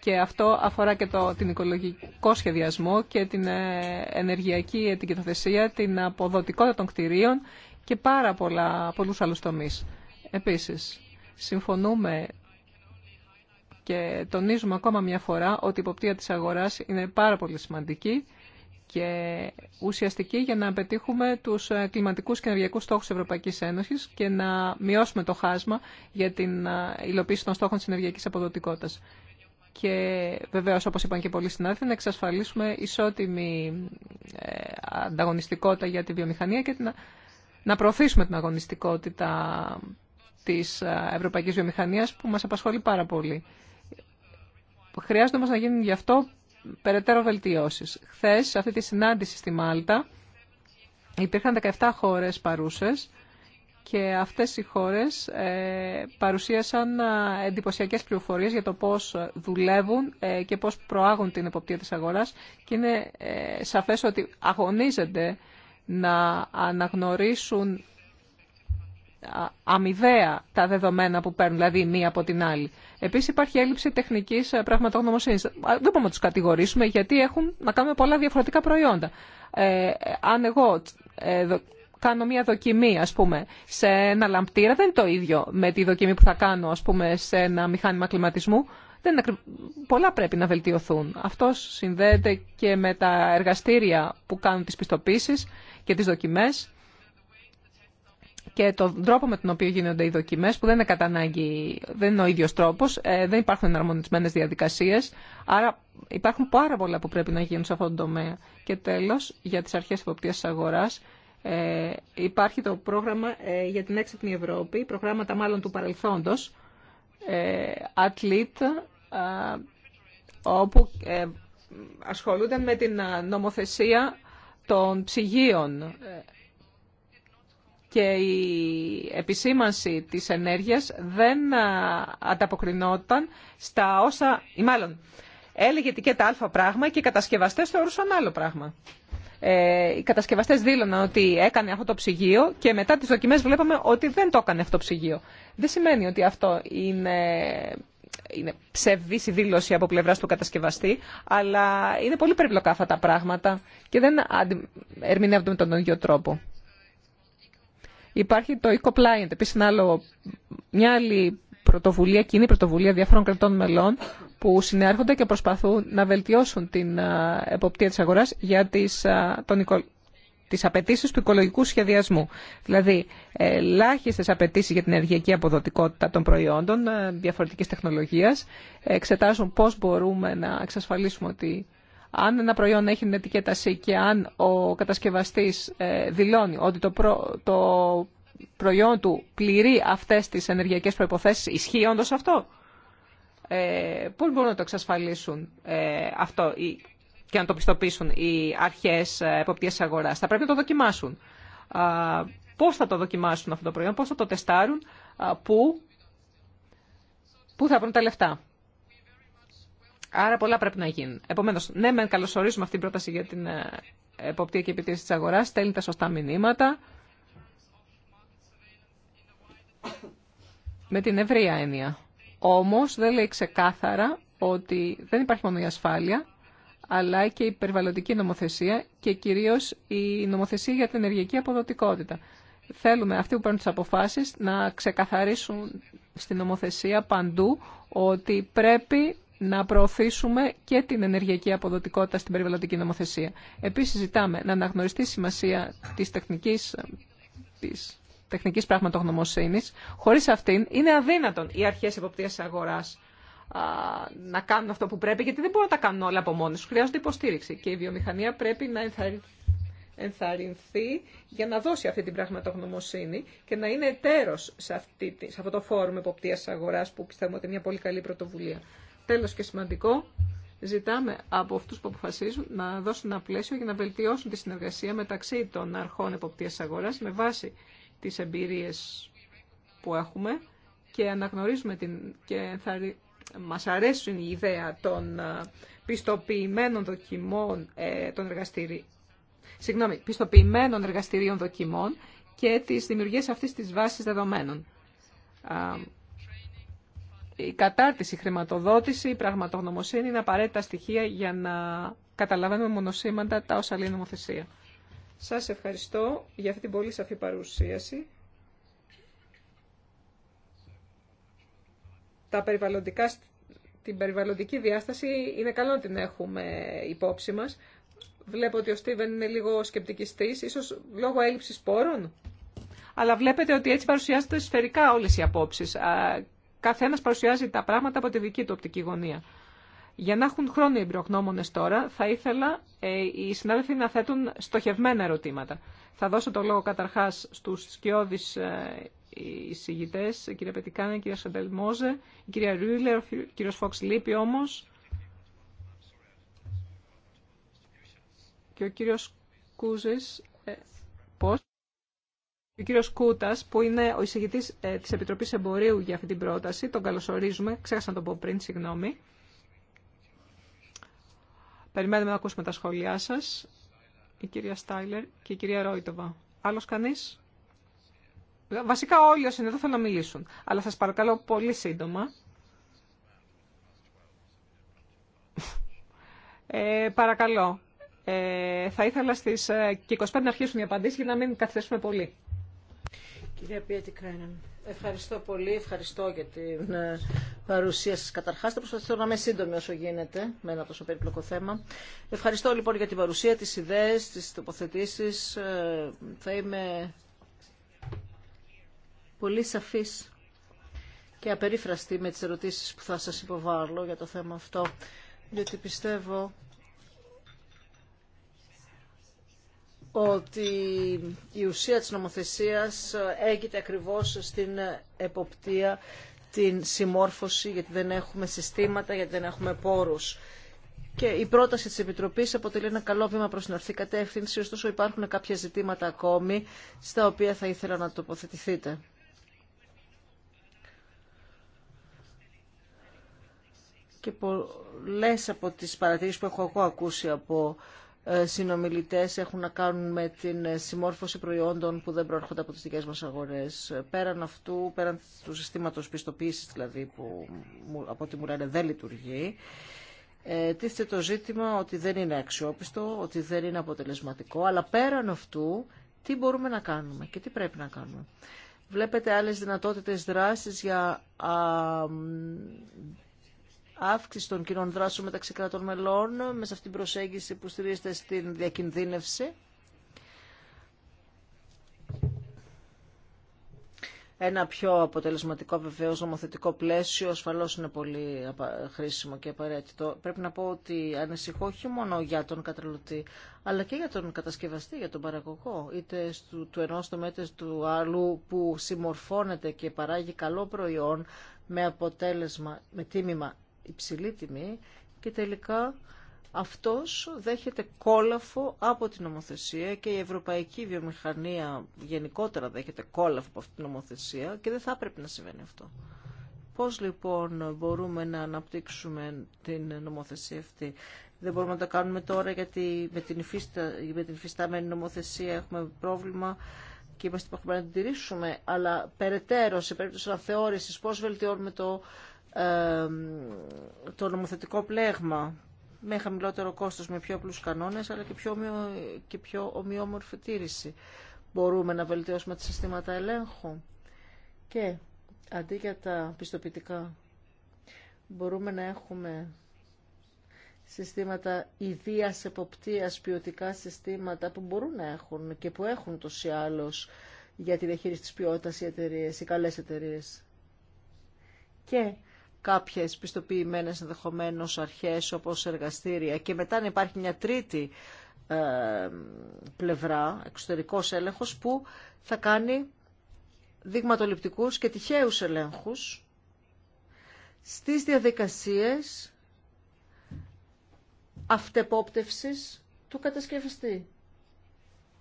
Και αυτό αφορά και το, την οικολογικό σχεδιασμό και την ε, ενεργειακή ετικετοθεσία, την αποδοτικότητα των κτηρίων και πάρα πολλά, πολλούς άλλους τομείς. Επίσης, συμφωνούμε και τονίζουμε ακόμα μια φορά ότι η υποπτία της αγοράς είναι πάρα πολύ σημαντική και ουσιαστική για να πετύχουμε τους ε, κλιματικούς και ενεργειακούς στόχους της Ευρωπαϊκής Ένωσης και να μειώσουμε το χάσμα για την ε, υλοποίηση των στόχων της ενεργειακής αποδοτικότητας. Και βεβαίως, όπως είπαν και πολλοί συνάδελφοι, να εξασφαλίσουμε ισότιμη ε, ανταγωνιστικότητα για τη βιομηχανία και να προωθήσουμε την αγωνιστικότητα της ευρωπαϊκής βιομηχανίας που μας απασχολεί πάρα πολύ. Χρειάζεται όμω να γίνουν γι' αυτό περαιτέρω βελτιώσεις. Χθε, σε αυτή τη συνάντηση στη Μάλτα, υπήρχαν 17 χώρες παρούσες και αυτές οι χώρες ε, παρουσίασαν εντυπωσιακές πληροφορίες για το πώς δουλεύουν ε, και πώς προάγουν την εποπτεία της αγοράς και είναι ε, σαφές ότι αγωνίζονται να αναγνωρίσουν αμοιβαία τα δεδομένα που παίρνουν, δηλαδή μία από την άλλη. Επίση υπάρχει έλλειψη τεχνική ε, πραγματογνωμοσύνη. Δεν μπορούμε να του κατηγορήσουμε γιατί έχουν να κάνουμε πολλά διαφορετικά προϊόντα. Ε, αν εγώ ε, δο, κάνω μία δοκιμή, α πούμε, σε ένα λαμπτήρα, δεν είναι το ίδιο με τη δοκιμή που θα κάνω, α πούμε, σε ένα μηχάνημα κλιματισμού. Δεν είναι, πολλά πρέπει να βελτιωθούν. Αυτό συνδέεται και με τα εργαστήρια που κάνουν τι πιστοποίησει και τι δοκιμέ και τον τρόπο με τον οποίο γίνονται οι δοκιμές, που δεν είναι δεν είναι ο ίδιος τρόπος, ε, δεν υπάρχουν εναρμονισμένες διαδικασίες, άρα υπάρχουν πάρα πολλά που πρέπει να γίνουν σε αυτόν τον τομέα. Και τέλος, για τις αρχές υποπτίας της αγοράς, ε, υπάρχει το πρόγραμμα ε, για την έξυπνη Ευρώπη, προγράμματα μάλλον του παρελθόντος, ε, ε όπου ασχολούνται με την νομοθεσία των ψυγείων και η επισήμανση της ενέργειας δεν ανταποκρινόταν στα όσα, ή μάλλον έλεγε και τα α πράγμα και οι κατασκευαστές θεωρούσαν άλλο πράγμα. Ε, οι κατασκευαστές δήλωναν ότι έκανε αυτό το ψυγείο και μετά τις δοκιμές βλέπαμε ότι δεν το έκανε αυτό το ψυγείο. Δεν σημαίνει ότι αυτό είναι είναι η δήλωση από πλευρά του κατασκευαστή, αλλά είναι πολύ περιπλοκά αυτά τα πράγματα και δεν ερμηνεύονται με τον ίδιο τρόπο. Υπάρχει το eco επίσης άλλο, μια άλλη πρωτοβουλία, κοινή πρωτοβουλία διαφόρων κρατών μελών που συνέρχονται και προσπαθούν να βελτιώσουν την εποπτεία της αγοράς για τις, τον, τις απαιτήσει του οικολογικού σχεδιασμού. Δηλαδή, ελάχιστε απαιτήσει για την ενεργειακή αποδοτικότητα των προϊόντων ε, διαφορετική τεχνολογία. Εξετάζουν πώς μπορούμε να εξασφαλίσουμε ότι αν ένα προϊόν έχει την ετικέτα και αν ο κατασκευαστής ε, δηλώνει ότι το, το προϊόν του πληρεί αυτές τις ενεργειακές προϋποθέσεις, ισχύει όντω αυτό. Ε, πώς μπορούν να το εξασφαλίσουν ε, αυτό και να το πιστοποιήσουν οι αρχές ε, εποπτείας αγοράς. Θα πρέπει να το δοκιμάσουν. Πώς θα το δοκιμάσουν αυτό το προϊόν, πώς θα το τεστάρουν, πού, πού θα βρουν τα λεφτά. Άρα πολλά πρέπει να γίνουν. Επομένω, ναι, με καλωσορίζουμε αυτή την πρόταση για την ε, εποπτεία και επιτήρηση τη αγορά. Στέλνει τα σωστά μηνύματα. Με την ευρεία έννοια. Όμω δεν λέει ξεκάθαρα ότι δεν υπάρχει μόνο η ασφάλεια, αλλά και η περιβαλλοντική νομοθεσία και κυρίω η νομοθεσία για την ενεργειακή αποδοτικότητα. Θέλουμε αυτοί που παίρνουν τι αποφάσει να ξεκαθαρίσουν στην νομοθεσία παντού ότι πρέπει να προωθήσουμε και την ενεργειακή αποδοτικότητα στην περιβαλλοντική νομοθεσία. Επίσης, ζητάμε να αναγνωριστεί η σημασία της τεχνικής, της τεχνικής πραγματογνωμοσύνης. Χωρίς αυτήν είναι αδύνατον οι αρχές εποπτείας αγοράς να κάνουν αυτό που πρέπει, γιατί δεν μπορούν να τα κάνουν όλα από μόνοι Χρειάζονται υποστήριξη και η βιομηχανία πρέπει να ενθαρρυνθεί για να δώσει αυτή την πραγματογνωμοσύνη και να είναι εταίρος σε, αυτή, σε αυτό το φόρουμ εποπτείας αγοράς που πιστεύουμε ότι είναι μια πολύ καλή πρωτοβουλία τέλος και σημαντικό, ζητάμε από αυτούς που αποφασίζουν να δώσουν ένα πλαίσιο για να βελτιώσουν τη συνεργασία μεταξύ των αρχών εποπτείας αγοράς με βάση τις εμπειρίες που έχουμε και αναγνωρίζουμε την, και θα, μας αρέσουν η ιδέα των ε, πιστοποιημένων δοκιμών ε, των εργαστηρίων Συγγνώμη, πιστοποιημένων εργαστηρίων δοκιμών και τις δημιουργίες αυτής της βάσης δεδομένων η κατάρτιση, η χρηματοδότηση, η πραγματογνωμοσύνη είναι απαραίτητα στοιχεία για να καταλαβαίνουμε μονοσήμαντα τα όσα λέει η νομοθεσία. Σας ευχαριστώ για αυτή την πολύ σαφή παρουσίαση. Τα περιβαλλοντικά, την περιβαλλοντική διάσταση είναι καλό να την έχουμε υπόψη μας. Βλέπω ότι ο Στίβεν είναι λίγο σκεπτικιστής, ίσως λόγω έλλειψης πόρων. Αλλά βλέπετε ότι έτσι παρουσιάζονται σφαιρικά όλες οι απόψεις καθένας παρουσιάζει τα πράγματα από τη δική του οπτική γωνία. Για να έχουν χρόνο οι εμπειρογνώμονε τώρα, θα ήθελα ε, οι συνάδελφοι να θέτουν στοχευμένα ερωτήματα. Θα δώσω το λόγο καταρχά στου σκιώδει ε, εισηγητέ, κύριε κυρία Πετικάνα, κυρία Σαντελμόζε, η κυρία Ρούιλερ, ο κύριο Φόξ Λίπη όμω. Και ο κύριο Κούζη. Ε, ο κύριο Κούτα, που είναι ο εισηγητή ε, τη Επιτροπή Εμπορίου για αυτή την πρόταση, τον καλωσορίζουμε. Ξέχασα να τον πω πριν, συγγνώμη. Περιμένουμε να ακούσουμε τα σχόλιά σα. Η κυρία Στάιλερ και η κυρία Ρόιτοβα. Άλλο κανεί. Βασικά όλοι όσοι είναι εδώ θέλουν να μιλήσουν. Αλλά σα παρακαλώ πολύ σύντομα. Ε, παρακαλώ. Ε, θα ήθελα στις 25 ε, να αρχίσουν οι απαντήσεις για να μην καθυστερήσουμε πολύ. Κυρία Πιέτη Κρέναν, ευχαριστώ πολύ, ευχαριστώ για την ε, παρουσία σας. Καταρχάς θα προσπαθήσω να είμαι σύντομη όσο γίνεται με ένα τόσο περίπλοκο θέμα. Ευχαριστώ λοιπόν για την παρουσία, τις ιδέες, τις τοποθετήσεις. Ε, θα είμαι πολύ σαφής και απερίφραστη με τις ερωτήσεις που θα σας υποβάλλω για το θέμα αυτό, διότι πιστεύω ότι η ουσία της νομοθεσίας έγινε ακριβώς στην εποπτεία, την συμμόρφωση, γιατί δεν έχουμε συστήματα, γιατί δεν έχουμε πόρους. Και η πρόταση της Επιτροπής αποτελεί ένα καλό βήμα προς την ορθή κατεύθυνση, ωστόσο υπάρχουν κάποια ζητήματα ακόμη, στα οποία θα ήθελα να τοποθετηθείτε. Και πολλές από τις παρατηρήσεις που έχω ακούσει από ε, συνομιλητές έχουν να κάνουν με την συμμόρφωση προϊόντων που δεν προέρχονται από τις δικές μας αγορές. Πέραν αυτού, πέραν του συστήματος πιστοποίησης δηλαδή που από ό,τι μου λένε δεν λειτουργεί, ε, τίθεται το ζήτημα ότι δεν είναι αξιόπιστο, ότι δεν είναι αποτελεσματικό, αλλά πέραν αυτού τι μπορούμε να κάνουμε και τι πρέπει να κάνουμε. Βλέπετε άλλες δυνατότητες δράσης για α, αύξηση των κοινών δράσεων μεταξύ κρατών μελών μέσα αυτήν την προσέγγιση που στηρίζεται στην διακινδύνευση. Ένα πιο αποτελεσματικό βεβαίω νομοθετικό πλαίσιο ασφαλώ είναι πολύ χρήσιμο και απαραίτητο. Πρέπει να πω ότι ανησυχώ όχι μόνο για τον καταναλωτή, αλλά και για τον κατασκευαστή, για τον παραγωγό, είτε του, του ενό τομέα είτε του άλλου που συμμορφώνεται και παράγει καλό προϊόν με αποτέλεσμα, με τίμημα υψηλή τιμή και τελικά αυτός δέχεται κόλαφο από την νομοθεσία και η ευρωπαϊκή βιομηχανία γενικότερα δέχεται κόλαφο από αυτήν την νομοθεσία και δεν θα πρέπει να συμβαίνει αυτό. Πώς λοιπόν μπορούμε να αναπτύξουμε την νομοθεσία αυτή. Δεν μπορούμε να τα κάνουμε τώρα γιατί με την, υφίστα, με την υφιστάμενη νομοθεσία έχουμε πρόβλημα και είμαστε υποχρεωμένοι να την τηρήσουμε, αλλά περαιτέρω σε περίπτωση αναθεώρησης πώς βελτιώνουμε το το νομοθετικό πλέγμα με χαμηλότερο κόστος, με πιο απλούς κανόνες, αλλά και πιο, και πιο ομοιόμορφη τήρηση. Μπορούμε να βελτιώσουμε τα συστήματα ελέγχου και αντί για τα πιστοποιητικά μπορούμε να έχουμε συστήματα ιδίας εποπτείας, ποιοτικά συστήματα που μπορούν να έχουν και που έχουν το ή για τη διαχείριση της ποιότητας οι εταιρείες, οι καλές εταιρείες. Και κάποιες πιστοποιημένες ενδεχομένω αρχές όπως εργαστήρια και μετά να υπάρχει μια τρίτη ε, πλευρά, εξωτερικός έλεγχος που θα κάνει δειγματοληπτικούς και τυχαίους ελέγχους στις διαδικασίες αυτεπόπτευσης του κατασκευαστή.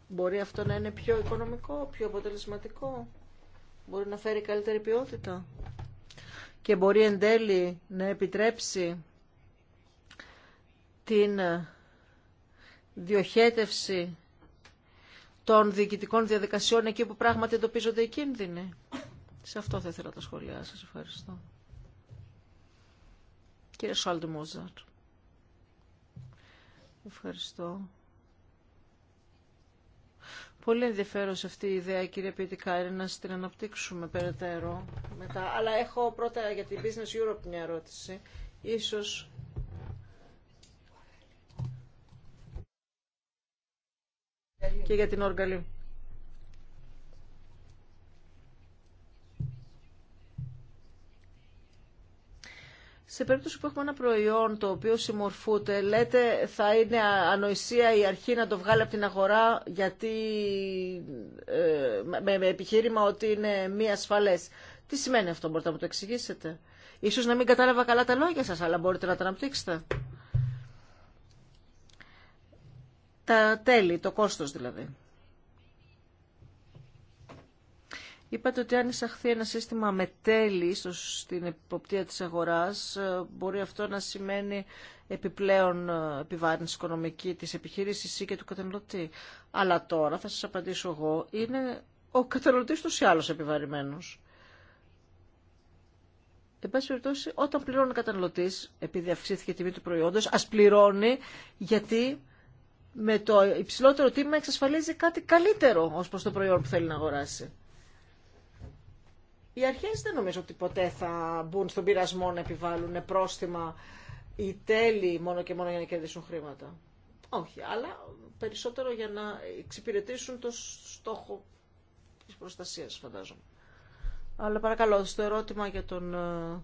Μπορεί αυτό να είναι πιο οικονομικό, πιο αποτελεσματικό. Μπορεί να φέρει καλύτερη ποιότητα και μπορεί εν τέλει να επιτρέψει την διοχέτευση των διοικητικών διαδικασιών εκεί που πράγματι εντοπίζονται οι κίνδυνοι. Σε αυτό θα ήθελα τα σχόλιά σας. Ευχαριστώ. Κύριε Σόλτ Μόζαρ. Ευχαριστώ. Πολύ σε αυτή η ιδέα, κύριε Πιτικάρη, να την αναπτύξουμε περαιτέρω μετά. Αλλά έχω πρώτα για την Business Europe μια ερώτηση. Ίσως και για την Όργαλη. σε περίπτωση που έχουμε ένα προϊόν το οποίο συμμορφούνται, λέτε θα είναι ανοησία η αρχή να το βγάλει από την αγορά γιατί ε, με, με, επιχείρημα ότι είναι μη ασφαλές. Τι σημαίνει αυτό, μπορείτε να μου το εξηγήσετε. Ίσως να μην κατάλαβα καλά τα λόγια σας, αλλά μπορείτε να τα αναπτύξετε. Τα τέλη, το κόστος δηλαδή. Είπατε ότι αν εισαχθεί ένα σύστημα με τέλη στην υποπτία της αγοράς, ε, μπορεί αυτό να σημαίνει επιπλέον ε, επιβάρυνση οικονομική της επιχείρησης ή και του καταναλωτή. Αλλά τώρα, θα σας απαντήσω εγώ, είναι ο καταναλωτής του η αλλος επιβαρημενος εν παση περιπτωσει οταν πληρωνει ο καταναλωτής επειδη αυξηθηκε η τιμη του προϊόντος, α πληρώνει γιατί με το υψηλότερο τίμημα εξασφαλίζει κάτι καλύτερο ως προς το προϊόν που θέλει να αγοράσει. Οι αρχέ δεν νομίζω ότι ποτέ θα μπουν στον πειρασμό να επιβάλλουν πρόστιμα ή τέλη μόνο και μόνο για να κερδίσουν χρήματα. Όχι, αλλά περισσότερο για να εξυπηρετήσουν το στόχο της προστασίας, φαντάζομαι. Αλλά παρακαλώ, στο ερώτημα για τον ε,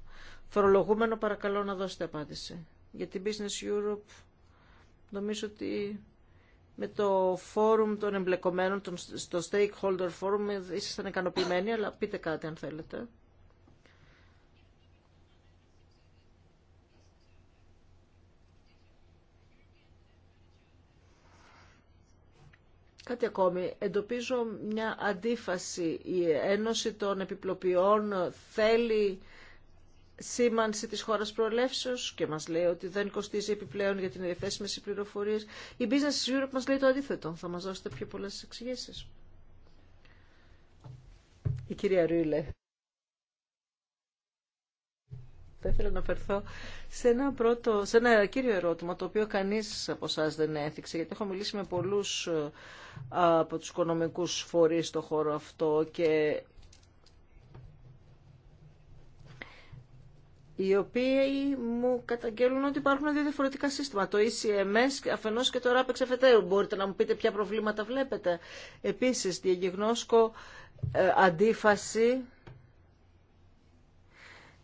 φορολογούμενο, παρακαλώ να δώσετε απάντηση. Για την Business Europe, νομίζω ότι με το φόρουμ των εμπλεκομένων, στο stakeholder forum, ήσασταν ικανοποιημένοι, αλλά πείτε κάτι αν θέλετε. Κάτι ακόμη. Εντοπίζω μια αντίφαση. Η Ένωση των Επιπλοποιών θέλει σήμανση της χώρας προελεύσεως και μας λέει ότι δεν κοστίζει επιπλέον για την ευθέσιμη πληροφορίες. Η Business Europe μας λέει το αντίθετο. Θα μας δώσετε πιο πολλές εξηγήσεις. Η κυρία Ρούιλε. Θα ήθελα να φερθώ σε ένα, πρώτο, σε ένα κύριο ερώτημα το οποίο κανείς από εσά δεν έθιξε γιατί έχω μιλήσει με πολλούς ε, από τους οικονομικούς φορείς στο χώρο αυτό και οι οποίοι μου καταγγέλουν ότι υπάρχουν δύο διαφορετικά σύστημα. Το ECMS αφενός και το RAPEX εφετέρου. Μπορείτε να μου πείτε ποια προβλήματα βλέπετε. Επίσης, διαγνώσκω ε, αντίφαση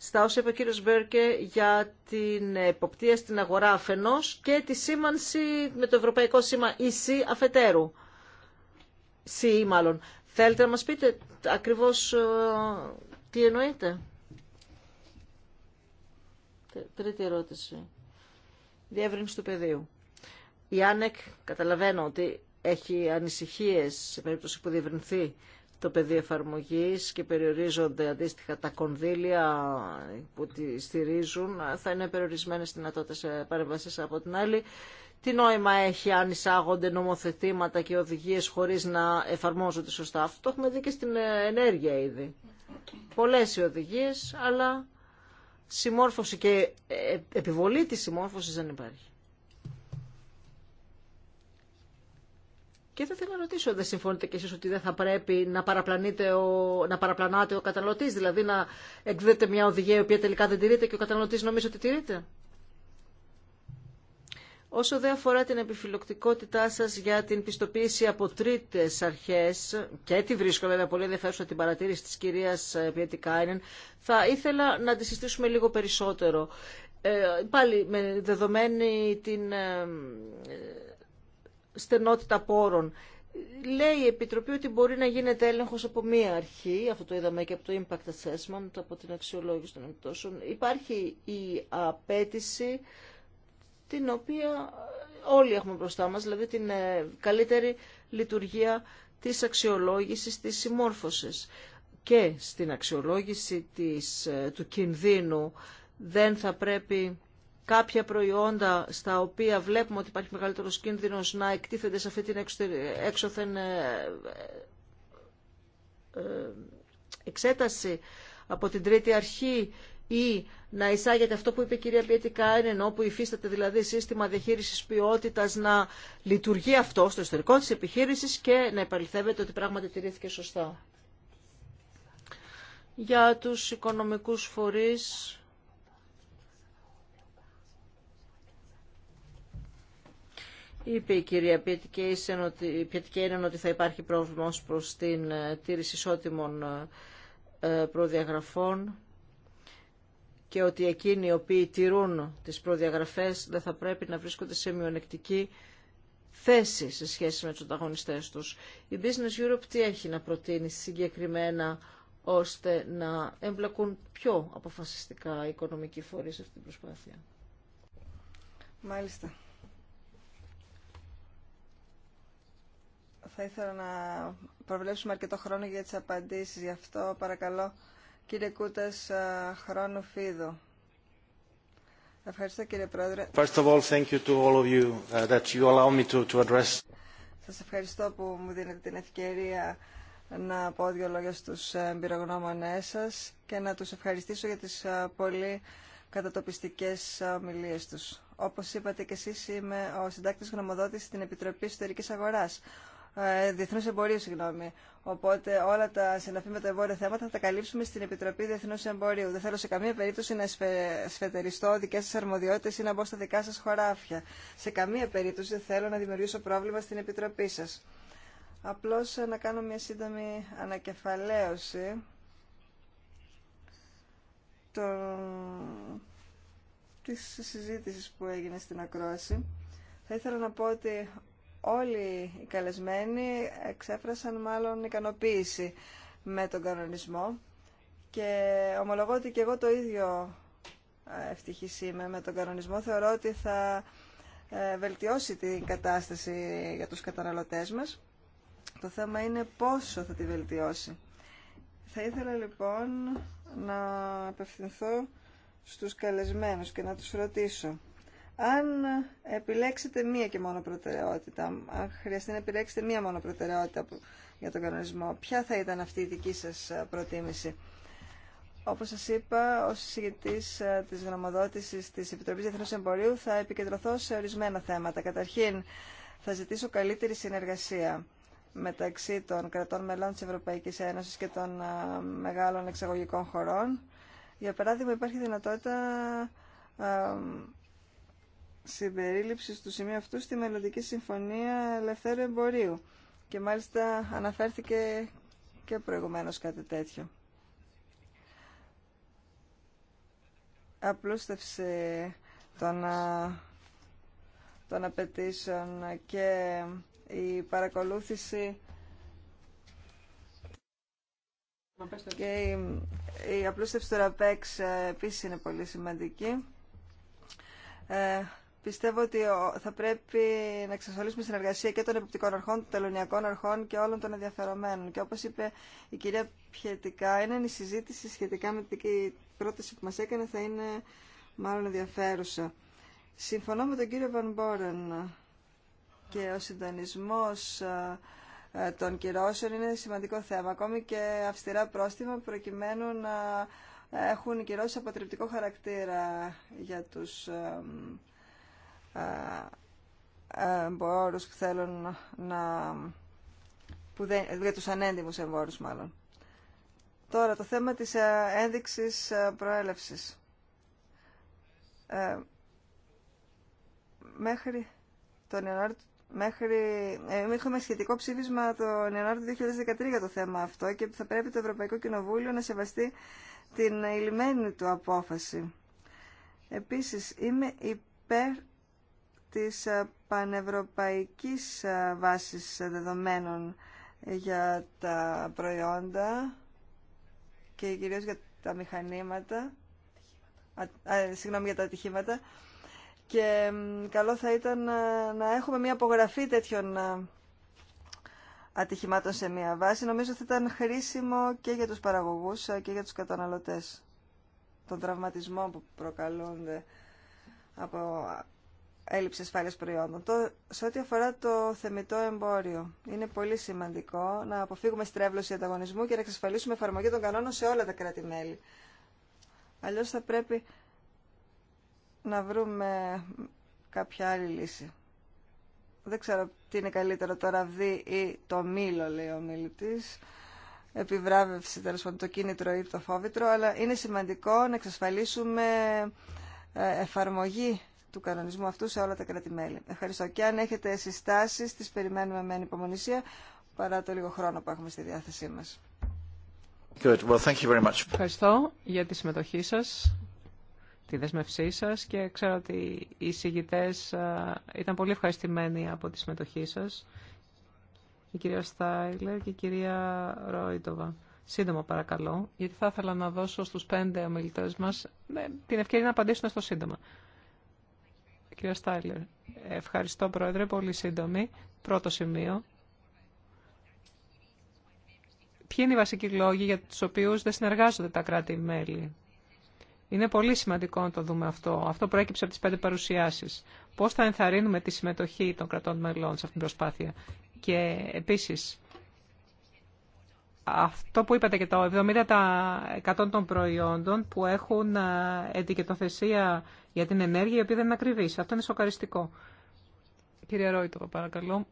στα όσα είπε ο κύριος Μπέρκε για την εποπτεία στην αγορά αφενός και τη σήμανση με το ευρωπαϊκό σήμα EC αφετέρου. CE μάλλον. Θέλετε να μας πείτε ακριβώς ε, τι εννοείτε. Τρίτη ερώτηση. Διεύρυνση του πεδίου. Η Άνεκ καταλαβαίνω ότι έχει ανησυχίες σε περίπτωση που διευρυνθεί το πεδίο εφαρμογής και περιορίζονται αντίστοιχα τα κονδύλια που τη στηρίζουν. Θα είναι περιορισμένες δυνατότητε παρέμβαση από την άλλη. Τι νόημα έχει αν εισάγονται νομοθετήματα και οδηγίες χωρίς να εφαρμόζονται σωστά. Αυτό το έχουμε δει και στην ε, ενέργεια ήδη. Πολλέ οι αλλά συμμόρφωση και ε, επιβολή της συμμόρφωσης δεν υπάρχει. Και θα ήθελα να ρωτήσω, δεν συμφωνείτε κι εσείς ότι δεν θα πρέπει να, παραπλανείτε ο, να παραπλανάτε ο καταναλωτής, δηλαδή να εκδίδετε μια οδηγία η οποία τελικά δεν τηρείται και ο καταναλωτής νομίζει ότι τηρείται. Όσο δεν αφορά την επιφυλοκτικότητά σας για την πιστοποίηση από τρίτες αρχές, και τη βρίσκω βέβαια πολύ ενδιαφέρουσα την παρατήρηση της κυρίας ε, Πιετικάινεν, θα ήθελα να τη συστήσουμε λίγο περισσότερο. Ε, πάλι με δεδομένη την ε, ε, στενότητα πόρων. Λέει η Επιτροπή ότι μπορεί να γίνεται έλεγχος από μία αρχή, αυτό το είδαμε και από το impact assessment, από την αξιολόγηση των εκτόσεων. Υπάρχει η απέτηση την οποία όλοι έχουμε μπροστά μας, δηλαδή την ε, καλύτερη λειτουργία της αξιολόγησης της συμμόρφωσης. Και στην αξιολόγηση της, ε, του κινδύνου δεν θα πρέπει κάποια προϊόντα στα οποία βλέπουμε ότι υπάρχει μεγαλύτερος κίνδυνος να εκτίθενται σε αυτή την έξωθεν ε, εξέταση από την τρίτη αρχή ή να εισάγεται αυτό που είπε η κυρία Πιετικάινεν, ενώ που υφίσταται δηλαδή σύστημα διαχείριση ποιότητας να λειτουργεί αυτό στο ιστορικό της επιχείρησης και να επαληθεύεται ότι πράγματι τηρήθηκε σωστά. Για τους οικονομικούς φορείς... Είπε η κυρία Πιετικέινεν ότι θα υπάρχει πρόβλημα προς την ε, τήρηση ισότιμων ε, προδιαγραφών και ότι εκείνοι οι οποίοι τηρούν τις προδιαγραφές δεν θα πρέπει να βρίσκονται σε μειονεκτική θέση σε σχέση με τους ανταγωνιστές τους. Η Business Europe τι έχει να προτείνει συγκεκριμένα ώστε να εμπλακούν πιο αποφασιστικά οι οικονομικοί φορείς σε αυτή την προσπάθεια. Μάλιστα. Θα ήθελα να προβλέψουμε αρκετό χρόνο για τις απαντήσεις. Γι' αυτό παρακαλώ Κύριε Κούτας, χρόνου φίδου. Ευχαριστώ κύριε Πρόεδρε. First of all, thank you to all of you uh, that you allow me to address. Σας ευχαριστώ που μου δίνετε την ευκαιρία να πω δύο λόγια στους ε, εμπειρογνώμονές σας και να τους ευχαριστήσω για τις ε, πολύ κατατοπιστικές ε, ομιλίες τους. Όπως είπατε και εσείς είμαι ο συντάκτης γνωμοδότης στην Επιτροπή Ιστορικής Αγοράς. Ε, διεθνού εμπορίου, συγγνώμη. Οπότε όλα τα συναφή με τα εμπόριο θέματα θα τα καλύψουμε στην Επιτροπή Διεθνού Εμπορίου. Δεν θέλω σε καμία περίπτωση να σφετεριστώ δικέ σα αρμοδιότητε ή να μπω στα δικά σα χωράφια. Σε καμία περίπτωση δεν θέλω να δημιουργήσω πρόβλημα στην Επιτροπή σα. Απλώ να κάνω μια σύντομη ανακεφαλαίωση Το της συζήτησης που έγινε στην ακρόαση. Θα ήθελα να πω ότι όλοι οι καλεσμένοι εξέφρασαν μάλλον ικανοποίηση με τον κανονισμό και ομολογώ ότι και εγώ το ίδιο ε, ευτυχής είμαι με τον κανονισμό. Θεωρώ ότι θα ε, βελτιώσει την κατάσταση για τους καταναλωτές μας. Το θέμα είναι πόσο θα τη βελτιώσει. Θα ήθελα λοιπόν να απευθυνθώ στους καλεσμένους και να τους ρωτήσω. Αν επιλέξετε μία και μόνο προτεραιότητα, αν χρειαστεί να επιλέξετε μία μόνο προτεραιότητα για τον κανονισμό, ποια θα ήταν αυτή η δική σας προτίμηση. Όπως σας είπα, ως συζητητής ε, της γνωμοδότησης της Επιτροπής Διεθνούς Εμπορίου θα επικεντρωθώ σε ορισμένα θέματα. Καταρχήν, θα ζητήσω καλύτερη συνεργασία μεταξύ των κρατών μελών της Ευρωπαϊκής Ένωσης και των ε, μεγάλων εξαγωγικών χωρών. Για παράδειγμα, υπάρχει δυνατότητα ε, Συμπερίληψη του σημείου αυτού στη Μελλοντική Συμφωνία Ελευθέρου Εμπορίου. Και μάλιστα αναφέρθηκε και προηγουμένως κάτι τέτοιο. Απλούστευσε των, των απαιτήσεων και η παρακολούθηση και η, η απλούστευση του ΡΑΠΕΞ ε, επίσης είναι πολύ σημαντική. Ε, Πιστεύω ότι θα πρέπει να εξασφαλίσουμε συνεργασία και των επιπτικών αρχών, των τελωνιακών αρχών και όλων των ενδιαφερομένων. Και όπως είπε η κυρία Πιετικά, είναι η συζήτηση σχετικά με την πρόταση που μας έκανε θα είναι μάλλον ενδιαφέρουσα. Συμφωνώ με τον κύριο Βαν Μπόρεν και ο συντονισμό των κυρώσεων είναι σημαντικό θέμα. Ακόμη και αυστηρά πρόστιμα προκειμένου να έχουν κυρώσει αποτρεπτικό χαρακτήρα για τους ε, ε, εμπόρους που θέλουν να... δεν, για τους ανέντιμους εμπόρους μάλλον. Τώρα το θέμα της ε, ένδειξης προέλευσης. Ε, μέχρι τον Ιανουάριο Μέχρι... είχαμε σχετικό ψήφισμα το Ιανουάριο του 2013 για το θέμα αυτό και θα πρέπει το Ευρωπαϊκό Κοινοβούλιο να σεβαστεί την ηλυμένη του απόφαση. Επίσης, είμαι υπέρ της ε, πανευρωπαϊκής ε, βάσης δεδομένων ε, για τα προϊόντα και κυρίως για τα μηχανήματα, α, για τα ατυχήματα και καλό θα ήταν να, έχουμε μια απογραφή τέτοιων ατυχημάτων σε μια βάση. Νομίζω θα ήταν χρήσιμο και για τους παραγωγούς και για τους καταναλωτές των τραυματισμών που προκαλούνται από έλλειψη ασφάλειας προϊόντων. Το, σε ό,τι αφορά το θεμητό εμπόριο, είναι πολύ σημαντικό να αποφύγουμε στρέβλωση ανταγωνισμού και να εξασφαλίσουμε εφαρμογή των κανόνων σε όλα τα κράτη-μέλη. Αλλιώς θα πρέπει να βρούμε κάποια άλλη λύση. Δεν ξέρω τι είναι καλύτερο το ραβδί ή το μήλο, λέει ο μιλητής. Επιβράβευση, τέλο πάντων, το κίνητρο ή το φόβητρο, αλλά είναι σημαντικό να εξασφαλίσουμε ε, εφαρμογή του κανονισμού αυτού σε όλα τα κράτη-μέλη. Ευχαριστώ. Και αν έχετε συστάσεις, τις περιμένουμε με ανυπομονησία, παρά το λίγο χρόνο που έχουμε στη διάθεσή μας. Good. Well, thank you very much. Ευχαριστώ για τη συμμετοχή σας, τη δεσμευσή σας και ξέρω ότι οι συγητές ήταν πολύ ευχαριστημένοι από τη συμμετοχή σας. Η κυρία Στάιλερ και η κυρία Ρόιτοβα. Σύντομα παρακαλώ, γιατί θα ήθελα να δώσω στους πέντε ομιλητές μας ε, την ευκαιρία να απαντήσουν στο σύντομα. Κύριε Στάιλερ. Ευχαριστώ, Πρόεδρε. Πολύ σύντομη. Πρώτο σημείο. Ποιοι είναι οι βασικοί λόγοι για τους οποίους δεν συνεργάζονται τα κράτη-μέλη. Είναι πολύ σημαντικό να το δούμε αυτό. Αυτό προέκυψε από τις πέντε παρουσιάσεις. Πώς θα ενθαρρύνουμε τη συμμετοχή των κρατών μελών σε αυτήν την προσπάθεια. Και επίσης, αυτό που είπατε και το 70% των προϊόντων που έχουν ε, ετικετοθεσία για την ενέργεια η οποία δεν είναι ακριβή. Αυτό είναι σοκαριστικό. Κύριε Ρόιτο, παρακαλώ.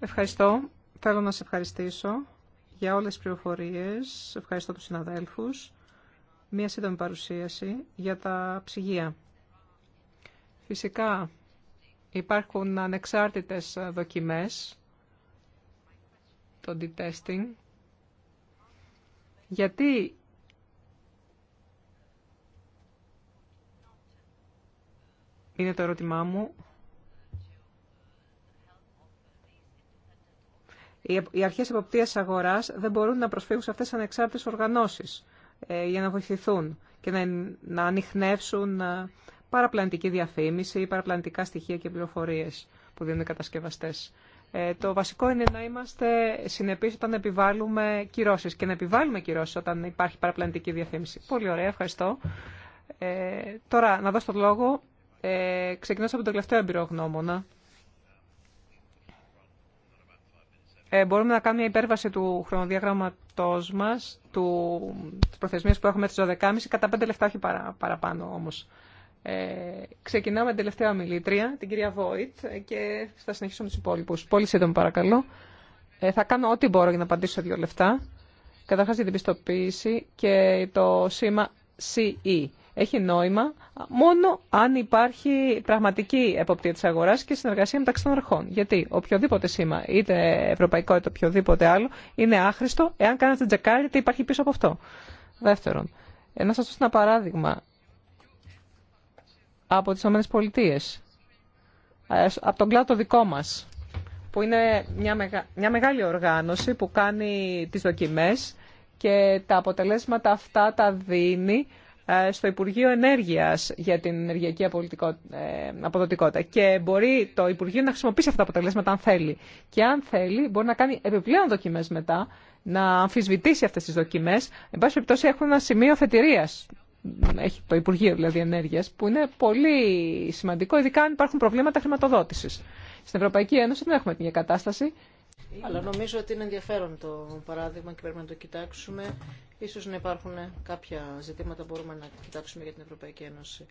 Ευχαριστώ. Θέλω να σε ευχαριστήσω για όλες τις πληροφορίες. Ευχαριστώ τους συναδέλφους. Μία σύντομη παρουσίαση για τα ψυγεία. Φυσικά υπάρχουν ανεξάρτητες δοκιμές, το detesting. Γιατί είναι το ερώτημά μου. Οι αρχές εποπτείας αγοράς δεν μπορούν να προσφύγουν σε αυτές τις ανεξάρτητες οργανώσεις ε, για να βοηθηθούν και να ανοιχνεύσουν ε, παραπλανητική διαφήμιση ή παραπλανητικά στοιχεία και πληροφορίες που δίνουν οι κατασκευαστές. Ε, το βασικό είναι να είμαστε συνεπείς όταν επιβάλλουμε κυρώσεις και να επιβάλλουμε κυρώσεις όταν υπάρχει παραπλανητική διαφήμιση. Πολύ ωραία, ευχαριστώ. Ε, τώρα, να δώσω το λόγο ε, από τον τελευταίο εμπειρογνώμονα. Ε, μπορούμε να κάνουμε μια υπέρβαση του χρονοδιαγραμματός μας, του, της προθεσμίας που έχουμε στις 12.30, κατά 5 λεφτά όχι παρα, παραπάνω όμως. Ε, ξεκινάμε την τελευταία ομιλήτρια, την κυρία Βόιτ, και θα συνεχίσουμε τους υπόλοιπους. Πολύ σύντομα παρακαλώ. Ε, θα κάνω ό,τι μπορώ για να απαντήσω σε δύο λεφτά. Καταρχάς για την πιστοποίηση και το σήμα CE έχει νόημα μόνο αν υπάρχει πραγματική εποπτεία της αγοράς και συνεργασία μεταξύ των αρχών. Γιατί οποιοδήποτε σήμα, είτε ευρωπαϊκό είτε οποιοδήποτε άλλο, είναι άχρηστο εάν κάνετε τζεκάρι τι υπάρχει πίσω από αυτό. Δεύτερον, να σας δώσω ένα παράδειγμα από τις ΗΠΑ, από τον κλάδο δικό μας, που είναι μια, μια μεγάλη οργάνωση που κάνει τις δοκιμές και τα αποτελέσματα αυτά τα δίνει ε, στο Υπουργείο ενέργεια για την ενεργειακή ε, αποδοτικότητα και μπορεί το Υπουργείο να χρησιμοποιήσει αυτά τα αποτελέσματα αν θέλει. Και αν θέλει μπορεί να κάνει επιπλέον δοκιμέ μετά, να αμφισβητήσει αυτέ τι δοκιμέ. Εν πάση περιπτώσει έχουν ένα σημείο θετηρία, έχει το Υπουργείο δηλαδή Ενέργειας, που είναι πολύ σημαντικό, ειδικά αν υπάρχουν προβλήματα χρηματοδότηση. Στην Ευρωπαϊκή Ένωση δεν έχουμε την κατάσταση αλλά νομίζω ότι είναι ενδιαφέρον το παράδειγμα και πρέπει να το κοιτάξουμε. Ίσως να υπάρχουν κάποια ζητήματα που μπορούμε να κοιτάξουμε για την Ευρωπαϊκή Ένωση.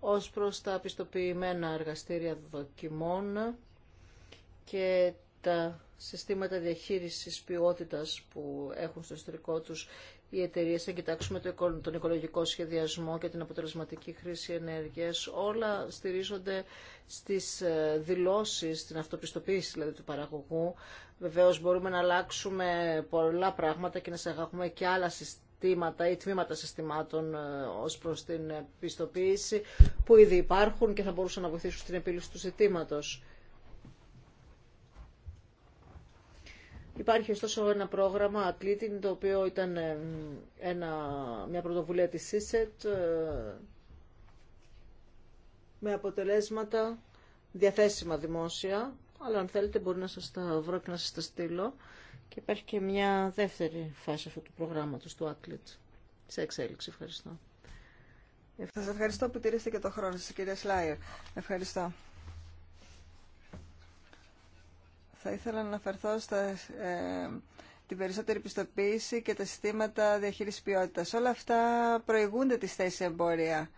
Ως προς τα πιστοποιημένα εργαστήρια δοκιμών και τα συστήματα διαχείρισης ποιότητας που έχουν στο ιστορικό τους οι εταιρείε, θα κοιτάξουμε τον οικολογικό σχεδιασμό και την αποτελεσματική χρήση ενέργειας, όλα στηρίζονται στις ε, δηλώσει, στην αυτοπιστοποίηση δηλαδή του παραγωγού. Βεβαίως μπορούμε να αλλάξουμε πολλά πράγματα και να εισαγάγουμε και άλλα συστήματα ή τμήματα συστημάτων ε, ως προς την πιστοποίηση που ήδη υπάρχουν και θα μπορούσαν να βοηθήσουν στην επίλυση του ζητήματος. Υπάρχει ωστόσο ένα πρόγραμμα Atletin, το οποίο ήταν ε, ένα, μια πρωτοβουλία της ΣΥΣΕΤ e με αποτελέσματα διαθέσιμα δημόσια, αλλά αν θέλετε μπορεί να σας τα βρω και να σας τα στείλω. Και υπάρχει και μια δεύτερη φάση αυτού του προγράμματος του Ακλητ. Σε εξέλιξη, ευχαριστώ. Σας ευχαριστώ που τηρήσετε και το χρόνο σας, κυρία Σλάιερ. Ευχαριστώ. Θα ήθελα να αναφερθώ στα, ε, την περισσότερη πιστοποίηση και τα συστήματα διαχείρισης ποιότητας. Όλα αυτά προηγούνται τη θέση εμπορία.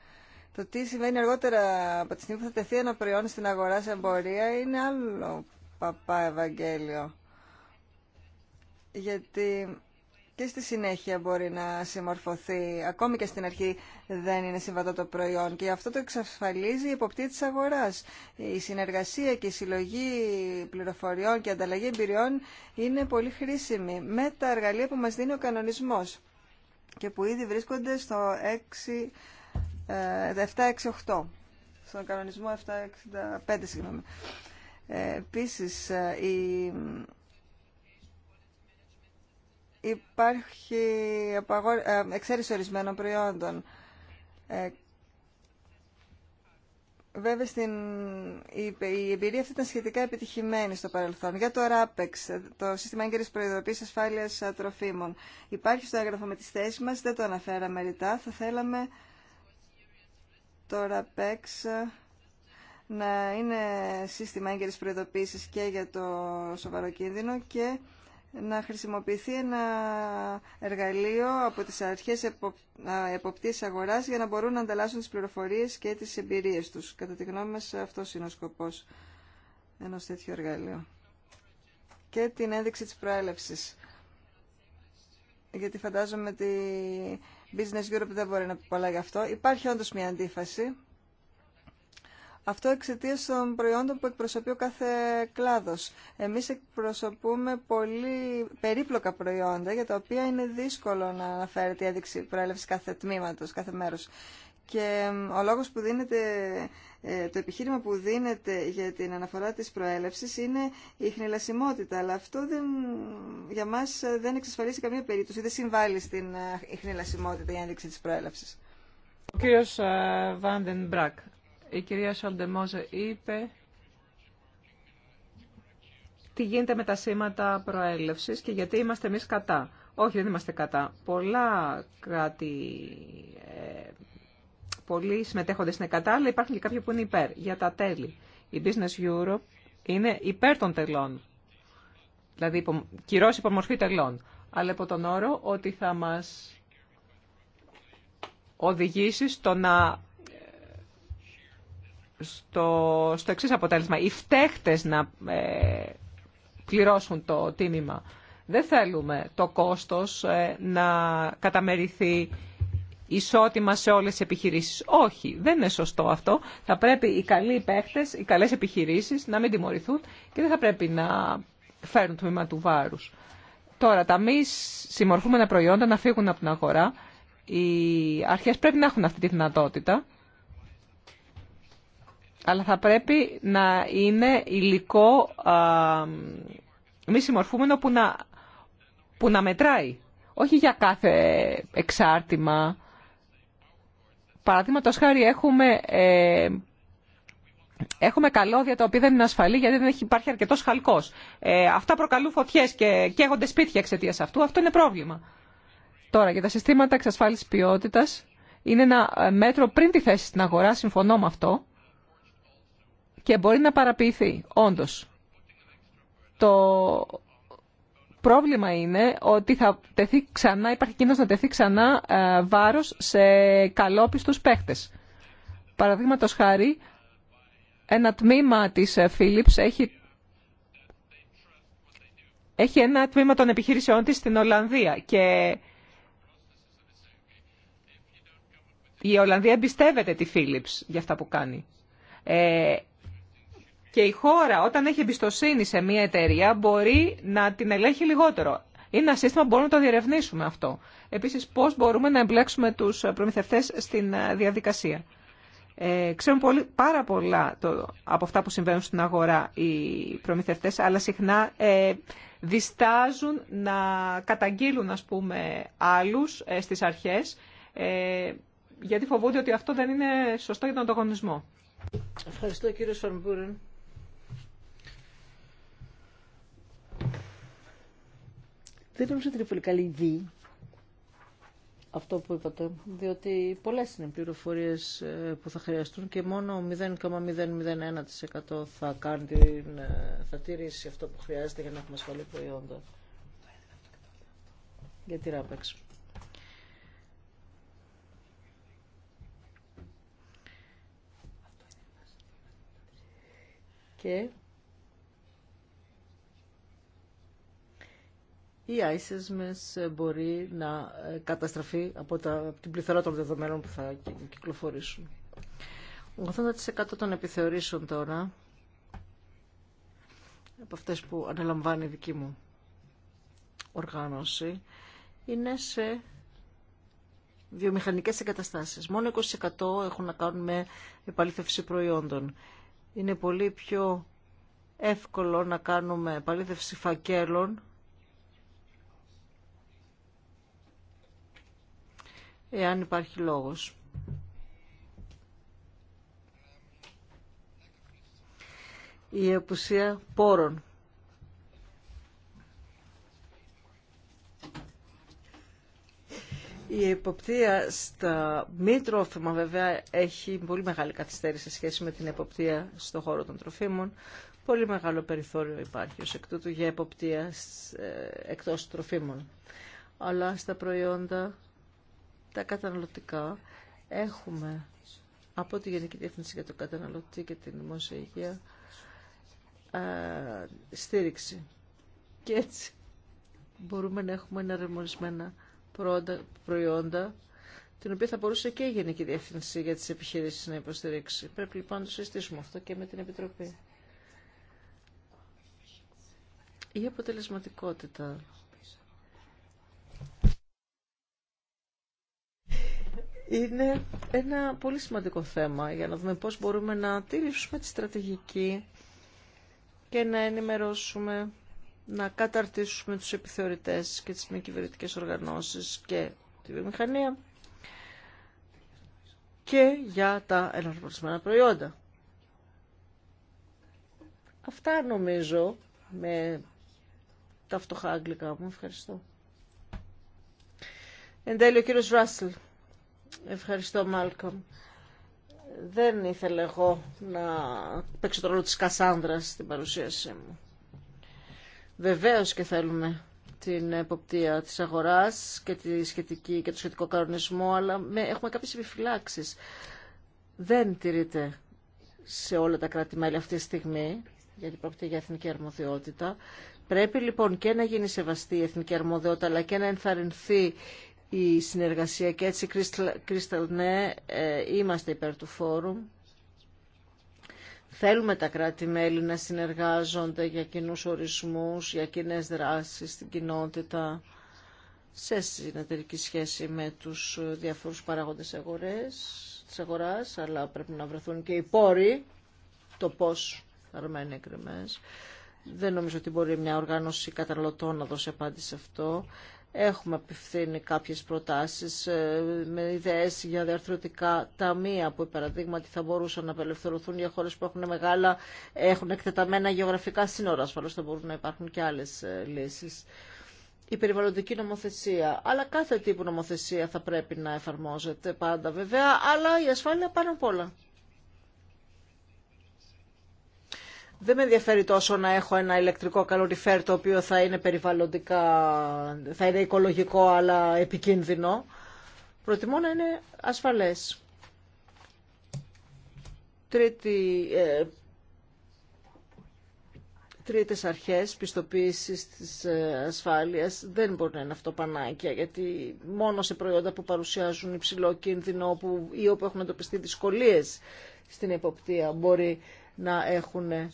Το τι σημαίνει αργότερα από τη στιγμή που θα τεθεί ένα προϊόν στην αγορά σε εμπορία είναι άλλο παπά Ευαγγέλιο. Γιατί και στη συνέχεια μπορεί να συμμορφωθεί. Ακόμη και στην αρχή δεν είναι συμβατό το προϊόν και αυτό το εξασφαλίζει η υποπτή της αγοράς. Η συνεργασία και η συλλογή πληροφοριών και ανταλλαγή εμπειριών είναι πολύ χρήσιμη με τα εργαλεία που μας δίνει ο κανονισμός και που ήδη βρίσκονται στο 6, 768, ε, στον κανονισμό 765, συγγνώμη. Ε, επίσης, ε, η υπάρχει ε, εξαίρεση ορισμένων προϊόντων. Ε, βέβαια, στην... η εμπειρία αυτή ήταν σχετικά επιτυχημένη στο παρελθόν. Για το RAPEX, το Σύστημα Έγκαιρης Προειδοποίησης Ασφάλειας Τροφίμων. Υπάρχει στο έγγραφο με τις θέσεις μας, δεν το αναφέραμε ρητά. Θα θέλαμε το RAPEX να είναι σύστημα έγκαιρης προειδοποίησης και για το σοβαρό κίνδυνο και να χρησιμοποιηθεί ένα εργαλείο από τις αρχές εποπτής αγοράς για να μπορούν να ανταλλάσσουν τις πληροφορίες και τις εμπειρίες τους. Κατά τη γνώμη μας αυτός είναι ο σκοπός ενός τέτοιου εργαλείου. Και την ένδειξη της προέλευσης. Γιατί φαντάζομαι ότι Business Europe δεν μπορεί να πει πολλά γι' αυτό. Υπάρχει όντως μια αντίφαση αυτό εξαιτία των προϊόντων που εκπροσωπεί ο κάθε κλάδο. Εμεί εκπροσωπούμε πολύ περίπλοκα προϊόντα για τα οποία είναι δύσκολο να αναφέρεται η ένδειξη προέλευση κάθε τμήματο, κάθε μέρο. Και ο λόγος που δίνεται, ε, το επιχείρημα που δίνεται για την αναφορά της προέλευσης είναι η χνηλασιμότητα, αλλά αυτό δεν, για μας ε, δεν εξασφαλίζει καμία περίπτωση, δεν συμβάλλει στην ε, χνηλασιμότητα η ένδειξη της προέλευσης. Ο κύριος Βάντεν Μπρακ. Η κυρία Σοντεμόζε είπε τι γίνεται με τα σήματα προέλευσης και γιατί είμαστε εμείς κατά. Όχι, δεν είμαστε κατά. Πολλά κράτη, ε, πολλοί συμμετέχοντες είναι κατά, αλλά υπάρχουν και κάποιοι που είναι υπέρ. Για τα τέλη. Η Business Europe είναι υπέρ των τελών. Δηλαδή, υπο, κυρώσει υπομορφή τελών. Αλλά υπό τον όρο ότι θα μας οδηγήσει στο να στο, στο εξής αποτέλεσμα. Οι φταίχτε να ε, πληρώσουν το τίμημα. Δεν θέλουμε το κόστος ε, να καταμεριθεί ισότιμα σε όλες τις επιχειρήσεις. Όχι, δεν είναι σωστό αυτό. Θα πρέπει οι καλοί παίχτες, οι καλές επιχειρήσεις να μην τιμωρηθούν και δεν θα πρέπει να φέρουν το τμήμα του βάρους. Τώρα, τα μη συμμορφούμενα προϊόντα να φύγουν από την αγορά. Οι αρχές πρέπει να έχουν αυτή τη δυνατότητα αλλά θα πρέπει να είναι υλικό μη συμμορφούμενο που να, που να μετράει. Όχι για κάθε εξάρτημα. Παραδείγματο χάρη έχουμε, ε, έχουμε καλώδια τα οποία δεν είναι ασφαλή γιατί δεν υπάρχει αρκετός χαλκός. Ε, αυτά προκαλούν φωτιές και καίγονται σπίτια εξαιτία αυτού. Αυτό είναι πρόβλημα. Τώρα για τα συστήματα εξασφάλισης ποιότητας είναι ένα ε, μέτρο πριν τη θέση στην αγορά, συμφωνώ με αυτό και μπορεί να παραποιηθεί, όντως. Το πρόβλημα είναι ότι θα τεθεί ξανά, υπάρχει κίνδυνος να τεθεί ξανά ε, βάρος σε καλόπιστους παίχτες. Παραδείγματος χάρη, ένα τμήμα της ε, Philips έχει έχει ένα τμήμα των επιχειρήσεών της στην Ολλανδία και η Ολλανδία εμπιστεύεται τη Philips για αυτά που κάνει. Ε, και η χώρα όταν έχει εμπιστοσύνη σε μια εταιρεία μπορεί να την ελέγχει λιγότερο. Είναι ένα σύστημα που μπορούμε να το διερευνήσουμε αυτό. Επίσης πώς μπορούμε να εμπλέξουμε τους προμηθευτές στην ε, διαδικασία. Ε, ξέρουν πολύ, πάρα πολλά το, από αυτά που συμβαίνουν στην αγορά οι προμηθευτές, αλλά συχνά ε, διστάζουν να καταγγείλουν ας πούμε, άλλους ε, στις αρχές, ε, γιατί φοβούνται ότι αυτό δεν είναι σωστό για τον ανταγωνισμό. Ευχαριστώ κύριε Σορμπούρεν. Δεν νομίζω ότι είναι πολύ καλή ειδή αυτό που είπατε, διότι πολλές είναι πληροφορίες ε, που θα χρειαστούν και μόνο 0,001% θα, κάνει ε, θα τηρήσει αυτό που χρειάζεται για να έχουμε ασφαλή προϊόντα για τη ράπεξ. Και η ISIS μες μπορεί να ε, καταστραφεί από, τα, την πληθώρα των δεδομένων που θα κυκλοφορήσουν. 80% των επιθεωρήσεων τώρα, από αυτές που αναλαμβάνει η δική μου οργάνωση, είναι σε βιομηχανικές εγκαταστάσεις. Μόνο 20% έχουν να κάνουν με επαλήθευση προϊόντων. Είναι πολύ πιο εύκολο να κάνουμε επαλήθευση φακέλων εάν υπάρχει λόγος. Η απουσία πόρων. Η εποπτεία στα μη τρόφιμα βέβαια έχει πολύ μεγάλη καθυστέρηση σε σχέση με την εποπτεία στον χώρο των τροφίμων. Πολύ μεγάλο περιθώριο υπάρχει ως εκ τούτου για εποπτεία ε, εκτός τροφίμων. Αλλά στα προϊόντα τα καταναλωτικά έχουμε από τη Γενική Διεύθυνση για το Καταναλωτή και την Δημόσια Υγεία στήριξη. Και έτσι μπορούμε να έχουμε εναρμονισμένα προϊόντα, την οποία θα μπορούσε και η Γενική Διεύθυνση για τις επιχειρήσεις να υποστηρίξει. Πρέπει λοιπόν να το συστήσουμε αυτό και με την Επιτροπή. Η αποτελεσματικότητα είναι ένα πολύ σημαντικό θέμα για να δούμε πώς μπορούμε να τηρήσουμε τη στρατηγική και να ενημερώσουμε, να καταρτήσουμε τους επιθεωρητές και τις μη κυβερνητικέ οργανώσεις και τη βιομηχανία και για τα εναρμονισμένα προϊόντα. Αυτά νομίζω με τα φτωχά αγγλικά μου. Ευχαριστώ. Εν τέλει ο κύριος Ράσελ. Ευχαριστώ, Μάλκομ. Δεν ήθελα εγώ να παίξω το ρόλο της Κασάνδρας στην παρουσίασή μου. Βεβαίως και θέλουμε την εποπτεία της αγοράς και, τη σχετική, και το σχετικό κανονισμό, αλλά με, έχουμε κάποιες επιφυλάξεις. Δεν τηρείται σε όλα τα κράτη-μέλη αυτή τη στιγμή, γιατί πρόκειται για εθνική αρμοδιότητα. Πρέπει λοιπόν και να γίνει σεβαστή η εθνική αρμοδιότητα, αλλά και να ενθαρρυνθεί η συνεργασία και έτσι Crystal, ναι, ε, είμαστε υπέρ του φόρουμ. Θέλουμε τα κράτη-μέλη να συνεργάζονται για κοινούς ορισμούς, για κοινέ δράσεις στην κοινότητα, σε συνεταιρική σχέση με τους διαφορούς παράγοντες αγορές, της αγοράς, αλλά πρέπει να βρεθούν και οι πόροι, το πώς θα ρεμένει Δεν νομίζω ότι μπορεί μια οργάνωση καταναλωτών να δώσει απάντηση σε αυτό. Έχουμε απευθύνει κάποιες προτάσεις ε, με ιδέες για διαρθρωτικά ταμεία που, παραδείγματι, θα μπορούσαν να απελευθερωθούν για χώρες που έχουν μεγάλα, έχουν εκτεταμένα γεωγραφικά σύνορα. Ασφαλώς θα μπορούν να υπάρχουν και άλλες ε, λύσεις. Η περιβαλλοντική νομοθεσία, αλλά κάθε τύπου νομοθεσία θα πρέπει να εφαρμόζεται πάντα βέβαια, αλλά η ασφάλεια πάνω απ' όλα. δεν με ενδιαφέρει τόσο να έχω ένα ηλεκτρικό καλοριφέρ το οποίο θα είναι περιβαλλοντικά, θα είναι οικολογικό αλλά επικίνδυνο. Προτιμώ να είναι ασφαλές. Τρίτη, ε, τρίτες αρχές πιστοποίησης της ε, ασφάλειας δεν μπορεί να είναι αυτοπανάκια γιατί μόνο σε προϊόντα που παρουσιάζουν υψηλό κίνδυνο που, ή όπου έχουν εντοπιστεί δυσκολίες στην εποπτεία μπορεί να έχουν ε,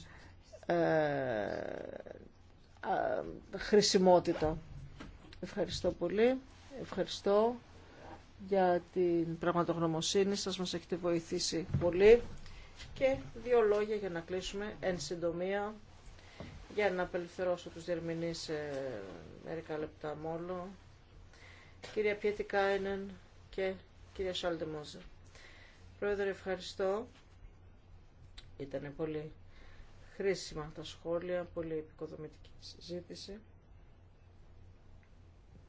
ε, χρησιμότητα. Ευχαριστώ πολύ. Ευχαριστώ για την πραγματογνωμοσύνη σας. Μας έχετε βοηθήσει πολύ. Και δύο λόγια για να κλείσουμε εν συντομία για να απελευθερώσω τους διερμηνείς σε μερικά λεπτά μόνο. Κυρία Πιέτη Κάινεν και κυρία Σάλτε Μόζερ. Πρόεδρε, ευχαριστώ. Ήταν πολύ χρήσιμα τα σχόλια, πολύ επικοδομητική συζήτηση.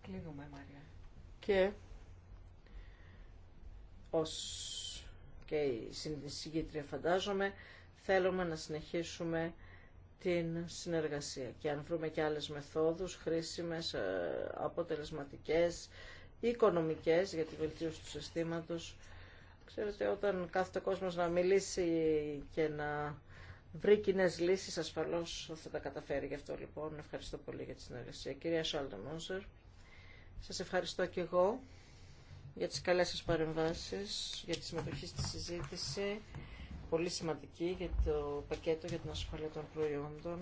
Κλείνουμε, Μαρία. Και ως και η φαντάζομαι, θέλουμε να συνεχίσουμε την συνεργασία και αν βρούμε και άλλες μεθόδους χρήσιμες, ε, αποτελεσματικές, οικονομικές για τη βελτίωση του συστήματος. Ξέρετε, όταν κάθεται ο κόσμος να μιλήσει και να βρει κοινέ λύσει, ασφαλώ θα τα καταφέρει γι' αυτό λοιπόν. Ευχαριστώ πολύ για τη συνεργασία. Κυρία Σόλτα Μόζερ, Σα ευχαριστώ και εγώ για τι καλέ σα παρεμβάσει, για τη συμμετοχή στη συζήτηση, πολύ σημαντική για το πακέτο για την ασφάλεια των προϊόντων.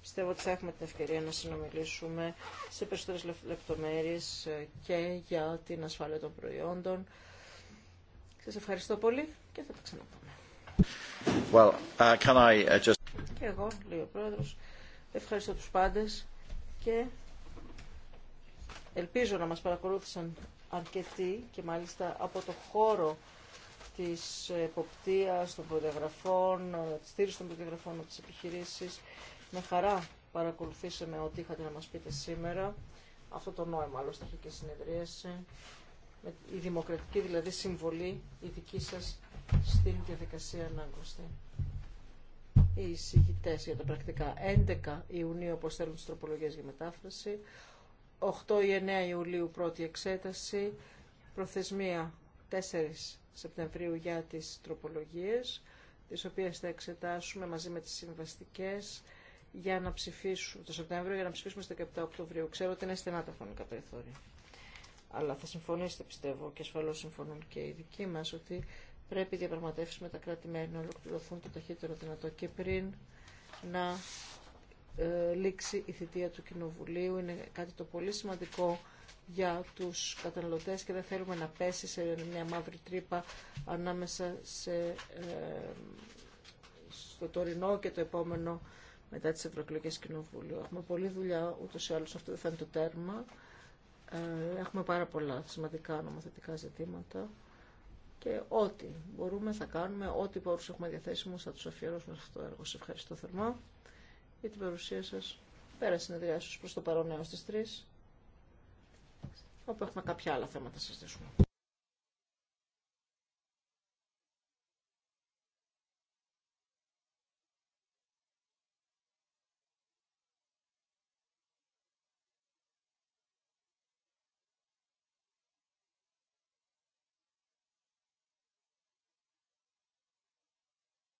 Πιστεύω ότι θα έχουμε την ευκαιρία να συνομιλήσουμε σε περισσότερε λεπτομέρειε ε, και για την ασφάλεια των προϊόντων. Σας ευχαριστώ πολύ και θα τα ξαναπώ. Uh, uh, και εγώ, λέει ο ευχαριστώ τους πάντες και ελπίζω να μας παρακολούθησαν αρκετοί και μάλιστα από το χώρο της εποπτείας, των προδιαγραφών, ε, της στήριξης των προδιαγραφών από τις επιχειρήσεις. Με χαρά παρακολουθήσαμε ό,τι είχατε να μας πείτε σήμερα. Αυτό το νόημα άλλωστε είχε και συνεδρίαση. η δημοκρατική δηλαδή συμβολή η δική σας στην διαδικασία να Οι εισηγητέ για τα πρακτικά 11 Ιουνίου θέλουν τι τροπολογίε για μετάφραση. 8 ή 9 Ιουλίου πρώτη εξέταση. Προθεσμία 4 Σεπτεμβρίου για τι τροπολογίε, τι οποίε θα εξετάσουμε μαζί με τι συμβαστικέ για να ψηφίσουμε, το Σεπτέμβριο για να ψηφίσουμε στις 17 Οκτωβρίου. Ξέρω ότι είναι στενά τα φωνικά περιθώρια. Αλλά θα συμφωνήσετε πιστεύω και ασφαλώς συμφωνούν και οι δικοί μα ότι πρέπει οι διαπραγματεύσει με τα κράτη-μέλη να ολοκληρωθούν το ταχύτερο δυνατό και πριν να ε, λήξει η θητεία του Κοινοβουλίου. Είναι κάτι το πολύ σημαντικό για τους καταναλωτές και δεν θέλουμε να πέσει σε μια μαύρη τρύπα ανάμεσα σε, ε, στο τωρινό και το επόμενο μετά τις Ευρωεκλογέ Κοινοβούλιο. Έχουμε πολλή δουλειά, ούτω ή άλλως αυτό δεν θα είναι το τέρμα. Ε, έχουμε πάρα πολλά σημαντικά νομοθετικά ζητήματα και ό,τι μπορούμε θα κάνουμε, ό,τι πόρους έχουμε διαθέσιμο θα τους αφιερώσουμε σε αυτό το έργο. Σε ευχαριστώ θερμά για την παρουσία σας. Πέρα συνεδριάσεις προς το παρόν έως τις 3, όπου έχουμε κάποια άλλα θέματα να συζητήσουμε.